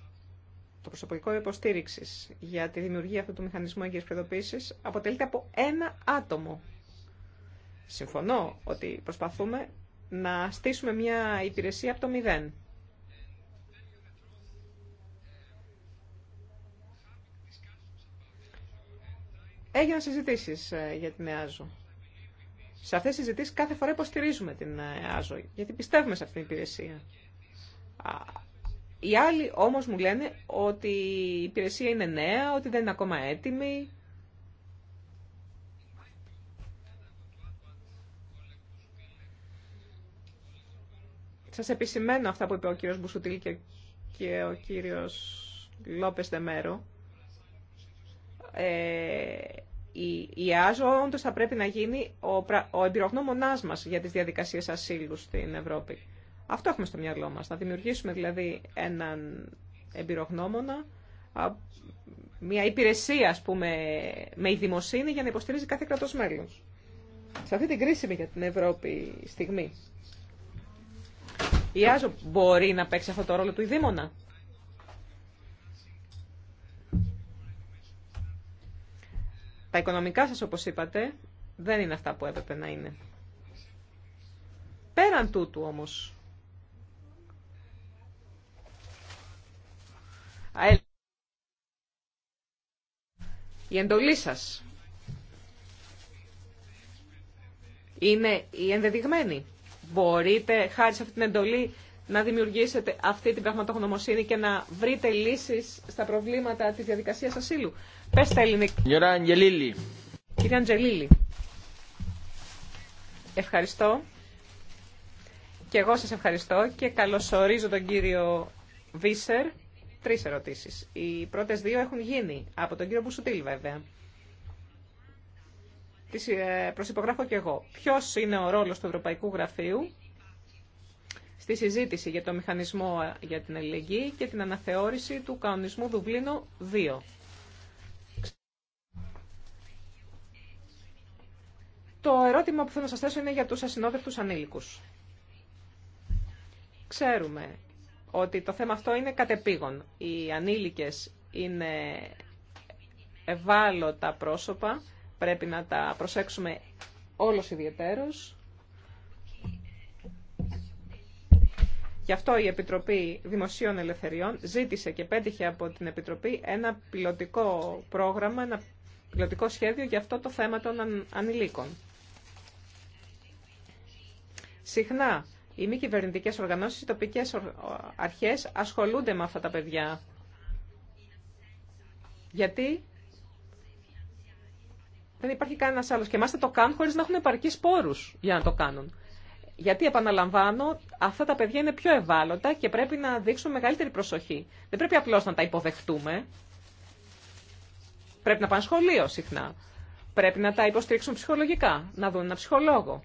το προσωπικό υποστήριξη για τη δημιουργία αυτού του μηχανισμού έγκαιρη προειδοποίηση αποτελείται από ένα άτομο. Συμφωνώ ότι προσπαθούμε να στήσουμε μια υπηρεσία από το μηδέν. Έγιναν συζητήσει ε, για την ΕΑΖΟ. Σε αυτέ τι συζητήσει κάθε φορά υποστηρίζουμε την ε, ΕΑΖΟ, γιατί πιστεύουμε σε αυτήν την υπηρεσία. Οι άλλοι όμω μου λένε ότι η υπηρεσία είναι νέα, ότι δεν είναι ακόμα έτοιμη, σας επισημαίνω αυτά που είπε ο κύριος Μπουσουτήλ και, ο κύριος Λόπες Δεμέρο. Ε, η, η ΑΖΟ όντως θα πρέπει να γίνει ο, ο εμπειρογνώμονάς για τι διαδικασίε ασύλου στην Ευρώπη. Αυτό έχουμε στο μυαλό μα. Να δημιουργήσουμε δηλαδή έναν εμπειρογνώμονα, μια υπηρεσία α πούμε με η δημοσύνη για να υποστηρίζει κάθε κρατό μέλο. Σε αυτή την κρίσιμη για την Ευρώπη στιγμή η Άζο μπορεί να παίξει αυτό το ρόλο του η Δήμονα. Τα οικονομικά σας, όπως είπατε, δεν είναι αυτά που έπρεπε να είναι. Πέραν τούτου, όμως, η εντολή σας είναι η ενδεδειγμένη μπορείτε χάρη σε αυτή την εντολή να δημιουργήσετε αυτή την πραγματογνωμοσύνη και να βρείτε λύσεις στα προβλήματα της διαδικασίας ασύλου. Πες τα ελληνικά. Κυρία Αγγελίλη. Κυρία Ευχαριστώ. Και εγώ σας ευχαριστώ και καλωσορίζω τον κύριο Βίσερ. Τρεις ερωτήσεις. Οι πρώτες δύο έχουν γίνει από τον κύριο Μπουσουτήλ βέβαια τις ε, προσυπογράφω και εγώ. Ποιος είναι ο ρόλος του Ευρωπαϊκού Γραφείου στη συζήτηση για το μηχανισμό για την ελληνική και την αναθεώρηση του κανονισμού Δουβλίνο 2. Το ερώτημα που θέλω να σας θέσω είναι για τους ασυνόδευτους ανήλικους. Ξέρουμε ότι το θέμα αυτό είναι κατεπήγον. Οι ανήλικες είναι ευάλωτα πρόσωπα πρέπει να τα προσέξουμε όλος ιδιαιτέρως. Γι' αυτό η Επιτροπή Δημοσίων Ελευθεριών ζήτησε και πέτυχε από την Επιτροπή ένα πιλωτικό πρόγραμμα, ένα πιλωτικό σχέδιο για αυτό το θέμα των ανηλίκων. Συχνά οι μη κυβερνητικέ οργανώσεις, οι τοπικές αρχές ασχολούνται με αυτά τα παιδιά. Γιατί δεν υπάρχει κανένα άλλο. Και μάλιστα το κάνουν χωρί να έχουν επαρκή πόρου για να το κάνουν. Γιατί, επαναλαμβάνω, αυτά τα παιδιά είναι πιο ευάλωτα και πρέπει να δείξουν μεγαλύτερη προσοχή. Δεν πρέπει απλώ να τα υποδεχτούμε. Πρέπει να πάνε σχολείο συχνά. Πρέπει να τα υποστηρίξουν ψυχολογικά, να δουν ένα ψυχολόγο.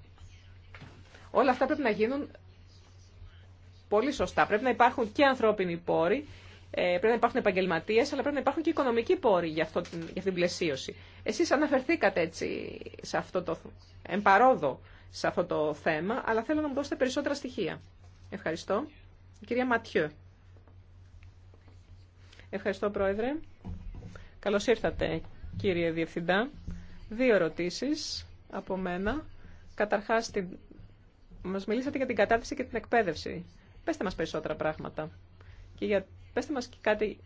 Όλα αυτά πρέπει να γίνουν πολύ σωστά. Πρέπει να υπάρχουν και ανθρώπινοι πόροι ε, πρέπει να υπάρχουν επαγγελματίε, αλλά πρέπει να υπάρχουν και οικονομικοί πόροι για, αυτό, για αυτή την πλαισίωση. Εσεί αναφερθήκατε έτσι σε αυτό το εμπαρόδο σε αυτό το θέμα, αλλά θέλω να μου δώσετε περισσότερα στοιχεία. Ευχαριστώ. Η κυρία Ματιώ. Ευχαριστώ, Πρόεδρε. Καλώ ήρθατε, κύριε Διευθυντά. Δύο ερωτήσει από μένα. Καταρχά, την... μας μιλήσατε για την κατάρτιση και την εκπαίδευση. Πετε μα περισσότερα πράγματα και για Πεςτε μας και κάτι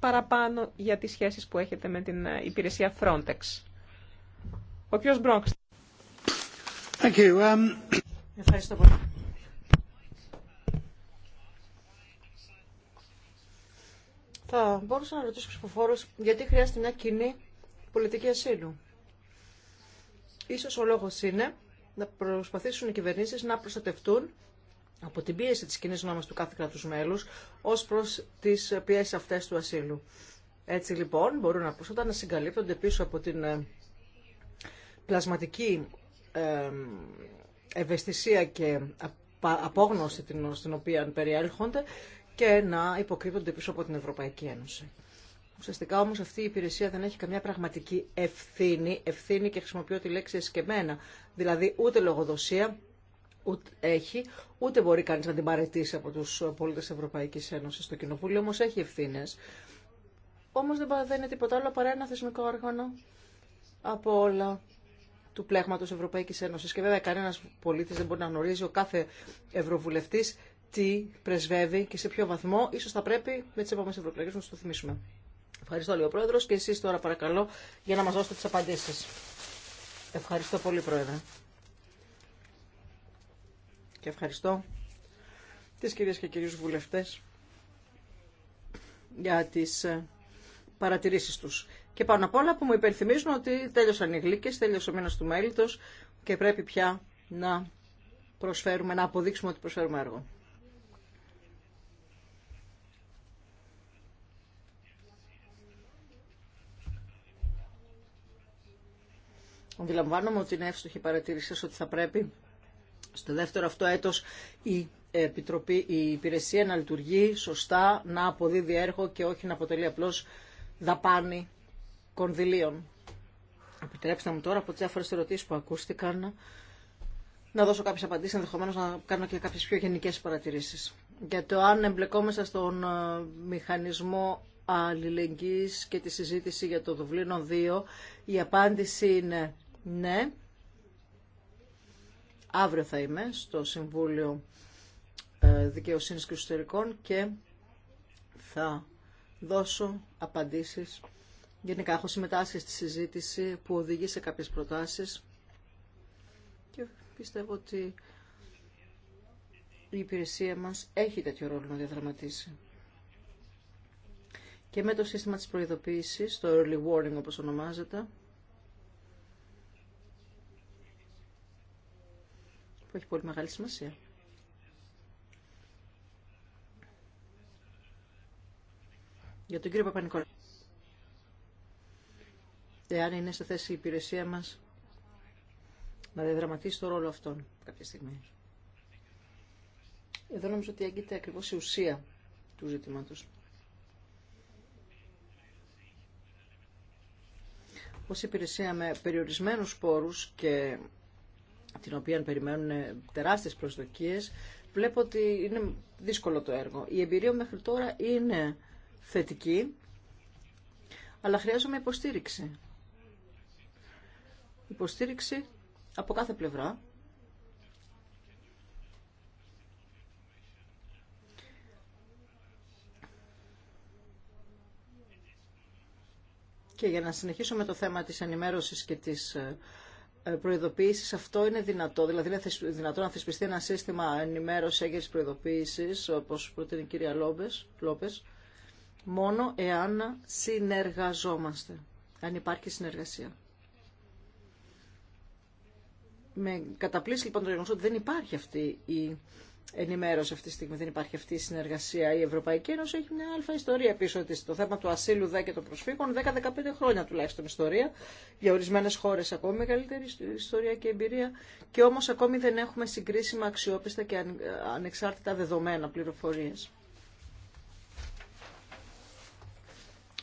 παραπάνω για τις σχέσεις που έχετε με την ε, υπηρεσία Frontex. Ο κ. Um, Ευχαριστώ πολύ. Θα μπορούσα να ρωτήσω ψηφοφόρους γιατί χρειάζεται μια κοινή πολιτική ασύλου. Ίσως ο λόγος είναι να προσπαθήσουν οι κυβερνήσεις να προστατευτούν από την πίεση της κοινή νόμας του κάθε κράτους μέλους ως προς τις πιέσει αυτές του ασύλου. Έτσι λοιπόν μπορούν να να συγκαλύπτονται πίσω από την ε, πλασματική ευαισθησία και απόγνωση στην οποία περιέλχονται και να υποκρύπτονται πίσω από την Ευρωπαϊκή Ένωση. Ουσιαστικά όμως αυτή η υπηρεσία δεν έχει καμιά πραγματική ευθύνη, ευθύνη και χρησιμοποιώ τη λέξη εσκεμένα, δηλαδή ούτε λογοδοσία, ούτε έχει, ούτε μπορεί κανεί να την παρετήσει από τους πολίτες Ευρωπαϊκή Ένωση στο Κοινοβούλιο όμω έχει ευθύνε. Όμω δεν είναι τίποτα άλλο παρά ένα θεσμικό όργανο από όλα του πλέγματος Ευρωπαϊκή Ένωση. Και βέβαια κανένα πολίτη δεν μπορεί να γνωρίζει ο κάθε ευρωβουλευτή τι πρεσβεύει και σε ποιο βαθμό. Ίσως θα πρέπει με τι επόμενε ευρωεκλογές να το θυμίσουμε. Ευχαριστώ, λίγο ο και εσεί τώρα παρακαλώ για να μα δώσετε τι απαντήσει. Ευχαριστώ πολύ, Πρόεδρε και ευχαριστώ τις κυρίες και κυρίους βουλευτές για τις ε, παρατηρήσεις τους. Και πάνω απ' όλα που μου υπενθυμίζουν ότι τέλειωσαν οι γλύκες, τέλειωσε ο μήνας του μέλητος και πρέπει πια να προσφέρουμε, να αποδείξουμε ότι προσφέρουμε έργο. Αντιλαμβάνομαι ότι είναι εύστοχη η παρατήρηση ότι θα πρέπει στο δεύτερο αυτό έτος η Επιτροπή, η υπηρεσία να λειτουργεί σωστά, να αποδίδει έργο και όχι να αποτελεί απλώς δαπάνη κονδυλίων. Επιτρέψτε μου τώρα από τι διάφορε ερωτήσει που ακούστηκαν να δώσω κάποιε απαντήσει, ενδεχομένω να κάνω και κάποιε πιο γενικέ παρατηρήσει. Για το αν εμπλεκόμαστε στον ε, μηχανισμό αλληλεγγύη και τη συζήτηση για το Δουβλίνο 2, η απάντηση είναι ναι. Αύριο θα είμαι στο Συμβούλιο ε, Δικαιοσύνης και Ιστορικών και θα δώσω απαντήσεις. Γενικά έχω συμμετάσχει στη συζήτηση που οδηγεί σε κάποιες προτάσεις και πιστεύω ότι η υπηρεσία μας έχει τέτοιο ρόλο να διαδραματίσει. Και με το σύστημα της προειδοποίησης, το early warning όπως ονομάζεται, έχει πολύ μεγάλη σημασία. Για τον κύριο Παπανικόλα. Εάν είναι σε θέση η υπηρεσία μας να διαδραματίσει το ρόλο αυτόν κάποια στιγμή. Εδώ νομίζω ότι έγκυται ακριβώς η ουσία του ζητήματος. Ως υπηρεσία με περιορισμένους πόρους και την οποία περιμένουν ε, τεράστιες προσδοκίες, βλέπω ότι είναι δύσκολο το έργο. Η εμπειρία μέχρι τώρα είναι θετική, αλλά χρειάζομαι υποστήριξη. Υποστήριξη από κάθε πλευρά. Και για να συνεχίσω με το θέμα της ενημέρωσης και της ε, αυτό είναι δυνατό, δηλαδή είναι δυνατό να θεσπιστεί ένα σύστημα ενημέρωση έγκαιρη προειδοποίηση, όπως προτείνει η κυρία Λόπε, μόνο εάν συνεργαζόμαστε, αν υπάρχει συνεργασία. Με καταπλήσει λοιπόν το γεγονό ότι δεν υπάρχει αυτή η ενημέρωση αυτή τη στιγμή. Δεν υπάρχει αυτή η συνεργασία. Η Ευρωπαϊκή Ένωση έχει μια αλφα ιστορία πίσω τη. Το θέμα του ασύλου δε και των προσφύγων, 10-15 χρόνια τουλάχιστον ιστορία. Για ορισμένε χώρε ακόμη μεγαλύτερη ιστορία και εμπειρία. Και όμω ακόμη δεν έχουμε συγκρίσιμα αξιόπιστα και ανεξάρτητα δεδομένα πληροφορίε.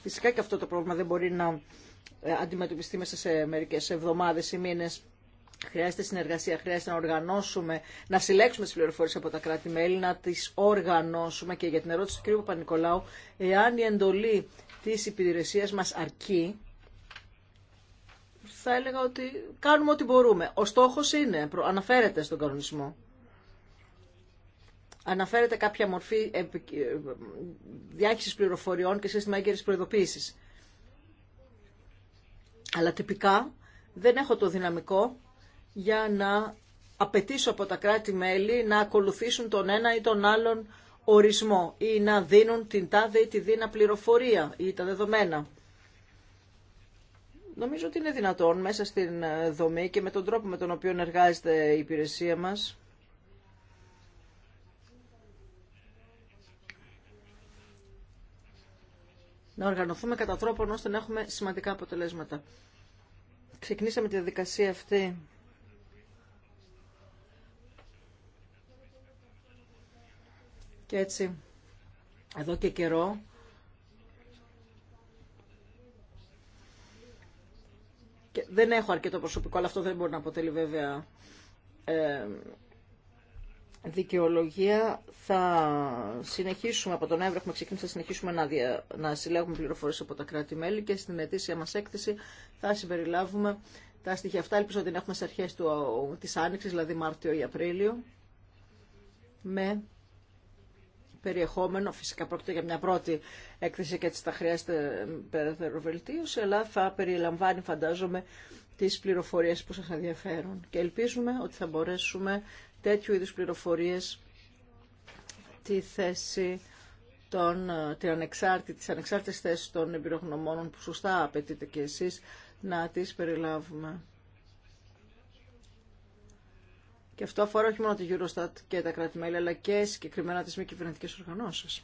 Φυσικά και αυτό το πρόβλημα δεν μπορεί να ε, αντιμετωπιστεί μέσα σε μερικέ εβδομάδε ή μήνε. Χρειάζεται συνεργασία, χρειάζεται να οργανώσουμε, να συλλέξουμε τι πληροφορίε από τα κράτη-μέλη, να τι οργανώσουμε και για την ερώτηση του κ. Πανικολάου, εάν η εντολή τη υπηρεσία μα αρκεί, θα έλεγα ότι κάνουμε ό,τι μπορούμε. Ο στόχο είναι, αναφέρεται στον κανονισμό. Αναφέρεται κάποια μορφή ε, διάχυση πληροφοριών και σύστημα έγκαιρη προειδοποίηση. Αλλά τυπικά δεν έχω το δυναμικό για να απαιτήσω από τα κράτη-μέλη να ακολουθήσουν τον ένα ή τον άλλον ορισμό ή να δίνουν την τάδε ή τη δίνα πληροφορία ή τα δεδομένα. Νομίζω ότι είναι δυνατόν μέσα στην ε, δομή και με τον τρόπο με τον οποίο εργάζεται η υπηρεσία μας να οργανωθούμε κατά τρόπον ώστε να έχουμε σημαντικά αποτελέσματα. Ξεκινήσαμε τη διαδικασία αυτή Και έτσι, εδώ και καιρό, και δεν έχω αρκετό προσωπικό, αλλά αυτό δεν μπορεί να αποτελεί βέβαια ε, δικαιολογία. Θα συνεχίσουμε από τον Εύρο έχουμε ξεκινήσει, θα συνεχίσουμε να, δια, να συλλέγουμε πληροφορίες από τα κράτη-μέλη και στην ετήσια μας έκθεση θα συμπεριλάβουμε τα στοιχεία αυτά. Ελπίζω ότι έχουμε σε αρχές του, της δηλαδή Μάρτιο ή Απρίλιο, με περιεχόμενο. Φυσικά πρόκειται για μια πρώτη έκθεση και έτσι θα χρειάζεται περαιτέρω βελτίωση, αλλά θα περιλαμβάνει, φαντάζομαι, τις πληροφορίες που σας ενδιαφέρουν. Και ελπίζουμε ότι θα μπορέσουμε τέτοιου είδους πληροφορίες τη θέση των, την ανεξάρτη, τις ανεξάρτητες θέσεις των εμπειρογνωμόνων που σωστά απαιτείτε και εσείς να τις περιλάβουμε. Και αυτό αφορά όχι μόνο τη Eurostat και τα κράτη-μέλη, αλλά και συγκεκριμένα τις μη κυβερνητικέ οργανώσει.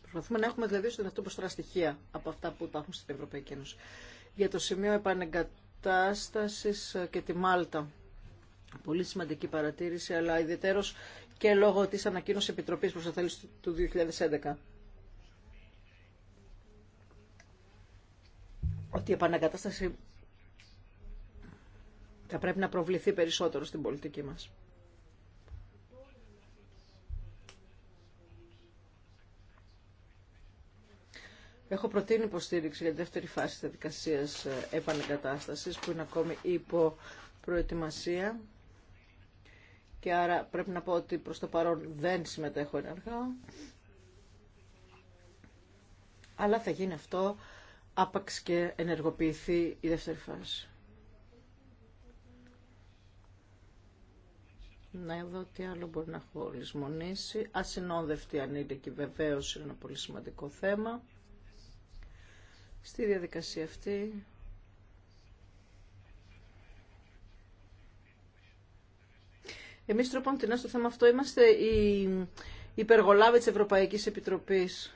Προσπαθούμε να έχουμε δηλαδή στον δυνατό στοιχεία από αυτά που υπάρχουν στην Ευρωπαϊκή Ένωση. Για το σημείο επανεγκατάστασης ε, και τη Μάλτα. Πολύ σημαντική παρατήρηση, αλλά ιδιαίτερος και λόγω της ανακοίνωσης Επιτροπής θέλεις του 2011. Ότι η επανακατάσταση θα πρέπει να προβληθεί περισσότερο στην πολιτική μας. Έχω προτείνει υποστήριξη για τη δεύτερη φάση της διαδικασίας ε, επανεγκατάστασης που είναι ακόμη υπό προετοιμασία και άρα πρέπει να πω ότι προς το παρόν δεν συμμετέχω ενεργά. Αλλά θα γίνει αυτό άπαξ και ενεργοποιηθεί η δεύτερη φάση. Να εδώ τι άλλο μπορεί να έχω λησμονήσει. Ασυνόδευτη ανήλικη βεβαίως είναι ένα πολύ σημαντικό θέμα. Στη διαδικασία αυτή Εμεί τρόπον την στο θέμα αυτό είμαστε η υπεργολάβη τη Ευρωπαϊκή Επιτροπής.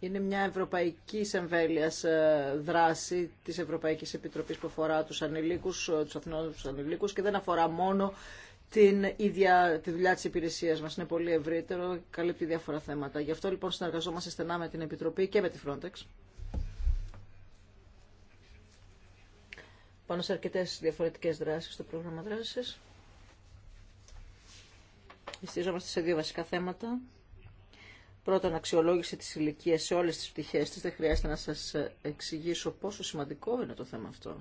Είναι μια ευρωπαϊκή εμβέλεια ε, δράση τη Ευρωπαϊκή Επιτροπή που αφορά του ανηλίκου, ε, του αθνόδου ανηλίκου και δεν αφορά μόνο την ίδια τη δουλειά τη υπηρεσία μα. Είναι πολύ ευρύτερο, καλύπτει διάφορα θέματα. Γι' αυτό λοιπόν συνεργαζόμαστε στενά με την Επιτροπή και με τη Frontex. Πάνω σε αρκετέ διαφορετικέ δράσει στο πρόγραμμα δράση. Στηριζόμαστε σε δύο βασικά θέματα. Πρώτον, αξιολόγηση της ηλικία σε όλες τις πτυχές τη. Δεν χρειάζεται να σας εξηγήσω πόσο σημαντικό είναι το θέμα αυτό.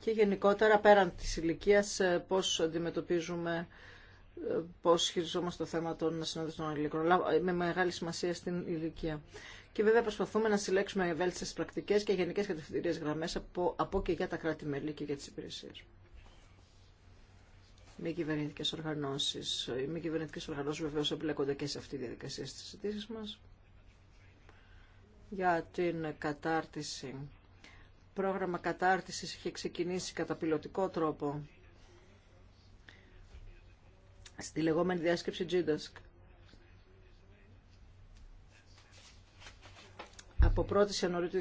Και γενικότερα, πέραν της ηλικία πώς αντιμετωπίζουμε πώς χειριζόμαστε το θέμα των συνόδων ηλικών, Με μεγάλη σημασία στην ηλικία και βέβαια προσπαθούμε να συλλέξουμε ευέλικτε πρακτικέ και γενικέ κατευθυντήριε γραμμέ από, από και για τα κράτη-μέλη και για τι υπηρεσίες μη κυβερνητικέ οργανώσει. Οι μη κυβερνητικέ οργανώσει βεβαίω εμπλέκονται και σε αυτή τη διαδικασία στι συζητήσει μα για την κατάρτιση. Πρόγραμμα κατάρτισης είχε ξεκινήσει κατά πιλωτικό τρόπο στη λεγόμενη διάσκεψη GDASC Από 1η Ιανουαρίου του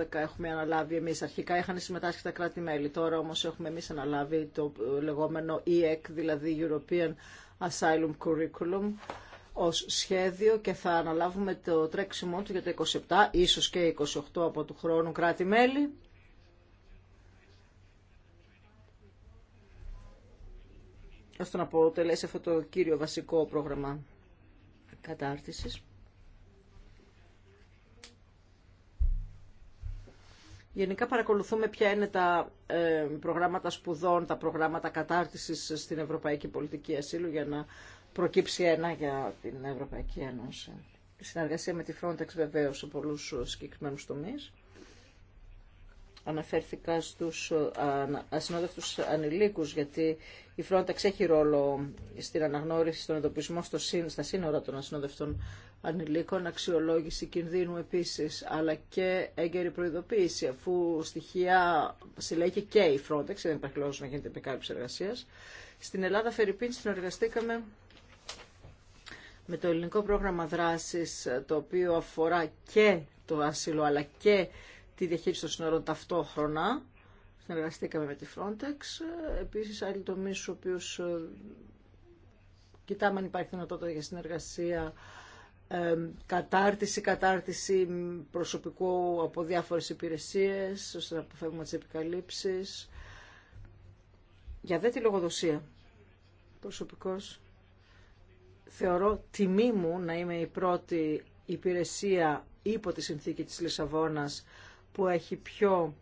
2012 έχουμε αναλάβει εμεί. Αρχικά είχαν συμμετάσχει τα κράτη-μέλη. Τώρα όμω έχουμε εμεί αναλάβει το λεγόμενο EEC, δηλαδή European Asylum Curriculum, ω σχέδιο και θα αναλάβουμε το τρέξιμό του για το 27, ίσω και 28 από του χρόνου κράτη-μέλη. ώστε να αποτελέσει αυτό το κύριο βασικό πρόγραμμα κατάρτισης. Γενικά παρακολουθούμε ποια είναι τα ε, προγράμματα σπουδών, τα προγράμματα κατάρτισης στην Ευρωπαϊκή Πολιτική Ασύλου για να προκύψει ένα για την Ευρωπαϊκή Ένωση. Συνεργασία με τη Frontex βεβαίως σε πολλούς συγκεκριμένους τομείς αναφέρθηκα στους ε, ασυνόδευτους ανηλίκους γιατί η Frontex έχει ρόλο στην αναγνώριση, στον εντοπισμό στο σύν, στα σύνορα των ασυνόδευτων ανηλίκων, αξιολόγηση κινδύνου επίσης, αλλά και έγκαιρη προειδοποίηση αφού στοιχεία συλλέγει και η Frontex, δεν υπάρχει λόγος να γίνεται επικάλυψη εργασία. Στην Ελλάδα Φερρυπίν συνεργαστήκαμε με το ελληνικό πρόγραμμα δράσης το οποίο αφορά και το άσυλο αλλά και τη διαχείριση των σύνορων ταυτόχρονα. Συνεργαστήκαμε με τη Frontex. Επίσης, άλλοι τομεί στους οποίους ε, κοιτάμε αν υπάρχει δυνατότητα για συνεργασία, ε, κατάρτιση, κατάρτιση προσωπικού από διάφορες υπηρεσίες, ώστε να αποφεύγουμε τις επικαλύψεις. Για δε τη λογοδοσία προσωπικός, θεωρώ τιμή μου να είμαι η πρώτη υπηρεσία υπό τη συνθήκη της Λισαβόνας που έχει πιο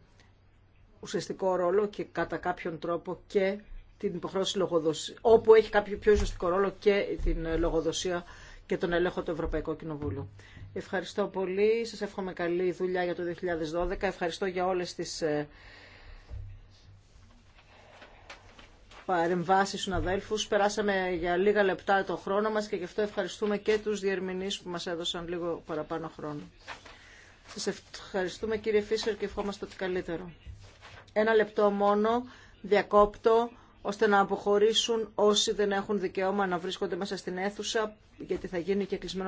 ουσιαστικό ρόλο και κατά κάποιον τρόπο και την υποχρέωση λογοδοσία, όπου έχει κάποιο πιο ουσιαστικό ρόλο και την λογοδοσία και τον ελέγχο του Ευρωπαϊκού Κοινοβούλου. Ευχαριστώ πολύ. Σας εύχομαι καλή δουλειά για το 2012. Ευχαριστώ για όλες τις ε, παρεμβάσεις συναδέλφους. Περάσαμε για λίγα λεπτά το χρόνο μας και γι' αυτό ευχαριστούμε και τους διερμηνείς που μας έδωσαν λίγο παραπάνω χρόνο. Σας ευχαριστούμε κύριε Φίσερ και ευχόμαστε ότι καλύτερο. Ένα λεπτό μόνο διακόπτω ώστε να αποχωρήσουν όσοι δεν έχουν δικαίωμα να βρίσκονται μέσα στην αίθουσα γιατί θα γίνει και κλεισμένο.